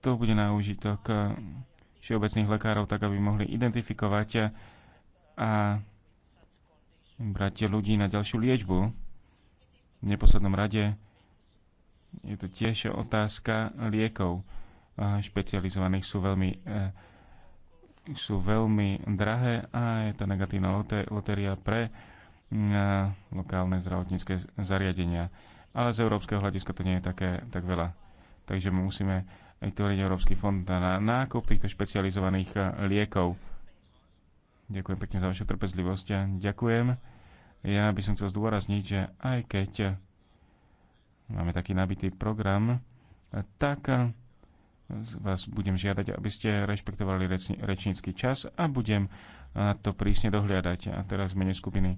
to bude na úžitok eh, všeobecných lekárov, tak aby mohli identifikovať a brať ľudí na ďalšiu liečbu. V neposlednom rade je tu tiež otázka liekov. Špecializovaných sú veľmi, e, sú veľmi drahé a je to negatívna lotéria pre e, lokálne zdravotnícke zariadenia. Ale z európskeho hľadiska to nie je také tak veľa. Takže my musíme vytvoriť Európsky fond na nákup týchto špecializovaných e, liekov. Ďakujem pekne za vašu trpezlivosť. Ďakujem. Ja by som chcel zdôrazniť, že aj keď máme taký nabitý program, tak vás budem žiadať, aby ste rešpektovali rečnícky čas a budem na to prísne dohliadať. A teraz v mene skupiny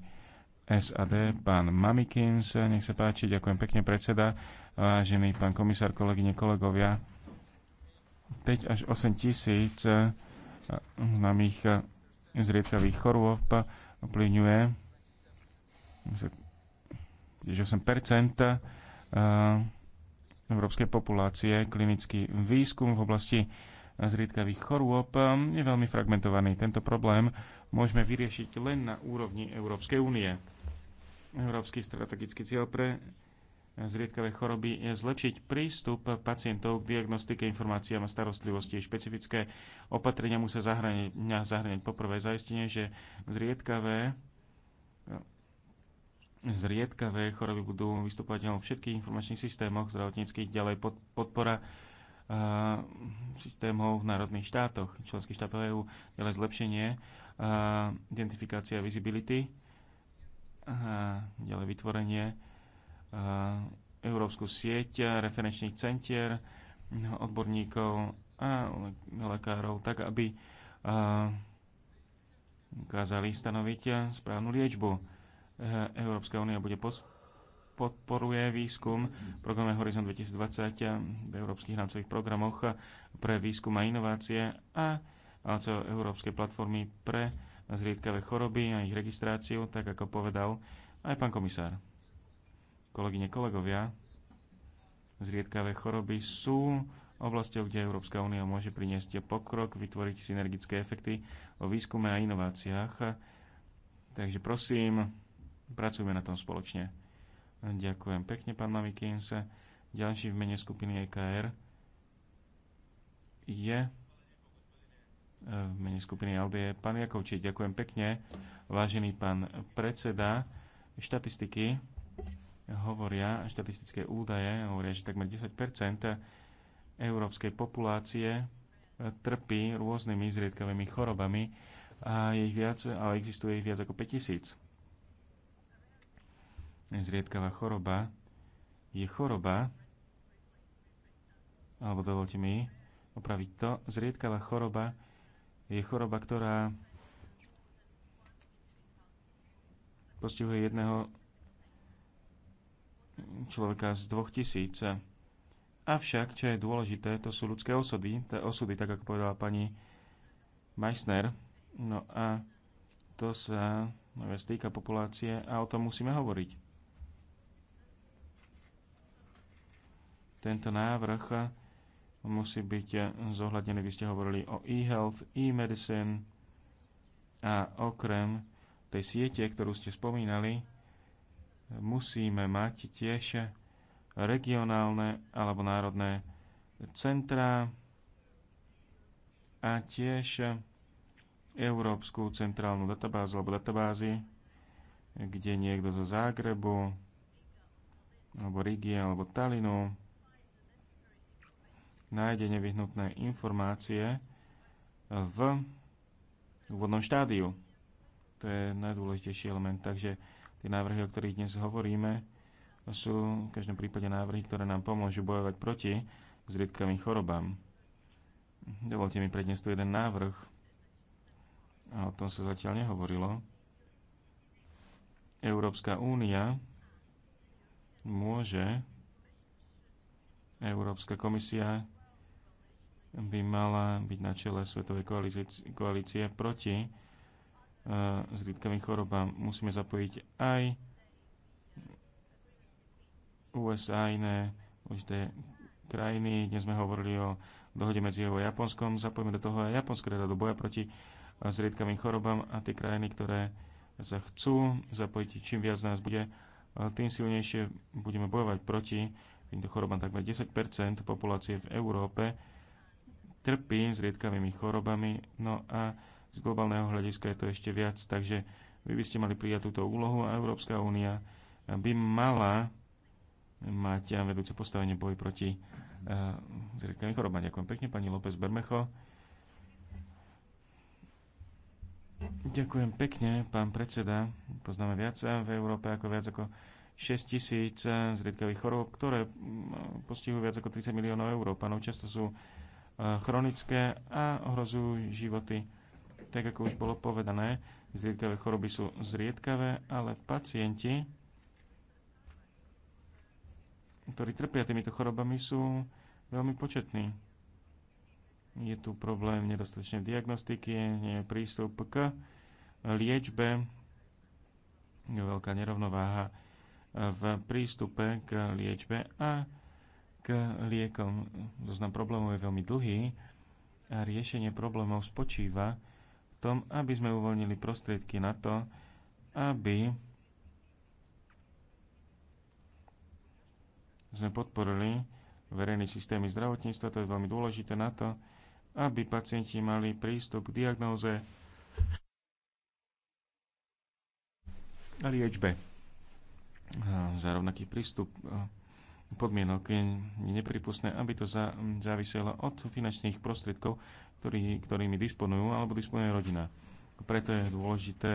SAD, pán Mamikins, nech sa páči, ďakujem pekne predseda, vážený pán komisár, kolegyne, kolegovia. 5 až 8 tisíc e, známych e, zriedkavých chorôb ovplyvňuje 8 Eh, európskej populácie. Klinický výskum v oblasti zriedkavých chorôb eh, je veľmi fragmentovaný. Tento problém môžeme vyriešiť len na úrovni Európskej únie. Európsky strategický cieľ pre zriedkavé choroby je zlepšiť prístup pacientov k diagnostike, informáciám a starostlivosti. Špecifické opatrenia musia zahraniť, zahraniť poprvé zaistenie, že zriedkavé zriedkavé choroby budú vystupovať vo všetkých informačných systémoch zdravotníckých, ďalej pod, podpora uh, systémov v národných štátoch, členských štátov EÚ, ďalej zlepšenie a, eh, identifikácia visibility, a, eh, ďalej vytvorenie uh, európsku sieť referenčných centier, odborníkov a lekárov, tak aby uh, ukázali stanoviť správnu liečbu Európska únia bude podporuje výskum v programe Horizon 2020 v európskych rámcových programoch pre výskum a inovácie a celo európskej platformy pre zriedkavé choroby a ich registráciu, tak ako povedal aj pán komisár. Kolegyne, kolegovia, zriedkavé choroby sú oblasťou, kde Európska únia môže priniesť pokrok, vytvoriť synergické efekty o výskume a inováciách. Takže prosím, Pracujeme na tom spoločne. Ďakujem pekne, pán Mamikins. Ďalší v mene skupiny EKR je e, v mene skupiny LDE. Pán Jakovčík, ďakujem pekne. Vážený pán predseda, štatistiky hovoria, štatistické údaje hovoria, že takmer 10 európskej populácie trpí rôznymi zriedkavými chorobami a ich viac, ale existuje ich viac ako 5000 zriedkavá choroba je choroba, alebo dovolte mi opraviť to, zriedkavá choroba je choroba, ktorá postihuje jedného človeka z dvoch tisíc. Avšak, čo je dôležité, to sú ľudské osudy, to osudy, tak ako povedala pani Meissner. No a to sa no, stýka populácie a o tom musíme hovoriť. Tento návrh musí byť zohľadnený. Vy ste hovorili o e-health, e-medicine a okrem tej siete, ktorú ste spomínali, musíme mať tiež regionálne alebo národné centrá a tiež Európsku centrálnu databázu alebo databázy, kde niekto zo Zágrebu alebo Rigi alebo Talinu nájde nevyhnutné informácie v úvodnom štádiu. To je najdôležitejší element. Takže tie návrhy, o ktorých dnes hovoríme, sú v každom prípade návrhy, ktoré nám pomôžu bojovať proti zriedkavým chorobám. Dovolte mi predniesť tu jeden návrh. A o tom sa zatiaľ nehovorilo. Európska únia môže Európska komisia by mala byť na čele Svetovej koalície, koalície proti e, zriedkavým chorobám. Musíme zapojiť aj USA, iné určité krajiny. Dnes sme hovorili o dohode medzi EU a Japonskom. Zapojme do toho aj Japonsko, teda do boja proti e, zriedkavým chorobám a tie krajiny, ktoré sa chcú zapojiť, čím viac nás bude, e, tým silnejšie budeme bojovať proti týmto chorobám. Takmer 10 populácie v Európe trpí riedkavými chorobami, no a z globálneho hľadiska je to ešte viac, takže vy by ste mali prijať túto úlohu a Európska únia by mala mať vedúce postavenie boj proti uh, eh, zriedkavým chorobám. Ďakujem pekne, pani López Bermecho. Ďakujem pekne, pán predseda. Poznáme viac v Európe ako viac ako 6 tisíc eh, zriedkavých chorôb, ktoré hm, postihujú viac ako 30 miliónov Európanov. Často sú E, chronické a ohrozujú životy. Tak ako už bolo povedané, zriedkavé choroby sú zriedkavé, ale pacienti, ktorí trpia týmito chorobami, sú veľmi početní. Je tu problém nedostatečnej diagnostiky, nie je prístup k liečbe, je veľká nerovnováha v prístupe k liečbe a k liekom. Zoznam problémov je veľmi dlhý a riešenie problémov spočíva v tom, aby sme uvoľnili prostriedky na to, aby sme podporili verejný systémy zdravotníctva, to je veľmi dôležité na to, aby pacienti mali prístup k diagnóze a liečbe. Za rovnaký prístup podmienok. Je nepripustné, aby to za, záviselo od finančných prostriedkov, ktorý, ktorými disponujú alebo disponuje rodina. Preto je dôležité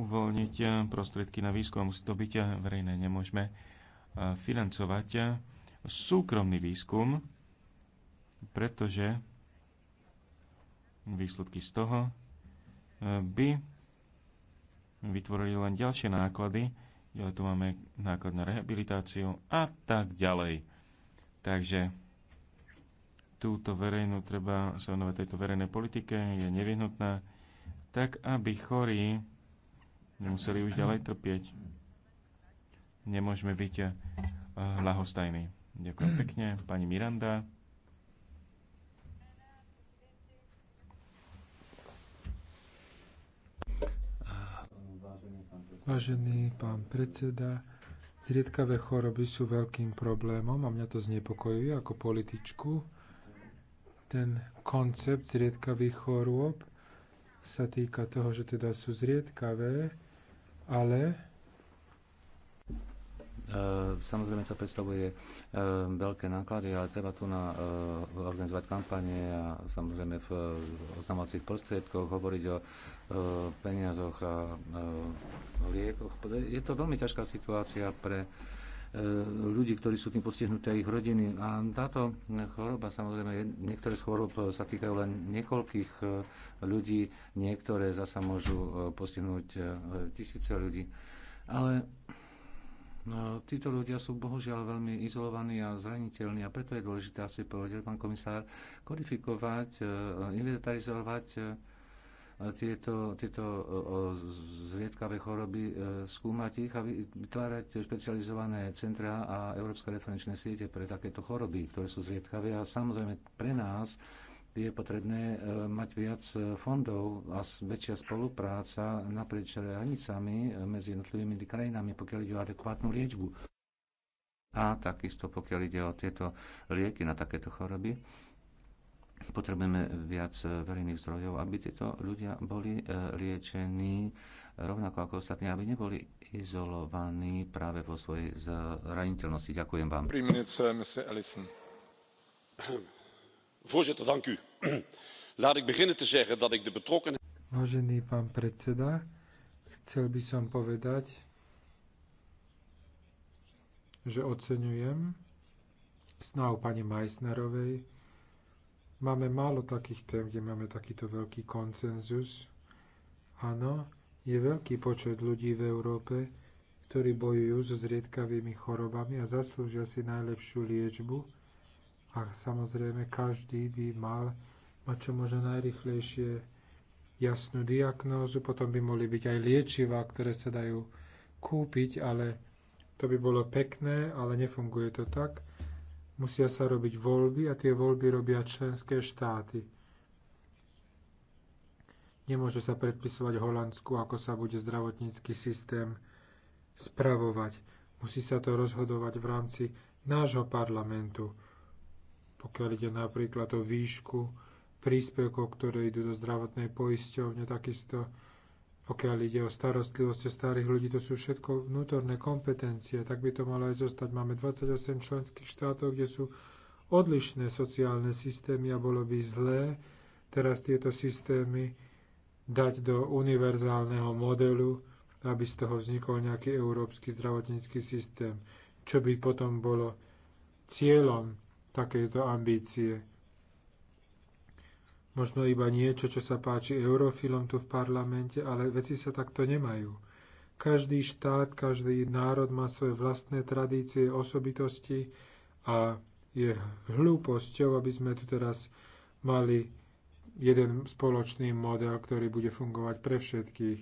uvoľniť prostriedky na výskum. Musí to byť verejné. Nemôžeme e, financovať súkromný výskum, pretože výsledky z toho e, by vytvorili len ďalšie náklady, tu máme náklad na rehabilitáciu a tak ďalej. Takže túto verejnú, treba sa venovať tejto verejnej politike, je nevyhnutná, tak aby chorí nemuseli už ďalej trpieť. Nemôžeme byť eh, ľahostajní. Ďakujem pekne, pani Miranda. Vážený pán predseda, zriedkavé choroby sú veľkým problémom a mňa to znepokojuje ako političku. Ten koncept zriedkavých chorôb sa týka toho, že teda sú zriedkavé, ale e, samozrejme to predstavuje e, veľké náklady, ale treba tu na, e, organizovať kampanie a samozrejme v oznamovacích prostriedkoch hovoriť o peniazoch a liekoch. Je to veľmi ťažká situácia pre e, ľudí, ktorí sú tým postihnuté, ich rodiny. A táto choroba, samozrejme, niektoré z chorob sa týkajú len niekoľkých e, ľudí, niektoré zasa môžu e, postihnúť tisíce ľudí. Ale no, títo ľudia sú bohužiaľ veľmi izolovaní a zraniteľní a preto je dôležité, ako ste povedal, pán komisár, kodifikovať, inventarizovať tieto, tieto zriedkavé choroby, e, skúmať ich a vytvárať špecializované centra a európske referenčné siete pre takéto choroby, ktoré sú zriedkavé. A samozrejme pre nás je potrebné e, mať viac e, fondov a väčšia spolupráca naprieč hranicami medzi jednotlivými krajinami, pokiaľ ide o adekvátnu liečbu. A takisto pokiaľ ide o tieto lieky na takéto choroby Potrebujeme viac e, verejných zdrojov, aby títo ľudia boli e, liečení rovnako ako ostatní, aby neboli izolovaní práve vo svojej zraniteľnosti. Ďakujem vám. Uh, Vážený pán predseda, chcel by som povedať, že oceňujem snahu pani Majsnerovej, Máme málo takých tém, kde máme takýto veľký koncenzus. Áno, je veľký počet ľudí v Európe, ktorí bojujú so zriedkavými chorobami a zaslúžia si najlepšiu liečbu. A samozrejme, každý by mal mať čo možno najrychlejšie jasnú diagnózu, potom by mohli byť aj liečivá, ktoré sa dajú kúpiť, ale to by bolo pekné, ale nefunguje to tak. Musia sa robiť voľby a tie voľby robia členské štáty. Nemôže sa predpisovať Holandsku, ako sa bude zdravotnícky systém spravovať. Musí sa to rozhodovať v rámci nášho parlamentu. Pokiaľ ide napríklad o výšku príspevkov, ktoré idú do zdravotnej poisťovne, takisto pokiaľ ide o starostlivosť o starých ľudí, to sú všetko vnútorné kompetencie, tak by to malo aj zostať. Máme 28 členských štátov, kde sú odlišné sociálne systémy a bolo by zlé teraz tieto systémy dať do univerzálneho modelu, aby z toho vznikol nejaký európsky zdravotnícky systém, čo by potom bolo cieľom takéto ambície možno iba niečo, čo sa páči eurofilom tu v parlamente, ale veci sa takto nemajú. Každý štát, každý národ má svoje vlastné tradície, osobitosti a je hlúposťou, aby sme tu teraz mali jeden spoločný model, ktorý bude fungovať pre všetkých.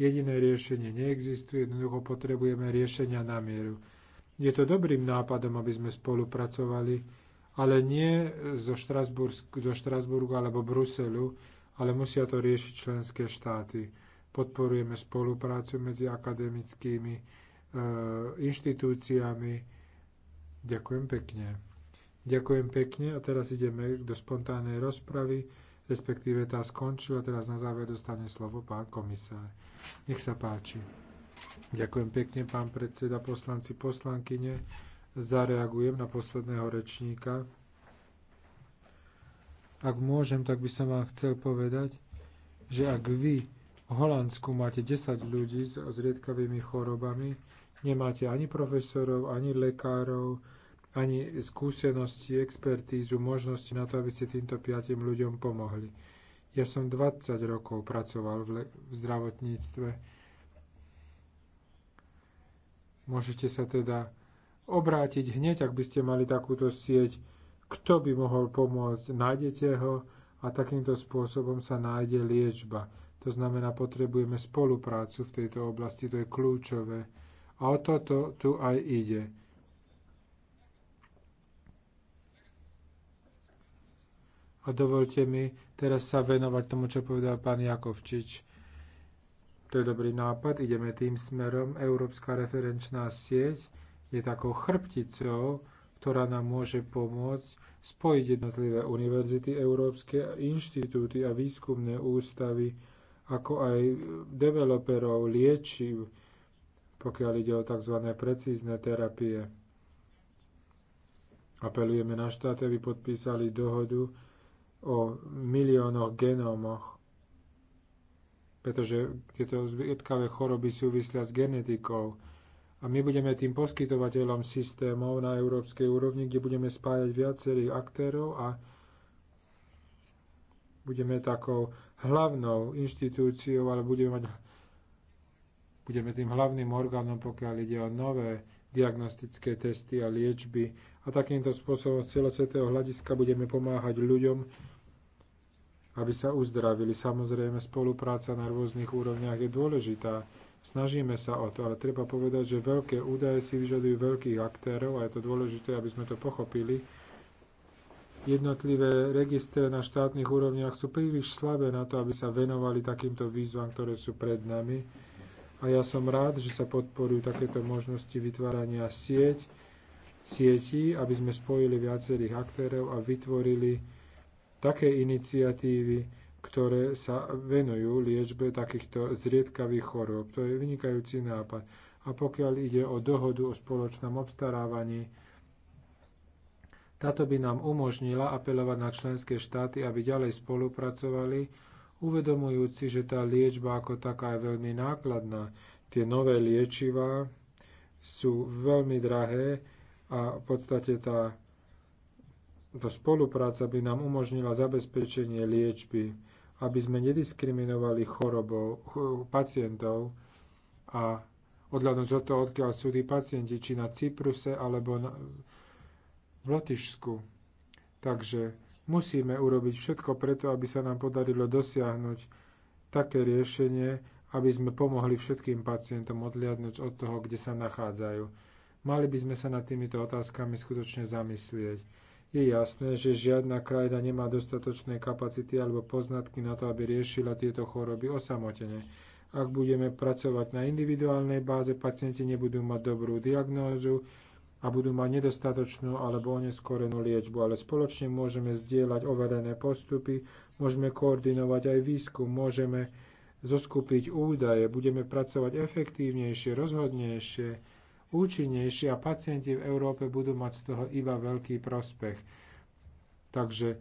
Jediné riešenie neexistuje, jednoducho potrebujeme riešenia na mieru. Je to dobrým nápadom, aby sme spolupracovali, ale nie zo, zo Štrasburgu alebo Bruselu, ale musia to riešiť členské štáty. Podporujeme spoluprácu medzi akademickými e, inštitúciami. Ďakujem pekne. Ďakujem pekne a teraz ideme do spontánnej rozpravy, respektíve tá skončila, teraz na záver dostane slovo pán komisár. Nech sa páči. Ďakujem pekne, pán predseda, poslanci, poslankyne zareagujem na posledného rečníka. Ak môžem, tak by som vám chcel povedať, že ak vy v Holandsku máte 10 ľudí s zriedkavými chorobami, nemáte ani profesorov, ani lekárov, ani skúsenosti, expertízu, možnosti na to, aby ste týmto piatim ľuďom pomohli. Ja som 20 rokov pracoval v, v zdravotníctve. Môžete sa teda obrátiť hneď, ak by ste mali takúto sieť, kto by mohol pomôcť, nájdete ho a takýmto spôsobom sa nájde liečba. To znamená, potrebujeme spoluprácu v tejto oblasti, to je kľúčové. A o toto tu aj ide. A dovolte mi teraz sa venovať tomu, čo povedal pán Jakovčič. To je dobrý nápad, ideme tým smerom. Európska referenčná sieť je takou chrbticou, ktorá nám môže pomôcť spojiť jednotlivé univerzity, európske inštitúty a výskumné ústavy, ako aj developerov liečiv, pokiaľ ide o tzv. precízne terapie. Apelujeme na štáty, aby podpísali dohodu o miliónoch genómoch, pretože tieto zvietkavé choroby súvisia s genetikou a my budeme tým poskytovateľom systémov na európskej úrovni, kde budeme spájať viacerých aktérov a budeme takou hlavnou inštitúciou, ale budeme, mať, budeme tým hlavným orgánom, pokiaľ ide o nové diagnostické testy a liečby. A takýmto spôsobom z celosvetého hľadiska budeme pomáhať ľuďom, aby sa uzdravili. Samozrejme, spolupráca na rôznych úrovniach je dôležitá Snažíme sa o to, ale treba povedať, že veľké údaje si vyžadujú veľkých aktérov a je to dôležité, aby sme to pochopili. Jednotlivé registre na štátnych úrovniach sú príliš slabé na to, aby sa venovali takýmto výzvam, ktoré sú pred nami. A ja som rád, že sa podporujú takéto možnosti vytvárania sieť, sietí, aby sme spojili viacerých aktérov a vytvorili také iniciatívy, ktoré sa venujú liečbe takýchto zriedkavých chorôb. To je vynikajúci nápad. A pokiaľ ide o dohodu o spoločnom obstarávaní, táto by nám umožnila apelovať na členské štáty, aby ďalej spolupracovali, uvedomujúci, že tá liečba ako taká je veľmi nákladná. Tie nové liečivá sú veľmi drahé a v podstate tá táto spolupráca by nám umožnila zabezpečenie liečby, aby sme nediskriminovali chorobou pacientov a odhľadnúť od toho, odkiaľ sú tí pacienti, či na Cypruse alebo na, v Lotyšsku. Takže musíme urobiť všetko preto, aby sa nám podarilo dosiahnuť také riešenie, aby sme pomohli všetkým pacientom odliadnúť od toho, kde sa nachádzajú. Mali by sme sa nad týmito otázkami skutočne zamyslieť je jasné, že žiadna krajina nemá dostatočné kapacity alebo poznatky na to, aby riešila tieto choroby osamotene. Ak budeme pracovať na individuálnej báze, pacienti nebudú mať dobrú diagnózu a budú mať nedostatočnú alebo oneskorenú liečbu, ale spoločne môžeme zdieľať overené postupy, môžeme koordinovať aj výskum, môžeme zoskupiť údaje, budeme pracovať efektívnejšie, rozhodnejšie, účinnejšie a pacienti v Európe budú mať z toho iba veľký prospech. Takže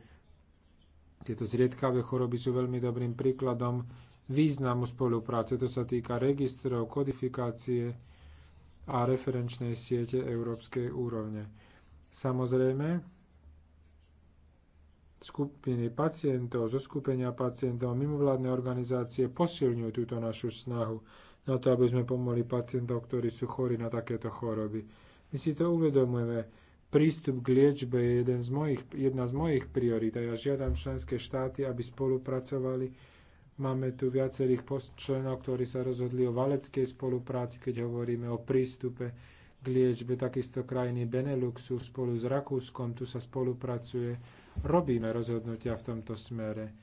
tieto zriedkavé choroby sú veľmi dobrým príkladom významu spolupráce. To sa týka registrov, kodifikácie a referenčnej siete európskej úrovne. Samozrejme, skupiny pacientov, zoskupenia pacientov, mimovládne organizácie posilňujú túto našu snahu na to, aby sme pomohli pacientov, ktorí sú chorí na takéto choroby. My si to uvedomujeme. Prístup k liečbe je jeden z mojich, jedna z mojich priorít a ja žiadam členské štáty, aby spolupracovali. Máme tu viacerých členov, ktorí sa rozhodli o valeckej spolupráci, keď hovoríme o prístupe k liečbe, takisto krajiny Beneluxu spolu s Rakúskom, tu sa spolupracuje. Robíme rozhodnutia v tomto smere.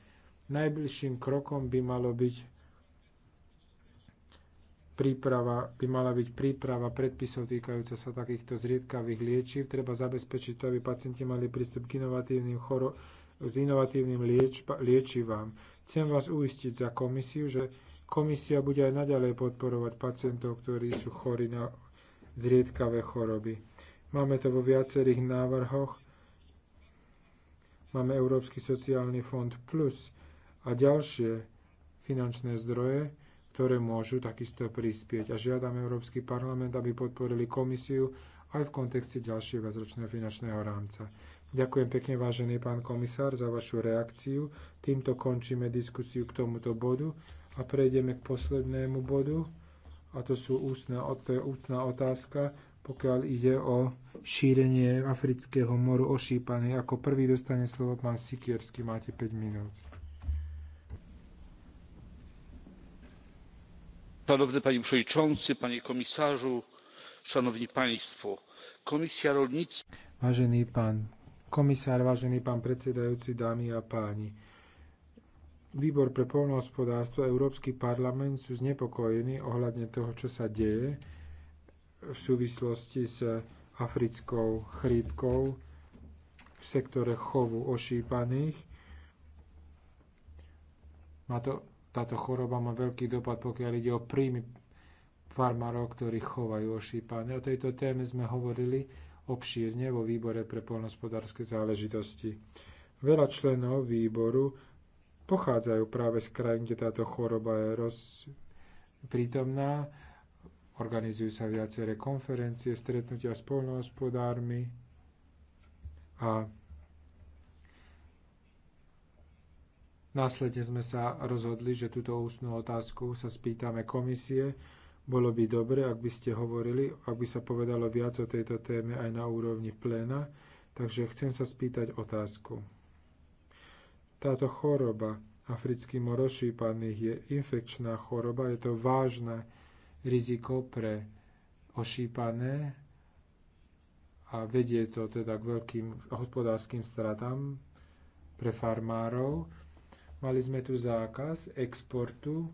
Najbližším krokom by malo byť príprava, by mala byť príprava predpisov týkajúca sa takýchto zriedkavých liečiv. Treba zabezpečiť to, aby pacienti mali prístup k inovatívnym choro- s inovatívnym lieč- liečivám. Chcem vás uistiť za komisiu, že komisia bude aj naďalej podporovať pacientov, ktorí sú chorí na zriedkavé choroby. Máme to vo viacerých návrhoch. Máme Európsky sociálny fond plus a ďalšie finančné zdroje ktoré môžu takisto prispieť. A žiadam Európsky parlament, aby podporili komisiu aj v kontexte ďalšieho viacročného finančného rámca. Ďakujem pekne, vážený pán komisár, za vašu reakciu. Týmto končíme diskusiu k tomuto bodu a prejdeme k poslednému bodu, a to, sú ústna, to je ústna otázka, pokiaľ ide o šírenie afrického moru ošípanej. Ako prvý dostane slovo pán Sikierský, máte 5 minút. szanowny panie przewodniczący panie komisarzu szanowni państwo! komisja rolnictwa. vážený pán komisár vážený pán predsedajúci dámy a páni výbor pre poľnohospodárstvo a európsky parlament sú znepokojení ohľadne toho čo sa deje v súvislosti s africkou chrípkou v sektore chovu ošípaných. Má to táto choroba má veľký dopad, pokiaľ ide o príjmy farmárov, ktorí chovajú ošípané. O tejto téme sme hovorili obšírne vo výbore pre poľnohospodárske záležitosti. Veľa členov výboru pochádzajú práve z krajín, kde táto choroba je roz... prítomná. Organizujú sa viaceré konferencie, stretnutia s poľnohospodármi a Následne sme sa rozhodli, že túto ústnú otázku sa spýtame komisie. Bolo by dobre, ak by ste hovorili, ak by sa povedalo viac o tejto téme aj na úrovni pléna. Takže chcem sa spýtať otázku. Táto choroba, africký morošípaných, ošípaných, je infekčná choroba, je to vážne riziko pre ošípané a vedie to teda k veľkým hospodárskym stratám pre farmárov Mali sme tu zákaz exportu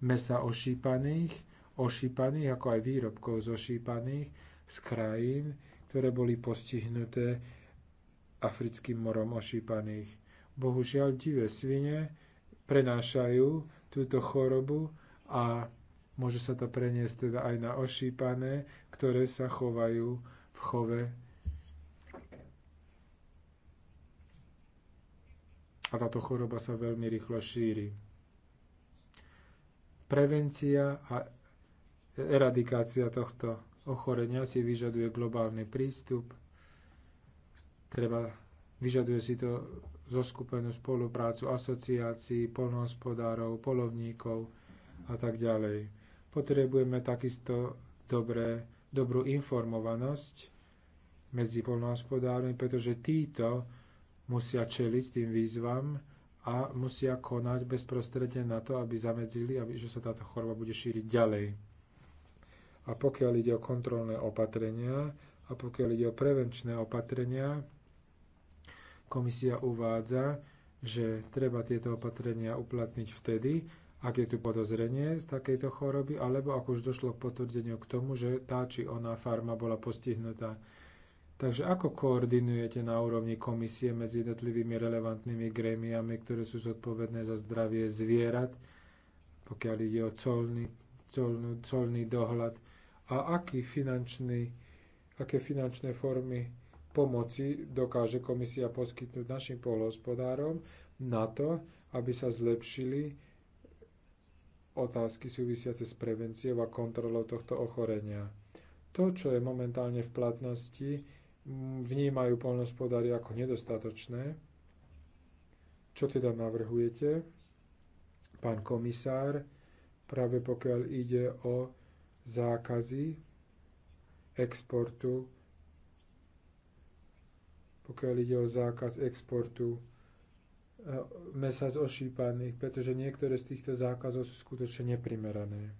mesa ošípaných, ošípaných ako aj výrobkov z ošípaných z krajín, ktoré boli postihnuté africkým morom ošípaných. Bohužiaľ divé svine prenášajú túto chorobu a môže sa to preniesť teda aj na ošípané, ktoré sa chovajú v chove a táto choroba sa veľmi rýchlo šíri. Prevencia a eradikácia tohto ochorenia si vyžaduje globálny prístup, treba, vyžaduje si to zoskupenú spoluprácu asociácií, polnohospodárov, polovníkov a tak ďalej. Potrebujeme takisto dobré, dobrú informovanosť medzi polnohospodármi, pretože títo musia čeliť tým výzvam a musia konať bezprostredne na to, aby zamedzili, aby, že sa táto choroba bude šíriť ďalej. A pokiaľ ide o kontrolné opatrenia a pokiaľ ide o prevenčné opatrenia, komisia uvádza, že treba tieto opatrenia uplatniť vtedy, ak je tu podozrenie z takejto choroby, alebo ak už došlo k potvrdeniu k tomu, že tá či oná farma bola postihnutá Takže ako koordinujete na úrovni komisie medzi jednotlivými relevantnými grémiami, ktoré sú zodpovedné za zdravie zvierat, pokiaľ ide o colný, colnú, colný dohľad a aký finančný, aké finančné formy pomoci dokáže komisia poskytnúť našim polhospodárom na to, aby sa zlepšili otázky súvisiace s prevenciou a kontrolou tohto ochorenia. To, čo je momentálne v platnosti, vnímajú poľnospodári ako nedostatočné. Čo teda navrhujete, pán komisár, práve pokiaľ ide o zákazy exportu, pokiaľ ide o zákaz exportu e, mesa z ošípaných, pretože niektoré z týchto zákazov sú skutočne neprimerané.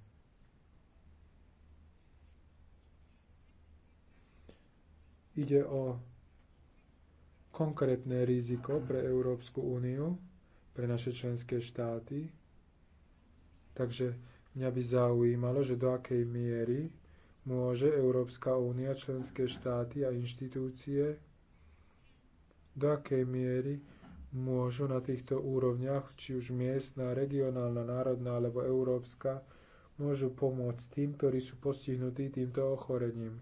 Ide o konkrétne riziko pre Európsku úniu, pre naše členské štáty. Takže mňa by zaujímalo, že do akej miery môže Európska únia, členské štáty a inštitúcie, do akej miery môžu na týchto úrovniach, či už miestna, regionálna, národná alebo európska, môžu pomôcť tým, ktorí sú postihnutí týmto ochorením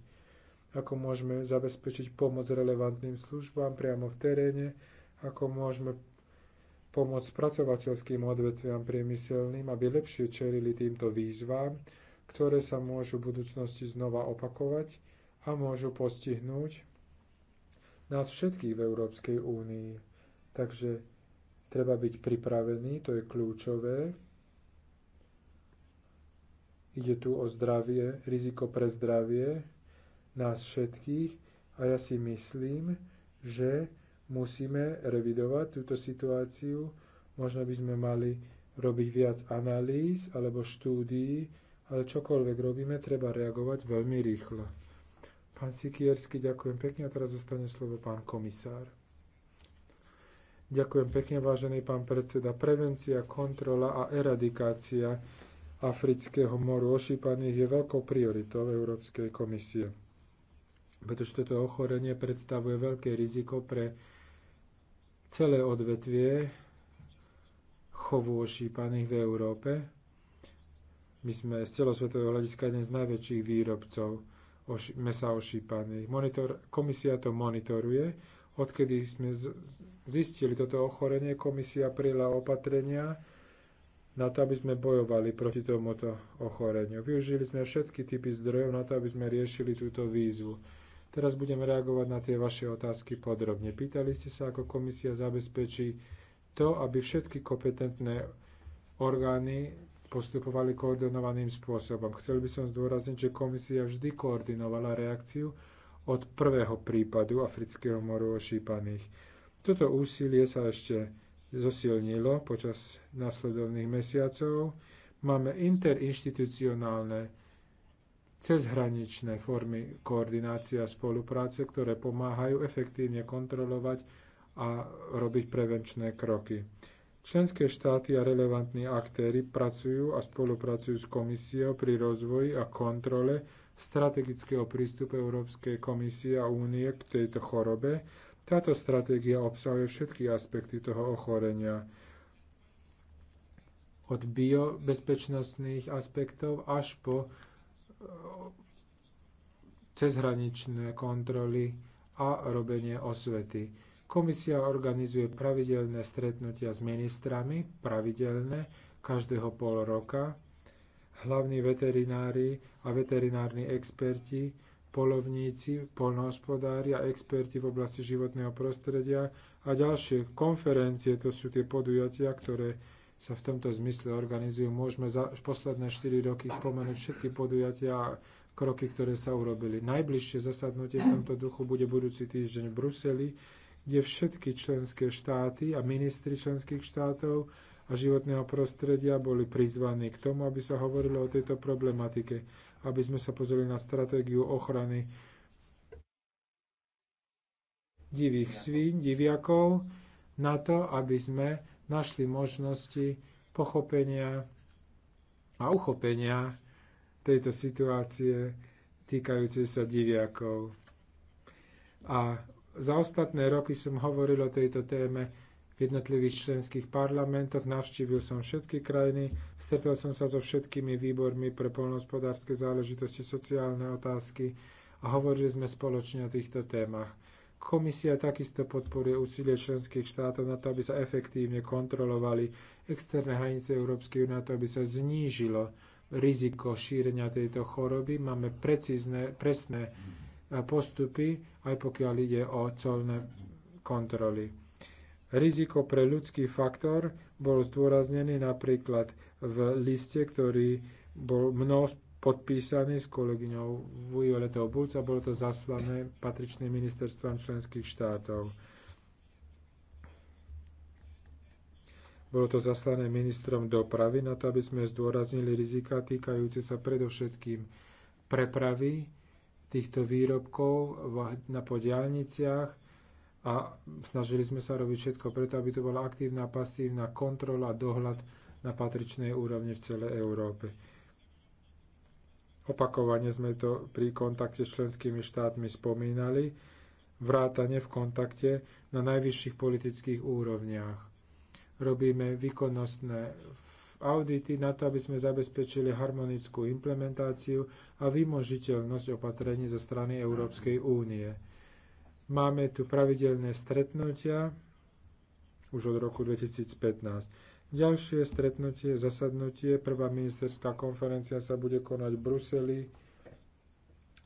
ako môžeme zabezpečiť pomoc relevantným službám priamo v teréne, ako môžeme pomôcť spracovateľským odvetviam priemyselným, aby lepšie čelili týmto výzvám, ktoré sa môžu v budúcnosti znova opakovať a môžu postihnúť nás všetkých v Európskej únii. Takže treba byť pripravený, to je kľúčové. Ide tu o zdravie, riziko pre zdravie, nás všetkých a ja si myslím, že musíme revidovať túto situáciu. Možno by sme mali robiť viac analýz alebo štúdií, ale čokoľvek robíme, treba reagovať veľmi rýchlo. Pán Sikiersky, ďakujem pekne a teraz zostane slovo pán komisár. Ďakujem pekne, vážený pán predseda. Prevencia, kontrola a eradikácia afrického moru ošípaných je veľkou prioritou Európskej komisie pretože toto ochorenie predstavuje veľké riziko pre celé odvetvie chovu ošípaných v Európe. My sme z celosvetového hľadiska jeden z najväčších výrobcov oši- mesa ošípaných. Monitor, komisia to monitoruje. Odkedy sme zistili toto ochorenie, komisia prijela opatrenia na to, aby sme bojovali proti tomuto ochoreniu. Využili sme všetky typy zdrojov na to, aby sme riešili túto výzvu. Teraz budem reagovať na tie vaše otázky podrobne. Pýtali ste sa, ako komisia zabezpečí to, aby všetky kompetentné orgány postupovali koordinovaným spôsobom. Chcel by som zdôrazniť, že komisia vždy koordinovala reakciu od prvého prípadu afrického moru ošípaných. Toto úsilie sa ešte zosilnilo počas nasledovných mesiacov. Máme interinštitucionálne cezhraničné formy koordinácie a spolupráce, ktoré pomáhajú efektívne kontrolovať a robiť prevenčné kroky. Členské štáty a relevantní aktéry pracujú a spolupracujú s komisiou pri rozvoji a kontrole strategického prístupu Európskej komisie a únie k tejto chorobe. Táto stratégia obsahuje všetky aspekty toho ochorenia od biobezpečnostných aspektov až po cezhraničné kontroly a robenie osvety. Komisia organizuje pravidelné stretnutia s ministrami, pravidelné, každého pol roka. Hlavní veterinári a veterinárni experti, polovníci, polnohospodári a experti v oblasti životného prostredia a ďalšie konferencie, to sú tie podujatia, ktoré sa v tomto zmysle organizujú. Môžeme za posledné 4 roky spomenúť všetky podujatia a kroky, ktoré sa urobili. Najbližšie zasadnutie v tomto duchu bude budúci týždeň v Bruseli, kde všetky členské štáty a ministri členských štátov a životného prostredia boli prizvaní k tomu, aby sa hovorilo o tejto problematike, aby sme sa pozreli na stratégiu ochrany divých svín, diviakov, na to, aby sme našli možnosti pochopenia a uchopenia tejto situácie týkajúcej sa diviakov. A za ostatné roky som hovoril o tejto téme v jednotlivých členských parlamentoch, navštívil som všetky krajiny, stretol som sa so všetkými výbormi pre poľnohospodárske záležitosti, sociálne otázky a hovorili sme spoločne o týchto témach. Komisia takisto podporuje úsilie členských štátov na to, aby sa efektívne kontrolovali externé hranice Európskej únie, na to, aby sa znížilo riziko šírenia tejto choroby. Máme precízne, presné e, postupy, aj pokiaľ ide o colné kontroly. Riziko pre ľudský faktor bol zdôraznený napríklad v liste, ktorý bol mnou podpísaný s kolegyňou Violetou Bulc a bolo to zaslané patričným ministerstvom členských štátov. Bolo to zaslané ministrom dopravy na to, aby sme zdôraznili rizika týkajúce sa predovšetkým prepravy týchto výrobkov na podiálniciach a snažili sme sa robiť všetko preto, aby to bola aktívna pasívna kontrola a dohľad na patričnej úrovni v celej Európe. Opakovane sme to pri kontakte s členskými štátmi spomínali, vrátane v kontakte na najvyšších politických úrovniach. Robíme výkonnostné audity na to, aby sme zabezpečili harmonickú implementáciu a vymožiteľnosť opatrení zo strany Európskej únie. Máme tu pravidelné stretnutia už od roku 2015. Ďalšie stretnutie, zasadnutie, prvá ministerská konferencia sa bude konať v Bruseli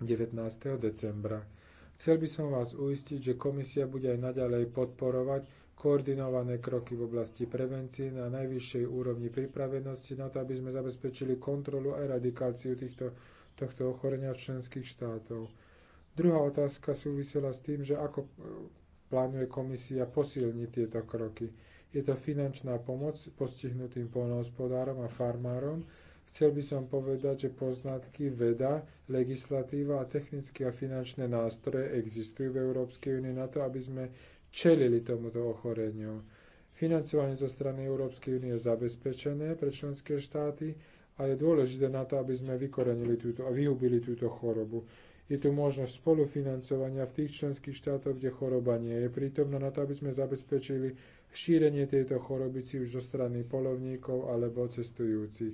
19. decembra. Chcel by som vás uistiť, že komisia bude aj naďalej podporovať koordinované kroky v oblasti prevencie na najvyššej úrovni pripravenosti na to, aby sme zabezpečili kontrolu a eradikáciu týchto, tohto ochorenia v členských štátov. Druhá otázka súvisela s tým, že ako e, plánuje komisia posilniť tieto kroky. Je to finančná pomoc postihnutým polnohospodárom a farmárom. Chcel by som povedať, že poznatky, veda, legislatíva a technické a finančné nástroje existujú v Európskej únii na to, aby sme čelili tomuto ochoreniu. Financovanie zo strany Európskej únie je zabezpečené pre členské štáty a je dôležité na to, aby sme vykorenili túto a vyhubili túto chorobu. Je tu možnosť spolufinancovania v tých členských štátoch, kde choroba nie je prítomná, na to, aby sme zabezpečili šírenie tejto choroby či už zo strany polovníkov alebo cestujúcich.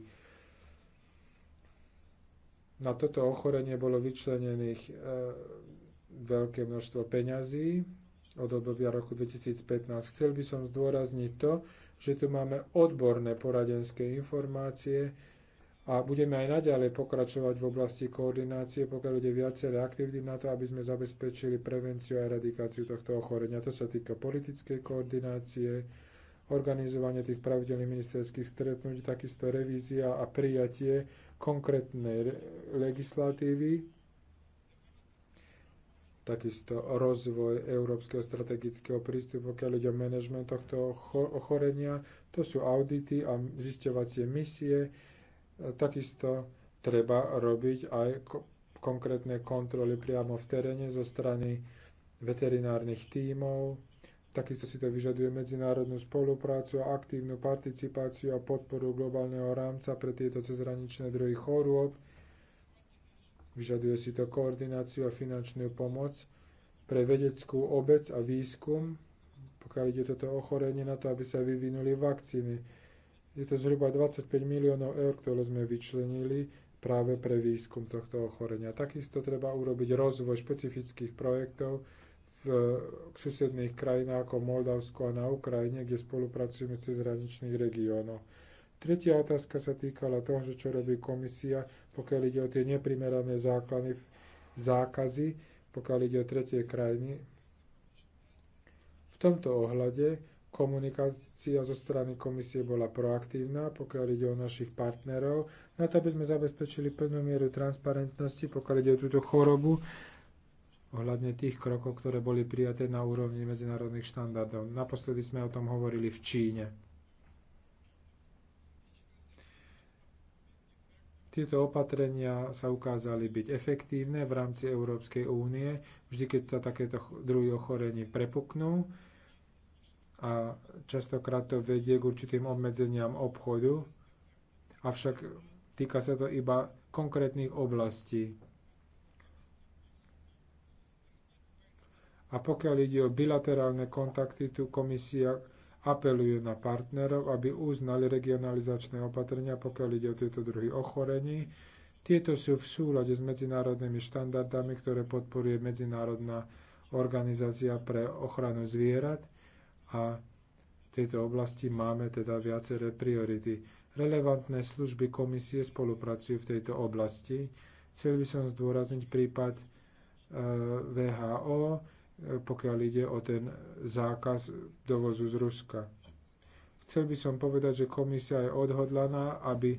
Na toto ochorenie bolo vyčlenených e, veľké množstvo peňazí od obdobia roku 2015. Chcel by som zdôrazniť to, že tu máme odborné poradenské informácie, a budeme aj naďalej pokračovať v oblasti koordinácie, pokiaľ ide viaceré aktivity na to, aby sme zabezpečili prevenciu a eradikáciu tohto ochorenia. To sa týka politickej koordinácie, organizovanie tých pravidelných ministerských stretnutí, takisto revízia a prijatie konkrétnej legislatívy, takisto rozvoj európskeho strategického prístupu, pokiaľ ide o manažment tohto ochorenia. To sú audity a zisťovacie misie, Takisto treba robiť aj konkrétne kontroly priamo v teréne zo strany veterinárnych tímov. Takisto si to vyžaduje medzinárodnú spoluprácu a aktívnu participáciu a podporu globálneho rámca pre tieto cezhraničné druhy chorôb. Vyžaduje si to koordináciu a finančnú pomoc pre vedeckú obec a výskum, pokiaľ ide toto ochorenie na to, aby sa vyvinuli vakcíny je to zhruba 25 miliónov eur, ktoré sme vyčlenili práve pre výskum tohto ochorenia. Takisto treba urobiť rozvoj špecifických projektov v susedných krajinách ako Moldavsko a na Ukrajine, kde spolupracujeme cez hraničných regiónoch. Tretia otázka sa týkala toho, že čo robí komisia, pokiaľ ide o tie neprimerané základy, zákazy, pokiaľ ide o tretie krajiny. V tomto ohľade komunikácia zo strany komisie bola proaktívna, pokiaľ ide o našich partnerov, na to, aby sme zabezpečili plnú mieru transparentnosti, pokiaľ ide o túto chorobu, ohľadne tých krokov, ktoré boli prijaté na úrovni medzinárodných štandardov. Naposledy sme o tom hovorili v Číne. Tieto opatrenia sa ukázali byť efektívne v rámci Európskej únie, vždy keď sa takéto druhy ochorení prepuknú a častokrát to vedie k určitým obmedzeniam obchodu, avšak týka sa to iba konkrétnych oblastí. A pokiaľ ide o bilaterálne kontakty, tu komisia apeluje na partnerov, aby uznali regionalizačné opatrenia, pokiaľ ide o tieto druhy ochorení. Tieto sú v súlade s medzinárodnými štandardami, ktoré podporuje Medzinárodná organizácia pre ochranu zvierat a v tejto oblasti máme teda viaceré priority. Relevantné služby komisie spolupracujú v tejto oblasti. Chcel by som zdôrazniť prípad e, VHO, e, pokiaľ ide o ten zákaz dovozu z Ruska. Chcel by som povedať, že komisia je odhodlaná, aby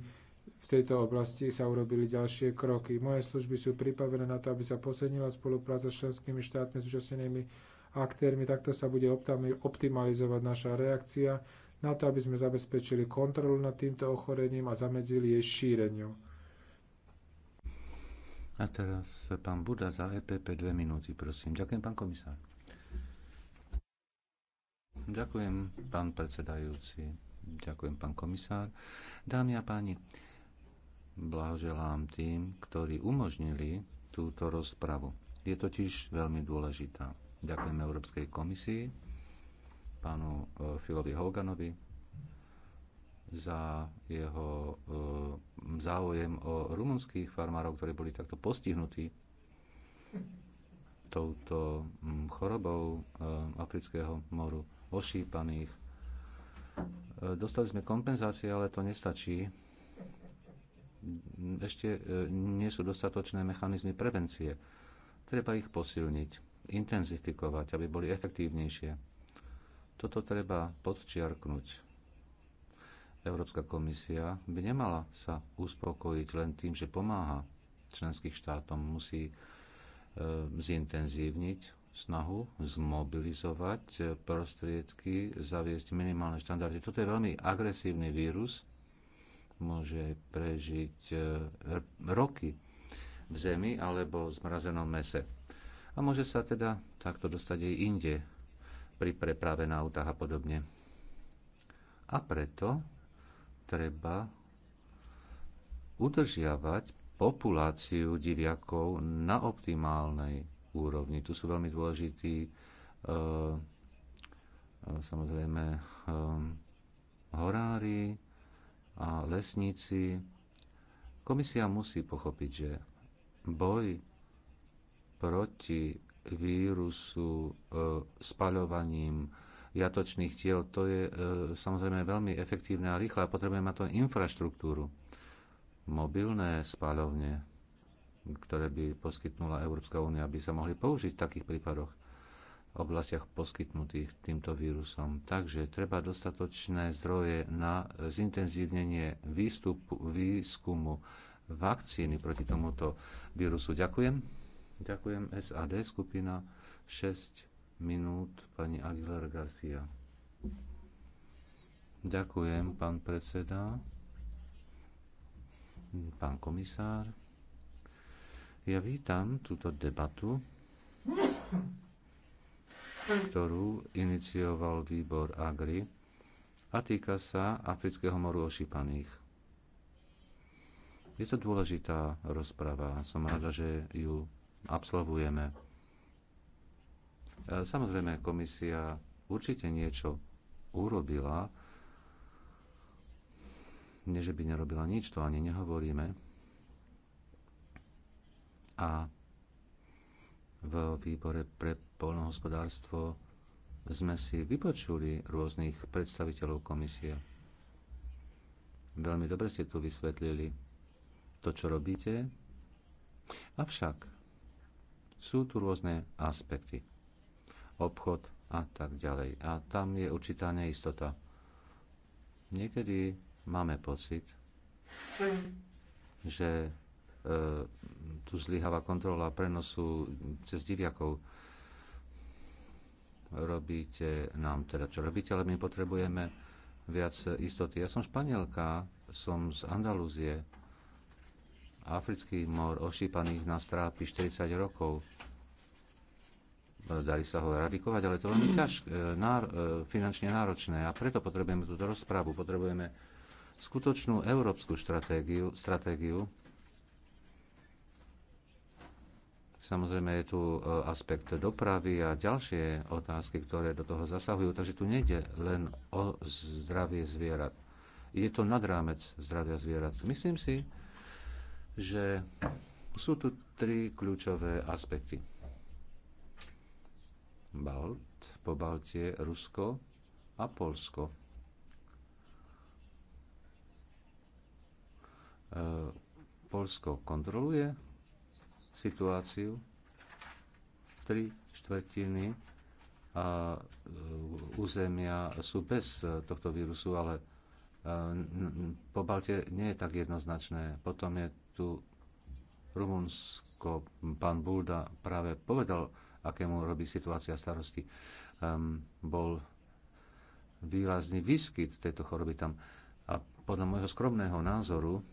v tejto oblasti sa urobili ďalšie kroky. Moje služby sú pripravené na to, aby sa posilnila spolupráca s členskými štátmi zúčastnenými aktérmi, takto sa bude optimalizovať naša reakcia na to, aby sme zabezpečili kontrolu nad týmto ochorením a zamedzili jej šíreniu. A teraz pán Buda za EPP dve minúty, prosím. Ďakujem, pán komisár. Ďakujem, pán predsedajúci. Ďakujem, pán komisár. Dámy a páni, blahoželám tým, ktorí umožnili túto rozpravu. Je totiž veľmi dôležitá. Ďakujem Európskej komisii, pánu e, Filovi Hoganovi za jeho e, záujem o rumunských farmárov, ktorí boli takto postihnutí touto mm, chorobou e, afrického moru, ošípaných. Dostali sme kompenzácie, ale to nestačí. Ešte nie sú dostatočné mechanizmy prevencie. Treba ich posilniť intenzifikovať, aby boli efektívnejšie. Toto treba podčiarknúť. Európska komisia by nemala sa uspokojiť len tým, že pomáha členských štátom, musí e, zintenzívniť snahu zmobilizovať e, prostriedky, zaviesť minimálne štandardy. Toto je veľmi agresívny vírus, môže prežiť e, roky v zemi alebo v zmrazenom mese a môže sa teda takto dostať aj inde pri preprave na autách a podobne. A preto treba udržiavať populáciu diviakov na optimálnej úrovni. Tu sú veľmi dôležití e, e samozrejme e, horári a lesníci. Komisia musí pochopiť, že boj proti vírusu e, spaľovaním jatočných tiel, to je e, samozrejme veľmi efektívne a rýchle a potrebujeme na to infraštruktúru. Mobilné spaľovne, ktoré by poskytnula Európska únia, by sa mohli použiť v takých prípadoch v oblastiach poskytnutých týmto vírusom. Takže treba dostatočné zdroje na zintenzívnenie výstupu, výskumu vakcíny proti tomuto vírusu. Ďakujem. Ďakujem SAD, skupina 6 minút, pani Aguilar Garcia. Ďakujem, pán predseda, pán komisár. Ja vítam túto debatu, ktorú inicioval výbor Agri a týka sa Afrického moru ošípaných. Je to dôležitá rozprava. Som rada, že ju absolvujeme. E, samozrejme, komisia určite niečo urobila, nie že by nerobila nič, to ani nehovoríme. A v výbore pre polnohospodárstvo sme si vypočuli rôznych predstaviteľov komisie. Veľmi dobre ste tu vysvetlili to, čo robíte. Avšak sú tu rôzne aspekty. Obchod a tak ďalej. A tam je určitá neistota. Niekedy máme pocit, že e, tu zlyháva kontrola prenosu cez diviakov. Robíte nám teda, čo robíte, ale my potrebujeme viac istoty. Ja som španielka, som z Andalúzie, Africký mor ošípaných nás trápi 40 rokov. Dali sa ho radikovať, ale to je veľmi ťažké, e, náro, e, finančne náročné a preto potrebujeme túto rozprávu. Potrebujeme skutočnú európsku stratégiu, stratégiu. Samozrejme je tu e, aspekt dopravy a ďalšie otázky, ktoré do toho zasahujú, takže tu nejde len o zdravie zvierat. Je to nad rámec zdravia zvierat. Myslím si, že sú tu tri kľúčové aspekty. Balt, po Baltie, Rusko a Polsko. E, Polsko kontroluje situáciu tri štvrtiny a e, územia sú bez tohto vírusu, ale e, po Balte nie je tak jednoznačné. Potom je tu Rumunsko, pán Bulda práve povedal, akému robí situácia starosti. Um, bol výrazný výskyt tejto choroby tam. A podľa môjho skromného názoru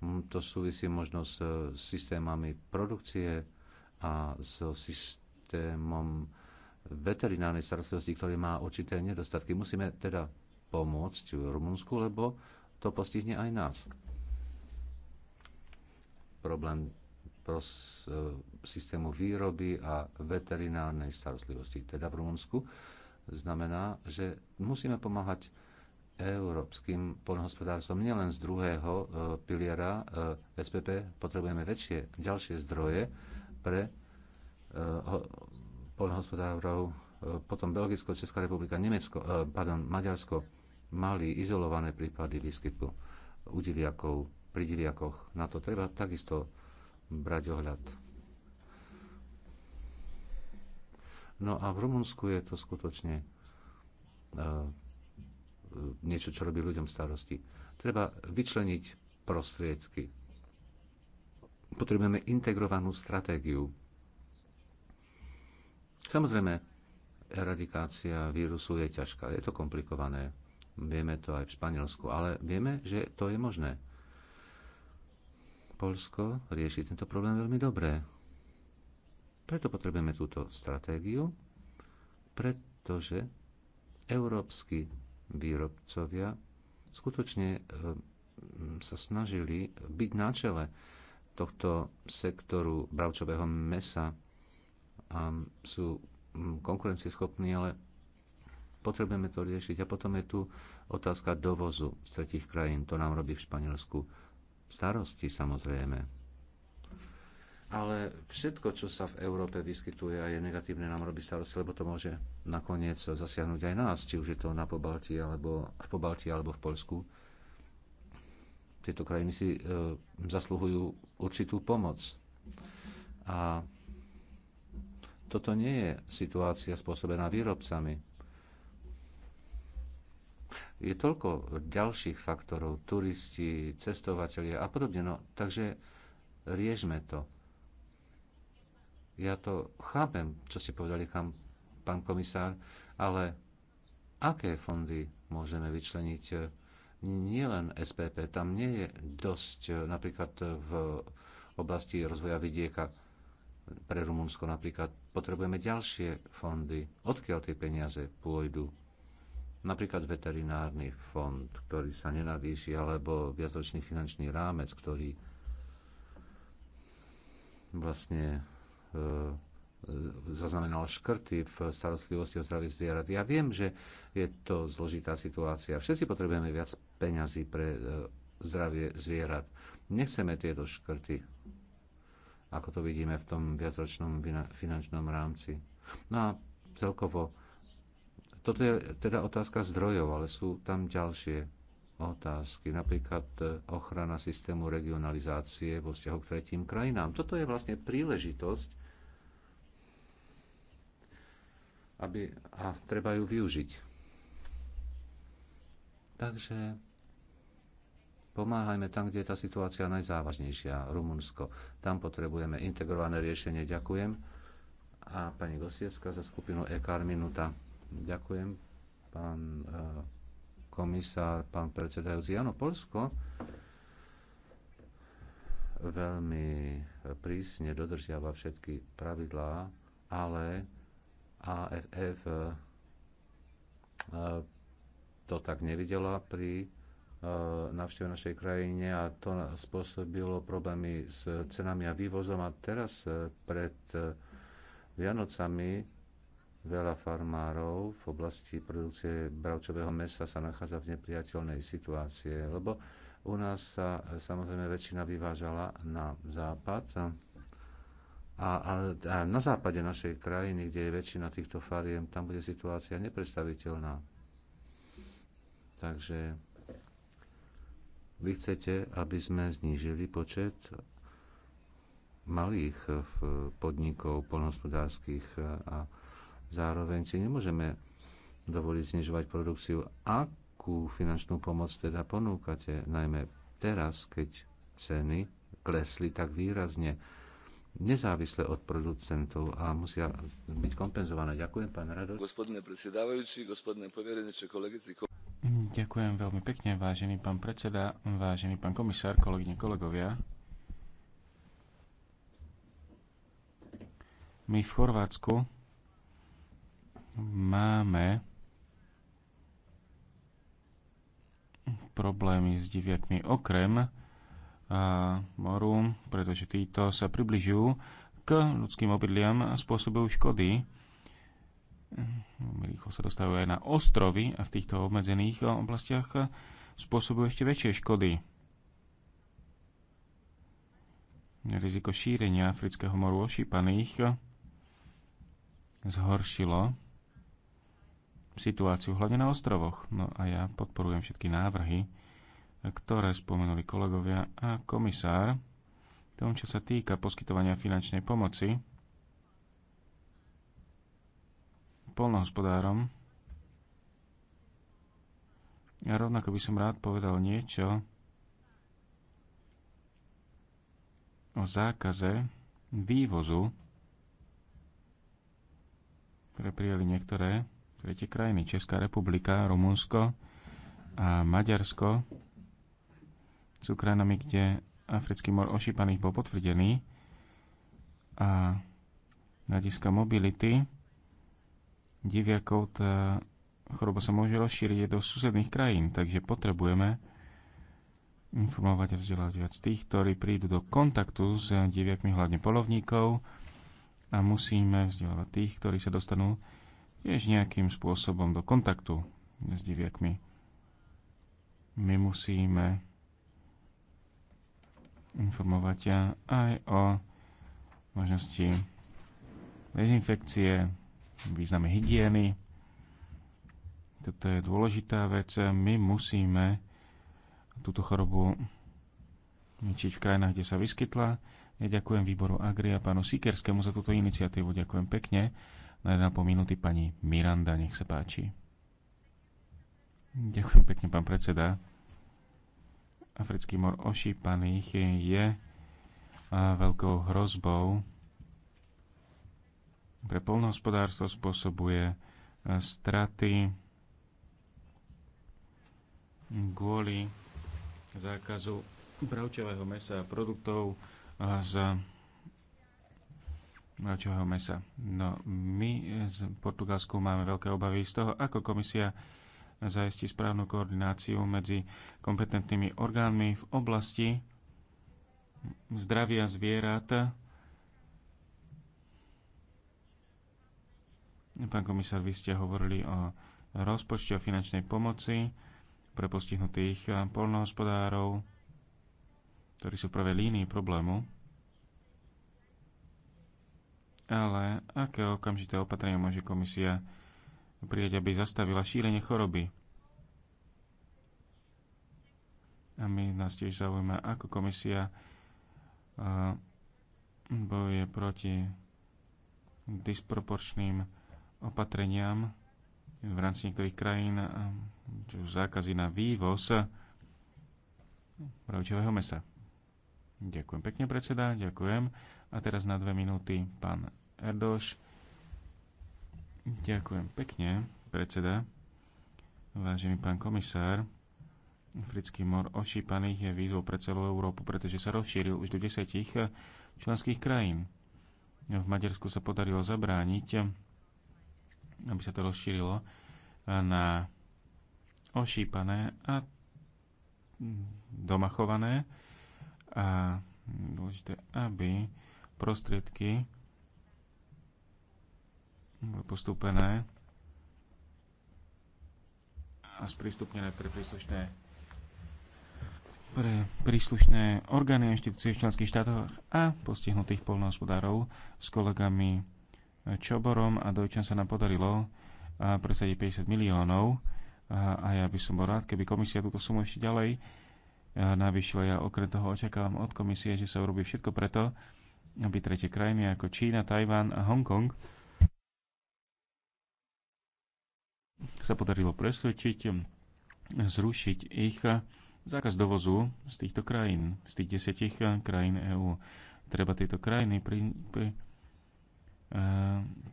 hm, to súvisí možno s e, systémami produkcie a so systémom veterinárnej starostlivosti, ktorý má určité nedostatky. Musíme teda pomôcť v Rumunsku, lebo to postihne aj nás. Problém pros, e, systému výroby a veterinárnej starostlivosti, teda v Rumunsku, znamená, že musíme pomáhať európskym poľnohospodárstvom nielen z druhého e, piliera e, SPP, potrebujeme väčšie ďalšie zdroje pre poľnohospodárov, potom Belgicko, Česká republika, Nemecko, pardon, Maďarsko, mali izolované prípady výskytu u diviakov, pri diviakoch. Na to treba takisto brať ohľad. No a v Rumunsku je to skutočne e, niečo, čo robí ľuďom starosti. Treba vyčleniť prostriedky. Potrebujeme integrovanú stratégiu. Samozrejme, eradikácia vírusu je ťažká, je to komplikované. Vieme to aj v Španielsku, ale vieme, že to je možné. Polsko rieši tento problém veľmi dobre. Preto potrebujeme túto stratégiu, pretože európsky výrobcovia skutočne e, sa snažili byť na čele tohto sektoru bravčového mesa a sú konkurencieschopní, ale Potrebujeme to riešiť. A potom je tu otázka dovozu z tretich krajín. To nám robí v Španielsku starosti samozrejme. Ale všetko, čo sa v Európe vyskytuje a je negatívne, nám robí starosti, lebo to môže nakoniec zasiahnuť aj nás, či už je to na Pobalti alebo v Pobalti alebo v Polsku. Tieto krajiny si e, zasluhujú určitú pomoc. A toto nie je situácia spôsobená výrobcami je toľko ďalších faktorov, turisti, cestovatelia a podobne. No, takže riešme to. Ja to chápem, čo ste povedali, kam, pán komisár, ale aké fondy môžeme vyčleniť? Nie len SPP, tam nie je dosť napríklad v oblasti rozvoja vidieka pre Rumunsko napríklad. Potrebujeme ďalšie fondy. Odkiaľ tie peniaze pôjdu? Napríklad veterinárny fond, ktorý sa nenavýši, alebo viacročný finančný rámec, ktorý vlastne e, e, zaznamenal škrty v starostlivosti o zdravie zvierat. Ja viem, že je to zložitá situácia. Všetci potrebujeme viac peňazí pre e, zdravie zvierat. Nechceme tieto škrty, ako to vidíme v tom viacročnom finančnom rámci. No a celkovo toto je teda otázka zdrojov, ale sú tam ďalšie otázky, napríklad e, ochrana systému regionalizácie vo vzťahu k tretím krajinám. Toto je vlastne príležitosť, aby, a treba ju využiť. Takže pomáhajme tam, kde je tá situácia najzávažnejšia, Rumunsko. Tam potrebujeme integrované riešenie. Ďakujem. A pani Gosievska za skupinu EKR Minuta. Ďakujem, pán e, komisár, pán predsedajúci. Áno, Polsko veľmi prísne dodržiava všetky pravidlá, ale AFF e, to tak nevidela pri e, návšteve našej krajine a to spôsobilo problémy s cenami a vývozom. A teraz pred Vianocami Veľa farmárov v oblasti produkcie bravčového mesa sa nachádza v nepriateľnej situácie, lebo u nás sa e, samozrejme väčšina vyvážala na západ. A, a, a na západe našej krajiny, kde je väčšina týchto fariem, tam bude situácia neprestaviteľná. Takže vy chcete, aby sme znížili počet malých e, podnikov polnohospodárskych e, a zároveň si nemôžeme dovoliť znižovať produkciu. Akú finančnú pomoc teda ponúkate, najmä teraz, keď ceny klesli tak výrazne, nezávisle od producentov a musia byť kompenzované. Ďakujem, pán Rado. Gospodine predsedávajúci, gospodine povereniče, kolegici, Ďakujem veľmi pekne, vážený pán predseda, vážený pán komisár, kolegyne, kolegovia. My v Chorvátsku máme problémy s diviakmi okrem a moru, pretože títo sa približujú k ľudským obydliam a spôsobujú škody. Rýchlo sa dostávajú aj na ostrovy a v týchto obmedzených oblastiach spôsobujú ešte väčšie škody. Riziko šírenia afrického moru ošípaných zhoršilo situáciu, hlavne na ostrovoch. No a ja podporujem všetky návrhy, ktoré spomenuli kolegovia a komisár v tom, čo sa týka poskytovania finančnej pomoci polnohospodárom. Ja rovnako by som rád povedal niečo o zákaze vývozu, ktoré prijali niektoré tretie krajiny, Česká republika, Rumunsko a Maďarsko sú krajinami, kde africký mor ošípaných bol potvrdený a hľadiska mobility diviakov tá choroba sa môže rozšíriť do susedných krajín, takže potrebujeme informovať a vzdelávať viac tých, ktorí prídu do kontaktu s diviakmi, hlavne polovníkov a musíme vzdelávať tých, ktorí sa dostanú tiež nejakým spôsobom do kontaktu s diviakmi. My musíme informovať aj o možnosti dezinfekcie, význame hygieny. Toto je dôležitá vec. My musíme túto chorobu ničiť v krajinách, kde sa vyskytla. Ja ďakujem výboru Agri a pánu Sikerskému za túto iniciatívu. Ďakujem pekne na 1,5 minúty pani Miranda, nech sa páči. Ďakujem pekne, pán predseda. Africký mor ošípaných je veľkou hrozbou pre polnohospodárstvo spôsobuje straty kvôli zákazu bravčového mesa a produktov z včelého mesa. No, my z Portugalsku máme veľké obavy z toho, ako komisia zajistí správnu koordináciu medzi kompetentnými orgánmi v oblasti zdravia zvierat. Pán komisár, vy ste hovorili o rozpočte, o finančnej pomoci pre postihnutých polnohospodárov, ktorí sú v prvej línii problému ale aké okamžité opatrenie môže komisia prijať, aby zastavila šírenie choroby? A my nás tiež zaujíma, ako komisia bojuje proti disproporčným opatreniam v rámci niektorých krajín, čo zákazy na vývoz pravčového mesa. Ďakujem pekne, predseda, ďakujem. A teraz na dve minúty pán Erdoš. Ďakujem pekne, predseda. Vážený pán komisár, africký mor ošípaných je výzvou pre celú Európu, pretože sa rozšíril už do desetich členských krajín. V Maďarsku sa podarilo zabrániť, aby sa to rozšírilo na ošípané a domachované a dôležité, aby prostriedky boli postúpené a sprístupnené pre príslušné pre príslušné orgány a inštitúcie v členských štátoch a postihnutých polnohospodárov s kolegami Čoborom a Dojčan sa nám podarilo presadiť 50 miliónov a ja by som bol rád, keby komisia túto sumu ešte ďalej navýšila. Ja okrem toho očakávam od komisie, že sa urobí všetko preto, aby tretie krajiny ako Čína, Tajván a Hongkong sa podarilo presvedčiť, zrušiť ich zákaz dovozu z týchto krajín, z tých desiatich krajín EÚ. Treba tieto krajiny pri, pri, e,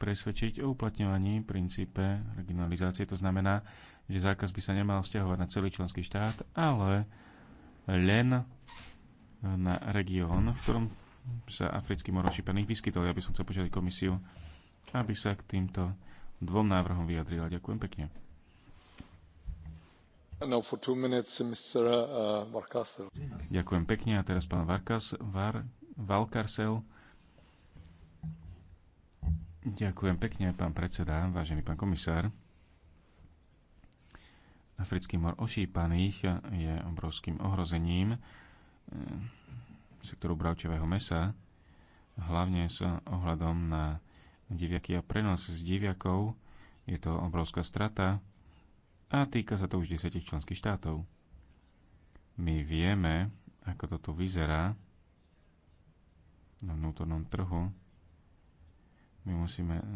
presvedčiť o uplatňovaní princípe regionalizácie. To znamená, že zákaz by sa nemal vzťahovať na celý členský štát, ale len na región, v ktorom sa africký mor ošípaných vyskytol. Ja by som chcel požiadať komisiu, aby sa k týmto dvom návrhom vyjadrila. Ďakujem pekne. No, minutes, Mr. Uh, Ďakujem pekne. A teraz pán Varkas, Var, Valkarsel. Ďakujem pekne, pán predseda, vážený pán komisár. Africký mor ošípaných je obrovským ohrozením sektoru bravčového mesa, hlavne s ohľadom na diviaky a prenos z diviakov. Je to obrovská strata a týka sa to už 10 členských štátov. My vieme, ako to tu vyzerá na vnútornom trhu. My musíme eh,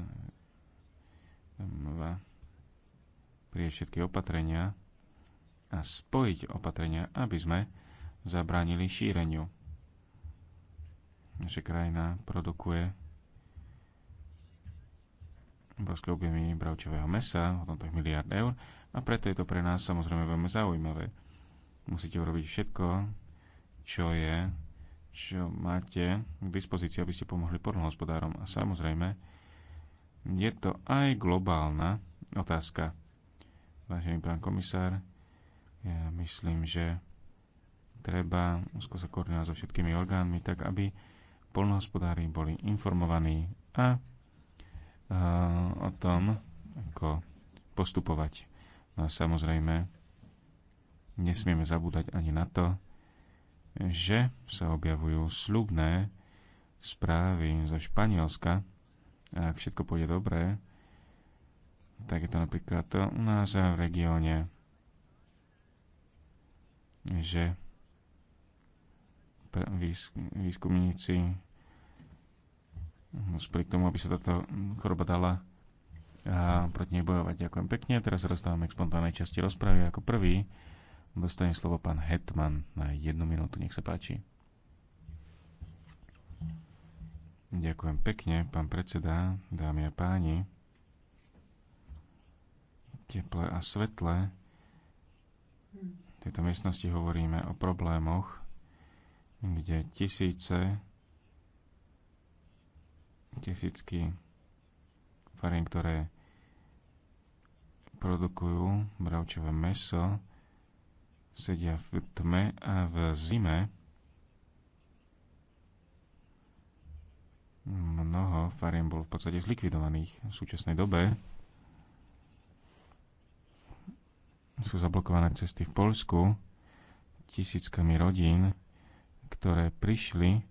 prieť všetky opatrenia a spojiť opatrenia, aby sme zabránili šíreniu naša krajina produkuje obrovské objemy bravčového mesa, hodnotách miliard eur, a preto je to pre nás samozrejme veľmi zaujímavé. Musíte urobiť všetko, čo je, čo máte k dispozícii, aby ste pomohli podnohospodárom. A samozrejme, je to aj globálna otázka. Vážený pán komisár, ja myslím, že treba úzko koordinovať so všetkými orgánmi, tak aby polnohospodári boli informovaní a, a o tom, ako postupovať. No a samozrejme, nesmieme zabúdať ani na to, že sa objavujú slubné správy zo Španielska. A ak všetko pôjde dobre, tak je to napríklad u nás v regióne, že výskumníci k tomu, aby sa táto choroba dala a proti nej bojovať. Ďakujem pekne. Teraz dostávame k spontánnej časti rozpravy. Ako prvý dostane slovo pán Hetman na jednu minútu. Nech sa páči. Ďakujem pekne, pán predseda, dámy a páni. Teple a svetle. V tejto miestnosti hovoríme o problémoch, kde tisíce tisícky fariem, ktoré produkujú bravčové meso, sedia v tme a v zime. Mnoho fariem bolo v podstate zlikvidovaných v súčasnej dobe. Sú zablokované cesty v Polsku tisíckami rodín, ktoré prišli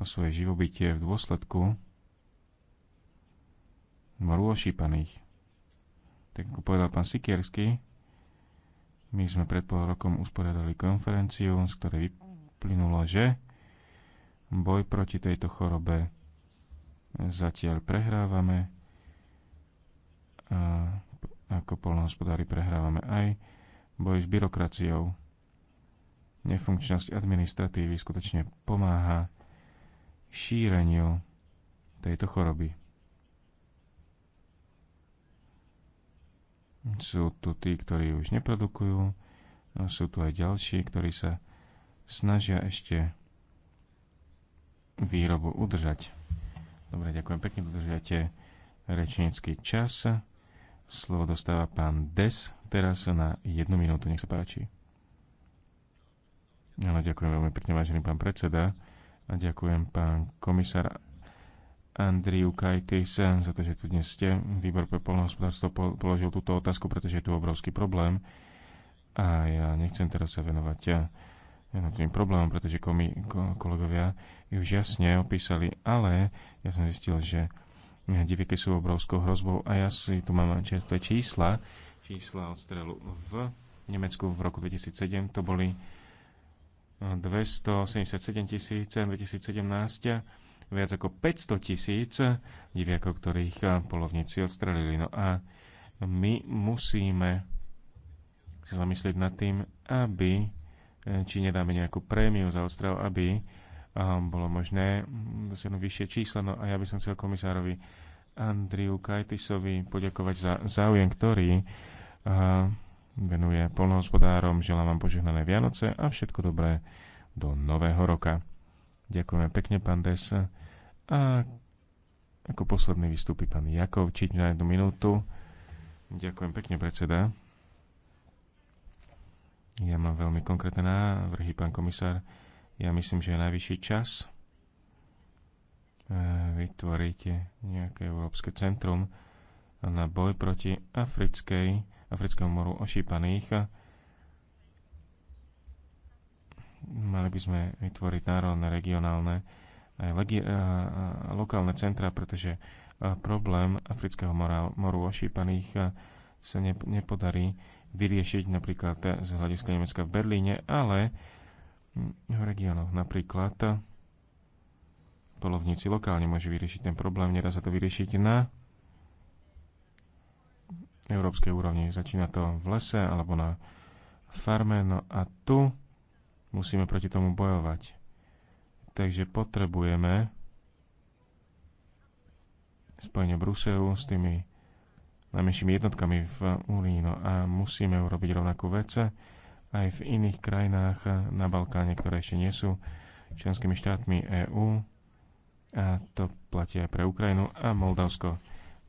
o svoje živobytie v dôsledku dvoru ošípaných. Tak ako povedal pán Sikiersky, my sme pred pol rokom usporiadali konferenciu, z ktorej vyplynulo, že boj proti tejto chorobe zatiaľ prehrávame a ako polnohospodári prehrávame aj boj s byrokraciou. Nefunkčnosť administratívy skutočne pomáha šíreniu tejto choroby. Sú tu tí, ktorí už neprodukujú, no, sú tu aj ďalší, ktorí sa snažia ešte výrobu udržať. Dobre, ďakujem pekne, dodržiate rečnícky čas. Slovo dostáva pán Des teraz na jednu minútu, nech sa páči. Ale ďakujem veľmi pekne, vážený pán predseda a ďakujem pán komisár Andriu Kajtis za to, že tu dnes ste. Výbor pre polnohospodárstvo položil túto otázku, pretože je tu obrovský problém. A ja nechcem teraz sa venovať ja jednotlivým problémom, pretože komi, ko, kolegovia už jasne opísali, ale ja som zistil, že divieky sú obrovskou hrozbou a ja si tu mám čerstvé čísla, čísla odstrelu v Nemecku v roku 2007, to boli 277 tisíce 2017 viac ako 500 tisíc diviakov, ktorých eh, polovníci odstrelili. No a my musíme sa zamyslieť nad tým, aby, eh, či nedáme nejakú prémiu za odstrel, aby eh, bolo možné hm, dosiahnuť vyššie číslo. No a ja by som chcel komisárovi Andriu Kajtisovi poďakovať za záujem, ktorý venuje polnohospodárom. Želám vám požehnané Vianoce a všetko dobré do nového roka. Ďakujeme pekne, pán Des. A ako posledný vystúpi pán čiť na jednu minútu. Ďakujem pekne, predseda. Ja mám veľmi konkrétne návrhy, pán komisár. Ja myslím, že je najvyšší čas eh, vytvoriť nejaké európske centrum na boj proti africkej, africkému moru ošípaných Mali by sme vytvoriť národné, regionálne, aj legi- lokálne centra, pretože problém afrického mora, moru ošípaných sa ne, nepodarí vyriešiť napríklad e, z hľadiska Nemecka v Berlíne, ale v regiónoch napríklad e, polovníci lokálne môžu vyriešiť ten problém, nedá sa to vyriešiť na európskej úrovni. Začína to v lese alebo na farme, no a tu Musíme proti tomu bojovať. Takže potrebujeme spojenie Bruselu s tými najmenšími jednotkami v Únii. No a musíme urobiť rovnakú vec aj v iných krajinách na Balkáne, ktoré ešte nie sú členskými štátmi EÚ. A to platí aj pre Ukrajinu a Moldavsko.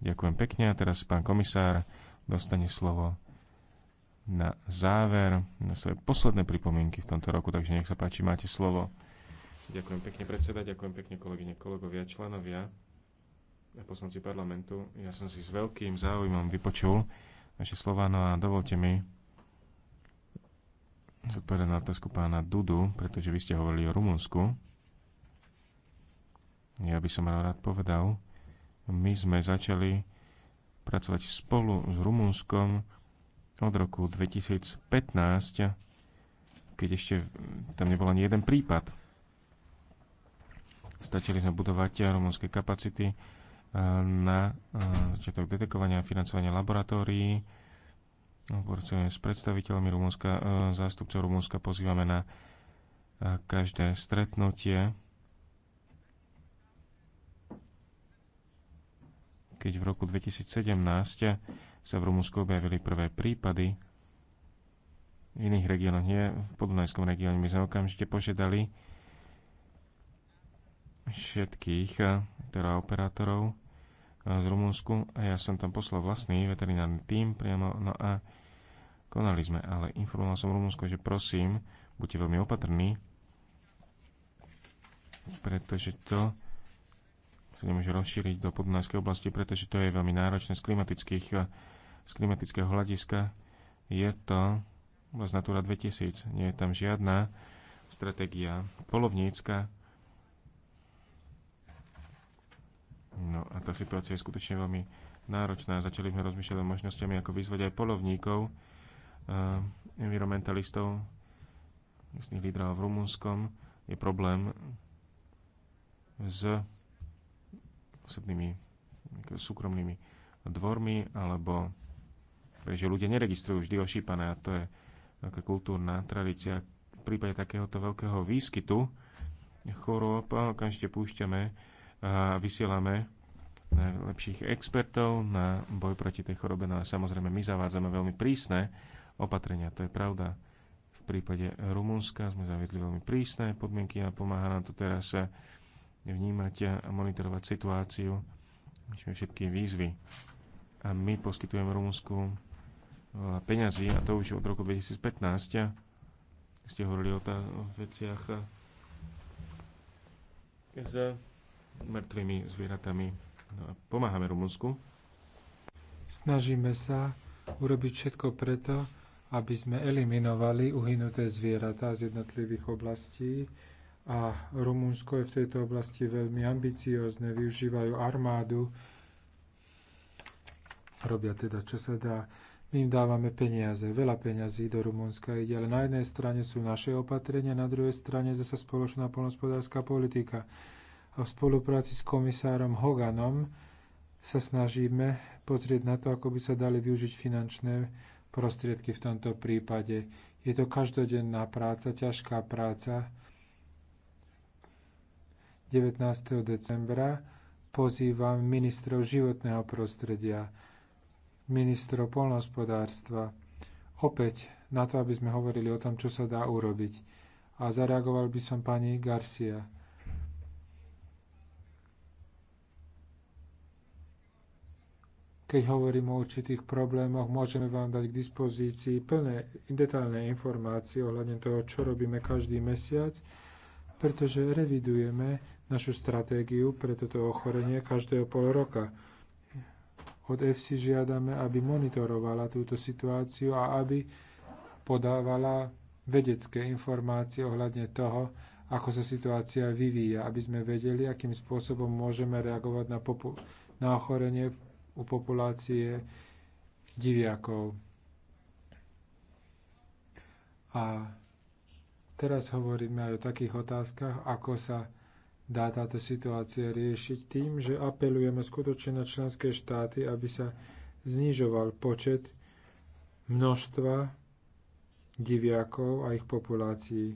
Ďakujem pekne. A teraz pán komisár dostane slovo na záver, na svoje posledné pripomienky v tomto roku, takže nech sa páči, máte slovo. Ďakujem pekne predseda, ďakujem pekne kolegyne, kolegovia, členovia a poslanci parlamentu. Ja som si s veľkým záujmom vypočul vaše slova, no a dovolte mi zodpovedať na otázku pána Dudu, pretože vy ste hovorili o Rumunsku. Ja by som rád povedal, my sme začali pracovať spolu s Rumunskom od roku 2015, keď ešte tam nebol ani jeden prípad. Stačili sme budovať rumunské kapacity eh, na eh, začiatok detekovania a financovania laboratórií. Pracujeme s predstaviteľmi Rumunska, eh, zástupcov Rumunska pozývame na každé stretnutie. Keď v roku 2017 sa v Rumunsku objavili prvé prípady. V iných regiónoch nie. V podunajskom regióne my sme okamžite požiadali všetkých eh, teda operátorov eh, z Rumunsku a ja som tam poslal vlastný veterinárny tím priamo. No a konali sme, ale informoval som Rumunsko, že prosím, buďte veľmi opatrní, pretože to sa nemôže rozšíriť do podunajskej oblasti, pretože to je veľmi náročné z klimatických eh, z klimatického hľadiska je to z Natura 2000. Nie je tam žiadna stratégia polovnícka. No a tá situácia je skutočne veľmi náročná. Začali sme rozmýšľať o možnosťami, ako vyzvať aj polovníkov, uh, environmentalistov, miestných lídrov v Rumunskom. Je problém s osobnými súkromnými dvormi alebo že ľudia neregistrujú vždy ošípané a to je veľká kultúrna tradícia. V prípade takéhoto veľkého výskytu chorôb okamžite púšťame a vysielame najlepších expertov na boj proti tej chorobe. No a samozrejme my zavádzame veľmi prísne opatrenia, to je pravda. V prípade Rumunska sme zaviedli veľmi prísne podmienky a pomáha nám to teraz vnímať a monitorovať situáciu, všetky výzvy. A my poskytujeme Rumunsku peňazí, a to už od roku 2015, ste hovorili o, tá, o veciach e, s mŕtvými zvieratami. No pomáhame Rumunsku. Snažíme sa urobiť všetko preto, aby sme eliminovali uhynuté zvieratá z jednotlivých oblastí a Rumunsko je v tejto oblasti veľmi ambiciózne, využívajú armádu, robia teda čo sa dá. My im dávame peniaze, veľa peňazí do Rumunska ide, ale na jednej strane sú naše opatrenia, na druhej strane zase spoločná polnospodárska politika. A v spolupráci s komisárom Hoganom sa snažíme pozrieť na to, ako by sa dali využiť finančné prostriedky v tomto prípade. Je to každodenná práca, ťažká práca. 19. decembra pozývam ministrov životného prostredia ministrov poľnohospodárstva. opäť na to, aby sme hovorili o tom, čo sa dá urobiť. A zareagoval by som pani Garcia. Keď hovorím o určitých problémoch, môžeme vám dať k dispozícii plné detailné informácie ohľadne toho, čo robíme každý mesiac, pretože revidujeme našu stratégiu pre toto ochorenie každého pol roka. Od EFSI žiadame, aby monitorovala túto situáciu a aby podávala vedecké informácie ohľadne toho, ako sa situácia vyvíja, aby sme vedeli, akým spôsobom môžeme reagovať na, popu- na ochorenie u populácie diviakov. A teraz hovoríme aj o takých otázkach, ako sa dá táto situácia riešiť tým, že apelujeme skutočne na členské štáty, aby sa znižoval počet množstva diviakov a ich populácií.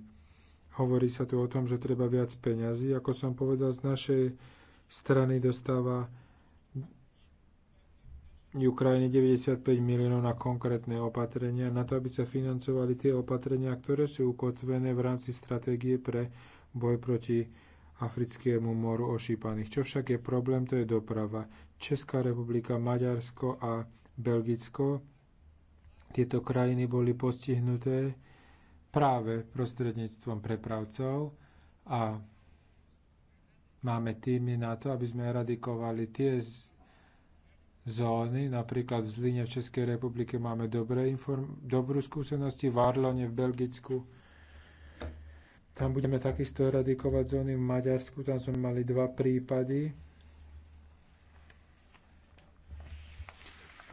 Hovorí sa tu o tom, že treba viac peňazí. Ako som povedal, z našej strany dostáva Ukrajine 95 miliónov na konkrétne opatrenia, na to, aby sa financovali tie opatrenia, ktoré sú ukotvené v rámci stratégie pre boj proti Africkému moru ošípaných. Čo však je problém, to je doprava. Česká republika, Maďarsko a Belgicko, tieto krajiny boli postihnuté práve prostredníctvom prepravcov a máme týmy na to, aby sme eradikovali tie zóny. Napríklad v Zlíne v Českej republike máme dobré dobrú skúsenosti, v Arlone v Belgicku tam budeme takisto eradikovať zóny v Maďarsku, tam sme mali dva prípady.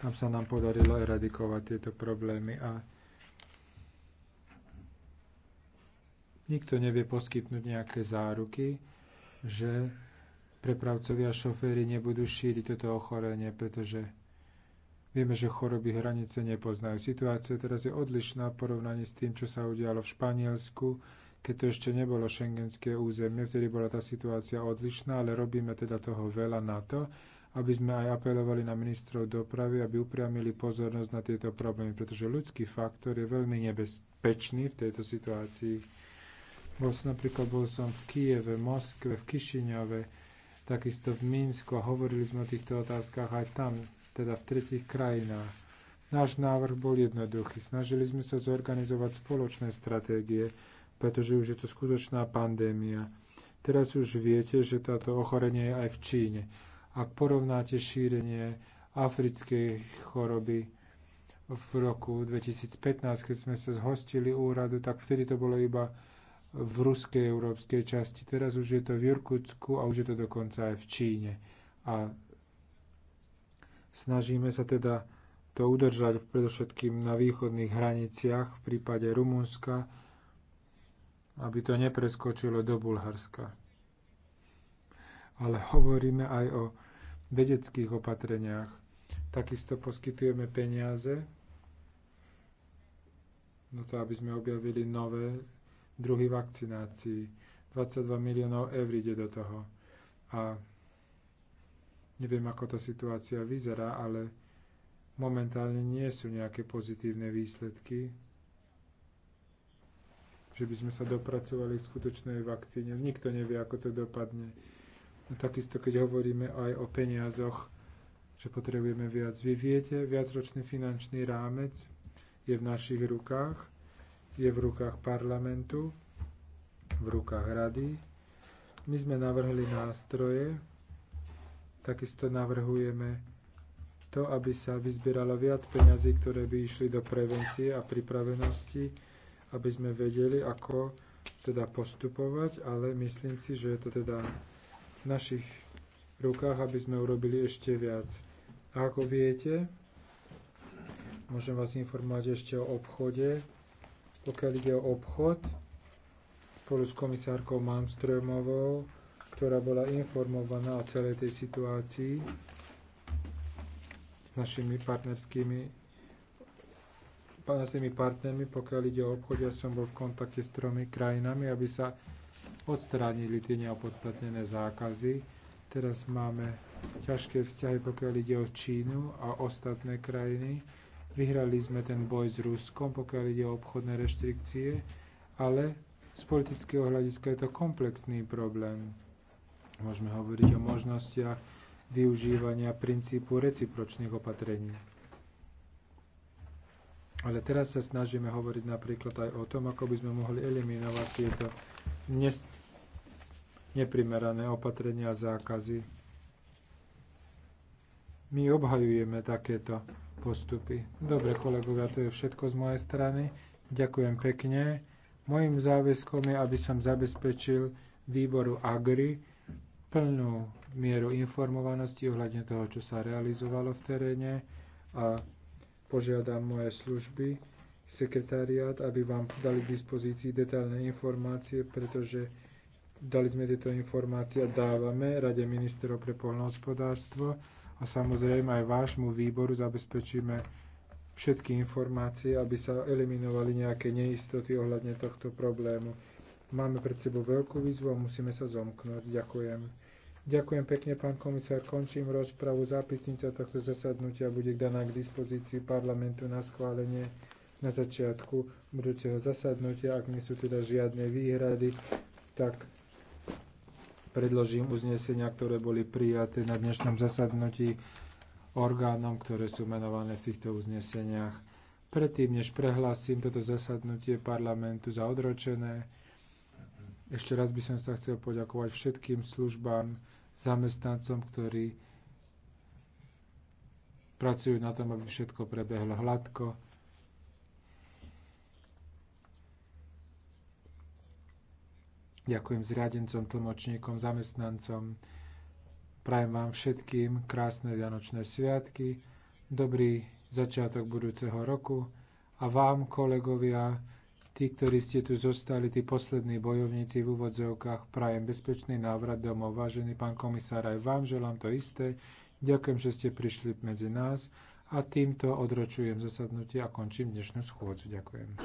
Tam sa nám podarilo eradikovať tieto problémy a nikto nevie poskytnúť nejaké záruky, že prepravcovia a šoféry nebudú šíriť toto ochorenie, pretože vieme, že choroby hranice nepoznajú. Situácia teraz je odlišná v porovnaní s tým, čo sa udialo v Španielsku, keď to ešte nebolo šengenské územie, vtedy bola tá situácia odlišná, ale robíme teda toho veľa na to, aby sme aj apelovali na ministrov dopravy, aby upriamili pozornosť na tieto problémy, pretože ľudský faktor je veľmi nebezpečný v tejto situácii. Bol som, napríklad bol som v Kieve, Moskve, v Kišiňove, takisto v Minsku a hovorili sme o týchto otázkach aj tam, teda v tretich krajinách. Náš návrh bol jednoduchý. Snažili sme sa zorganizovať spoločné stratégie, pretože už je to skutočná pandémia. Teraz už viete, že táto ochorenie je aj v Číne. Ak porovnáte šírenie africkej choroby v roku 2015, keď sme sa zhostili úradu, tak vtedy to bolo iba v ruskej európskej časti. Teraz už je to v Jurkutsku a už je to dokonca aj v Číne. A snažíme sa teda to udržať predovšetkým na východných hraniciach v prípade Rumunska, aby to nepreskočilo do Bulharska. Ale hovoríme aj o vedeckých opatreniach. Takisto poskytujeme peniaze na to, aby sme objavili nové druhy vakcinácií. 22 miliónov eur ide do toho. A neviem, ako tá situácia vyzerá, ale momentálne nie sú nejaké pozitívne výsledky že by sme sa dopracovali v skutočnej vakcíne. Nikto nevie, ako to dopadne. No takisto, keď hovoríme aj o peniazoch, že potrebujeme viac. Vy viete, viacročný finančný rámec je v našich rukách, je v rukách parlamentu, v rukách rady. My sme navrhli nástroje, takisto navrhujeme to, aby sa vyzbieralo viac peňazí, ktoré by išli do prevencie a pripravenosti aby sme vedeli, ako teda postupovať, ale myslím si, že je to teda v našich rukách, aby sme urobili ešte viac. A ako viete, môžem vás informovať ešte o obchode. Pokiaľ ide o obchod, spolu s komisárkou Malmströmovou, ktorá bola informovaná o celej tej situácii s našimi partnerskými našimi partnermi, pokiaľ ide o obchod, ja som bol v kontakte s tromi krajinami, aby sa odstránili tie neopodstatnené zákazy. Teraz máme ťažké vzťahy, pokiaľ ide o Čínu a ostatné krajiny. Vyhrali sme ten boj s Ruskom, pokiaľ ide o obchodné reštrikcie, ale z politického hľadiska je to komplexný problém. Môžeme hovoriť o možnostiach využívania princípu recipročných opatrení. Ale teraz sa snažíme hovoriť napríklad aj o tom, ako by sme mohli eliminovať tieto nes- neprimerané opatrenia a zákazy. My obhajujeme takéto postupy. Dobre, kolegovia, to je všetko z mojej strany. Ďakujem pekne. Mojím záväzkom je, aby som zabezpečil výboru AGRI plnú mieru informovanosti ohľadne toho, čo sa realizovalo v teréne a Požiadam moje služby, sekretariát, aby vám dali k dispozícii detailné informácie, pretože dali sme tieto informácie a dávame Rade ministerov pre poľnohospodárstvo a samozrejme aj vášmu výboru zabezpečíme všetky informácie, aby sa eliminovali nejaké neistoty ohľadne tohto problému. Máme pred sebou veľkú výzvu a musíme sa zomknúť. Ďakujem. Ďakujem pekne, pán komisár. Končím rozpravu. Zápisnica tohto zasadnutia bude daná k dispozícii parlamentu na schválenie na začiatku budúceho zasadnutia. Ak nie sú teda žiadne výhrady, tak predložím uznesenia, ktoré boli prijaté na dnešnom zasadnutí orgánom, ktoré sú menované v týchto uzneseniach. Predtým, než prehlásim toto zasadnutie parlamentu za odročené, ešte raz by som sa chcel poďakovať všetkým službám, zamestnancom, ktorí pracujú na tom, aby všetko prebehlo hladko. Ďakujem zriadencom, tlmočníkom, zamestnancom. Prajem vám všetkým krásne Vianočné sviatky, dobrý začiatok budúceho roku a vám, kolegovia, Tí, ktorí ste tu zostali, tí poslední bojovníci v úvodzovkách, prajem bezpečný návrat domov. Vážený pán komisár, aj vám želám to isté. Ďakujem, že ste prišli medzi nás a týmto odročujem zasadnutie a končím dnešnú schôdzu. Ďakujem.